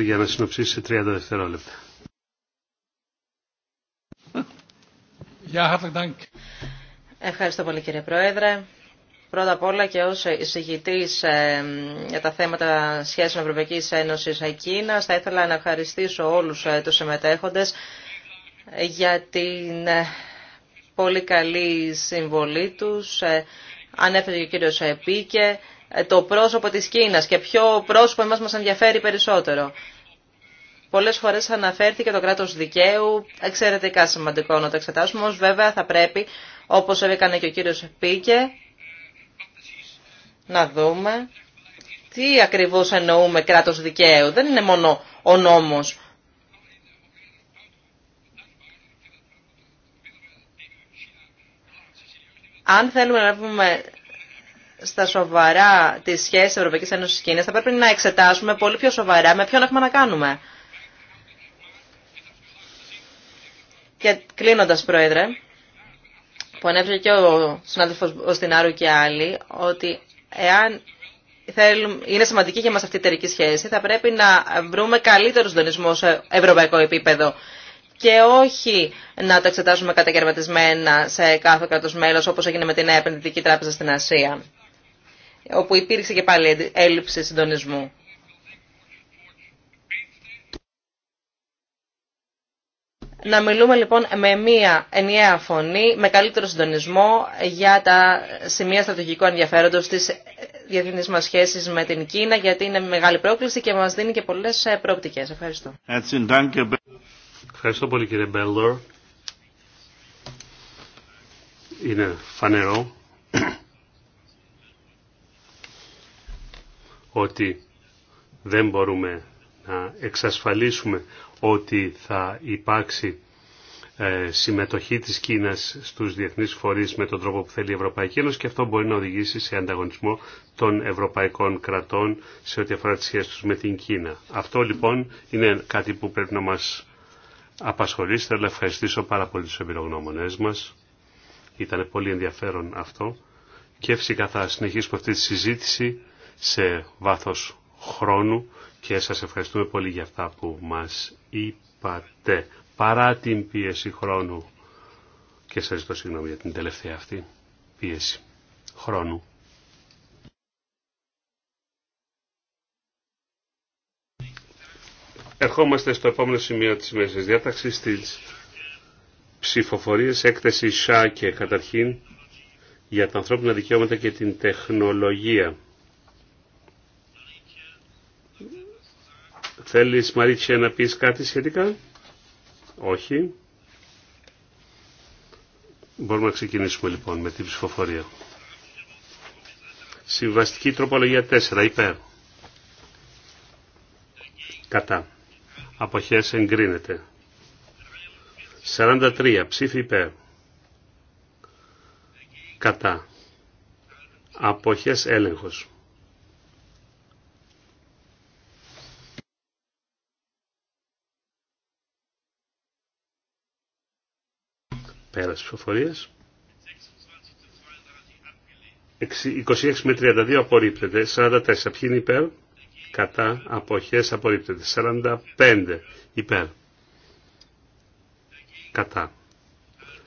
για σε 30 δευτερόλεπτα. Ευχαριστώ πολύ κύριε Πρόεδρε. Πρώτα απ' όλα και ως εισηγητής ε, για τα θέματα σχέσεων Ευρωπαϊκής Ένωσης Κίνας θα ήθελα να ευχαριστήσω όλους ε, τους συμμετέχοντες για την ε, πολύ καλή συμβολή τους. Ανέφερε και ο κύριος Επίκε ε, το πρόσωπο της Κίνας και ποιο πρόσωπο εμάς μας ενδιαφέρει περισσότερο. Πολλές φορές αναφέρθηκε το κράτος δικαίου, εξαιρετικά σημαντικό να το εξετάσουμε, όμως βέβαια θα πρέπει, όπως έκανε και ο κύριος Πίκε, να δούμε τι ακριβώς εννοούμε κράτος δικαίου. Δεν είναι μόνο ο νόμος. Αν θέλουμε να πούμε στα σοβαρά τη σχέση Ευρωπαϊκή Ένωση Κίνα, θα πρέπει να εξετάσουμε πολύ πιο σοβαρά με ποιον έχουμε να κάνουμε. Και κλείνοντα Πρόεδρε, που ανέφερε και ο συνάδελφο Οστινάρου και άλλοι, ότι εάν θέλουμε, είναι σημαντική για μα αυτή η εταιρική σχέση, θα πρέπει να βρούμε καλύτερο συντονισμό σε ευρωπαϊκό επίπεδο και όχι να το εξετάσουμε κατακαιρματισμένα σε κάθε κράτος μέλος, όπως έγινε με την Επενδυτική Τράπεζα στην Ασία όπου υπήρξε και πάλι έλλειψη συντονισμού. Να μιλούμε λοιπόν με μία ενιαία φωνή, με καλύτερο συντονισμό για τα σημεία στρατηγικού ενδιαφέροντος της διεθνής μας σχέσης με την Κίνα, γιατί είναι μεγάλη πρόκληση και μας δίνει και πολλές ε, προοπτικές. Ευχαριστώ. Ευχαριστώ πολύ κύριε Μπέλλορ. Είναι φανερό ότι δεν μπορούμε να εξασφαλίσουμε ότι θα υπάρξει ε, συμμετοχή της Κίνας στους διεθνείς φορείς με τον τρόπο που θέλει η Ευρωπαϊκή Ένωση και αυτό μπορεί να οδηγήσει σε ανταγωνισμό των ευρωπαϊκών κρατών σε ό,τι αφορά τις σχέσεις τους με την Κίνα. Αυτό λοιπόν είναι κάτι που πρέπει να μας απασχολήσει. Θέλω να ευχαριστήσω πάρα πολύ τους εμπειρογνώμονές μας. Ήταν πολύ ενδιαφέρον αυτό. Και φυσικά θα συνεχίσουμε αυτή τη συζήτηση σε βάθος χρόνου και σας ευχαριστούμε πολύ για αυτά που μας είπατε. Παρά την πίεση χρόνου και σας ζητώ συγγνώμη για την τελευταία αυτή πίεση χρόνου. Ερχόμαστε στο επόμενο σημείο της μέσης διάταξης, της ψηφοφορίες, έκθεση ΣΑΚΕ καταρχήν για τα ανθρώπινα δικαιώματα και την τεχνολογία. Θέλεις Μαρίτσια να πεις κάτι σχετικά? Όχι. Μπορούμε να ξεκινήσουμε λοιπόν με την ψηφοφορία. Συμβαστική τροπολογία 4 υπέρ. Κατά. Αποχές εγκρίνεται. 43 ψήφι υπέρ. Κατά. Αποχές έλεγχος. Πέρας ψηφοφορίες. 26 με 32 απορρίπτεται. 44. Ποιοι είναι υπέρ. Κατά αποχές απορρίπτεται. 45 υπέρ. Κατά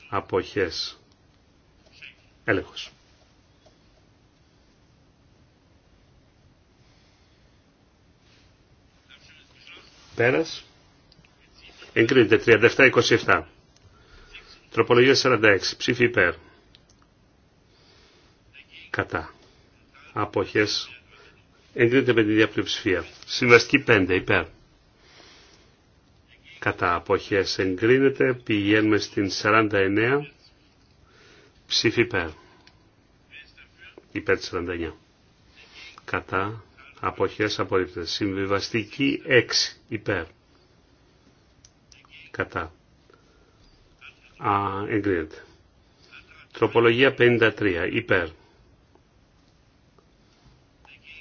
αποχές. Έλεγχος. Πέρας. Εγκρίνεται 37-27. Τροπολογία 46. Ψήφι υπέρ. Κατά. Αποχές. Εγκρίνεται με την διαπλειοψηφία. Συμβαστική 5. Υπέρ. Κατά αποχές εγκρίνεται. Πηγαίνουμε στην 49. Ψήφι υπέρ. Υπέρ 49. Κατά αποχές απορρίπτεται. Συμβιβαστική 6. Υπέρ. Κατά Α, εγκρίνεται. Τροπολογία 53. Υπέρ.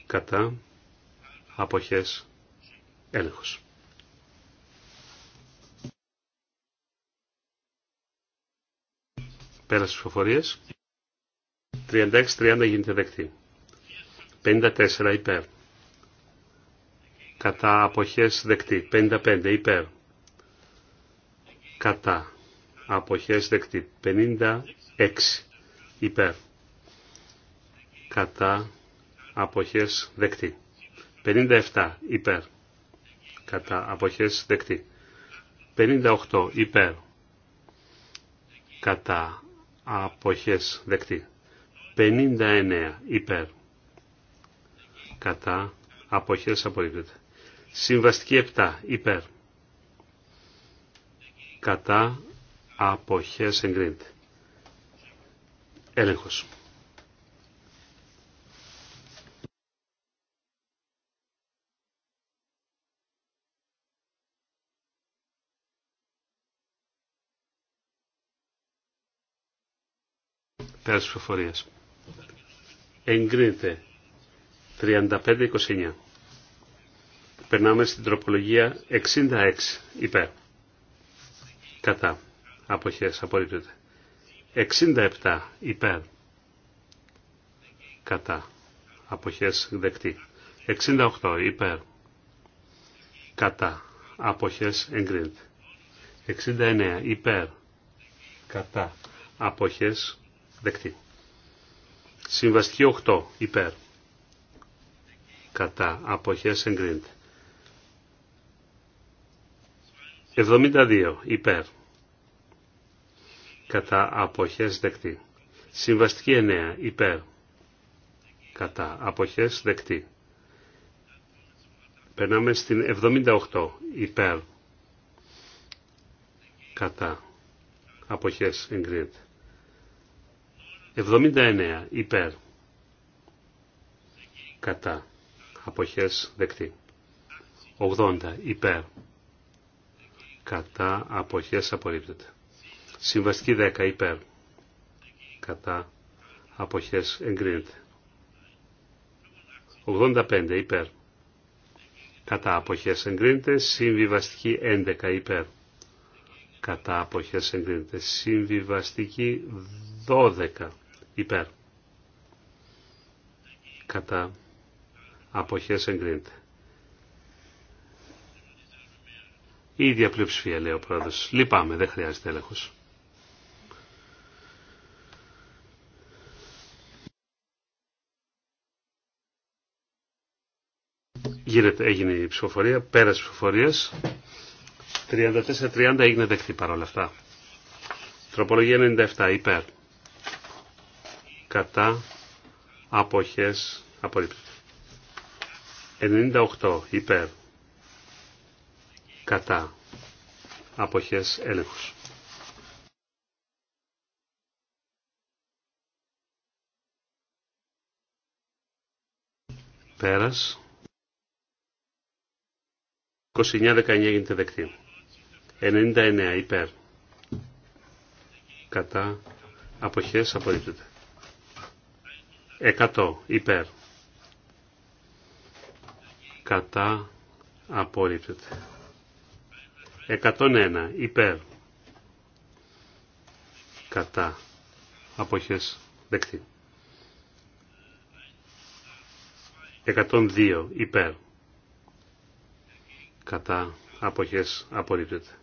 Κατά. Αποχές. Έλεγχος. φοφοριες ψηφοφορίες. 36-30 γίνεται δεκτή. 54 υπέρ. Κατά αποχές δεκτή. 55 υπέρ. Κατά αποχές δεκτή 56 υπέρ κατά αποχές δεκτή 57 υπέρ κατά αποχές δεκτή 58 υπέρ κατά αποχές δεκτή 59 υπέρ κατά αποχές απορρίπτεται συμβαστική 7 υπέρ κατά αποχές εγκρίνεται. Έλεγχος. Πέρασης ψηφοφορίας. Εγκρίνεται. 35-29. Περνάμε στην τροπολογία 66 υπέρ. Κατά αποχές απορρίπτεται. 67 υπέρ κατά αποχές δεκτή. 68 υπέρ κατά αποχές εγκρίνεται. 69 υπέρ κατά αποχές δεκτή. Συμβαστική 8 υπέρ κατά αποχές εγκρίνεται. 72 υπέρ κατά αποχές δεκτή. Συμβαστική 9 υπέρ κατά αποχές δεκτή. Περνάμε στην 78 υπέρ κατά αποχές εγκρίνεται. 79 υπέρ κατά αποχές δεκτή. 80 υπέρ κατά αποχές απορρίπτεται. Συμβαστική 10 υπέρ. Κατά αποχές εγκρίνεται. 85 υπέρ. Κατά αποχές εγκρίνεται. Συμβιβαστική 11 υπέρ. Κατά αποχές εγκρίνεται. Συμβιβαστική 12 υπέρ. Κατά αποχές εγκρίνεται. Η ίδια πλειοψηφία λέει ο πρόεδρος. Λυπάμαι, δεν χρειάζεται έλεγχος. Γίνεται, έγινε η ψηφοφορία, ψηφοφορια ψηφοφορίας. 34-30 έγινε δεκτή παρόλα αυτά. Τροπολογία 97 υπέρ. Κατά αποχές απορρίπτει. 98 υπέρ. Κατά αποχές έλεγχος. Πέρας. 29-19 γίνεται δεκτή. 99 υπέρ. Κατά αποχές απορρίπτεται. 100 υπέρ. Κατά απορρίπτεται. 101 υπέρ. Κατά αποχές δεκτή. 102 υπέρ κατά αποχές απορρίπτεται.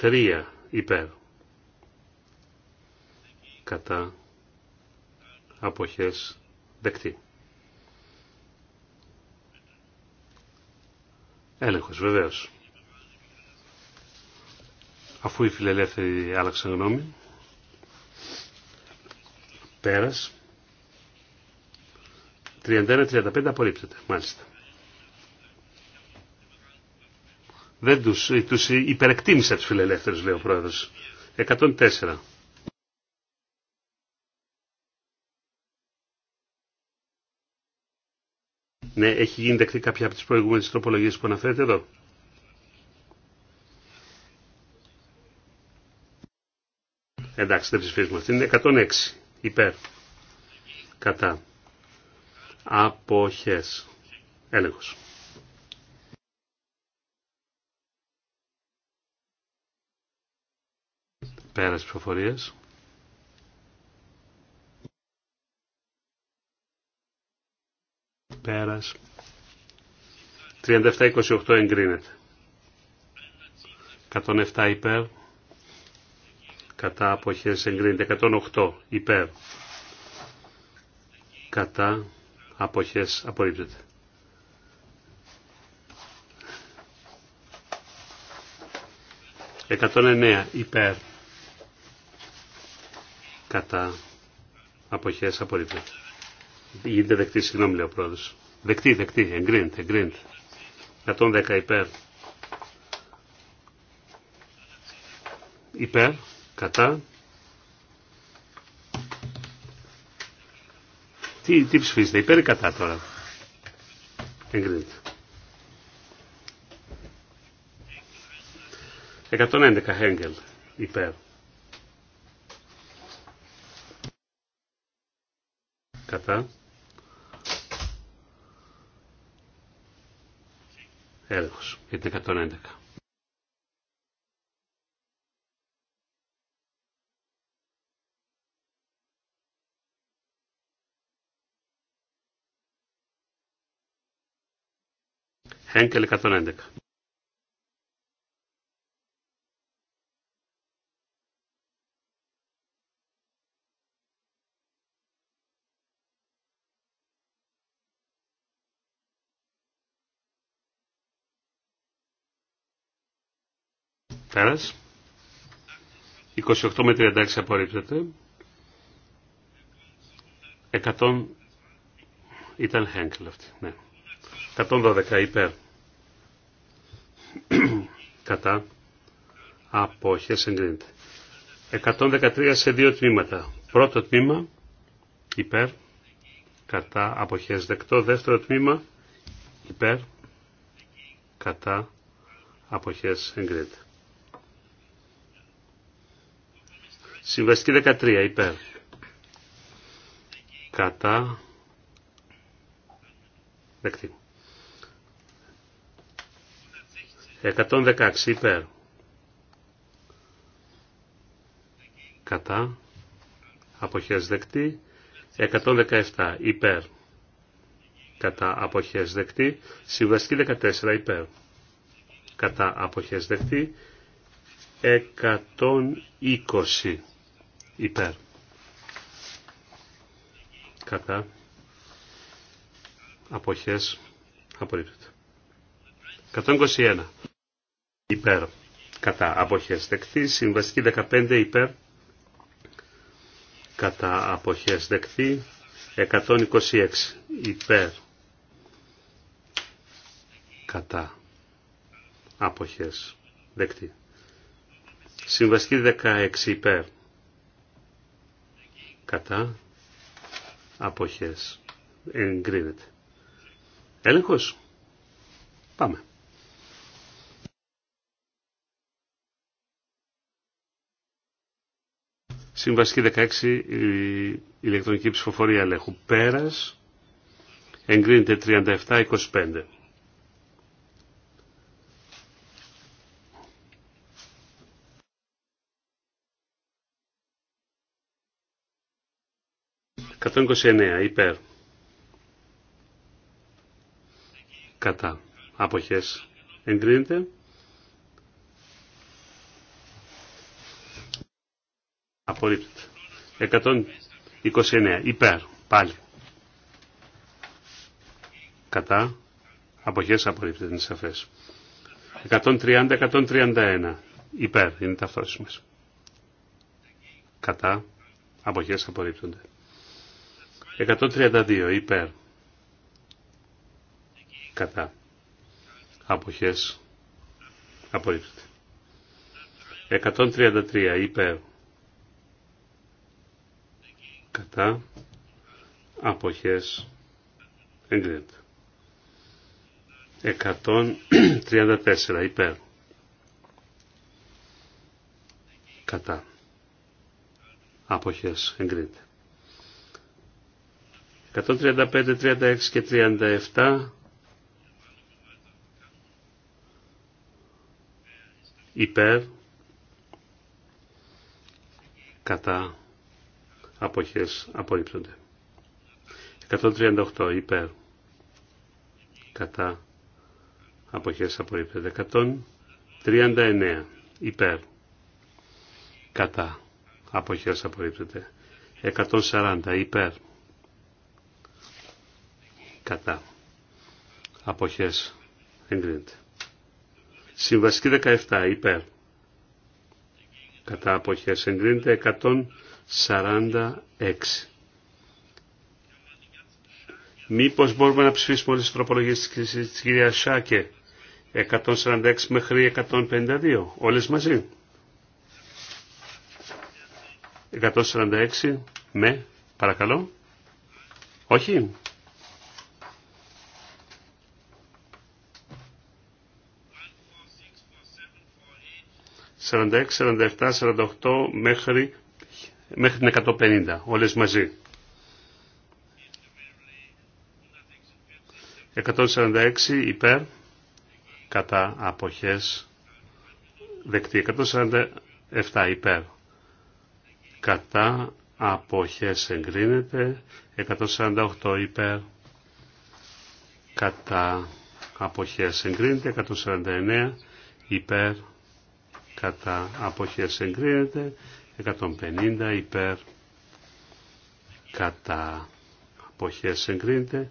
103 υπέρ κατά αποχές δεκτή. Έλεγχος βεβαίως. Αφού οι φιλελεύθεροι άλλαξαν γνώμη, πέρας 31-35 απορρίπτεται, μάλιστα. Δεν τους, ε, τους υπερεκτίμησα τους φιλελεύθερους, λέει ο πρόεδρος. 104. Ναι, έχει γίνει δεκτή κάποια από τις προηγούμενες τροπολογίες που αναφέρετε εδώ. Εντάξει, δεν ψηφίζουμε. Αυτή είναι 106. Υπέρ. Κατά αποχές. Έλεγχος. Πέρας ψηφοφορίας. Πέρας. 37-28 εγκρίνεται. 107 υπέρ. Κατά αποχές εγκρίνεται. 108 υπέρ. Κατά αποχές απορρίπτεται. Εκατόν εννέα υπέρ κατά αποχές απορρίπτεται. Γίνεται δεκτή, συγγνώμη λέει ο πρόεδρος. Δεκτή, δεκτή, εγκρίνεται, εγκρίνεται. 110 υπέρ. Υπέρ, κατά, Τι, τι ψηφίζετε, υπέρ ή κατά τώρα. Εγκρίνεται. 111 Χέγγελ υπέρ. Κατά. Έλεγχος για την 111. Henkel 111. Πέρας. 28 με 36 απορρίπτεται. 100 ήταν Χένκελ αυτή. Ναι. 112 υπέρ. Κατά. Απόχες εγκρίνεται. 113 σε δύο τμήματα. Πρώτο τμήμα υπέρ. Κατά. Απόχες δεκτό. Δεύτερο τμήμα υπέρ. Κατά. Απόχες εγκρίνεται. Συμβαστική 13 υπέρ. Κατά. Δεκτή. 116 υπέρ. Κατά. Αποχές δεκτή. 117 υπέρ. Κατά αποχές δεκτή. Συμβαστική 14 υπέρ. Κατά αποχές δεκτή. 120 υπέρ. Κατά αποχές απορρίπτεται. 121 υπέρ κατά αποχές δεκτή, συμβαστική 15 υπέρ κατά αποχές δεκτή, 126 υπέρ κατά αποχές δεκτή. Συμβαστική 16 υπέρ κατά αποχές εγκρίνεται. Έλεγχος. Πάμε. Συμβαστική 16 η ηλεκτρονική ψηφοφορία ελέγχου. Πέρας εγκρίνεται 37-25. 129 υπέρ. Κατά. Αποχές. Εγκρίνεται. Απορρίπτεται. 129. Υπέρ. Πάλι. Κατά. Αποχές απορρίπτεται. Είναι σαφές. 130-131. Υπέρ. Είναι ταυτόσιμες. Κατά. Αποχές απορρίπτονται. 132. Υπέρ. Κατά. Αποχές απορρίπτονται. 133. Υπέρ κατά αποχές εγκρίνεται. 134 υπέρ κατά αποχές εγκρίνεται. 135, 36 και 37 υπέρ κατά αποχές απορρίπτονται. 138 υπέρ κατά αποχές απορρίπτεται. 139 υπέρ κατά αποχές απορρίπτεται. 140 υπέρ κατά αποχές εγκρίνεται. Συμβασική 17 υπέρ κατά αποχές εγκρίνεται. 146. Μήπως μπορούμε να ψηφίσουμε όλες τις τροπολογίες της κυρίας Σάκε 146 μέχρι 152, όλες μαζί. 146 με, ναι, παρακαλώ. Όχι. ...46, 47, 48 μέχρι μέχρι την 150, όλες μαζί. 146 υπέρ, κατά αποχές δεκτή. 147 υπέρ, κατά αποχές εγκρίνεται. 148 υπέρ, κατά αποχές εγκρίνεται. 149 υπέρ, κατά αποχές εγκρίνεται. 150 υπέρ κατά αποχές εγκρίνεται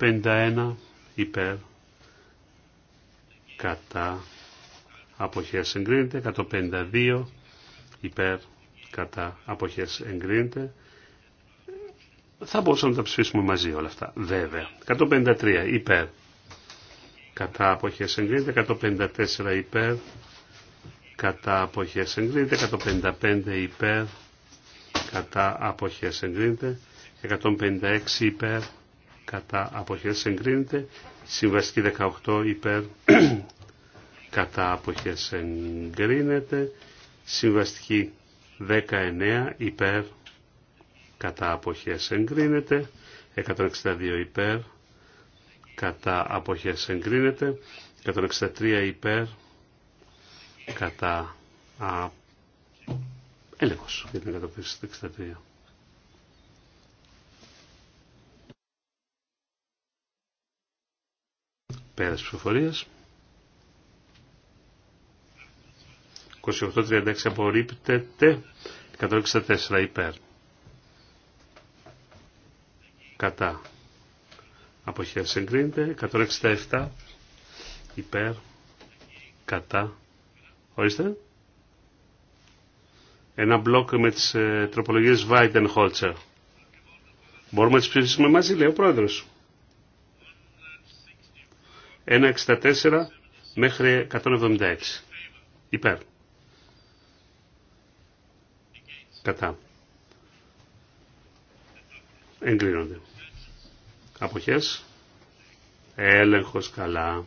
151 υπέρ κατά αποχές εγκρίνεται 152 υπέρ κατά αποχές εγκρίνεται θα μπορούσαμε να τα ψηφίσουμε μαζί όλα αυτά βέβαια 153 υπέρ κατά αποχές εγκρίνεται 154 υπέρ κατά αποχές εγκρίνεται, 155 υπέρ κατά αποχές εγκρίνεται, 156 υπέρ κατά αποχές εγκρίνεται, συμβαστική 18 υπέρ κατά αποχές εγκρίνεται, συμβαστική 19 υπέρ κατά αποχές εγκρίνεται, 162 υπέρ κατά αποχές εγκρίνεται, 163 υπέρ κατά α, έλεγχος για την 163. Πέρας ψηφοφορίας. 28-36 απορρίπτεται, 164 υπέρ. Κατά. Αποχές εγκρίνεται, 167 υπέρ, κατά Ορίστε. Ένα μπλοκ με τις ε, τροπολογίες Βάιντενχόλτσερ. Μπορούμε να τις ψηφίσουμε μαζί, λέει ο πρόεδρος. 1.64 μέχρι 176. Υπέρ. Κατά. Εγκρίνονται. Αποχές. Έλεγχος καλά.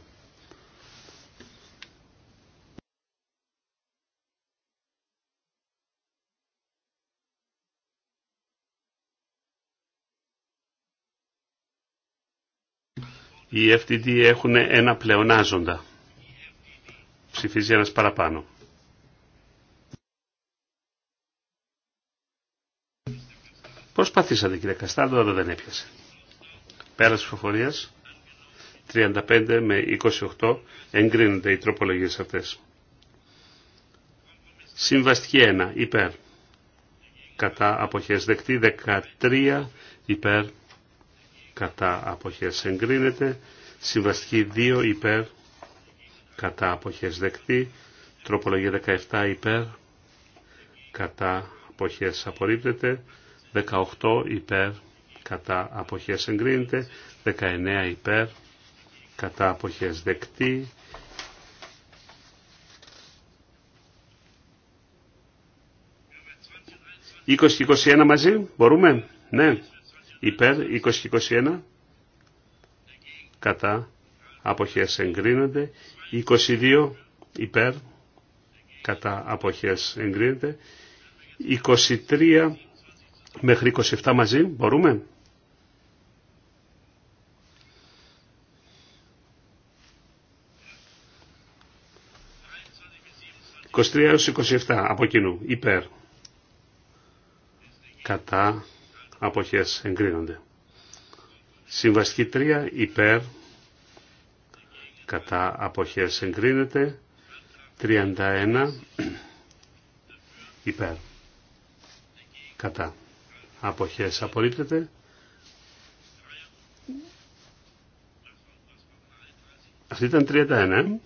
οι FTD έχουν ένα πλεονάζοντα. Ψηφίζει ένας παραπάνω. Προσπαθήσατε κύριε Καστάντο, αλλά δεν έπιασε. Πέρα της 35 με 28 εγκρίνονται οι τροπολογίες αυτές. Συμβαστική 1, υπέρ. Κατά αποχές δεκτή, 13 υπέρ κατά αποχές εγκρίνεται, συμβαστική 2 υπέρ, κατά αποχές δεκτή, τροπολογία 17 υπέρ, κατά αποχές απορρίπτεται, 18 υπέρ, κατά αποχές εγκρίνεται, 19 υπέρ, κατά αποχές δεκτή, «20 και 21 μαζί, μπορούμε, ναι. Υπέρ 20 21. Κατά. Αποχές εγκρίνονται. 22 υπέρ. Κατά. Αποχές εγκρίνεται. 23 μέχρι 27 μαζί. Μπορούμε. 23 έως 27 από κοινού. Υπέρ. Κατά αποχές εγκρίνονται. Συμβαστική 3 υπέρ κατά αποχές εγκρίνεται. 31 υπέρ κατά αποχές απορρίπτεται. Αυτή ήταν 31.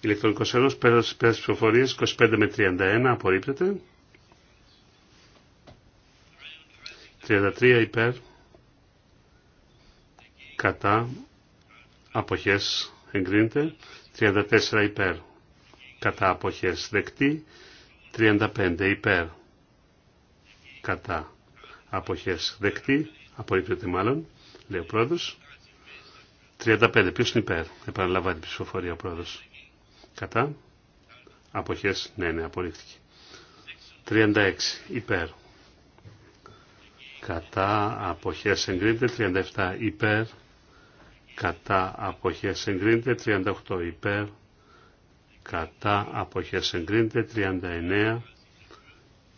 Ηλεκτρονικός έλεγχος πέρας της 25 με 31 απορρίπτεται. 33 υπέρ κατά αποχές εγκρίνεται. 34 υπέρ κατά αποχές δεκτή. 35 υπέρ κατά αποχές δεκτή. Απορρίπτεται μάλλον, λέει ο πρόεδρος. 35. ποιο είναι υπέρ. Επαναλαμβάνει η ψηφοφορία ο πρόεδρος. Κατά. Αποχές. Ναι, ναι, απορρίφθηκε. 36. Υπέρ. Κατά. Αποχές εγκρίνεται. 37. Υπέρ. Κατά. Αποχές εγκρίνεται. 38. Υπέρ. Κατά. Αποχές εγκρίνεται. 39.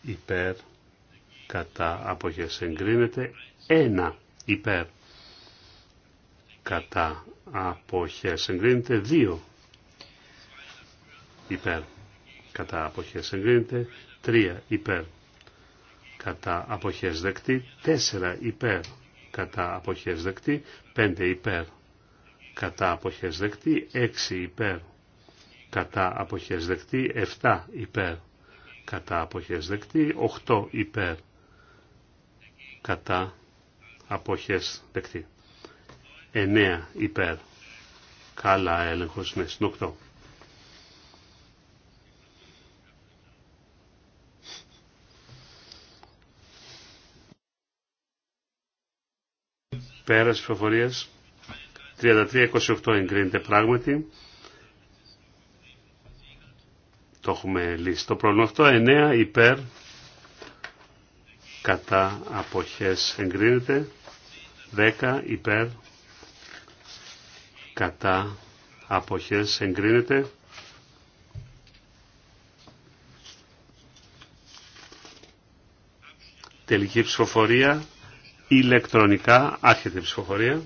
Υπέρ. Κατά. Αποχές εγκρίνεται. 1. Υπέρ. Κατά. Αποχές εγκρίνεται. 2 υπέρ κατά αποχές εγκρίνεται, τρία υπέρ κατά αποχές δεκτή, τέσσερα υπέρ κατά αποχές δεκτή, πέντε υπέρ κατά αποχές δεκτή, έξι υπέρ κατά αποχές δεκτή, εφτά υπέρ κατά αποχές δεκτή, οχτώ υπέρ κατά αποχές δεκτή, εννέα υπέρ. Καλά έλεγχος μέσα ναι, στην οκτώ. Πέρας ψηφοφορίας. 33-28 εγκρίνεται πράγματι. Το έχουμε λύσει το πρόβλημα αυτό. 9 υπέρ κατά αποχές εγκρίνεται. 10 υπέρ κατά αποχές εγκρίνεται. Τελική ψηφοφορία ηλεκτρονικά. Άρχεται η ψηφοφορία.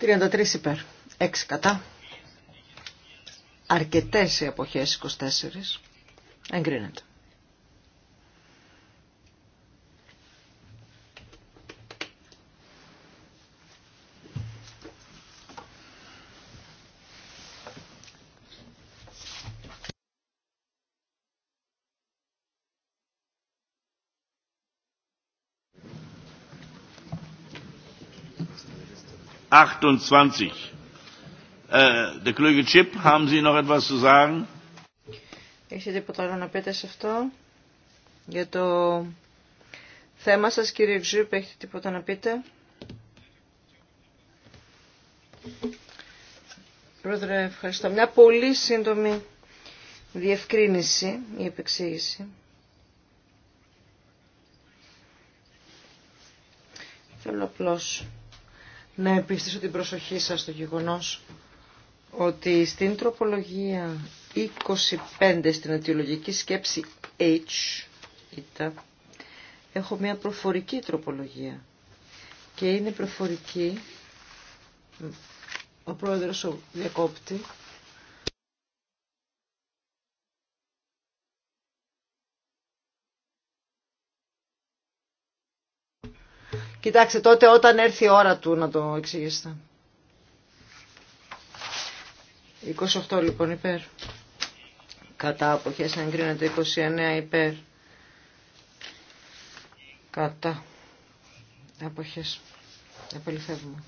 33 υπέρ. 6 κατά. Αρκετές οι αποχές 24. Εγκρίνεται. 28. Äh, der Kollege Chip, haben Sie noch etwas zu sagen? Έχετε τίποτα άλλο να πείτε σε αυτό. Για το θέμα σας κύριε Ξούπ, έχετε τίποτα να πείτε. Πρόεδρε, ευχαριστώ. Μια πολύ σύντομη διευκρίνηση ή επεξήγηση. Θέλω απλώς να επιστήσω την προσοχή σας στο γεγονός ότι στην τροπολογία 25 στην αιτιολογική σκέψη H έχω μια προφορική τροπολογία και είναι προφορική ο πρόεδρος ο διακόπτη Κοιτάξτε τότε όταν έρθει η ώρα του να το εξηγήσετε. 28 λοιπόν υπέρ. Κατά αποχές εγκρίνεται 29 υπέρ. Κατά αποχές. Επαληθεύουμε.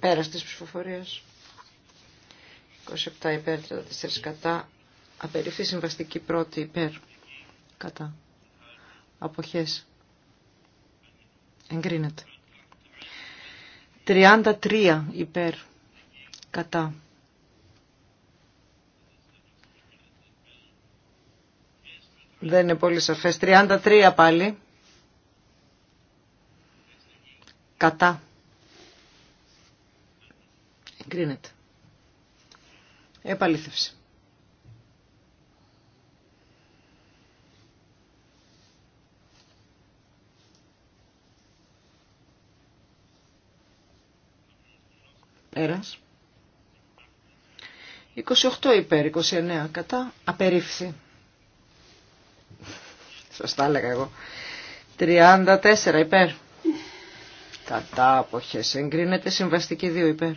Πέρας της ψηφοφορίας. 27 υπέρ, 34 κατά, Απερίφθη συμβαστική πρώτη υπέρ. Κατά. Αποχές. Εγκρίνεται. 33 υπέρ. Κατά. Δεν είναι πολύ σαφές. 33 πάλι. Κατά. Εγκρίνεται. Επαλήθευση. Έρας. 28 υπέρ, 29 κατά, απερίφθη. Σωστά έλεγα εγώ. 34 υπέρ. Κατά αποχές εγκρίνεται συμβαστική 2 υπέρ.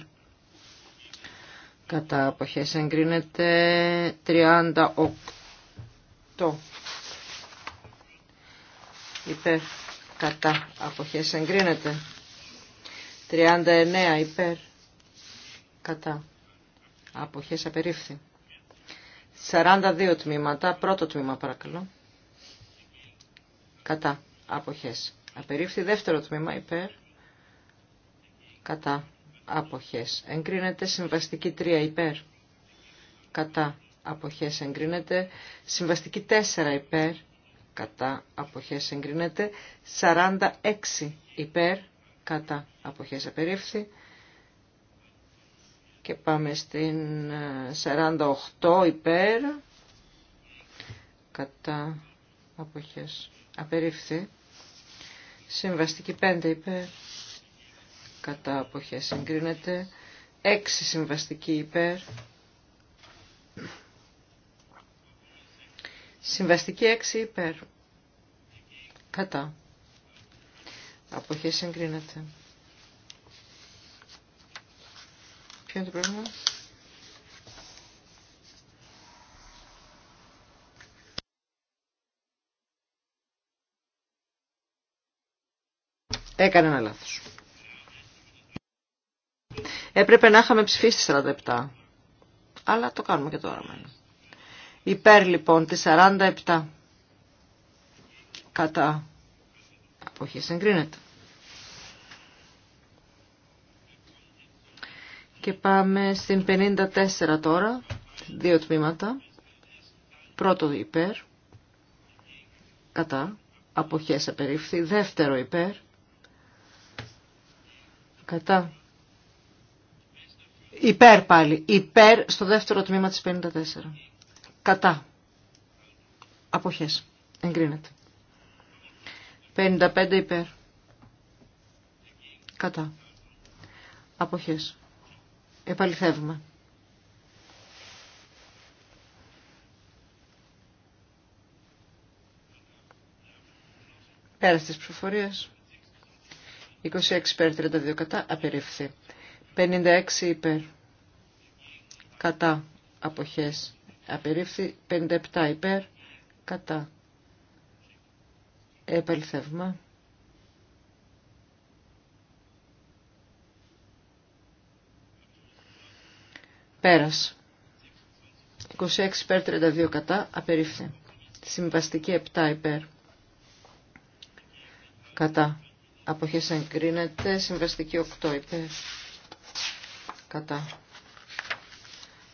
Κατά αποχές εγκρίνεται 38 υπέρ. Κατά αποχές εγκρίνεται 39 υπέρ κατά αποχές απερίφθη. 42 τμήματα, πρώτο τμήμα παρακαλώ, κατά αποχές απερίφθη, δεύτερο τμήμα υπέρ, κατά αποχές. Εγκρίνεται συμβαστική 3 υπέρ, κατά αποχές εγκρίνεται, συμβαστική 4 υπέρ, κατά αποχές εγκρίνεται, 46 υπέρ, κατά αποχές απερίφθη, και πάμε στην 48 ε, υπέρ. Κατά αποχές. Απερίφθη. Συμβαστική 5 υπέρ. Κατά αποχές συγκρίνεται. 6 συμβαστική υπέρ. Συμβαστική 6 υπέρ. Κατά. Αποχές συγκρίνεται. Ποιο είναι το πρόβλημα. Έκανε ένα λάθος. Έπρεπε να είχαμε ψηφίσει 47. Αλλά το κάνουμε και τώρα μένα. Υπέρ λοιπόν τη 47. Κατά. Αποχή συγκρίνεται. Και πάμε στην 54 τώρα, δύο τμήματα. Πρώτο υπέρ, κατά, αποχές απερίφθη. Δεύτερο υπέρ, κατά, υπέρ πάλι, υπέρ στο δεύτερο τμήμα της 54. Κατά, αποχές, εγκρίνεται. 55 υπέρ, κατά, αποχές Επαληθεύουμε. Πέρα της ψηφοφορίες. 26 υπέρ, 32 κατά, απερίφθη. 56 υπέρ, κατά, αποχές, απερίφθη. 57 υπέρ, κατά, επαληθεύμα. Πέρας. 26 υπέρ 32 κατά. Απερίφθη. Συμβαστική 7 υπέρ. Κατά. Αποχές εγκρίνεται. Συμβαστική 8 υπέρ. Κατά.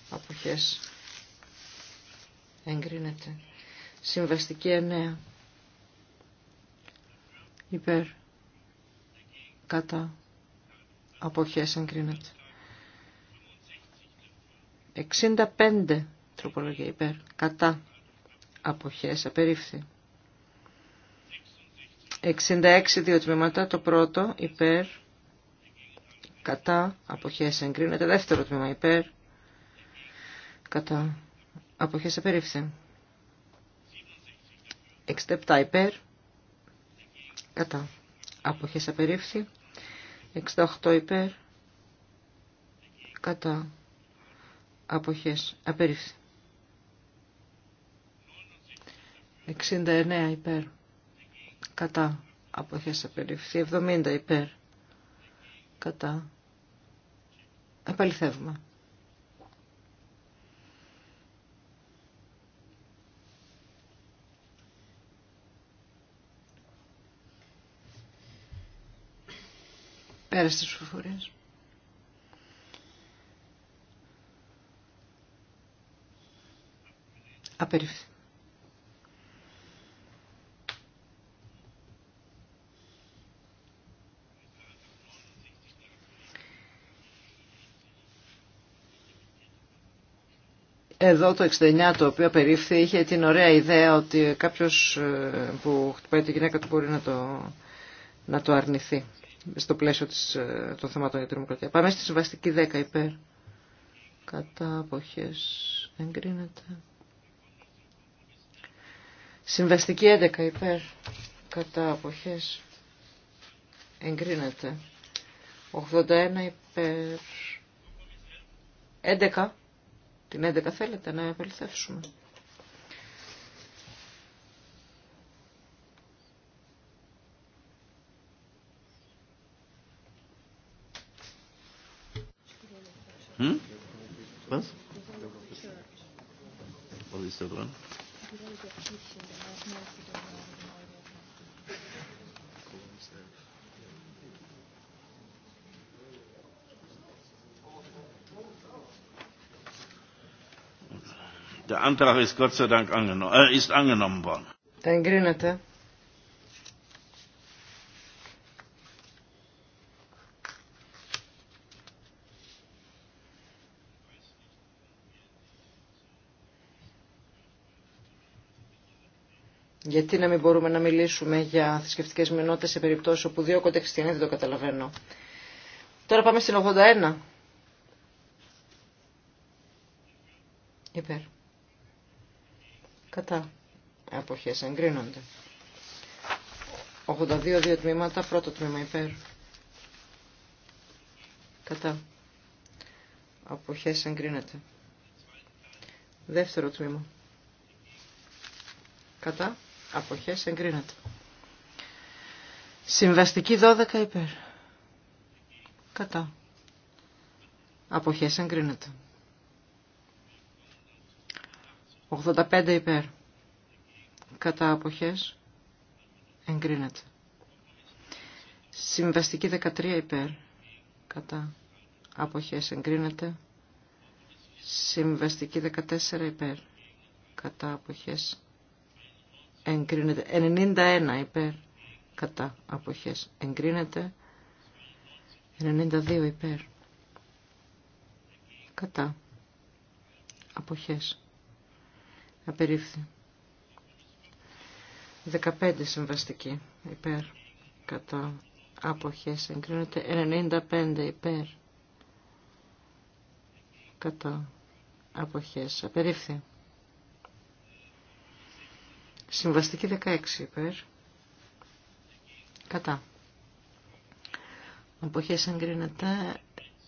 Αποχές εγκρίνεται. Συμβαστική 9 υπέρ. Κατά. Αποχές εγκρίνεται. 65 τροπολογία υπέρ. Κατά. Αποχές απερίφθη. 66 δύο τμήματα. Το πρώτο υπέρ. Κατά. Αποχές εγκρίνεται. Δεύτερο τμήμα υπέρ. Κατά. Αποχές απερίφθη. 67 υπέρ. Κατά. Αποχές απερίφθη. 68 υπέρ. Κατά αποχές απερίφθη. 69 υπέρ κατά αποχές απερίφθη. 70 υπέρ κατά επαληθεύουμε. Πέρα τις ψηφοφορίες. Απερίφθη. Εδώ το 69 το οποίο περίφθη είχε την ωραία ιδέα ότι κάποιος ε, που χτυπάει τη γυναίκα του μπορεί να το, αρνηθεί στο πλαίσιο της, ε, των θεμάτων για τη δημοκρατία. Πάμε στη συμβαστική 10 υπέρ. Κατά αποχές εγκρίνεται. Συμβαστική 11 υπέρ κατά αποχές εγκρίνεται. 81 υπέρ 11. Την 11 θέλετε να επελθεύσουμε. Antrag ist Gott sei Dank angenommen, äh, ist angenommen worden. Dann grünete. Γιατί να μην μπορούμε να μιλήσουμε για θρησκευτικέ μειονότητε σε περιπτώσει όπου διώκονται χριστιανοί, δεν το καταλαβαίνω. Τώρα πάμε στην 81. Υπέρ κατά αποχές εγκρίνονται. 82 δύο τμήματα, πρώτο τμήμα υπέρ, κατά αποχές εγκρίνεται. Δεύτερο τμήμα, κατά αποχές εγκρίνεται. Συμβαστική 12 υπέρ, κατά αποχές εγκρίνεται. 85 υπέρ. Κατά αποχές εγκρίνεται. Συμβαστική 13 υπέρ. Κατά αποχές εγκρίνεται. Συμβαστική 14 υπέρ. Κατά αποχές εγκρίνεται. 91 υπέρ. Κατά αποχές εγκρίνεται. 92 υπέρ. Κατά αποχές Απερίφθη. 15 συμβαστική υπέρ. Κατά αποχές εγκρίνεται 95 υπέρ. Κατά αποχές. Απερίφθη. Συμβαστική 16 υπέρ. Κατά. Αποχές εγκρίνεται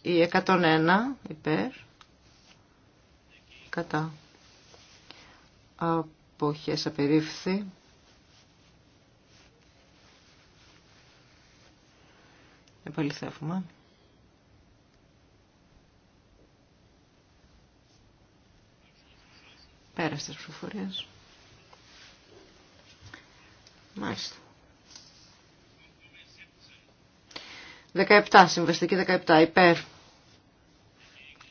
η 101 υπέρ. Κατά αποχές απερίφθη. Επαληθεύουμε. Πέρα της ψηφορίες. Μάλιστα. 17, συμβαστική 17, υπέρ.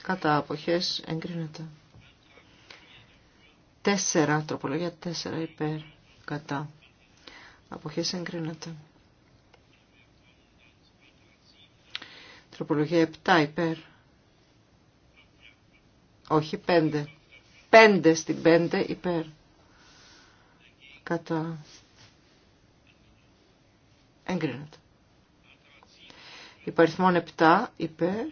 Κατά αποχές εγκρίνεται τροπολογία 4 υπέρ κατά. Αποχές εγκρίνεται. Τροπολογία 7 υπέρ. Όχι 5. 5 στην 5 υπέρ. Κατά. Εγκρίνεται. Υπαριθμόν 7 υπέρ.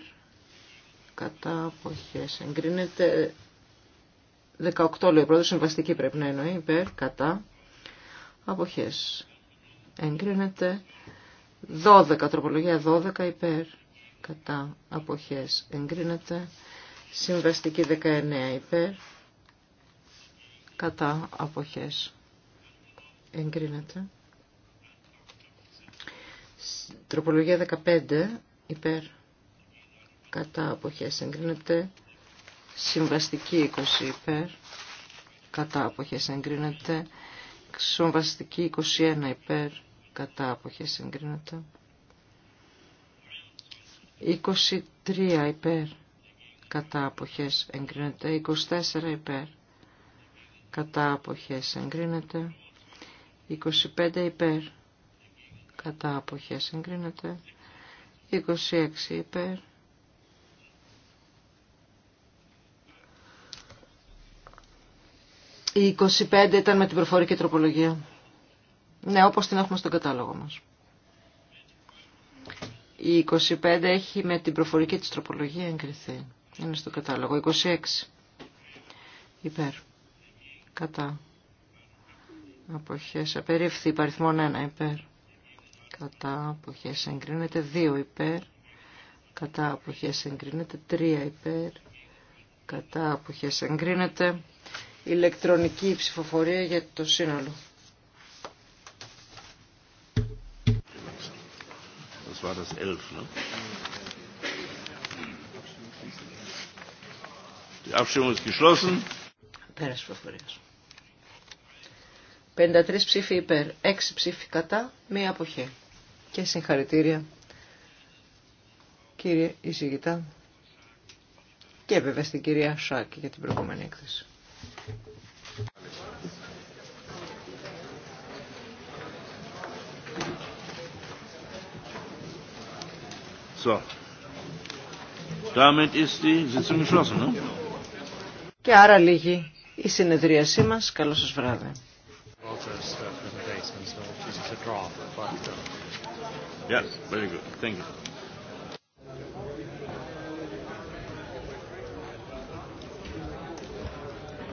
Κατά αποχές εγκρίνεται. 18 λέει ο πρόεδρος, συμβαστική πρέπει να εννοεί, υπέρ, κατά, αποχές. Εγκρίνεται 12, τροπολογία 12 υπέρ, κατά, αποχές. Εγκρίνεται συμβαστική 19 υπέρ, κατά, αποχές. Εγκρίνεται. Τροπολογία 15 υπέρ, κατά, αποχές. Εγκρίνεται Συμβαστική 20 υπέρ. Κατά αποχές εγκρίνεται. Συμβαστική 21 υπέρ. Κατά αποχές εγκρίνεται. 23 υπέρ. Κατά αποχές εγκρίνεται. 24 υπέρ. Κατά αποχές εγκρίνεται. 25 υπέρ. Κατά αποχές εγκρίνεται. 26 υπέρ Η 25 ήταν με την προφορική τροπολογία. Ναι, όπως την έχουμε στο κατάλογο μας. Η 25 έχει με την προφορική της τροπολογία εγκριθεί. Είναι στο κατάλογο. 26. Υπέρ. Κατά. Αποχές. Απερίφθη. Υπαριθμόν 1. Υπέρ. Κατά. Αποχές. Εγκρίνεται. 2. Υπέρ. Κατά. Αποχές. Εγκρίνεται. 3. Υπέρ. Κατά. Αποχές. Εγκρίνεται ηλεκτρονική ψηφοφορία για το σύνολο. Das war 11, 53 ψήφοι υπέρ, 6 ψήφοι κατά, μία αποχή. Και συγχαρητήρια, κύριε Ισηγητά, και βέβαια στην κυρία Σάκη για την προηγούμενη έκθεση. Και άρα λίγη η συνεδρίασή μας. Καλό σας βράδυ.